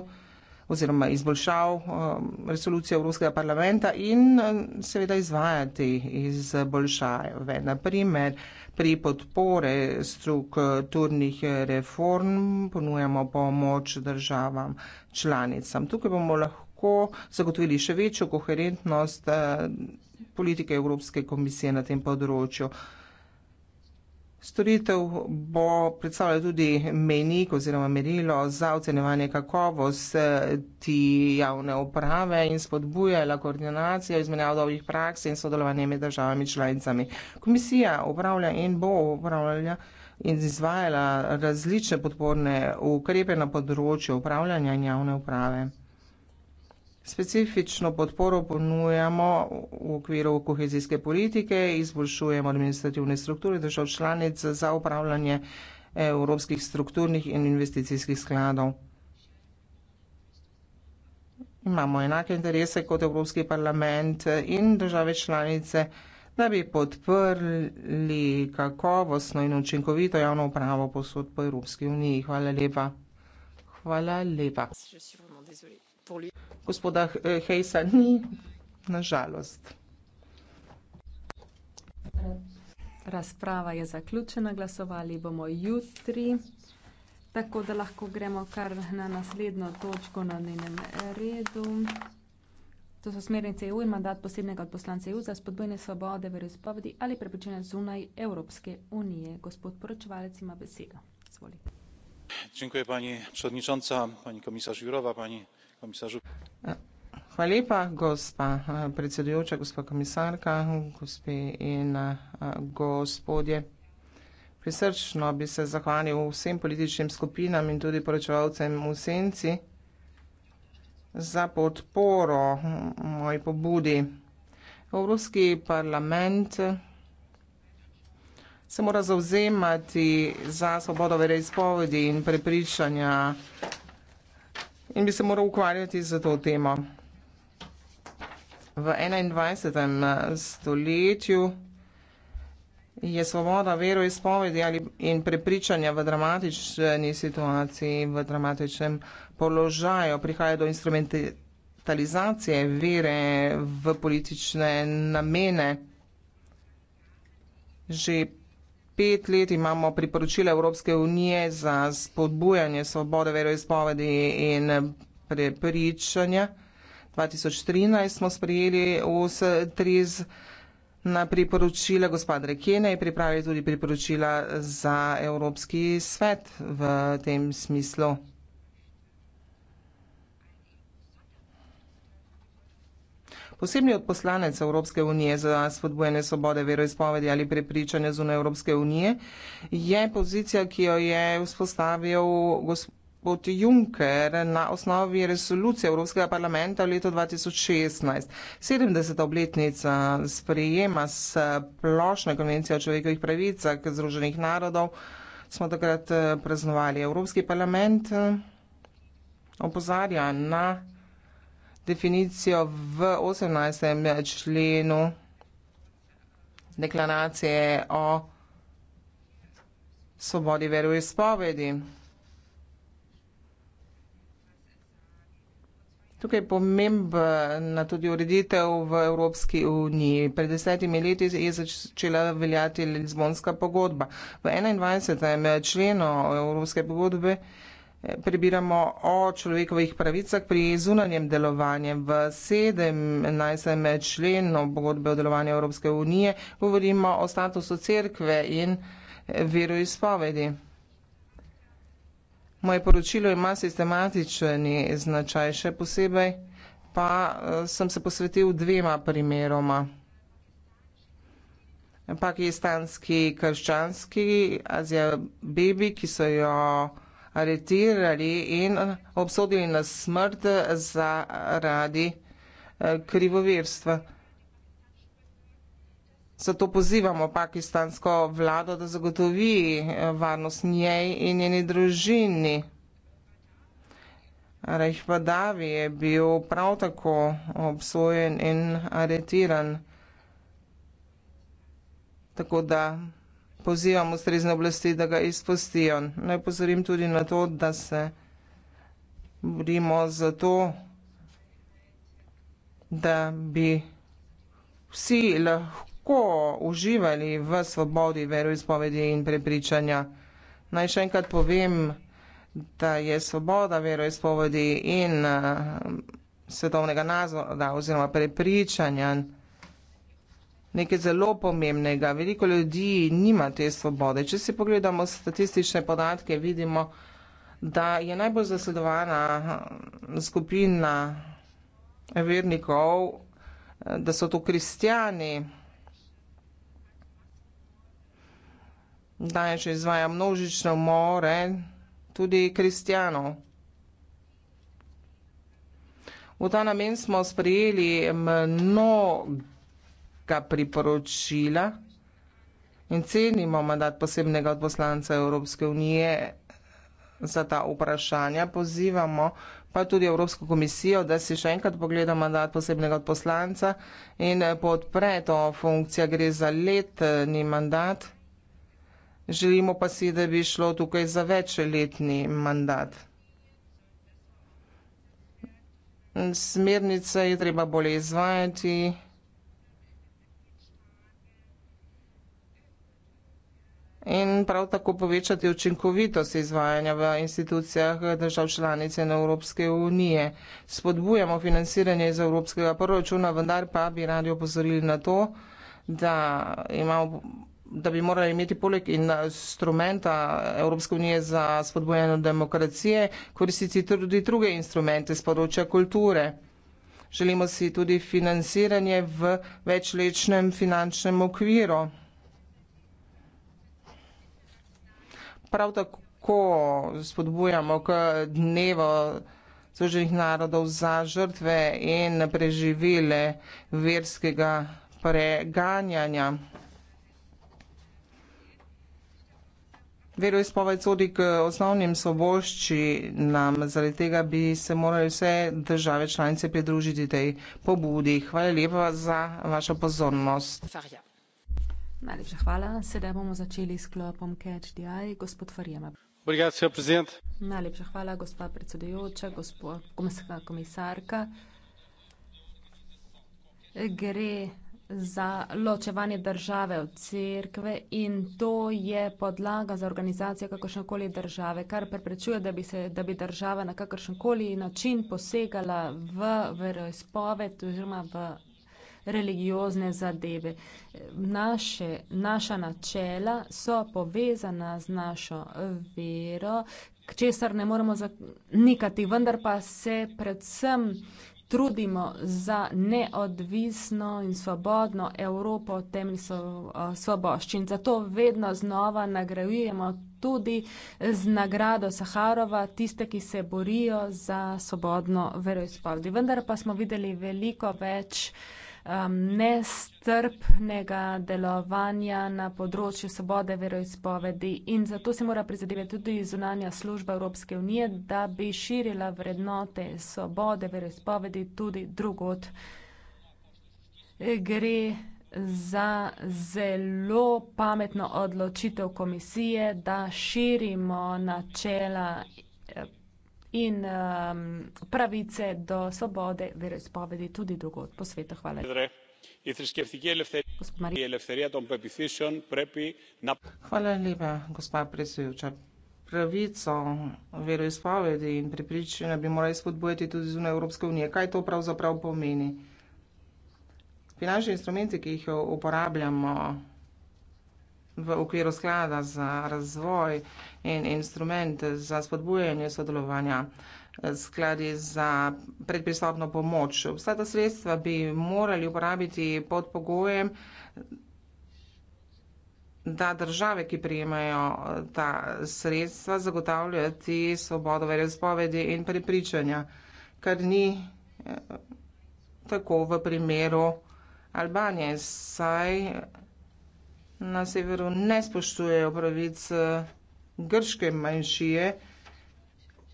oziroma izboljšav um, resolucije Evropskega parlamenta in um, seveda izvajati izboljšave. Naprimer, pri podpore strukturnih reform ponujamo pomoč državam članicam. Tukaj bomo lahko zagotovili še večjo koherentnost eh, politike Evropske komisije na tem področju. Storitev bo predstavljala tudi menik oziroma merilo za ocenevanje kakovosti javne uprave in spodbujala koordinacijo izmenjav dobrih praks in sodelovanje med državami članicami. Komisija upravlja in bo upravljala in izvajala različne podporne ukrepe na področju upravljanja in javne uprave. Specifično podporo ponujamo v okviru kohezijske politike, izboljšujemo administrativne strukture držav članic za upravljanje evropskih strukturnih in investicijskih skladov. Imamo enake interese kot Evropski parlament in države članice, da bi podprli kakovostno in učinkovito javno upravo posod po Evropski uniji. Hvala lepa. Hvala lepa gospoda eh, Hejsa ni, nažalost. Razprava je zaključena, glasovali bomo jutri, tako da lahko gremo kar na naslednjo točko na njenem redu. To so smernice EU in mandat posebnega od poslance EU za spodbojne svobode, verozpovedi ali prepočene zunaj Evropske unije. Gospod poročevalec ima besedo. Izvolite. Dziękuję pani przewodnicząca, pani komisarz Jurova, pani komisarju. Hvala lepa, gospa predsedujoča, gospa komisarka, gospe in gospodje. Prisrčno bi se zahvalil vsem političnim skupinam in tudi poročevalcem v senci za podporo moji pobudi. Evropski parlament se mora zauzemati za svobodo vere izpovedi in prepričanja in bi se moral ukvarjati za to temo. V 21. Eh, stoletju je svoboda vero izpovedi ali in prepričanja v dramatični situaciji, v dramatičnem položaju. Prihaja do instrumentalizacije vere v politične namene. Že pet let imamo priporočila Evropske unije za spodbujanje svobode veroizpovedi in prepričanja. 2013 smo sprejeli OS3 na priporočila gospod Rekene in pripravili tudi priporočila za Evropski svet v tem smislu. Osebni odposlanec Evropske unije za spodbojene svobode veroizpovedi ali prepričanja zunaj Evropske unije je pozicija, ki jo je vzpostavil gospod Juncker na osnovi resolucije Evropskega parlamenta v letu 2016. 70. obletnica sprejema s plošne konvencije o človekovih pravicah Združenih narodov smo takrat eh, praznovali. Evropski parlament eh, opozarja na definicijo v 18. členu deklaracije o svobodi veroizpovedi. Tukaj je pomembna tudi ureditev v Evropski uniji. Pred desetimi leti je začela veljati Lizbonska pogodba. V 21. členu Evropske pogodbe prebiramo o človekovih pravicah pri zunanjem delovanju. V 17. členu pogodbe o delovanju Evropske unije govorimo o statusu cerkve in veroizpovedi. Moje poročilo ima sistematičen značaj še posebej, pa eh, sem se posvetil dvema primeroma. Pakistanski krščanski Azija Bibi, ki so jo aretirali in obsodili na smrt zaradi eh, krivovirstva. Zato pozivamo pakistansko vlado, da zagotovi eh, varnost njej in njeni družini. Rajhvadavi je bil prav tako obsojen in aretiran. Tako da pozivam ustrezne oblasti, da ga izpustijo. Naj pozorim tudi na to, da se borimo za to, da bi vsi lahko uživali v svobodi veroizpovedi in prepričanja. Naj še enkrat povem, da je svoboda veroizpovedi in uh, svetovnega nazora oziroma prepričanja nekaj zelo pomembnega. Veliko ljudi nima te svobode. Če si pogledamo statistične podatke, vidimo, da je najbolj zasledovana hm, skupina vernikov, da so to kristijani, da je še izvaja množične umore tudi kristijanov. V ta namen smo sprejeli mnogo evropska priporočila in cenimo mandat posebnega odposlanca Evropske unije za ta vprašanja. Pozivamo pa tudi Evropsko komisijo, da si še enkrat pogleda mandat posebnega odposlanca in eh, podpre to funkcijo, gre za letni mandat. Želimo pa si, da bi šlo tukaj za večletni mandat. Smernice je treba bolje izvajati. in prav tako povečati učinkovitost izvajanja v institucijah držav članic in Evropske unije. Spodbujamo financiranje iz Evropskega proračuna, vendar pa bi radi opozorili na to, da imamo da bi morali imeti poleg instrumenta Evropske unije za spodbojanje demokracije koristiti tudi druge instrumente z področja kulture. Želimo si tudi financiranje v večlečnem finančnem okviru. prav tako spodbujamo k dnevo Združenih narodov za žrtve in preživele verskega preganjanja. Veroizpoved sodi k osnovnim svobošči nam, zaradi tega bi se morali vse države članice pridružiti tej pobudi. Hvala lepa za vašo pozornost. Farja. Najlepša hvala. Sedaj bomo začeli s klopom Catch the Eye. Gospod Farijama. Obrigado, Najlepša hvala, gospa predsedujoča, gospa komisarka. Gre za ločevanje države od cerkve in to je podlaga za organizacijo kakršnekoli države, kar preprečuje, da bi, se, da bi država na kakršenkoli način posegala v veroizpoved oziroma v religiozne zadeve. Naše, naša načela so povezana z našo vero, k česar ne moremo zanikati, vendar pa se predvsem trudimo za neodvisno in svobodno Evropo temelj eh, svoboščin. Zato vedno znova nagrajujemo tudi z nagrado Saharova tiste, ki se borijo za svobodno veroizpovedi. Vendar pa smo videli veliko več um, nestrpnega delovanja na področju svobode veroizpovedi in zato se mora prizadevati tudi zunanja služba Evropske unije, da bi širila vrednote svobode veroizpovedi tudi drugot. Gre za zelo pametno odločitev komisije, da širimo načela in um, pravice do svobode veroizpovedi tudi drugod po svetu. Hvala. Η θρησκευτική ελευθερία, η ελευθερία των πεπιθήσεων πρέπει να... Hvala lepa, gospa predsedujoča. Pravico veroizpovedi in pripričanja bi morali spodbujati tudi zunaj Evropske unije. Kaj to pravzaprav pomeni? Finančni instrumenti, ki jih uporabljamo v okviru sklada za razvoj, in instrument za spodbujanje sodelovanja eh, skladi za predpristopno pomoč. Vsa ta sredstva bi morali uporabiti pod pogojem, da države, ki prijemajo eh, ta sredstva, zagotavljati svobodo verjezpovedi in prepričanja, kar ni eh, tako v primeru Albanije, saj na severu ne spoštujejo pravic grške manjšije,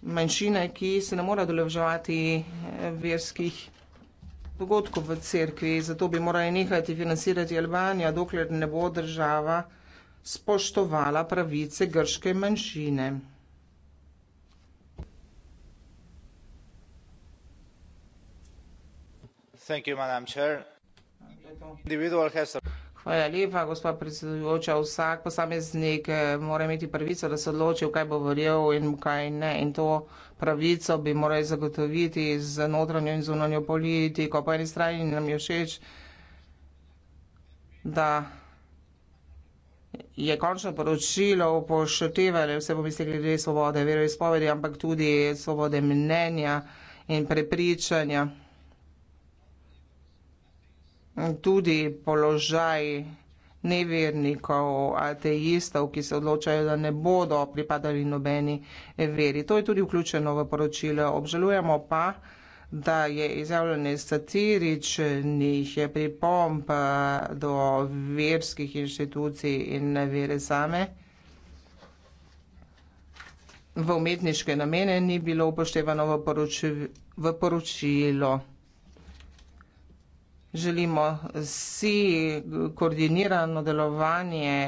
manjšine, ki se ne mora doleževati eh, verskih dogodkov v cerkvi, zato bi morali nehati financirati Albanijo, dokler ne bo država spoštovala pravice grške manjšine. Thank you, Madam Chair. Individual has Hvala lepa, gospod predsedujoča. Vsak posameznik eh, mora imeti pravico, da se odloči, kaj bo verjel in kaj ne. In to pravico bi morali zagotoviti z notranjo in zunanjo politiko. Po eni strani nam je všeč, da je končno poročilo upoštevalo vse pomisle glede svobode veroizpovedi, ampak tudi svobode mnenja in prepričanja tudi položaj nevernikov, ateistov, ki se odločajo, da ne bodo pripadali nobeni veri. To je tudi vključeno v poročilo. Obžalujemo pa, da je izjavljanje satiričnih pripomp eh, do verskih inštitucij in vere same v umetniške namene ni bilo upoštevano v, poroči, v poročilo želimo si koordinirano delovanje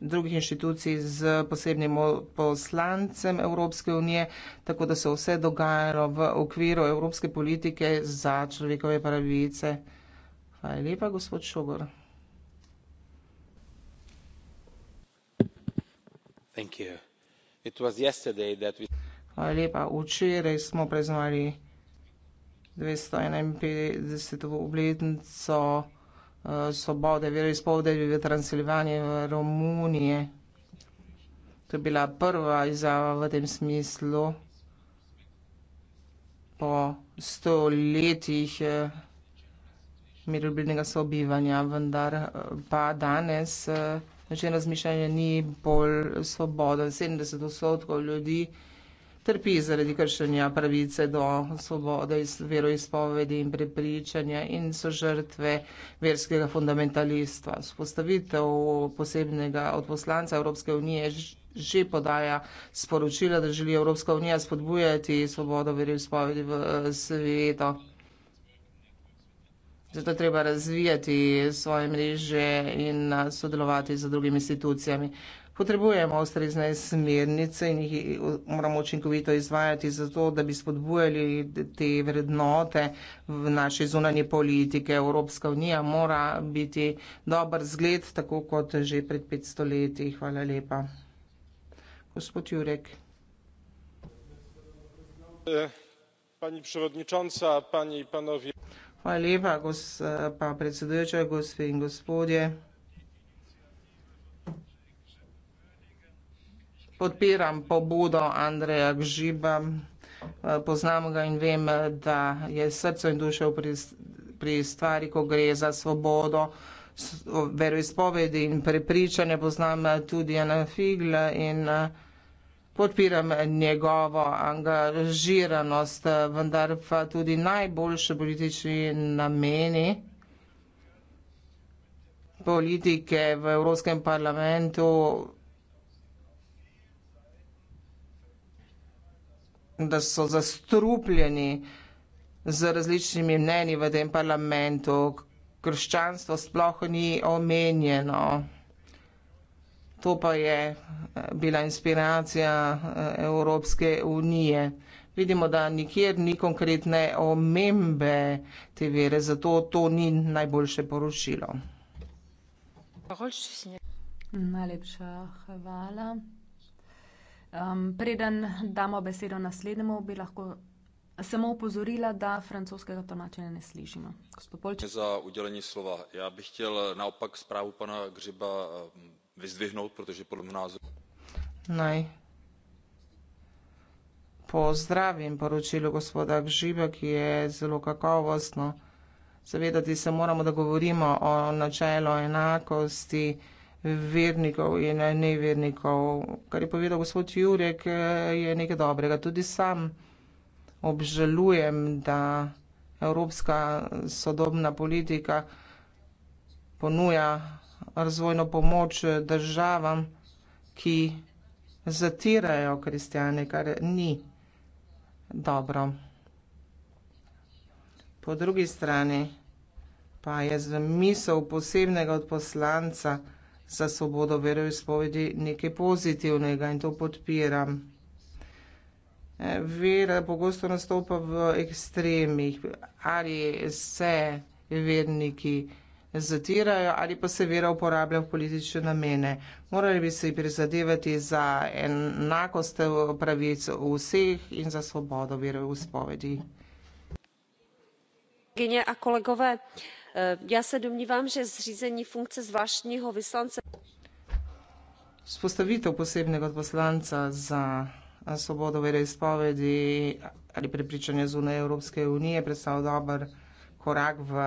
drugih inštitucij z posebnim poslancem Evropske unije, tako da se vse dogajalo v okviru Evropske politike za človekove pravice. Hvala lepa, gospod Šogor. Thank you. It was yesterday that we... Hvala lepa. Včeraj smo preznovali 251. obletnico uh, svobode veroizpovedi v Transilvaniji v Romuniji. To je bila prva izjava v tem smislu po stoletjih uh, miroljubnega sobivanja, vendar uh, pa danes uh, že razmišljanje ni bolj svobodno. 70 odstotkov ljudi uh, trpi zaradi kršenja pravice do svobode iz veroizpovedi in prepričanja in so žrtve verskega fundamentalistva. Spostavitev posebnega odposlanca Evropske unije že podaja sporočila, da želi Evropska unija spodbujati svobodo veroizpovedi v svetu. Zato treba razvijati svoje mreže in sodelovati z drugimi institucijami potrebujemo ustrezne smernice in jih moramo učinkovito izvajati zato, da bi spodbujali te vrednote v naši zunanje politike. Evropska unija mora biti dober zgled, tako kot že pred 500 leti. Hvala lepa. Gospod Jurek. Pani predsednica, pani in panovi. Hvala lepa, gospa predsedujoča, gospe in gospodje. podpiram pobudo Andreja Gžiba. Eh, poznam ga in vem, da je srce in dušo pri, pri stvari, ko gre za svobodo veroizpovedi in prepričanje. Poznam eh, tudi Jana Figla in eh, podpiram njegovo angažiranost, vendar pa tudi najboljše politični nameni politike v Evropskem parlamentu da so zastrupljeni z različnimi mnenji v tem parlamentu. Krščanstvo sploh ni omenjeno. To pa je eh, bila inspiracija eh, Evropske unije. Vidimo, da nikjer ni konkretne omembe te vere, zato to ni najboljše poročilo. Najlepša hvala. Um, preden damo besedo naslednjemu, bi lahko samo upozorila, da francoskega tolmačenja ne slišimo. Gospod Polček. Za udelanje slova. Ja bi htjel naopak spravu pana Griba vyzdvihnout, protože podle mnoha názoru... Naj pozdravim poročilo gospoda Gžiba, ki je zelo kakovostno. Zavedati se moramo, da govorimo o načelu enakosti, vernikov in eh, nevernikov. Kar je povedal gospod Jurek, eh, je nekaj dobrega. Tudi sam obžalujem, da evropska sodobna politika ponuja razvojno pomoč državam, ki zatirajo kristjane, kar ni dobro. Po drugi strani pa je zamisel posebnega odposlanca, za svobodo veroizpovedi nekaj pozitivnega in to podpiram. E, vera pogosto nastopa v ekstremih, ali se verniki zatirajo ali pa se vera uporablja v politične namene. Morali bi se prizadevati za enakost pravic vseh in za svobodo veroizpovedi. Genje a kolegove, Eh, já se domnívám že zřízení funkce zvláštního vyslance vzpostavitev posebnega odposlanca za svobodo veroizpovedi ali prepričanja zunaj evropske unije predstavlja dober korak v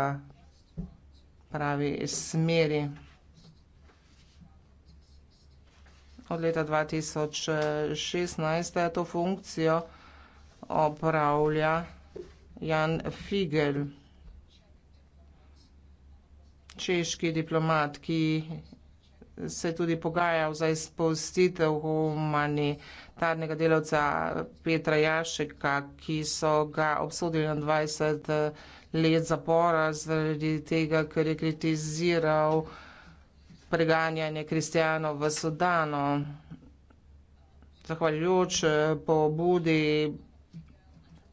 pravi smeri od leta dva tisoč, šestnajst pa je to funkcijo opravlja jan figelj češki diplomat, ki se je tudi pogajal za izpustitev humanitarnega delavca Petra Jašeka, ki so ga obsodili na 20 eh, let zapora zaradi tega, ker je kritiziral preganjanje kristijanov v Sudanu. Zahvaljujoč eh, pobudi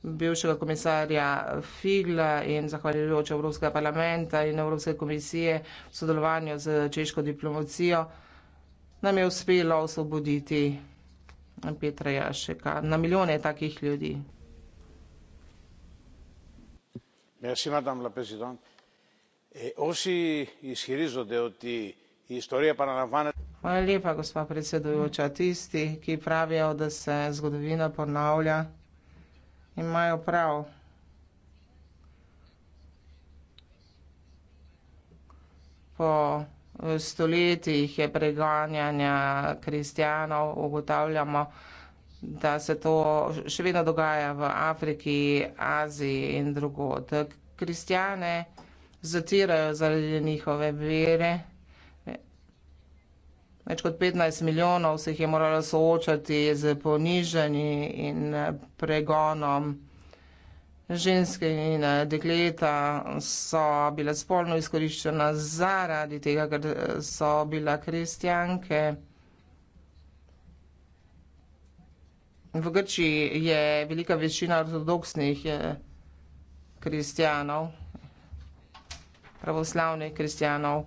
bivšega komisarja Figla in zahvaljujoč Evropskega parlamenta in Evropske komisije v sodelovanju z češko diplomacijo nam je uspelo osvoboditi Petra Jašeka na milijone takih ljudi. Merci, madame la présidente. Όσοι ισχυρίζονται ότι η ιστορία παραλαμβάνεται. Hvala lepa, gospa predsedujoča. Tisti, ki pravijo, da se zgodovina ponavlja, imajo prav. Po eh, stoletjih je preganjanja kristjanov, ugotavljamo, da se to še vedno dogaja v Afriki, Aziji in drugod. Kristjane zatirajo zaradi njihove vere. Več kot 15 milijonov se jih je moralo soočati z poniženji in pregonom. Ženske in eh, dekleta so bila spolno izkoriščena zaradi tega, ker eh, so bila kristjanke. V Grčiji je velika večina ortodoksnih eh, kristjanov, pravoslavnih kristjanov,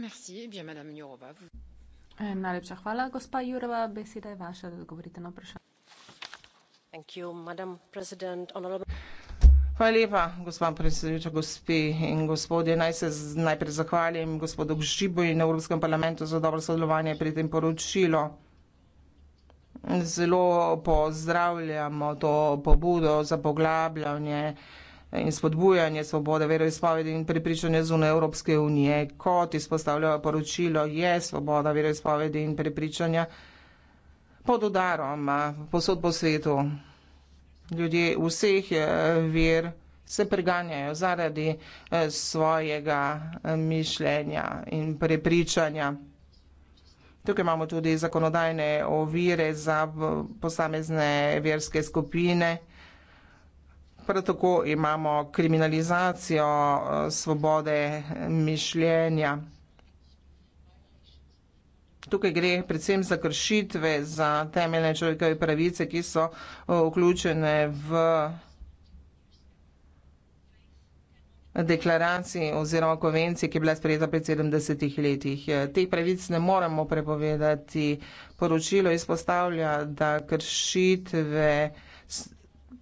Merci, eh bien madame Jourova. Vous... Eh, najlepša hvala, gospa Jourova, beseda je vaša, da odgovorite na vprašanje. Thank you, madam president, honorable Hvala lepa, gospod predsedujoča, gospe in gospodje. Naj se najprej zahvalim gospodu Gžibu in Evropskem parlamentu za dobro sodelovanje pri tem poročilu. Zelo pozdravljamo to pobudo za poglabljanje eh, in spodbujanje svobode veroizpovedi in prepričanja zunaj Evropske unije. Kot izpostavljajo poročilo, je svoboda veroizpovedi in prepričanja pod udarom posod po svetu. Ljudje vseh eh, ver se preganjajo zaradi eh, svojega eh, mišljenja in prepričanja. Tukaj imamo tudi zakonodajne ovire za posamezne verske skupine. Prav tako imamo kriminalizacijo eh, svobode mišljenja. Tukaj gre predvsem za kršitve, za temeljne človekove pravice, ki so eh, vključene v deklaraciji oziroma konvenciji, ki je bila sprejeta pred 70 letih. Eh, teh pravic ne moremo prepovedati. Poročilo izpostavlja, da kršitve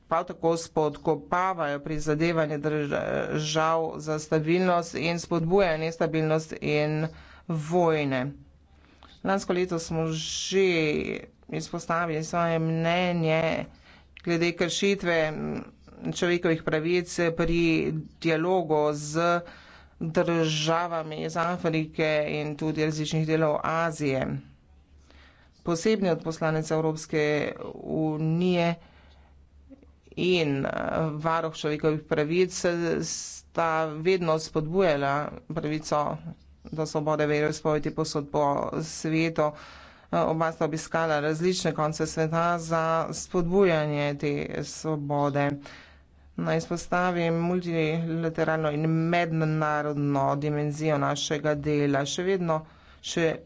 prav tako spodkopavajo prizadevanje držav za stabilnost in spodbujajo nestabilnost in vojne. Lansko leto smo že izpostavili svoje mnenje glede kršitve človekovih pravic pri dialogu z državami iz Afrike in tudi različnih delov Azije. Posebni odposlanec Evropske unije je in eh, varuh človekovih pravic eh, sta vedno spodbujala pravico do svobode vere izpovedi posod po svetu. Eh, oba sta obiskala različne konce sveta za spodbujanje te svobode. Naj izpostavim multilateralno in mednarodno dimenzijo našega dela. Še vedno, še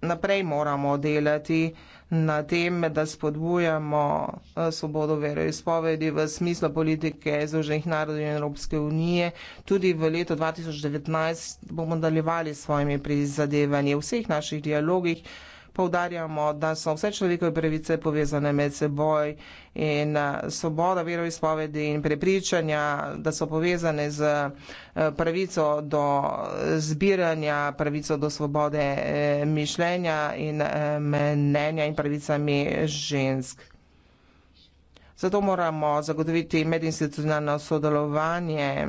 naprej moramo delati. Uh, na tem, da spodbujamo eh, svobodo veroizpovedi v smislu politike Združenih narodov in Evropske unije. Tudi v letu 2019 bomo nadaljevali s svojimi prizadevanji v vseh naših dialogih poudarjamo, da so vse človekove pravice povezane med seboj in eh, svoboda veroizpovedi in prepričanja, da so povezane z eh, pravico do zbiranja, pravico do svobode eh, mišljenja in mnenja in pravicami žensk. Zato moramo zagotoviti medinstitucionalno sodelovanje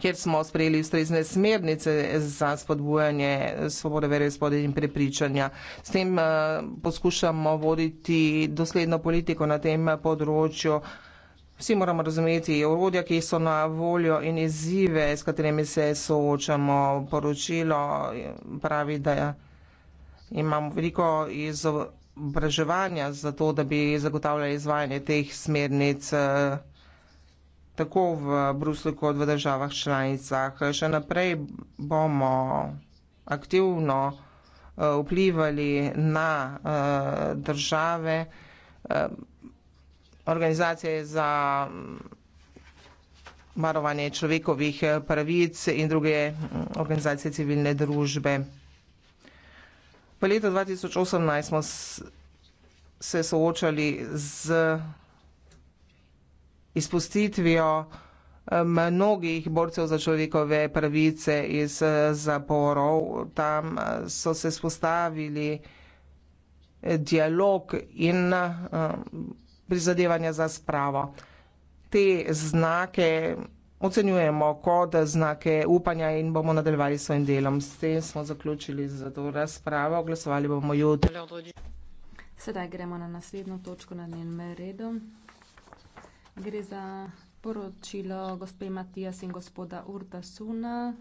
kjer smo sprejeli ustrezne smernice za spodbujanje svobode vere, spode in prepričanja. S tem eh, poskušamo voditi dosledno politiko na tem področju. Vsi moramo razumeti urodja, ki so na voljo in izzive, s katerimi se soočamo. Poročilo pravi, da imamo veliko izobraževanja za to, da bi zagotavljali izvajanje teh smernic tako v Bruslu kot v državah članicah. Še naprej bomo aktivno eh, vplivali na eh, države. Eh, organizacije za mm, varovanje človekovih pravic in druge mm, organizacije civilne družbe. V letu 2018 smo se soočali z izpustitvijo mnogih borcev za človekove pravice iz zaporov. Tam so se spostavili eh, dialog in prizadevanja za spravo. Te znake ocenjujemo kot znake upanja in bomo nadaljevali s svojim delom. S tem smo zaključili za to razpravo. Glasovali bomo jutri. Sedaj gremo na naslednjo točko na dnevnem redu. Gre za poročilo gospe Matijas in gospoda Urta Suna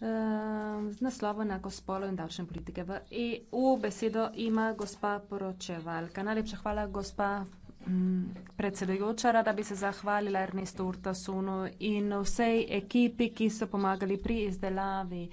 eh, z naslovo na gospolo in davčne politike v EU. Besedo ima gospa poročevalka. Najlepša hvala, gospa mm, predsedujoča. Rada bi se zahvalila Ernestu Urta Sunu in vsej ekipi, ki so pomagali pri izdelavi.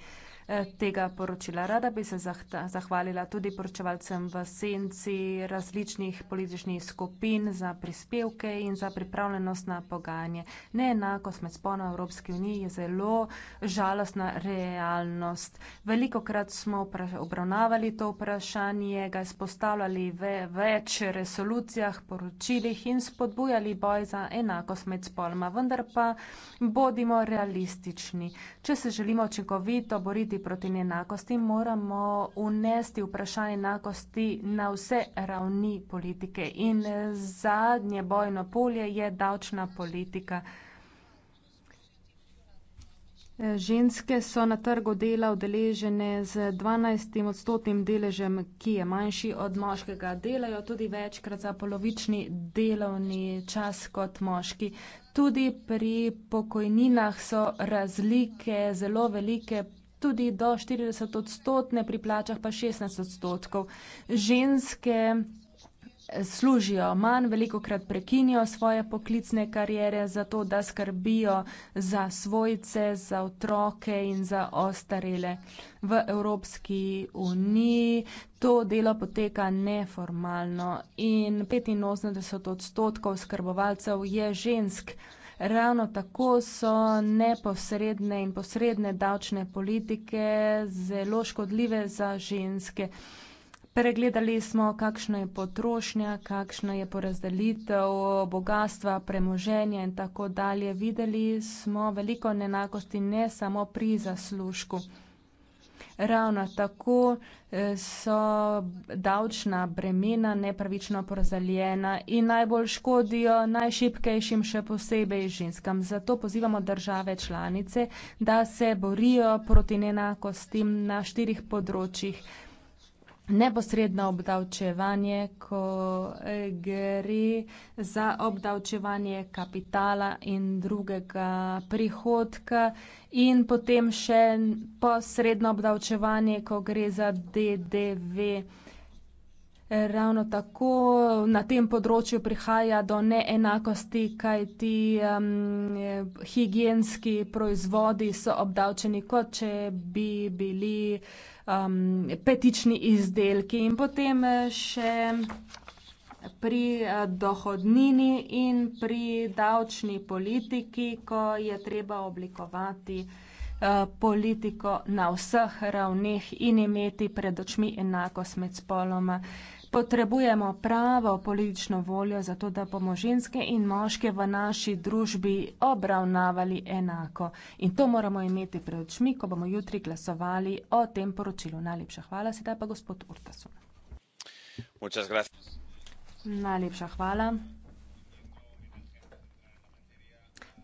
Eh, tega poročila. Rada bi se zahvalila tudi poročevalcem v senci različnih političnih skupin za prispevke in za pripravljenost na pogajanje. Neenakost med spolno Evropski uniji je zelo žalostna realnost. Veliko krat smo obravnavali to vprašanje, ga izpostavljali v več resolucijah, poročilih in spodbujali boj za enakost med spolma. Vendar pa bodimo realistični. Če se želimo očinkovito boriti boriti proti neenakosti, moramo unesti vprašanje enakosti na vse ravni politike. In zadnje bojno polje je davčna politika. Ženske so na trgu dela udeležene z 12 odstotnim deležem, ki je manjši od moškega. Delajo tudi večkrat za polovični delovni čas kot moški. Tudi pri pokojninah so razlike zelo velike, tudi do 40 odstotne, pri plačah pa 16 odstotkov. Ženske eh, služijo manj, veliko krat prekinijo svoje poklicne karijere za to, da skrbijo za svojce, za otroke in za ostarele. V Evropski uniji to delo poteka neformalno in 85 odstotkov skrbovalcev je žensk. Ravno tako so neposredne in posredne davčne politike zelo škodljive za ženske. Pregledali smo, kakšna je potrošnja, kakšna je porazdelitev bogatstva, premoženja in tako dalje. Videli smo veliko nenakosti, ne samo pri zaslužku. Ravno tako eh, so davčna bremena nepravično porazdeljena in najbolj škodijo najšipkejšim, še posebej ženskam. Zato pozivamo države članice, da se borijo proti nenakostim na štirih področjih neposredno obdavčevanje, ko eh, gre za obdavčevanje kapitala in drugega prihodka in potem še posredno obdavčevanje, ko gre za DDV. Ravno tako na tem področju prihaja do neenakosti, kajti higienski proizvodi so obdavčeni, kot če bi bili um, petični izdelki in potem eh, še pri eh, dohodnini in pri davčni politiki, ko je treba oblikovati eh, politiko na vseh ravneh in imeti pred očmi enakost med spoloma. Potrebujemo pravo politično voljo za to, da bomo ženske in moške v naši družbi obravnavali enako. In to moramo imeti pred očmi, ko bomo jutri glasovali o tem poročilu. Najlepša hvala, sedaj pa gospod Urtasun. Najlepša hvala.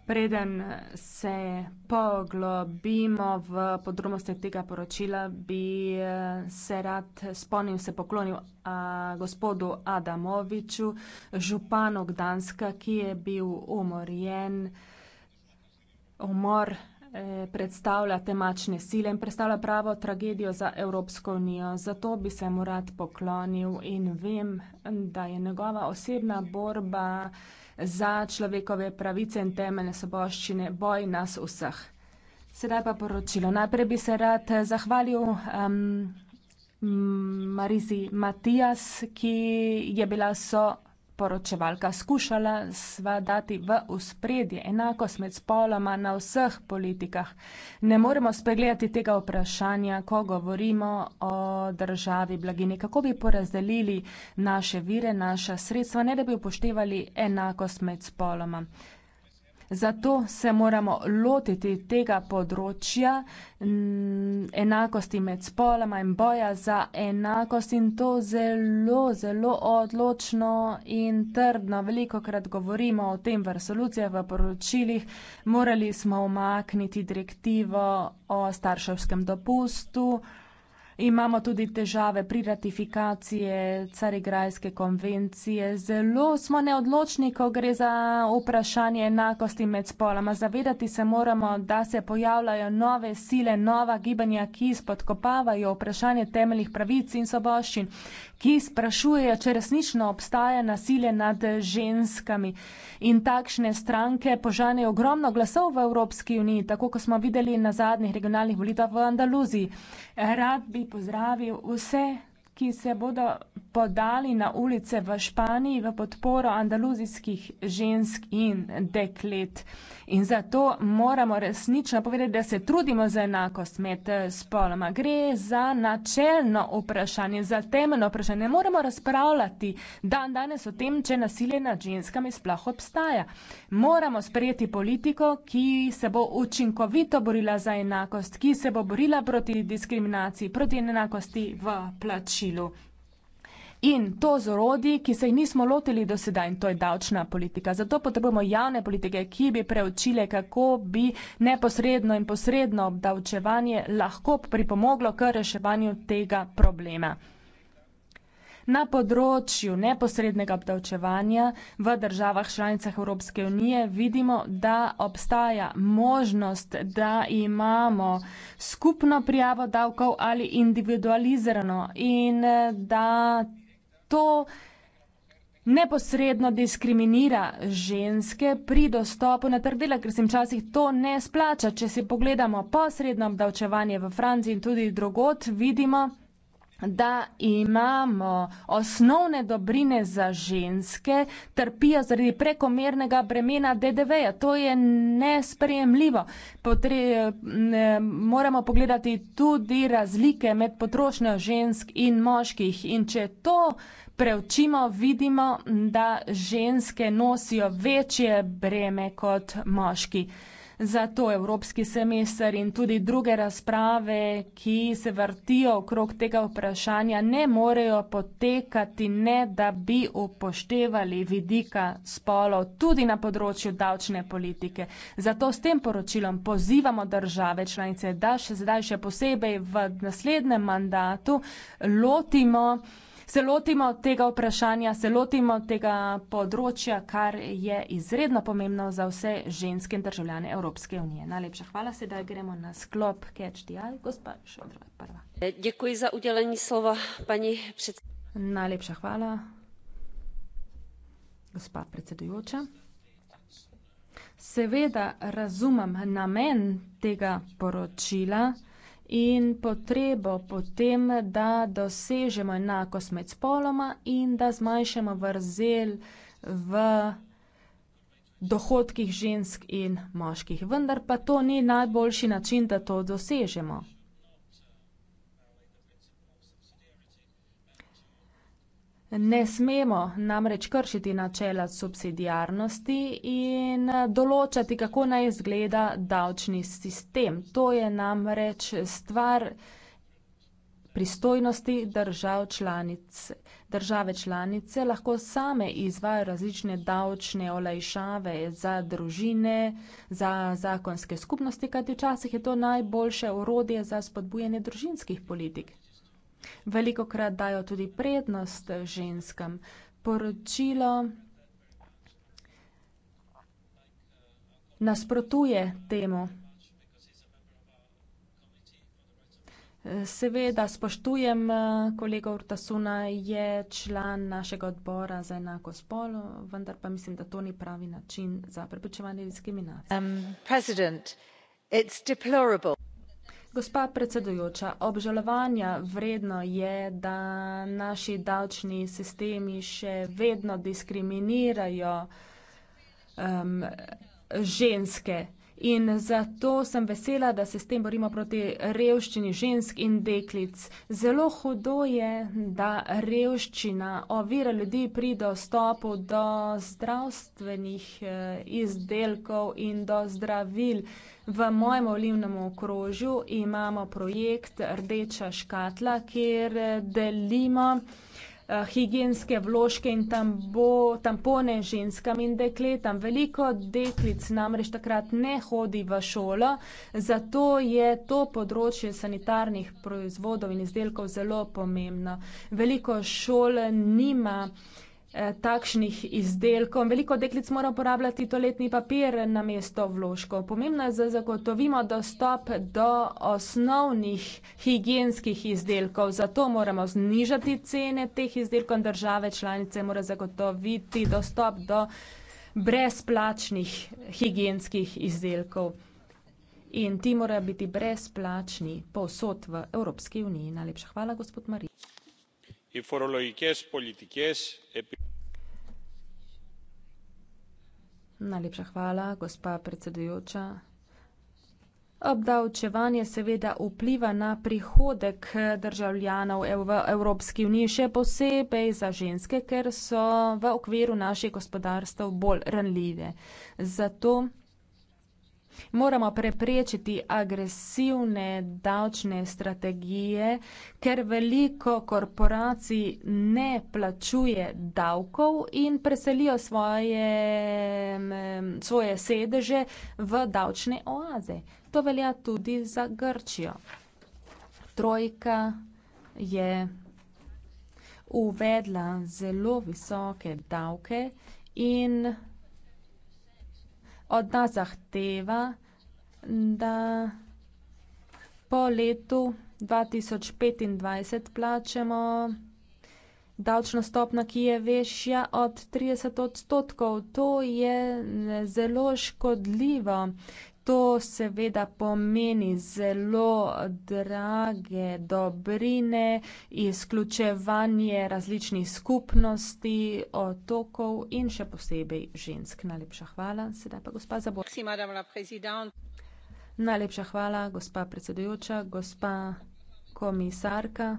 Preden eh, se poglobimo v podrobnosti tega poročila, bi eh, se rad spomnil, se poklonil a, gospodu Adamoviču, županu Gdanska, ki je bil umorjen. Umor e, predstavlja temačne sile in predstavlja pravo tragedijo za Evropsko unijo. Zato bi se mu rad poklonil in vem, da je njegova osebna borba za človekove pravice in temeljne soboščine, boj nas vseh. Sedaj pa poročilo. Najprej bi se rad eh, zahvalil um, Marizi Matijas, ki je bila so poročevalka skušala sva dati v uspredje enakost med spoloma na vseh politikah. Ne moremo spregledati tega vprašanja, ko govorimo o državi blagini. Kako bi porazdelili naše vire, naša sredstva, ne da bi upoštevali enakost med spoloma? Zato se moramo lotiti tega področja enakosti med spoloma in boja za enakost in to zelo, zelo odločno in trdno. Veliko krat govorimo o tem v resolucijah, v poročilih. Morali smo omakniti direktivo o starševskem dopustu. Imamo tudi težave pri ratifikaciji Carigrajske konvencije. Zelo smo neodločni, ko gre za vprašanje enakosti med spoloma. Zavedati se moramo, da se pojavljajo nove sile, nova gibanja, ki spodkopavajo vprašanje temeljnih pravic in soboščin ki sprašujejo, če resnično obstaja nasilje nad ženskami. In takšne stranke požanejo ogromno glasov v Evropski uniji, tako kot smo videli na zadnjih regionalnih volitvah v Andaluziji. Rad bi pozdravil vse ki se bodo podali na ulice v Španiji v podporo andaluzijskih žensk in deklet. In zato moramo resnično povedati, da se trudimo za enakost med eh, spoloma. Gre za načelno vprašanje, za temeljno vprašanje. Ne moramo razpravljati dan danes o tem, če nasilje nad ženskami sploh obstaja. Moramo sprejeti politiko, ki se bo učinkovito borila za enakost, ki se bo borila proti diskriminaciji, proti enakosti v plači plačilu. In to z orodji, ki se jih nismo lotili do sedaj, in to je davčna politika. Zato potrebujemo javne politike, ki bi preučile, kako bi neposredno in posredno obdavčevanje lahko pripomoglo k reševanju tega problema. Na področju neposrednega obdavčevanja v državah članicah Evropske unije vidimo, da obstaja možnost, da imamo skupno prijavo davkov ali individualizirano in da to neposredno diskriminira ženske pri dostopu na trg dela, ker se jim včasih to ne splača. Če si pogledamo posredno obdavčevanje v Franciji in tudi drugot, vidimo, da imamo osnovne dobrine za ženske, trpijo zaradi prekomernega bremena DDV-ja. To je nesprejemljivo. Potre, ne, moramo pogledati tudi razlike med potrošnjo žensk in moških. In če to preučimo, vidimo, da ženske nosijo večje breme kot moški. Zato evropski semester in tudi druge razprave, ki se vrtijo okrog tega vprašanja, ne morejo potekati, ne da bi upoštevali vidika spolov tudi na področju davčne politike. Zato s tem poročilom pozivamo države članice, da še zdaj, še posebej v naslednjem mandatu, lotimo se lotimo tega vprašanja, se lotimo tega področja, kar je izredno pomembno za vse ženske in državljane Evropske unije. Najlepša hvala, sedaj gremo na sklop Catch the Eye, gospa Šodrova prva. Děkuji za udělení slova, paní předsed... Najlepša hvala, gospa predsedujoča. Seveda razumem namen tega poročila, in potrebo potem, da dosežemo enakost med spoloma in da zmanjšamo vrzel v dohodkih žensk in moških. Vendar pa to ni najboljši način, da to dosežemo. Ne smemo namreč kršiti načela subsidijarnosti in določati, kako naj izgleda davčni sistem. To je namreč stvar pristojnosti držav članic. Države članice lahko same izvajo različne davčne olajšave za družine, za zakonske skupnosti, kajti včasih je to najboljše urodje za spodbujanje družinskih politik. Veliko krat dajo tudi prednost ženskam. Poročilo nasprotuje temu. Seveda spoštujem eh, kolega Urtasuna, je član našega odbora za enako spolo, vendar pa mislim, da to ni pravi način za preprečevanje diskriminacije. Um, Gospa predsedujoča, obžalovanja vredno je, da naši davčni sistemi še vedno diskriminirajo um, ženske. In zato sem vesela, da se s tem borimo proti revščini žensk in deklic. Zelo hudo je, da revščina ovira ljudi pri dostopu do zdravstvenih eh, izdelkov in do zdravil. V mojem volivnem okrožju imamo projekt Rdeča škatla, kjer eh, delimo uh, eh, higijenske vložke in tambo, tampone ženskam in dekletam. Veliko deklic namreč takrat ne hodi v šolo, zato je to področje sanitarnih proizvodov in izdelkov zelo pomembno. Veliko šol nima uh, eh, takšnih izdelkov. Veliko deklic mora uporabljati toaletni papir na mesto vložko. Pomembno je, da zagotovimo dostop do osnovnih higijenskih izdelkov. Zato moramo znižati cene teh izdelkov in države članice mora zagotoviti dostop do brezplačnih higijenskih izdelkov. In ti morajo biti brezplačni povsod v Evropski uniji. Najlepša hvala, gospod Marija οι φορολογικές πολιτικές Najlepša hvala, gospa predsedujoča. Obdavčevanje seveda vpliva na prihodek državljanov v Evropski uniji, še posebej za ženske, ker so v okviru naših gospodarstv bolj ranljive. Zato moramo preprečiti agresivne davčne strategije, ker veliko korporacij ne plačuje davkov in preselijo svoje, svoje sedeže v davčne oaze. To velja tudi za Grčijo. Trojka je uvedla zelo visoke davke in od nas zahteva, da po letu 2025 plačemo davčno stopno, ki je večja od 30 odstotkov. To je zelo škodljivo, to seveda pomeni zelo drage dobrine, izključevanje različnih skupnosti, otokov in še posebej žensk. Najlepša hvala. Sedaj pa gospa Zabor. Najlepša hvala, gospa predsedujoča, gospa komisarka.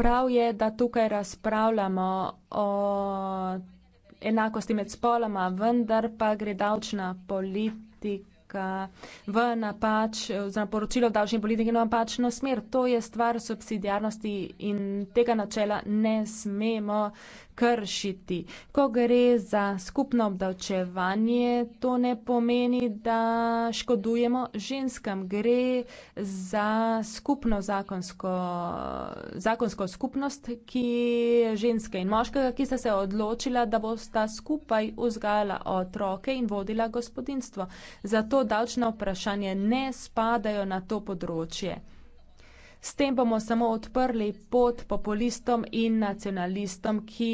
prav je, da tukaj razpravljamo o enakosti med spoloma, vendar pa gre davčna politika v napač, oziroma poročilo v davčni politiki v napačno smer. To je stvar subsidijarnosti in tega načela ne smemo kršiti. Ko gre za skupno obdavčevanje, to ne pomeni, da škodujemo ženskam. Gre za skupno zakonsko, zakonsko skupnost, ki je ženska in moškega, ki sta se odločila, da bosta skupaj vzgajala otroke in vodila gospodinstvo. Zato davčna vprašanja ne spadajo na to področje. S tem bomo samo odprli pot populistom in nacionalistom, ki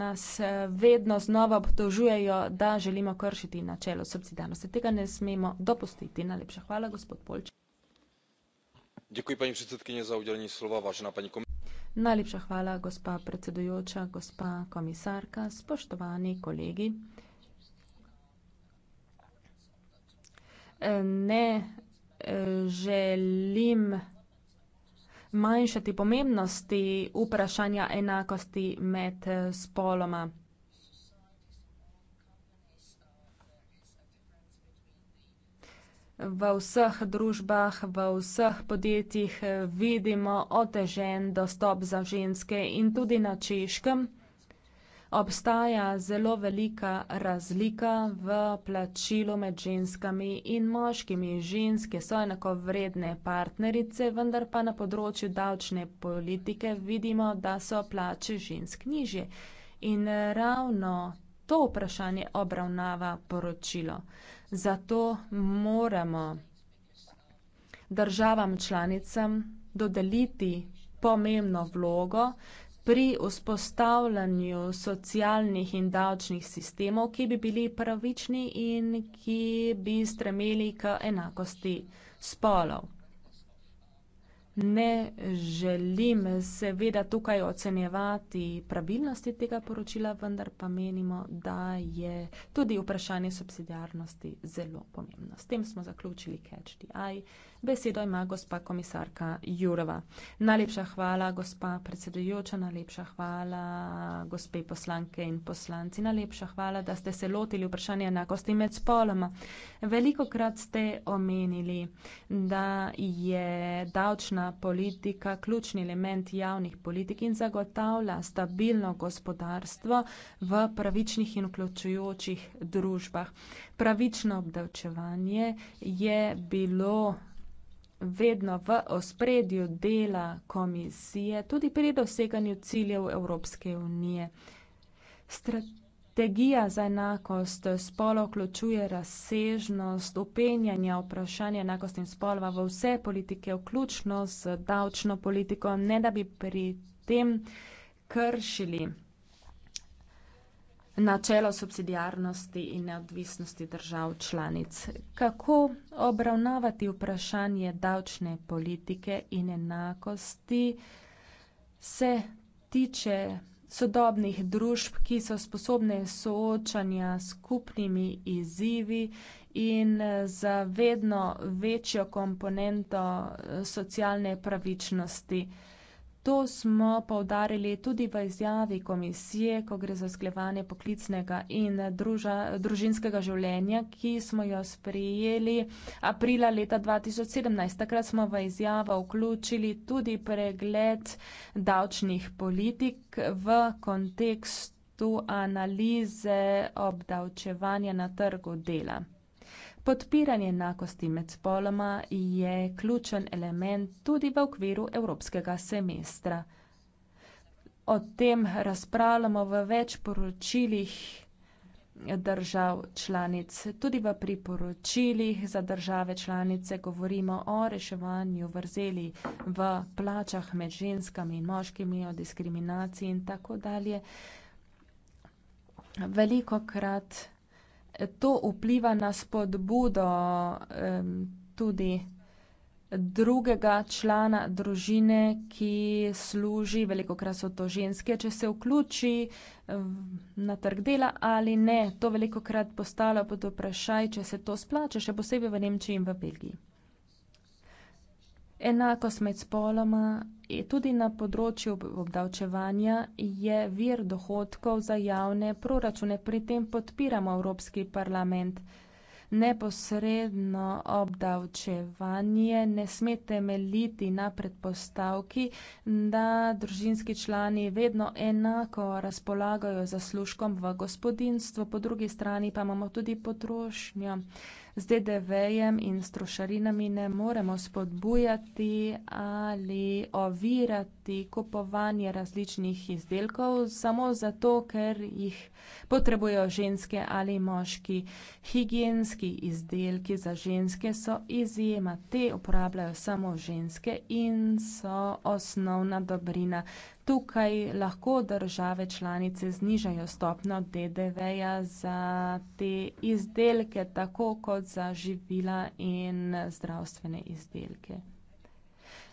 nas eh, vedno znova obtožujejo, da želimo kršiti načelo subsidarnosti. Tega ne smemo dopustiti. Najlepša hvala, gospod Polček. Děkuji, paní předsedkyně, za udělení slova. Vážená paní kom... Najlepša hvala, gospa predsedujoča, gospa komisarka, spoštovani kolegi. Eh, ne eh, želim manjšati pomembnosti vprašanja enakosti med eh, spoloma. V vseh družbah, v vseh podjetjih eh, vidimo otežen dostop za ženske in tudi na Češkem obstaja zelo velika razlika v plačilu med ženskami in moškimi. Ženske so enakovredne partnerice, vendar pa na področju davčne politike vidimo, da so plače žensk nižje. In ravno to vprašanje obravnava poročilo. Zato moramo državam članicam dodeliti pomembno vlogo, pri vzpostavljanju socialnih in davčnih sistemov, ki bi bili pravični in ki bi stremeli k enakosti spolov. Ne želim seveda tukaj ocenjevati pravilnosti tega poročila, vendar pa menimo, da je tudi vprašanje subsidiarnosti zelo pomembno. S tem smo zaključili Catch the Eye. Besedo ima gospa komisarka Jurova. Najlepša hvala, gospa predsedujoča, najlepša hvala, gospe poslanke in poslanci, najlepša hvala, da ste se lotili vprašanja enakosti med spoloma. Veliko krat ste omenili, da je davčna politika ključni element javnih politik in zagotavlja stabilno gospodarstvo v pravičnih in vključujočih družbah. Pravično obdavčevanje je bilo vedno v ospredju dela komisije, tudi pri doseganju ciljev Evropske unije. Strategija za enakost spolo vključuje razsežnost upenjanja vprašanja enakosti in spolva v vse politike, vključno s davčno politiko, ne da bi pri tem kršili načelo subsidijarnosti in neodvisnosti držav članic. Kako obravnavati vprašanje davčne politike in enakosti se tiče sodobnih družb, ki so sposobne soočanja s skupnimi izzivi in za vedno večjo komponento eh, socialne pravičnosti. To smo povdarili tudi v izjavi komisije, ko gre za sklevanje poklicnega in druža, družinskega življenja, ki smo jo sprijeli aprila leta 2017. Takrat smo v izjavo vključili tudi pregled davčnih politik v kontekstu analize obdavčevanja na trgu dela. Podpiranje enakosti med spoloma je ključen element tudi v okviru evropskega semestra. O tem razpravljamo v več poročilih držav članic. Tudi v priporočilih za države članice govorimo o reševanju vrzeli v plačah med ženskami in moškimi, o diskriminaciji in tako dalje. Veliko krat to vpliva na spodbudo um, tudi drugega člana družine, ki služi, veliko krat so to ženske, če se vključi na trg dela ali ne. To veliko krat postalo pod vprašaj, če se to splača, še posebej v Nemčiji in v Belgiji. Enakost med spoloma je tudi na področju obdavčevanja je vir dohodkov za javne proračune. Pri tem podpiramo Evropski parlament. Neposredno obdavčevanje ne sme temeljiti na predpostavki, da družinski člani vedno enako razpolagajo zaslužkom v gospodinstvu, po drugi strani pa imamo tudi potrošnjo z DDV-jem in s trošarinami ne moremo spodbujati ali ovirati kupovanje različnih izdelkov samo zato, ker jih potrebujejo ženske ali moški. Higijenski izdelki za ženske so izjema, te uporabljajo samo ženske in so osnovna dobrina. Tukaj lahko države članice znižajo stopno DDV-ja za te izdelke, tako kot za živila in zdravstvene izdelke.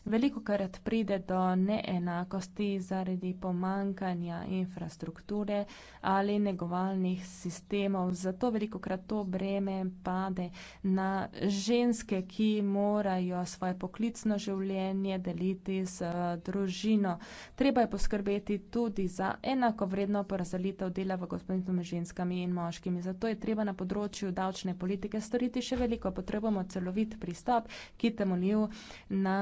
Veliko krat pride do neenakosti zaradi pomankanja infrastrukture ali negovalnih sistemov, zato veliko krat to breme pade na ženske, ki morajo svoje poklicno življenje deliti z družino. Treba je poskrbeti tudi za enako vredno porazdelitev dela v gospodinstvu med ženskami in moškimi. Zato je treba na področju davčne politike storiti še veliko. Potrebujemo celovit pristop, ki temeljil na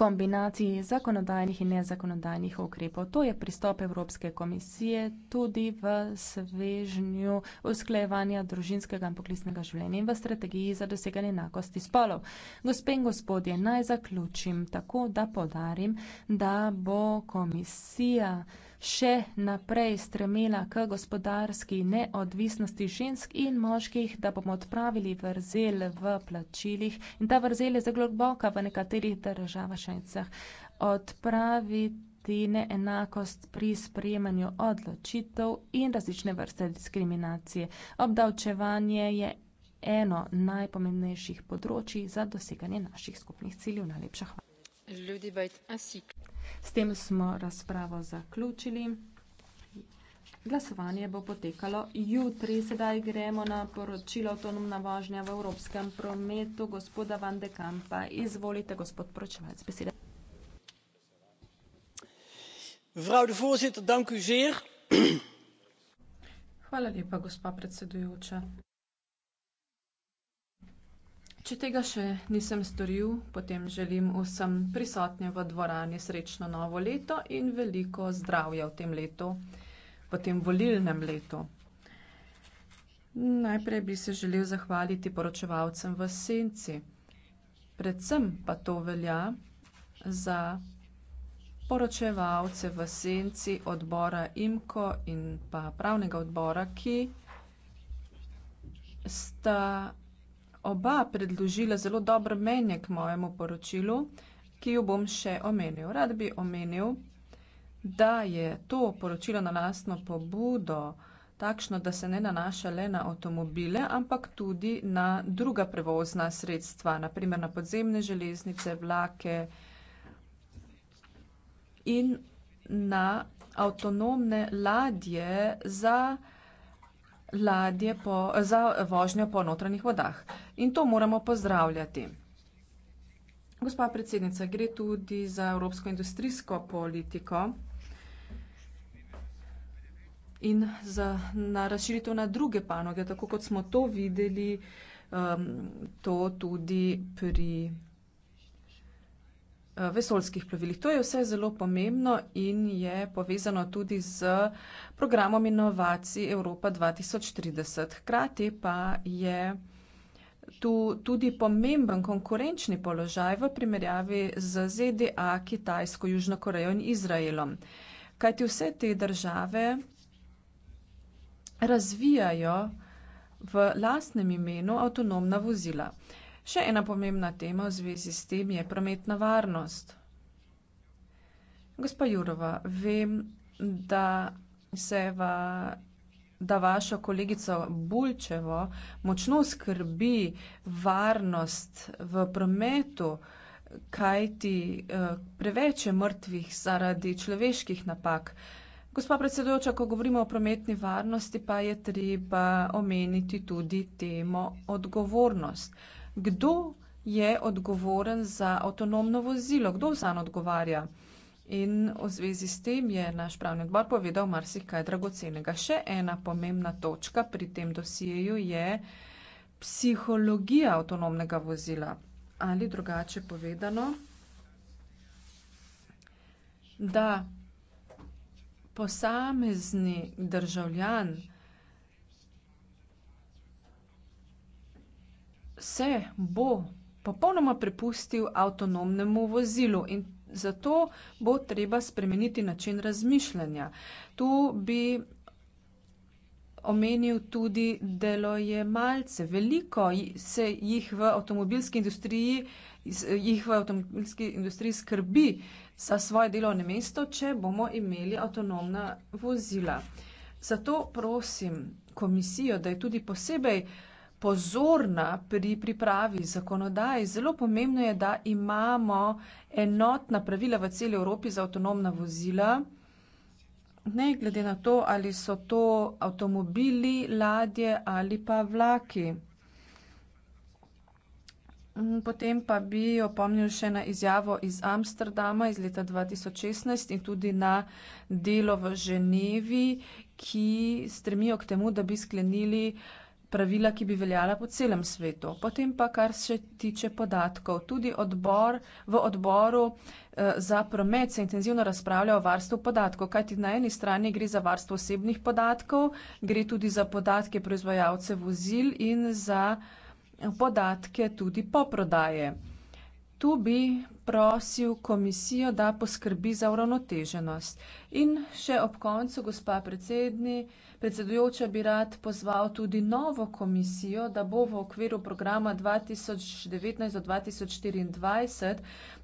kombinaciji zakonodajnih in nezakonodajnih ukrepov. To je pristop Evropske komisije tudi v svežnju usklejevanja družinskega in poklicnega življenja in v strategiji za doseganje enakosti spolov. Gospe in gospodje, naj zaključim tako, da podarim, da bo komisija še naprej stremela k gospodarski neodvisnosti žensk in moških, da bomo odpravili vrzel v plačilih in ta vrzel je zelo globoka v nekaterih državah šencah. Odpraviti neenakost pri sprejemanju odločitev in različne vrste diskriminacije. Obdavčevanje je eno najpomembnejših področji za doseganje naših skupnih ciljev. Najlepša hvala. S tem smo razpravo zaključili. Glasovanje bo potekalo jutri. Sedaj gremo na poročilo avtonomna vožnja v evropskem prometu gospoda Van de Kampa. Izvolite, gospod Pročevalc, beseda. Hvala lepa, gospa predsedujoča. Če tega še nisem storil, potem želim vsem prisotnim v dvorani srečno novo leto in veliko zdravja v tem letu, v tem volilnem letu. Najprej bi se želel zahvaliti poročevalcem v senci. Predvsem pa to velja za poročevalce v senci odbora IMKO in pa pravnega odbora, ki sta oba predložila zelo dobro mnenje k mojemu poročilu, ki jo bom še omenil. Rad bi omenil, da je to poročilo na lastno pobudo takšno, da se ne nanaša le na avtomobile, ampak tudi na druga prevozna sredstva, naprimer na podzemne železnice, vlake in na avtonomne ladje za ladje po, za vožnjo po notranjih vodah. In to moramo pozdravljati. Gospa predsednica, gre tudi za evropsko industrijsko politiko in za, na razširitev na druge panoge, tako kot smo to videli um, to tudi pri Eh, vesoljskih plovilih. To je vse zelo pomembno in je povezano tudi z programom inovacij Evropa 2030. Hkrati pa je tu tudi pomemben konkurenčni položaj v primerjavi z ZDA, Kitajsko, Južno Korejo in Izraelom. Kaj ti vse te države razvijajo v lastnem imenu avtonomna vozila? Uh, Še ena pomembna tema v zvezi s tem je prometna varnost. Gospa Jurova, vem, da se va, da vašo kolegico Bulčevo močno skrbi varnost v prometu, kaj ti eh, preveč je mrtvih zaradi človeških napak. Gospa predsedujoča, ko govorimo o prometni varnosti, pa je treba omeniti tudi temo odgovornost kdo je odgovoren za avtonomno vozilo, kdo vsan odgovarja. In v zvezi s tem je naš pravni odbor povedal marsikaj dragocenega. Še ena pomembna točka pri tem dosijeju je psihologija avtonomnega vozila. Ali drugače povedano, da posamezni državljan se bo popolnoma prepustil avtonomnemu vozilu in zato bo treba spremeniti način razmišljanja. Tu bi omenil tudi delojemalce. Veliko se jih v avtomobilski industriji, jih v avtomobilski industriji skrbi za svoje delovne mesto, če bomo imeli avtonomna vozila. Zato prosim komisijo, da je tudi posebej uh, pozorna pri pripravi zakonodaje. Zelo pomembno je, da imamo enotna pravila v celi Evropi za avtonomna vozila. Ne glede na to, ali so to avtomobili, ladje ali pa vlaki. Mm, potem pa bi opomnil še na izjavo iz Amsterdama iz leta 2016 in tudi na delo v Ženevi, ki stremijo k temu, da bi sklenili uh, pravila, ki bi veljala po celem svetu. Potem pa, kar se tiče podatkov, tudi odbor, v odboru eh, za promet se intenzivno razpravlja o varstvu podatkov, kajti na eni strani gre za varstvo osebnih podatkov, gre tudi za podatke proizvajalce vozil in za podatke tudi po prodaje. Tu bi prosil komisijo, da poskrbi za uravnoteženost. In še ob koncu, gospa predsednica. Predsedujoča bi rad pozval tudi novo komisijo, da bo v okviru programa 2019-2024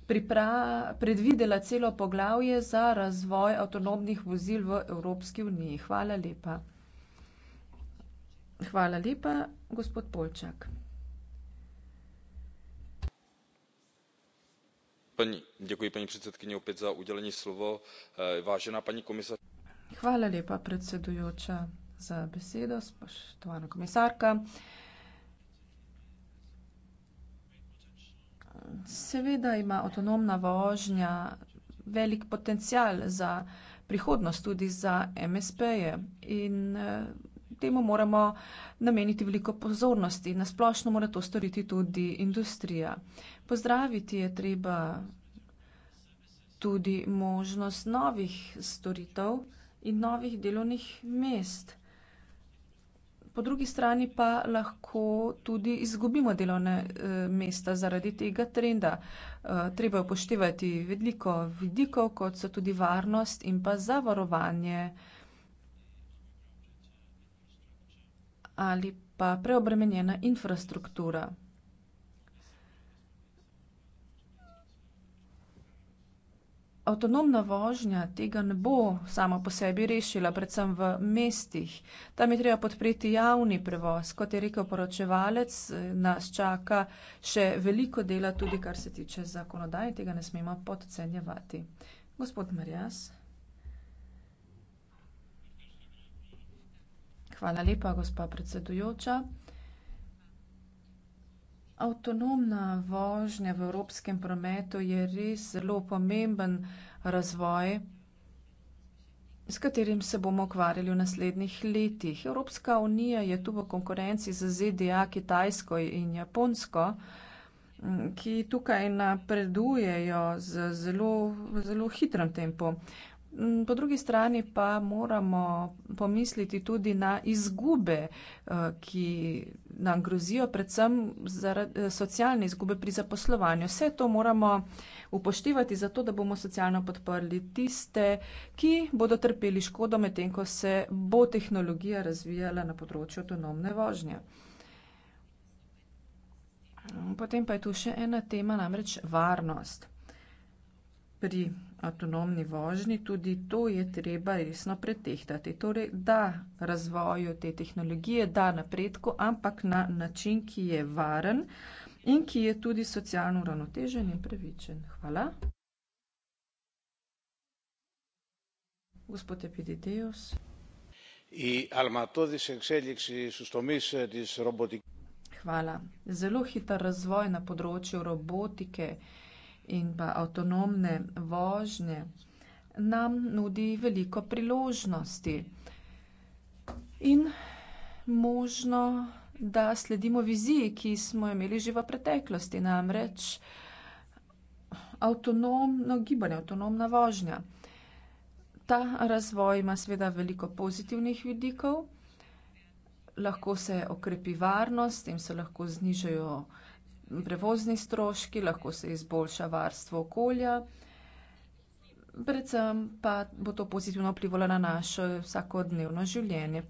pripra- predvidela celo poglavje za razvoj avtonomnih vozil v Evropski uniji. Hvala lepa. Hvala lepa, gospod Polčak. Paní, děkuji paní předsedkyni opět za udělení slovo. Eh, vážená paní komisařka. Hvala lepa, predsedujoča, za besedo, spoštovana komisarka. Seveda ima avtonomna vožnja velik potencial za prihodnost, tudi za MSP-je in, temu moramo nameniti veliko pozornosti. Na splošno mora to storiti tudi industrija. Pozdraviti je treba tudi možnost novih storitev in novih delovnih mest. Po drugi strani pa lahko tudi izgubimo delovne e, mesta zaradi tega trenda. E, treba upoštevati veliko vidikov, kot so tudi varnost in pa zavarovanje ali pa preobremenjena infrastruktura. Avtonomna vožnja tega ne bo sama po sebi rešila, predvsem v mestih. Tam je treba podpreti javni prevoz. Kot je rekel poročevalec, nas čaka še veliko dela, tudi kar se tiče zakonodaje, tega ne smemo podcenjevati. Gospod Marjas. Hvala lepa, gospa predsedujoča. Avtonomna vožnja v evropskem prometu je res zelo pomemben razvoj, s katerim se bomo ukvarjali v naslednjih letih. Evropska unija je tu v konkurenci z ZDA, Kitajsko in Japonsko, ki tukaj napredujejo z zelo, zelo hitrem tempom. Mm, po drugi strani pa moramo pomisliti tudi na izgube, eh, ki nam grozijo, predvsem zaradi eh, socialne izgube pri zaposlovanju. Vse to moramo upoštevati zato, da bomo socialno podprli tiste, ki bodo trpeli škodo medtem, ko se bo tehnologija razvijala na področju avtonomne vožnje. Mm, potem pa je tu še ena tema, namreč varnost pri avtonomni vožnji, tudi to je treba resno pretehtati. Torej, da razvoju te tehnologije, da napredku, ampak na način, ki je varen in ki je tudi socialno uravnotežen in pravičen. Hvala. Gospod Epidideus. I, alma, tudi eh, Hvala. Zelo hiter razvoj na področju robotike in pa avtonomne vožnje nam nudi veliko priložnosti in možno, da sledimo viziji, ki smo imeli že v preteklosti, namreč avtonomno gibanje, avtonomna vožnja. Ta razvoj ima seveda veliko pozitivnih vidikov, lahko se okrepi varnost in se lahko znižajo prevozni stroški, lahko se izboljša varstvo okolja. Predvsem pa bo to pozitivno vplivalo na naše vsakodnevno življenje.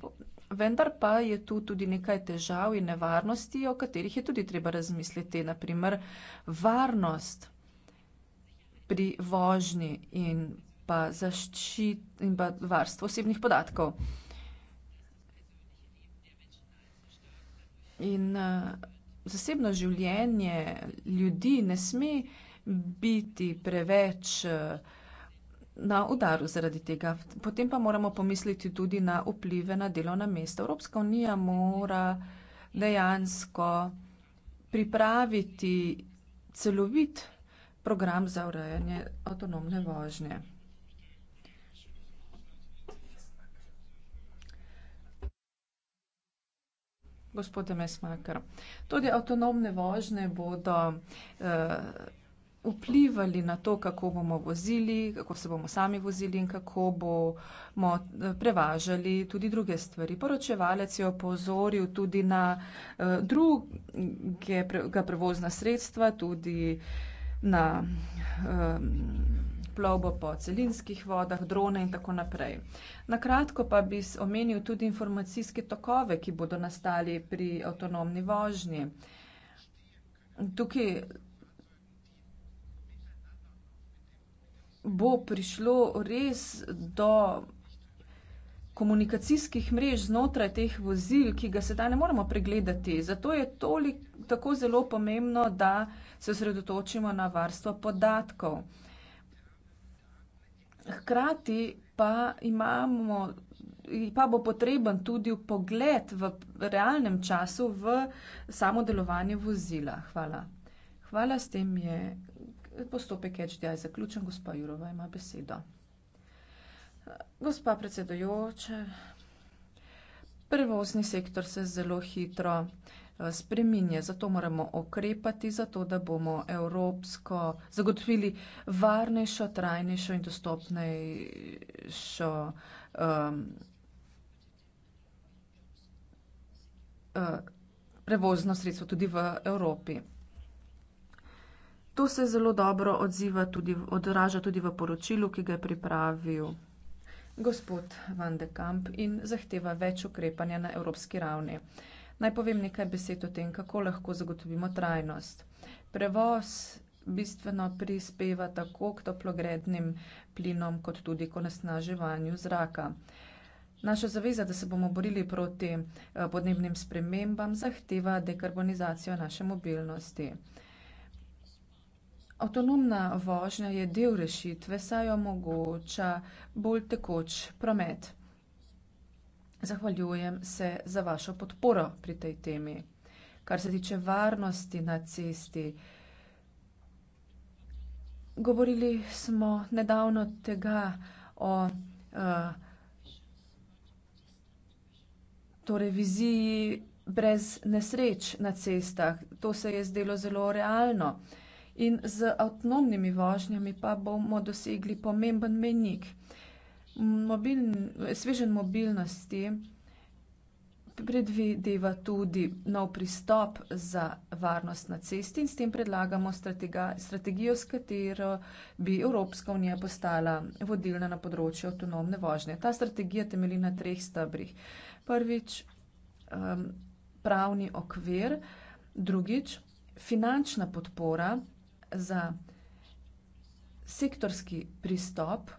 Vendar pa je tu tudi nekaj težav in nevarnosti, o katerih je tudi treba razmisliti. Naprimer, varnost pri vožnji in pa zaščit in pa varstvo osebnih podatkov. In uh, zasebno življenje ljudi ne sme biti preveč eh, na udaru zaradi tega. Potem pa moramo pomisliti tudi na vplive na delovna mesta. Evropska unija mora dejansko pripraviti celovit program za urejanje avtonomne vožnje. gospod Mesmaker. Tudi avtonomne vožnje bodo eh, vplivali na to, kako bomo vozili, kako se bomo sami vozili in kako bomo eh, prevažali tudi druge stvari. Poročevalec je opozoril tudi na eh, druge pre, prevozna sredstva, tudi na. Eh, plovbo po celinskih vodah, drone in tako naprej. Na kratko pa bi omenil tudi informacijske tokove, ki bodo nastali pri avtonomni vožnji. Tukaj bo prišlo res do komunikacijskih mrež znotraj teh vozil, ki ga sedaj ne moremo pregledati. Zato je toliko, tako zelo pomembno, da se osredotočimo na varstvo podatkov hkrati pa imamo, pa bo potreben tudi pogled v realnem času v samo delovanje vozila. Hvala. Hvala, s tem je postopek HDI zaključen. Gospa Jurova ima besedo. Gospa predsedojoče, prvozni sektor se zelo hitro uh, Eh, spreminja. Zato moramo okrepati, zato da bomo evropsko zagotovili varnejšo, trajnejšo in dostopnejšo um, prevozno sredstvo tudi v Evropi. To se zelo dobro odziva, tudi, odraža tudi v poročilu, ki ga je pripravil gospod Van de Kamp in zahteva več ukrepanja na evropski ravni. Uh, Naj povem nekaj besed o tem, kako lahko zagotovimo trajnost. Prevoz bistveno prispeva tako k toplogrednim plinom, kot tudi k onesnaževanju zraka. Naša zaveza, da se bomo borili proti eh, podnebnim spremembam, zahteva dekarbonizacijo naše mobilnosti. Avtonomna vožnja je del rešitve, saj omogoča bolj tekoč promet. Zahvaljujem se za vašo podporo pri tej temi. Kar se tiče varnosti na cesti, govorili smo nedavno tega o uh, torej viziji brez nesreč na cestah. To se je zdelo zelo realno. In z avtonomnimi vožnjami pa bomo dosegli pomemben menik. Mobiln, svežen mobilnosti predvideva tudi nov pristop za varnost na cesti in s tem predlagamo strategijo, strategijo s katero bi Evropska unija postala vodilna na področju avtonomne vožnje. Ta strategija temeli na treh stabrih. Prvič, um, pravni okvir, drugič, finančna podpora za sektorski pristop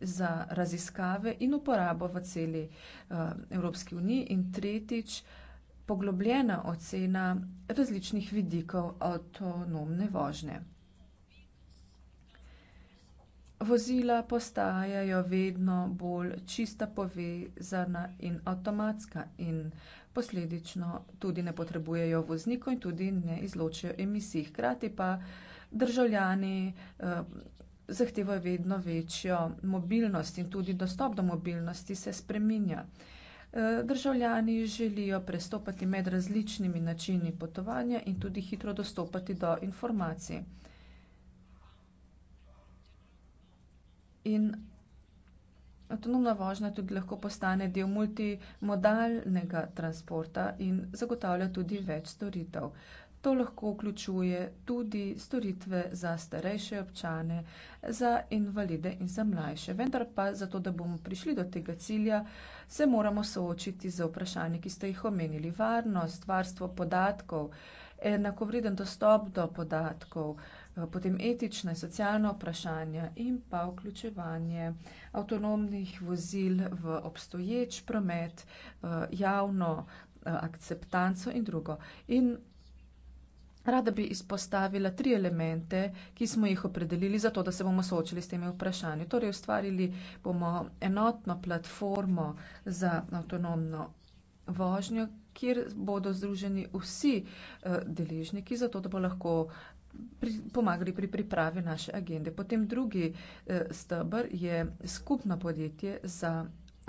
za raziskave in uporabo v celi eh, Evropski uniji in tretjič poglobljena ocena različnih vidikov avtonomne vožnje. Vozila postajajo vedno bolj čista povezana in avtomatska in posledično tudi ne potrebujejo voznikov in tudi ne izločajo emisij. Hkrati pa državljani eh, zahtevajo vedno večjo mobilnost in tudi dostop do mobilnosti se spreminja. E, državljani želijo prestopati med različnimi načini potovanja in tudi hitro dostopati do informacij. In avtonomna vožnja tudi lahko postane del multimodalnega transporta in zagotavlja tudi več storitev. To lahko vključuje tudi storitve za starejše občane, za invalide in za mlajše. Vendar pa, zato da bomo prišli do tega cilja, se moramo soočiti z vprašanji, ki ste jih omenili. Varnost, varstvo podatkov, enakovreden dostop do podatkov, potem etična in socialna vprašanja in pa vključevanje avtonomnih vozil v obstoječ promet, javno eh, akceptanco in drugo. In Rada bi izpostavila tri elemente, ki smo jih opredelili za to, da se bomo soočili s temi vprašanji. Torej, ustvarili bomo enotno platformo za avtonomno vožnjo, kjer bodo združeni vsi eh, deležniki, zato da bo lahko pri, pomagali pri pripravi naše agende. Potem drugi eh, stebr je skupno podjetje za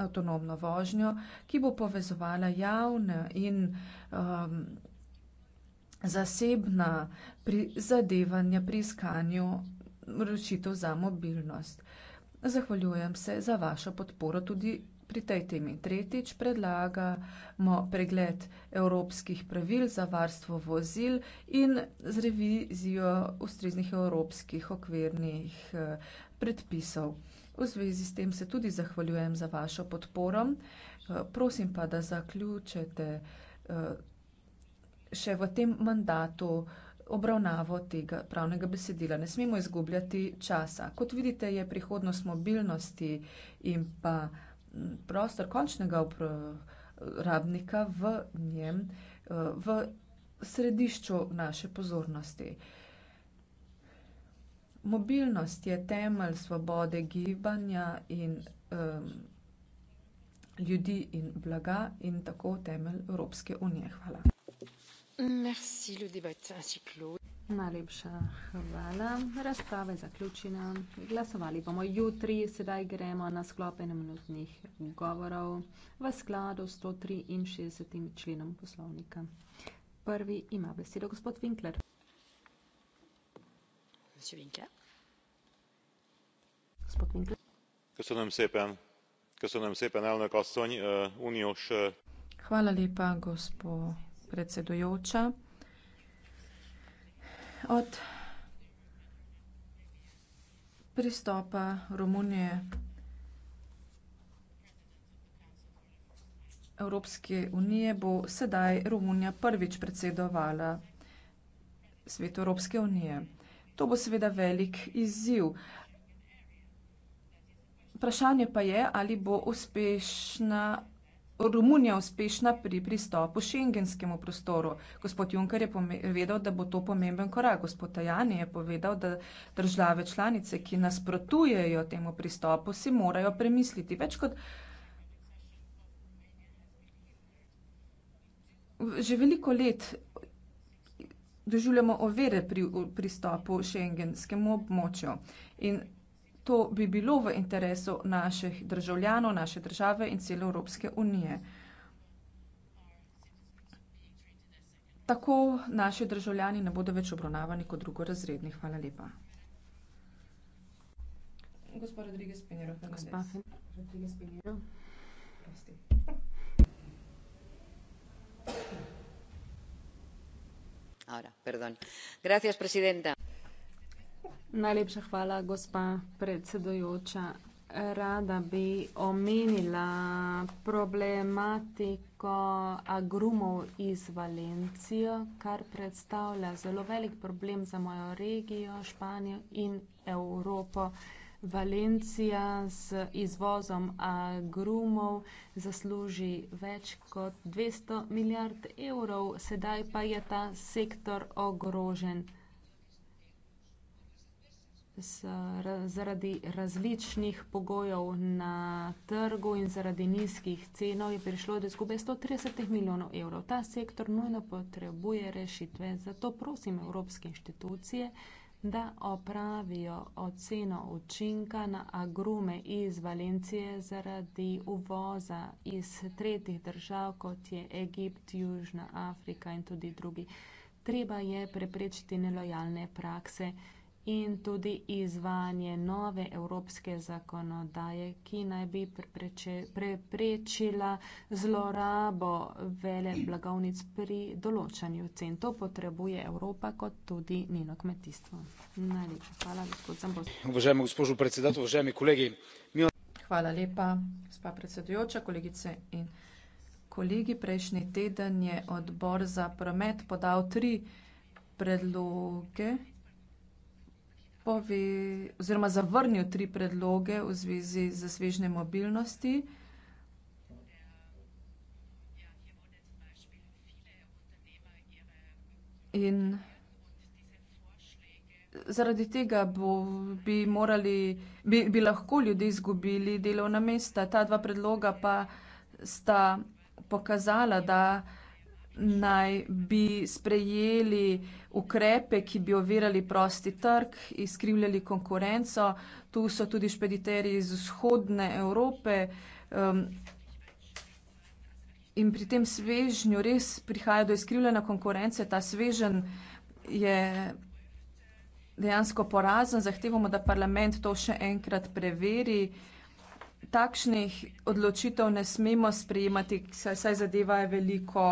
avtonomno vožnjo, ki bo povezovala javne in um, zasebna prizadevanja pri iskanju rešitev za mobilnost. Zahvaljujem se za vašo podporo tudi pri tej temi. Tretjič predlagamo pregled evropskih pravil za varstvo vozil in z revizijo ustreznih evropskih okvirnih predpisov. V zvezi s tem se tudi zahvaljujem za vašo podporo. Prosim pa, da zaključete še v tem mandatu obravnavo tega pravnega besedila. Ne smemo izgubljati časa. Kot vidite, je prihodnost mobilnosti in pa prostor končnega uporabnika v njem, eh, v središču naše pozornosti. Mobilnost je temelj svobode gibanja in um, ljudi in blaga in tako temelj Evropske unije. Hvala. Merci, le débat est ainsi clos. Najlepša hvala. Razprava je zaključena. Glasovali bomo jutri, sedaj gremo na sklopene minutnih govorov v skladu s 163. členom poslovnika. Prvi ima besedo gospod Winkler. Gospod Winkler. Gospod Winkler. Köszönöm szépen. Köszönöm szépen, elnök asszony, uh, uniós. Uh... Hvala lepa, gospod predsedujoča. Od pristopa Romunije Evropske unije bo sedaj Romunija prvič predsedovala svetu Evropske unije. To bo seveda velik izziv. Vprašanje pa je, ali bo uspešna Romunija uspešna pri pristopu šengenskemu prostoru. Gospod Juncker je povedal, da bo to pomemben korak. Gospod Tajani je povedal, da države članice, ki nasprotujejo temu pristopu, si morajo premisliti. Več kot že veliko let doživljamo ovire pri pristopu šengenskemu območju. In to bi bilo v interesu naših državljanov, naše države in cele Evropske unije. Tako naši državljani ne bodo več obravnavani kot drugorazredni. Hvala lepa. Gospod Rodriguez Pinero, Hvala, predsednica. Najlepša hvala, gospa predsedujoča. Rada bi omenila problematiko agrumov iz Valencijo, kar predstavlja zelo velik problem za mojo regijo, Španijo in Evropo. Valencija z izvozom agrumov zasluži več kot 200 milijard evrov, sedaj pa je ta sektor ogrožen s, ra, zaradi različnih pogojev na trgu in zaradi nizkih cenov je prišlo do izgube 130 milijonov evrov. Ta sektor nujno potrebuje rešitve, zato prosim evropske inštitucije, da opravijo oceno učinka na agrume iz Valencije zaradi uvoza iz tretjih držav, kot je Egipt, Južna Afrika in tudi drugi. Treba je preprečiti nelojalne prakse in tudi izvajanje nove evropske zakonodaje, ki naj bi preprečila zlorabo vele blagovnic pri določanju cen. To potrebuje Evropa kot tudi njeno kmetijstvo. Najlepša hvala, gospod Zambos. Vžemo gospodu predsedatelju, vžemi kolegi. Mi... Hvala lepa, gospa predsedujoča, kolegice in kolegi. Prejšnji teden je odbor za promet podal tri predloge pove, oziroma zavrnil tri predloge v zvezi z svežnjem mobilnosti. In zaradi tega bo, bi morali, bi, bi lahko ljudje izgubili delovna mesta. Ta dva predloga pa sta pokazala, da naj bi sprejeli ukrepe, ki bi ovirali prosti trg, izkrivljali konkurenco. Tu so tudi špediterji iz vzhodne Evrope. Um, in pri tem svežnju res prihaja do izkrivljene konkurence. Ta svežen je dejansko porazen. Zahtevamo, da parlament to še enkrat preveri. Takšnih odločitev ne smemo sprejemati, saj zadeva je veliko.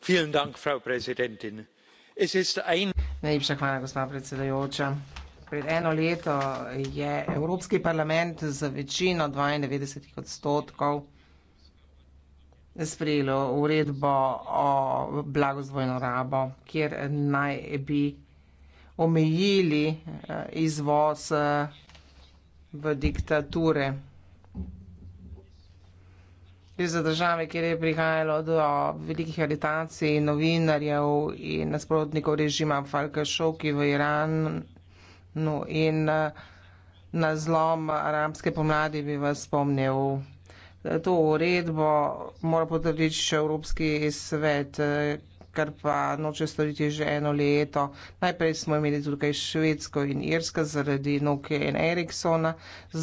frau präsidentin! pred eno leto je evropski parlament z večino dvaindevetdeset odstotkov sprejel uredbo o blagu z dvojno rabo kjer naj bi omejili eh, izvoz eh, v diktature. Gre za države, kjer je prihajalo do velikih aritacij novinarjev in nasprotnikov režima Falka Šoki v Iranu in na zlom arabske pomladi bi vas spomnil. To uredbo mora potrditi še Evropski svet, kar pa noče storiti že eno leto. Najprej smo imeli tukaj Švedsko in Irsko zaradi Nokia in Ericssona,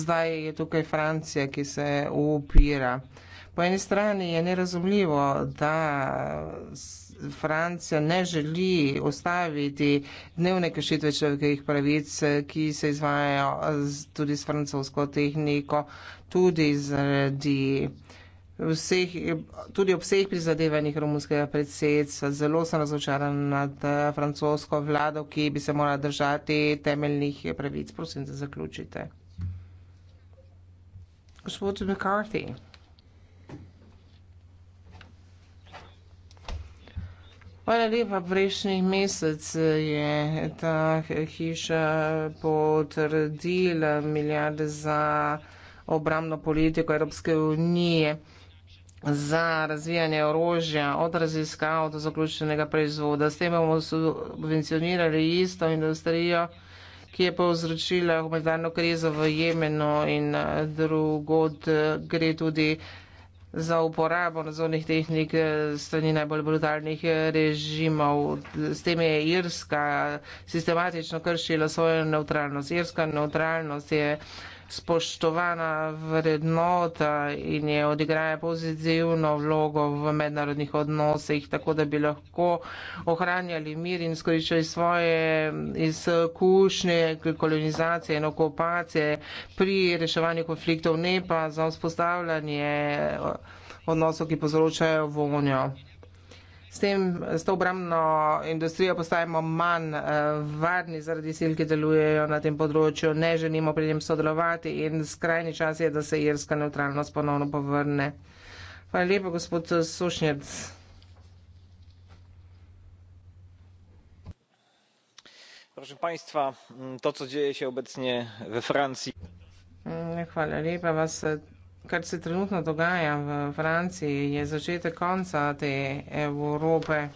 zdaj je tukaj Francija, ki se upira. Po eni strani je nerazumljivo, da Francija ne želi ostaviti dnevne kršitve človekovih pravic, ki se izvajajo tudi s francosko tehniko, tudi zaradi vseh, tudi ob vseh prizadevanjih romunskega predsedstva. Zelo sem razočaran nad eh, francosko vlado, ki bi se morala držati temeljnih pravic. Prosim, da zaključite. Gospod McCarthy. Hvala lepa. Prejšnji mesec je ta hiša potrdila milijarde za obramno politiko Evropske unije za razvijanje orožja od raziskav do zaključenega proizvoda. S tem bomo subvencionirali isto industrijo, ki je povzročila humanitarno krizo v Jemenu in eh, drugod gre tudi za uporabo nadzornih tehnik eh, strani najbolj brutalnih eh, režimov. S tem je Irska sistematično kršila svojo neutralnost. Irska neutralnost je spoštovana vrednota in je odigraja pozitivno vlogo v mednarodnih odnosih, tako da bi lahko ohranjali mir in skoričali svoje izkušnje kolonizacije in okupacije pri reševanju konfliktov, ne pa za vzpostavljanje odnosov, ki povzročajo vonjo s tem, s to obramno industrijo postajamo manj eh, varni zaradi sil, ki delujejo na tem področju, ne želimo pri njem sodelovati in skrajni čas je, da se irska neutralnost ponovno povrne. Hvala lepa, gospod Sušnjec. Proszę Państwa, to co dzieje się obecnie we Francji. Mm, hvala lepa, vas kar se trenutno dogaja v Franciji, je začetek konca te Evrope,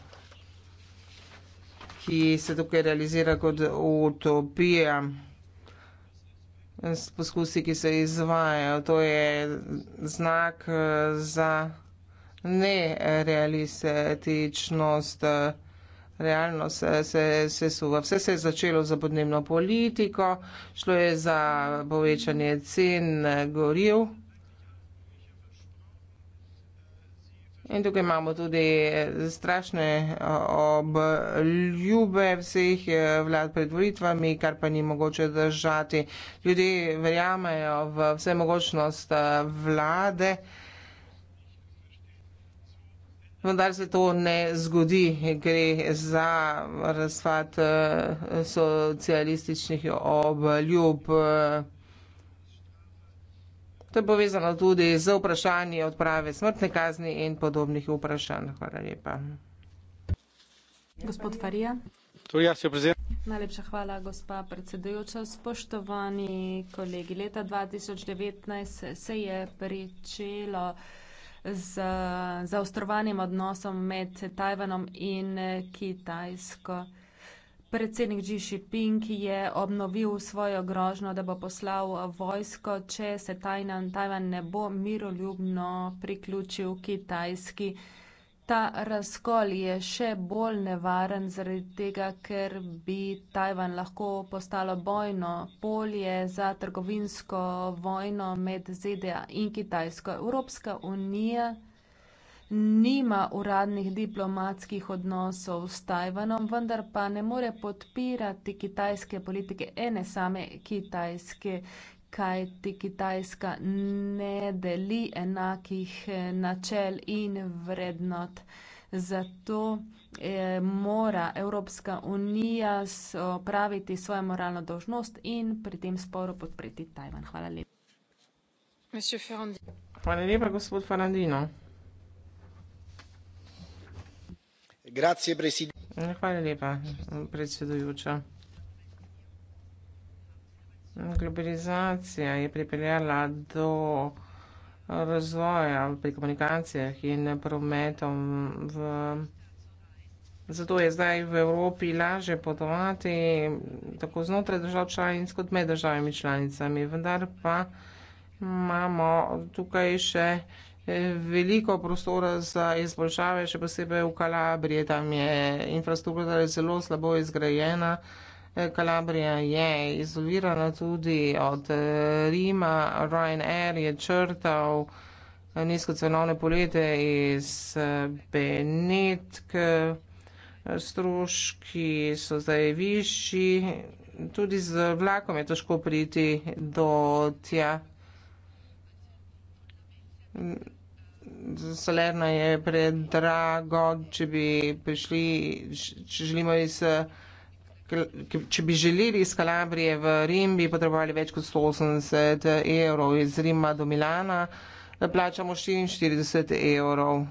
ki se tukaj realizira kot utopija. S poskusi, ki se izvajajo, to je znak za nerealističnost, realnost se sesuva. Vse se je začelo za podnebno politiko, šlo je za povečanje cen goriv. In tukaj imamo tudi eh, strašne eh, obljube vseh eh, vlad pred volitvami, kar pa ni mogoče držati. Ljudje verjamejo v vse mogočnost vlade. Vendar se to ne zgodi, gre za razvad socialističnih obljub. To je povezano tudi z vprašanji odprave smrtne kazni in podobnih vprašanj. Hvala lepa. Gospod Farija. Ja, Najlepša hvala, gospa predsedujoča. Spoštovani kolegi, leta 2019 se je pričelo z zaostrovanjem odnosom med Tajvanom in Kitajsko. Predsednik Xi Jinping je obnovil svojo grožnjo, da bo poslal vojsko, če se Tajvan, Tajvan ne bo miroljubno priključil Kitajski. Ta razkol je še bolj nevaren zaradi tega, ker bi Tajvan lahko postalo bojno polje za trgovinsko vojno med ZDA in Kitajsko. Evropska unija nima uradnih diplomatskih odnosov s Tajvanom, vendar pa ne more podpirati kitajske politike ene same kitajske, kajti Kitajska ne deli enakih eh, načel in vrednot. Zato eh, mora Evropska unija opraviti svojo moralno dožnost in pri tem sporu podpreti Tajvan. Hvala lepa. Hvala lepa, gospod Farandino. hvala lepa predsedujoča globalizacija je pripeljala do razvoja pri komunikacijah in prometom v zato je zdaj v Evropi lažje potovati tako znotraj držav članic kot med državami članicami vendar pa imamo tukaj še veliko prostora za izboljšave, še posebej v Kalabriji, tam je infrastruktura zelo slabo izgrajena. Kalabrija je izolirana tudi od eh, Rima, Ryanair je črtal eh, nizkocenovne polete iz eh, Benetk, stroški so zdaj višji, tudi z vlakom je težko priti do tja. Salerno je predrago, če bi prišli, če želimo iz. Če bi želeli iz Kalabrije v Rim, bi potrebovali več kot 180 evrov. Iz Rima do Milana plačamo 44 evrov.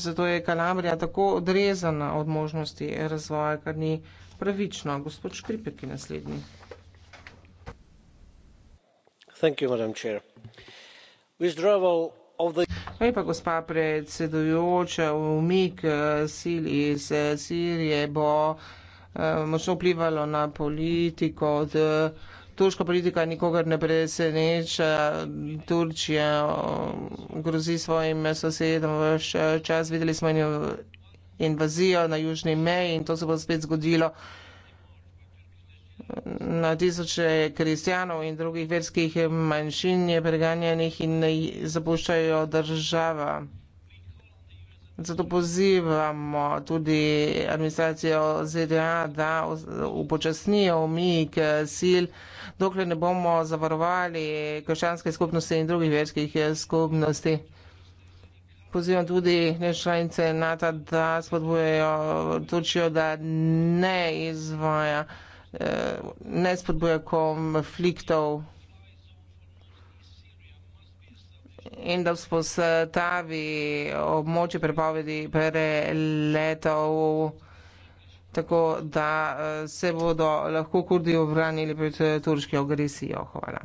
Zato je Kalabrija tako odrezana od možnosti razvoja, kar ni pravično. Gospod Škripek je naslednji. Hvala, madam chair gospa predsedujoča umik eh, sil iz eh, sirije bo eh, močno vplivalo na politiko od Turška politika nikogar ne preseneča, Turčija grozi svojim sosedom vaš čas, videli smo invazijo na južni meji in to se bo spet zgodilo na tisoče kristijanov in drugih verskih manjšin je preganjenih in ne zapuščajo država. Zato pozivamo tudi administracijo ZDA, da upočasnijo umik sil, dokler ne bomo zavarovali krščanske skupnosti in drugih verskih skupnosti. Pozivam tudi nečlanice NATO, da spodbujejo Turčijo, da ne izvaja. Eh, ne spodbuja konfliktov in da vzpostavi območje prepovedi preletov, tako da eh, se bodo lahko kurdi obranili pred eh, turški agresijo. Hvala.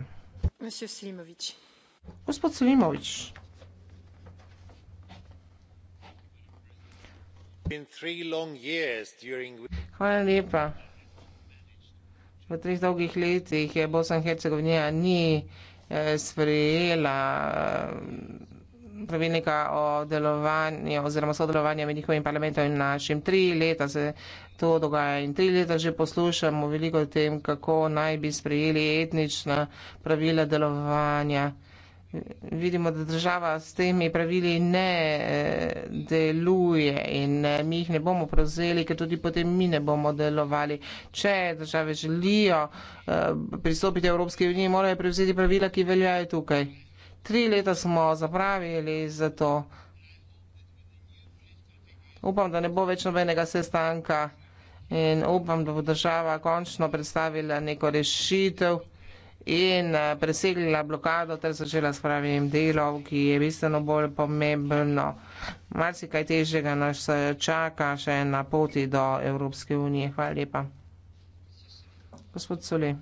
Gospod Slimovič. Hvala lepa. V treh dolgih letih je Bosna in Hercegovina ni eh, sprejela eh, pravilnika o delovanju oziroma sodelovanju med njihovim parlamentom in našim. Tri leta se to dogaja in tri leta že poslušamo veliko o tem, kako naj bi sprejeli etnična pravila delovanja vidimo, da država s temi pravili ne eh, deluje in eh, mi jih ne bomo prevzeli, ker tudi potem mi ne bomo delovali. Če države želijo eh, pristopiti Evropske unije, morajo prevzeti pravila, ki veljajo tukaj. Tri leta smo zapravili za to. Upam, da ne bo več nobenega sestanka in upam, da bo država končno predstavila neko rešitev in eh, presegnila blokado ter začela s pravim delom, ki je bistveno bolj pomembno. Malce kaj težjega nas se eh, čaka še na poti do Evropske unije. Hvala lepa. Gospod Soli.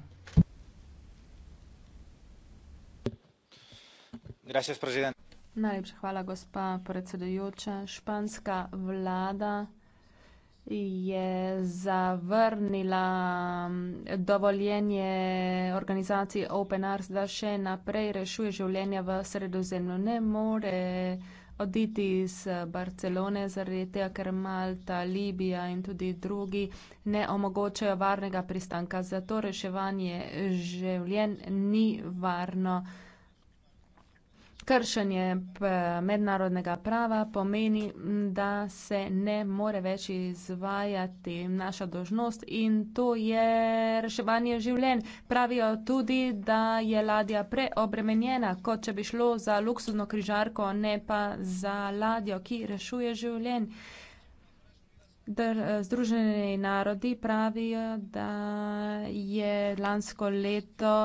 Najlepša hvala, gospa predsedujoča. Španska vlada je zavrnila mm, dovoljenje organizacije Open Arts, da še naprej rešuje življenja v sredozemlju. Ne more oditi iz Barcelone zaradi tega, ker Malta, Libija in tudi drugi ne omogočajo varnega pristanka. Zato reševanje življenj ni varno. Kršenje eh, mednarodnega prava pomeni, da se ne more več izvajati naša dožnost in to je reševanje življenj. Pravijo tudi, da je ladja preobremenjena, kot če bi šlo za luksuzno križarko, ne pa za ladjo, ki rešuje življenj. Eh, Združeni narodi pravijo, da je lansko leto.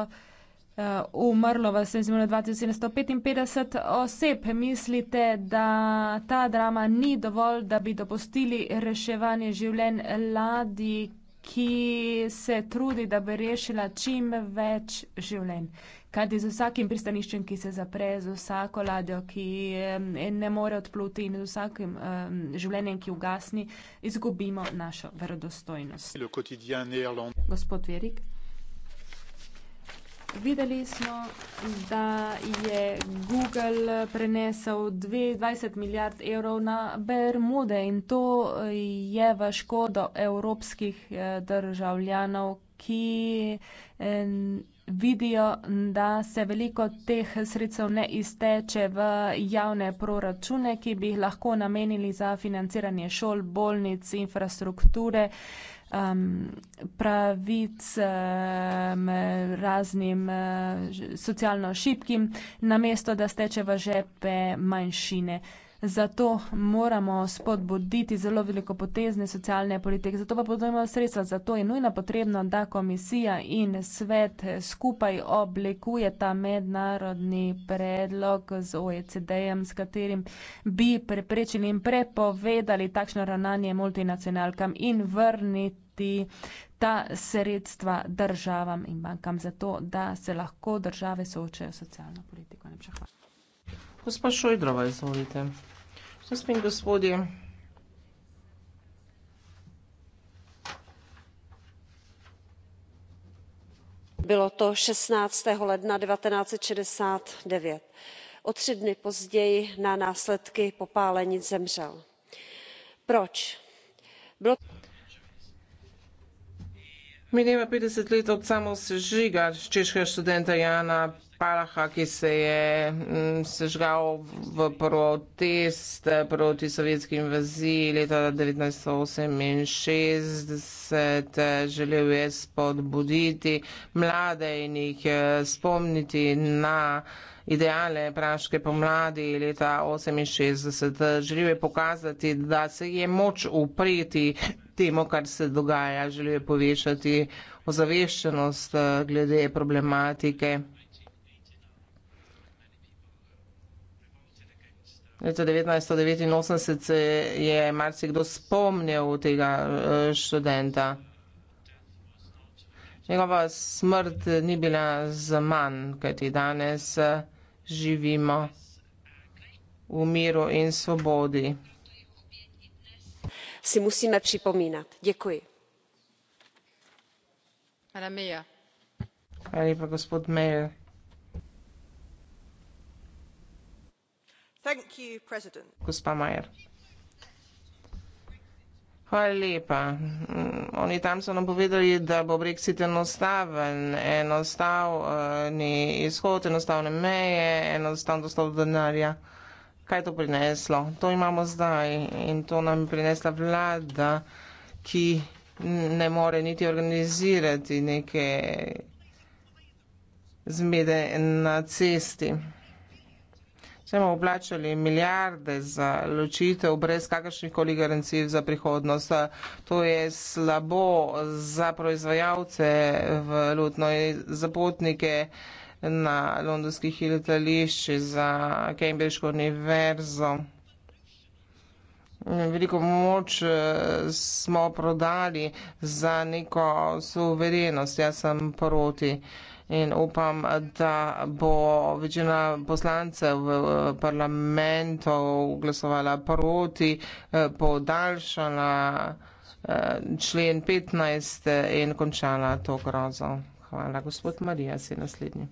Eh, umrlo v 2755 oseb. Mislite, da ta drama ni dovolj, da bi dopustili reševanje življenj ladi, ki se trudi, da bi rešila čim več življenj? Kajti z vsakim pristaniščem, ki se zapre, z vsako ladjo, ki eh, ne more odpluti in z vsakim um, življenjem, ki ugasni, izgubimo našo verodostojnost. Gospod Verik. Videli smo, da je Google prenesel 22 milijard evrov na Bermude in to eh, je v škodo evropskih eh, državljanov, ki eh, vidijo, da se veliko teh sredstev ne izteče v javne proračune, ki bi jih lahko namenili za financiranje šol, bolnic, infrastrukture um, pravic um, raznim um, socialno šipkim, namesto da steče v žepe manjšine. Zato moramo spodbuditi zelo veliko potezne socialne politike, zato pa potrebujemo sredstva. Zato je nujno potrebno, da komisija in svet skupaj oblikuje ta mednarodni predlog z OECD-jem, s katerim bi preprečili in prepovedali takšno ravnanje multinacionalkam in vrniti ta sredstva državam in bankam, zato da se lahko države soočajo s socialno politiko. Gospa Šojdrova, izvolite. Gospe in gospodje, bylo to 16. ledna 1969. O tři dny později na následky popálení zemřel. Proč? Bylo... Minima 50 let od samosežiga češkega študenta Jana Palaha, ki se je mm, sežgal v protest proti sovjetski invaziji leta 1968, želel je spodbuditi mlade in jih eh, spomniti na ideale praške pomladi leta 1968. Želel je pokazati, da se je moč upreti temu, kar se dogaja, želel je povešati ozaveščenost eh, glede problematike. Leta 1989 je marsikdo spomnil tega eh, študenta. Njegova smrt ni bila za manj, kajti danes eh, živimo v miru in svobodi. Si musíme připomínati. Děkuji. Hvala lepa, gospod Mejer. gospa Majer. Hvala lepa. Mm, oni tam so nam povedali, da bo Brexit enostaven, enostavni izhod, enostavne meje, enostavno dostop do denarja. Kaj je to prineslo? To imamo zdaj in to nam je prinesla vlada, ki ne more niti organizirati neke zmede na cesti. Vsemo oblačali milijarde za ločitev brez kakršnih koli garancij za prihodnost. To je slabo za proizvajalce v lutno, za potnike na londonskih letališči, za Cambridge univerzo. Veliko moč eh, smo prodali za neko suverenost. Jaz sem proti in upam, da bo večina poslancev v eh, parlamentu glasovala proti eh, podaljšala eh, člen 15 in končala to grozo. Hvala. Gospod Marija, si naslednji.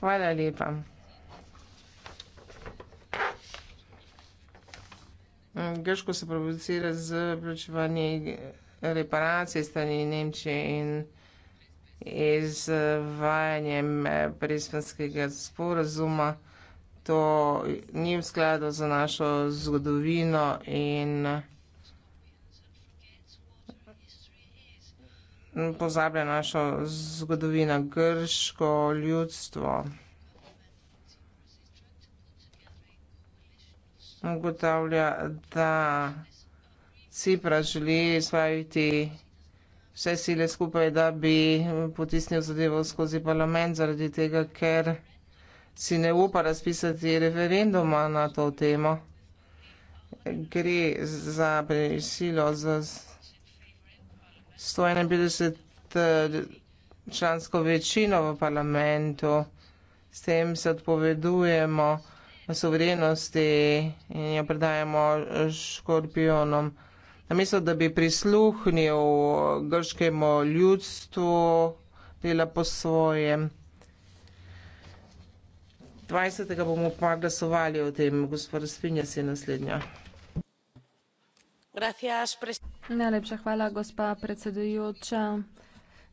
Hvala lepa. Mm, grško se provocira z plačevanje reparacije strani Nemčije in izvajanjem prispanskega sporazuma. To ni v skladu za našo zgodovino in pozablja našo zgodovino grško ljudstvo. ugotavlja, da Cipra želi spraviti vse sile skupaj, da bi potisnil zadevo skozi parlament, zaradi tega, ker si ne upa razpisati referenduma na to temo. Gre za prisilo za 151 člansko večino v parlamentu. S tem se odpovedujemo suverenosti in jo predajamo škorpionom. Namesto, da bi prisluhnil grškemu ljudstvu, dela po svojem. 20. bomo pa glasovali o tem, gospod Spinja si naslednja. Najlepša hvala, gospa predsedujoča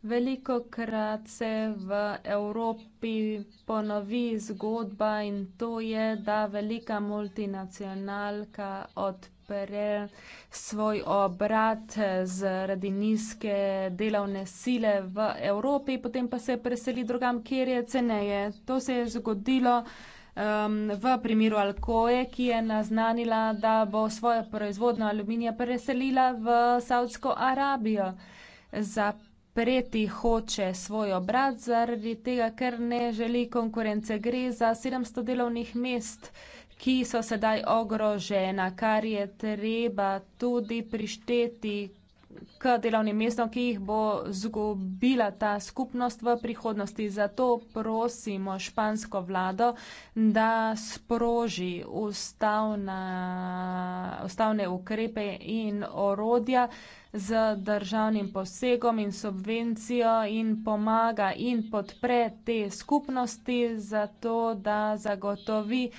velikokrat se v evropi ponovi zgodba in to je da velika multinacionalka odpre svoj obrat zaradi nizke delovne sile v evropi potem pa se preseli drugam kjer je ceneje to se je zgodilo Um, v primeru Alkoe, ki je naznanila, da bo svojo proizvodno aluminija preselila v Saudsko Arabijo. Za Preti hoče svoj obrat zaradi tega, ker ne želi konkurence. Gre za 700 delovnih mest, ki so sedaj ogrožena, kar je treba tudi prišteti k delovnim mestom, ki jih bo zgubila ta skupnost v prihodnosti. Zato prosimo špansko vlado, da sproži ustavna, ustavne ukrepe in orodja z državnim posegom in subvencijo in pomaga in podpre te skupnosti za to, da zagotovi,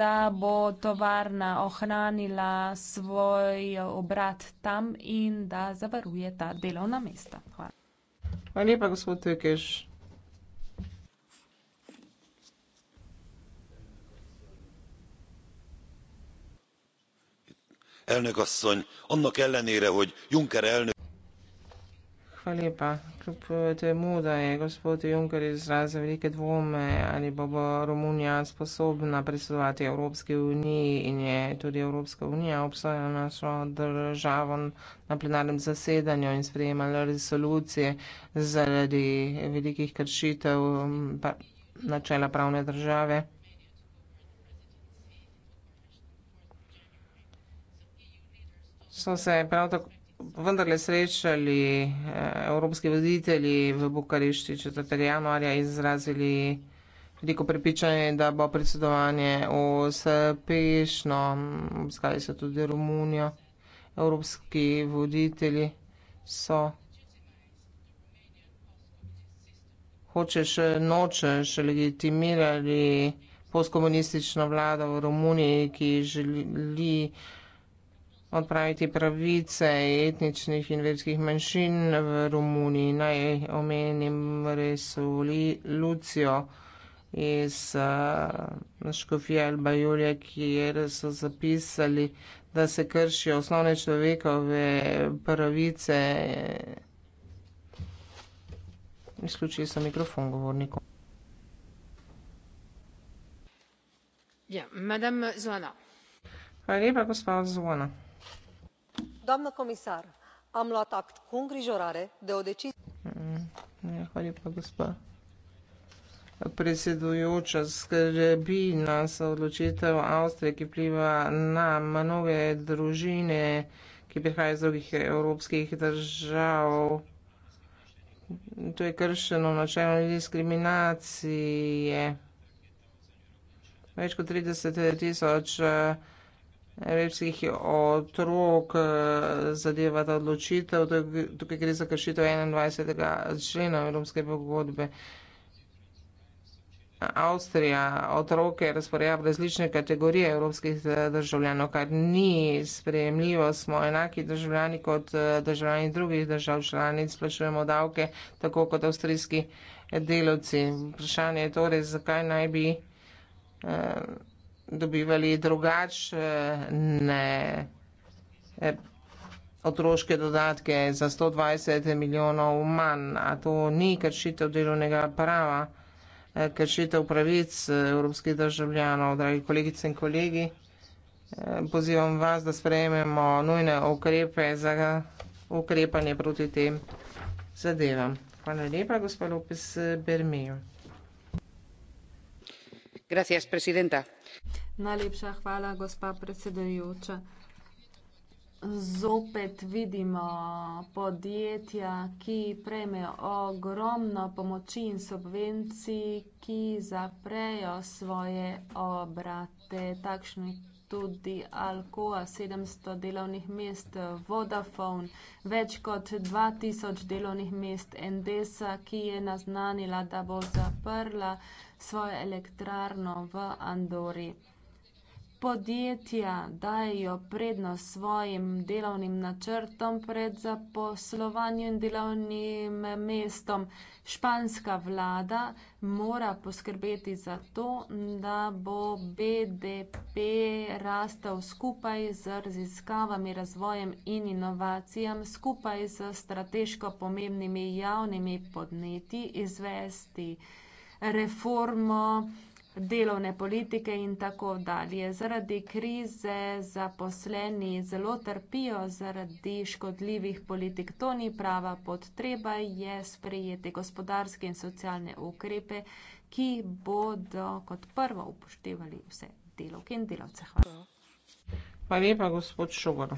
da bo tovarna ohranila svoj obrat tam in da zavaruje ta delovna mesta. Hvala. Hvala lepa, gospod Tekeš. elnök asszony annak ellenére hogy juncker elnök Hvala lijepa. To je muda je gospod Juncker izrazil velike dvome, ali bo Romunija sposobna predsedovati Evropski uniji in je tudi Evropska unija obsojala našo državo na plenarnem zasedanju in sprejemala resolucije zaradi velikih kršitev načela pravne države. so se prav tako vendarle srečali eh, evropski voditelji v Bukarešti 4. januarja in izrazili veliko prepričanje, da bo predsedovanje uspešno. Obiskali so tudi Romunijo. Evropski voditelji so. Hočeš, nočeš legitimirati postkomunistično vlado v Romuniji, ki želi odpraviti pravice etničnih in verskih manjšin v Romuniji. Naj omenim resolucijo iz uh, eh, Škofija Alba Julija, kjer so zapisali, da se kršijo osnovne človekove pravice. Izključili so mikrofon govorniku. Ja, madame Zona. Hvala lepa, gospod Zona doamnă comisar am luat act cu îngrijorare de o decizie mm, ja, ki prihaja iz drugih evropskih držav. To je kršeno načelo diskriminacije. Več kot 30 tisoč evropskih otrok eh, zadeva ta odločitev. Tukaj gre za kršitev 21. člena evropske pogodbe. Avstrija otroke razporeja v različne kategorije evropskih eh, državljanov, kar ni sprejemljivo. Smo enaki državljani kot eh, državljani drugih držav članic, plačujemo davke, tako kot avstrijski delavci. Vprašanje je torej, zakaj naj bi. Eh, dobivali drugačne eh, otroške dodatke za 120 milijonov manj, a to ni kršitev delovnega prava, eh, kršitev pravic eh, evropskih državljanov. Dragi kolegice in kolegi, pozivam vas, da sprejmemo nujne ukrepe za ukrepanje proti tem zadevam. Hvala lepa, gospod Lopez Bermejo. Najlepša hvala, gospa predsedujoča. Zopet vidimo podjetja, ki prejmejo ogromno pomoči in subvencij, ki zaprejo svoje obrate. Takšni tudi Alcoa, 700 delovnih mest, Vodafone, več kot 2000 delovnih mest, Endesa, ki je naznanila, da bo zaprla svojo elektrarno v Andori podjetja dajejo prednost svojim delovnim načrtom pred zaposlovanjem in delovnim mestom. Španska vlada mora poskrbeti za to, da bo BDP rastel skupaj z raziskavami, razvojem in inovacijam, skupaj z strateško pomembnimi javnimi podneti izvesti reformo delovne politike in tako dalje. Zaradi krize zaposleni zelo trpijo zaradi škodljivih politik. To ni prava potreba, je sprejeti gospodarske in socialne ukrepe, ki bodo kot prvo upoštevali vse delovke in delovce. Hvala. Pa lepa, gospod Šogor.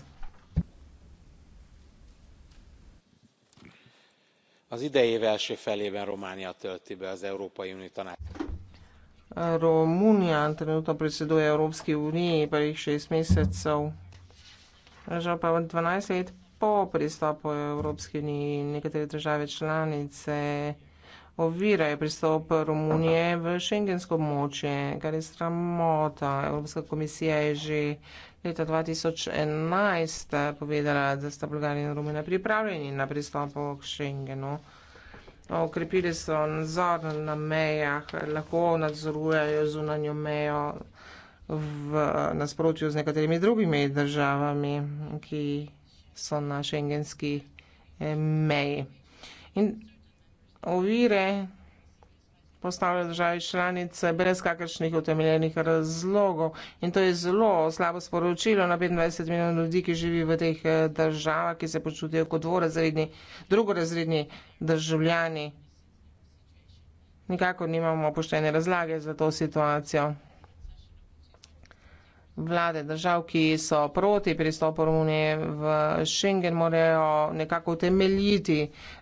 Az idejével se felében Románia tölti be az Európai Unió tanács. Romunija trenutno predseduje Evropski uniji prvih šest mesecev. Žal pa 12 let po pristopu Evropski uniji nekatere države članice ovirajo pristop Romunije v šengensko območje, kar je sramota. Evropska komisija je že leta 2011 povedala, da sta Bulgarija in Romunija pripravljeni na pristop k šengenu. Okrepili so nadzor na mejah, lahko nadzorujejo zunanjo mejo v nasprotju z nekaterimi drugimi državami, ki so na šengenski eh, meji. In ovire postavljajo države članice brez kakršnih utemeljenih razlogov. In to je zelo slabo sporočilo na 25 milijonov ljudi, ki živi v teh eh, državah, ki se počutijo kot dvorazredni, drugorazredni državljani. Nikako nimamo poštene razlage za to situacijo. Vlade držav, ki so proti pristopu Romunije v Schengen, morajo nekako utemeljiti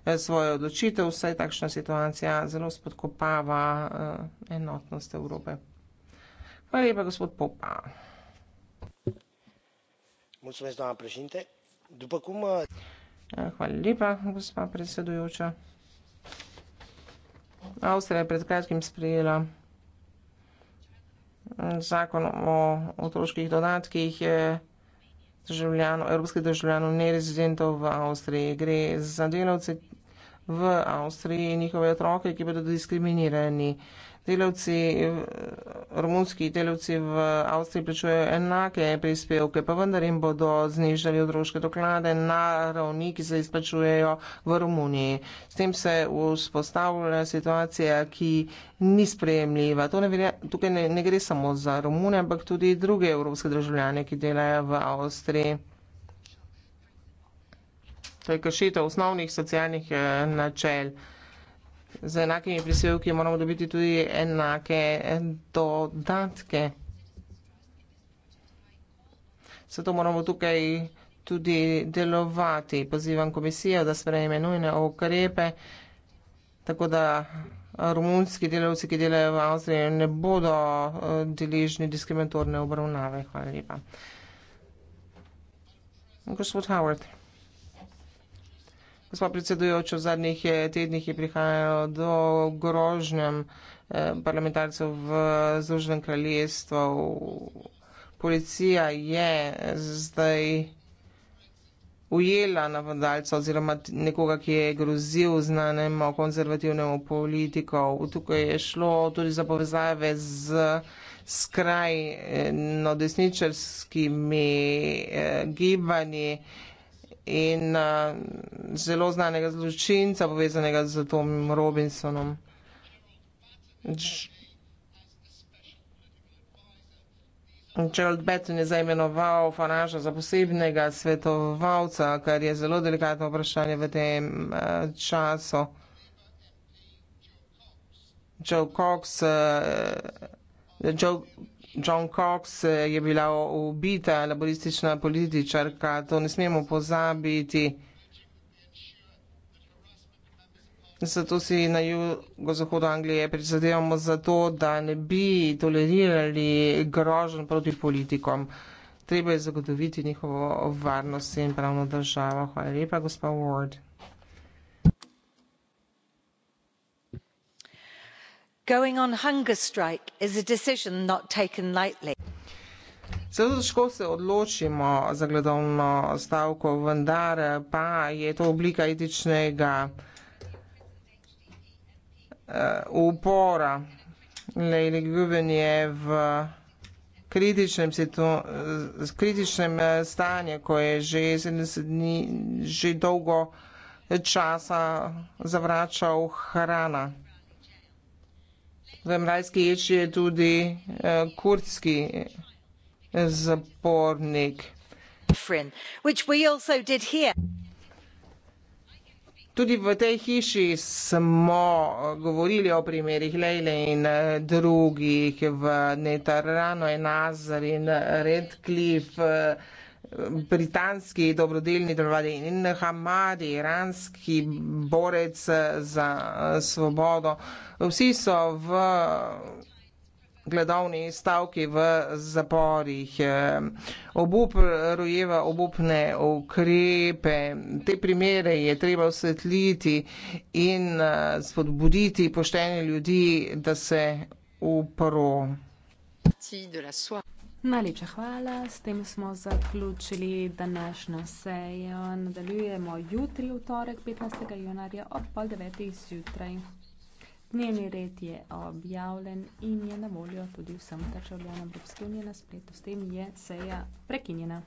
eh, svojo odločitev. Vse takšna situacija zelo spodkopava eh, enotnost Evrope. Hvala lepa, gospod Popa. Eh, hvala lepa, gospa predsedujoča. Avstrija je pred kratkim sprejela zakon o otroških dodatkih državljanov, evropskih državljanov, nerezidentov v Avstriji. Gre za delavce v Avstriji in njihove otroke, ki bodo diskriminirani delavci, romunski delavci v Avstriji plačujejo enake prispevke, pa vendar jim bodo znižali odroške doklade na ravni, ki se izplačujejo v Romuniji. S tem se vzpostavlja situacija, ki ni sprejemljiva. Ne velja, tukaj ne, ne gre samo za Romune, ampak tudi druge evropske državljane, ki delajo v Avstriji. To je kršitev osnovnih socialnih eh, načel z enakimi prispevki moramo dobiti tudi enake dodatke. Zato moramo tukaj tudi delovati. Pozivam komisijo, da sprejme nujne okrepe, tako da romunski delavci, ki delajo v Avstriji, ne bodo eh, deležni diskriminatorne obravnave. Hvala lepa. Gospod Howard. Gospa predsedujoča, v zadnjih eh, tednih je prihajalo do grožnjem eh, parlamentarcev v Združenem kraljestvu. Policija je zdaj ujela navodalca oziroma nekoga, ki je grozil znanemu konzervativnemu politiku. Tukaj je šlo tudi za povezave z skrajno desničarskimi eh, gibanji in uh, zelo znanega zločinca, povezanega z Tomom Robinsonom. Gerald Batten je zaimenoval Faraža za posebnega svetovalca, kar je zelo delikatno vprašanje v tem uh, času. Joe Cox, uh, Joe John Cox je bila ubita laboristična političarka, to ne smemo pozabiti. Zato si na jugozahodu Anglije prizadevamo za to, da ne bi tolerirali grožen proti politikom. Treba je zagotoviti njihovo varnost in pravno državo. Hvala lepa, gospod Ward. going on hunger strike is a decision not taken lightly. Zelo težko se odločimo za gledovno stavko, vendar pa je to oblika etičnega eh, upora. Lejle Guven je v kritičnem, situ, eh, kritičnem eh, stanju, ko je že 70 dni, že dolgo časa zavračal hrana. V Mrajski ječi je tudi uh, kurdski eh, zapornik. Which we also did here. Tudi v tej hiši smo eh, govorili o primerih Lejle in drugih v Netarano in Nazar in Redcliffe britanski dobrodelni delovadin in Hamadi, iranski borec za eh, svobodo. Vsi so v gledovni stavki v zaporih. Obup rojeva obupne ukrepe. Te primere je treba osvetliti in eh, spodbuditi poštene ljudi, da se upro. Najlepša hvala. S tem smo zaključili današnjo sejo. Nadaljujemo jutri v torek, 15. januarja ob pol devetih zjutraj. Dnevni red je objavljen in je na voljo tudi vsem državljanom Evropske unije na spletu. S tem je seja prekinjena.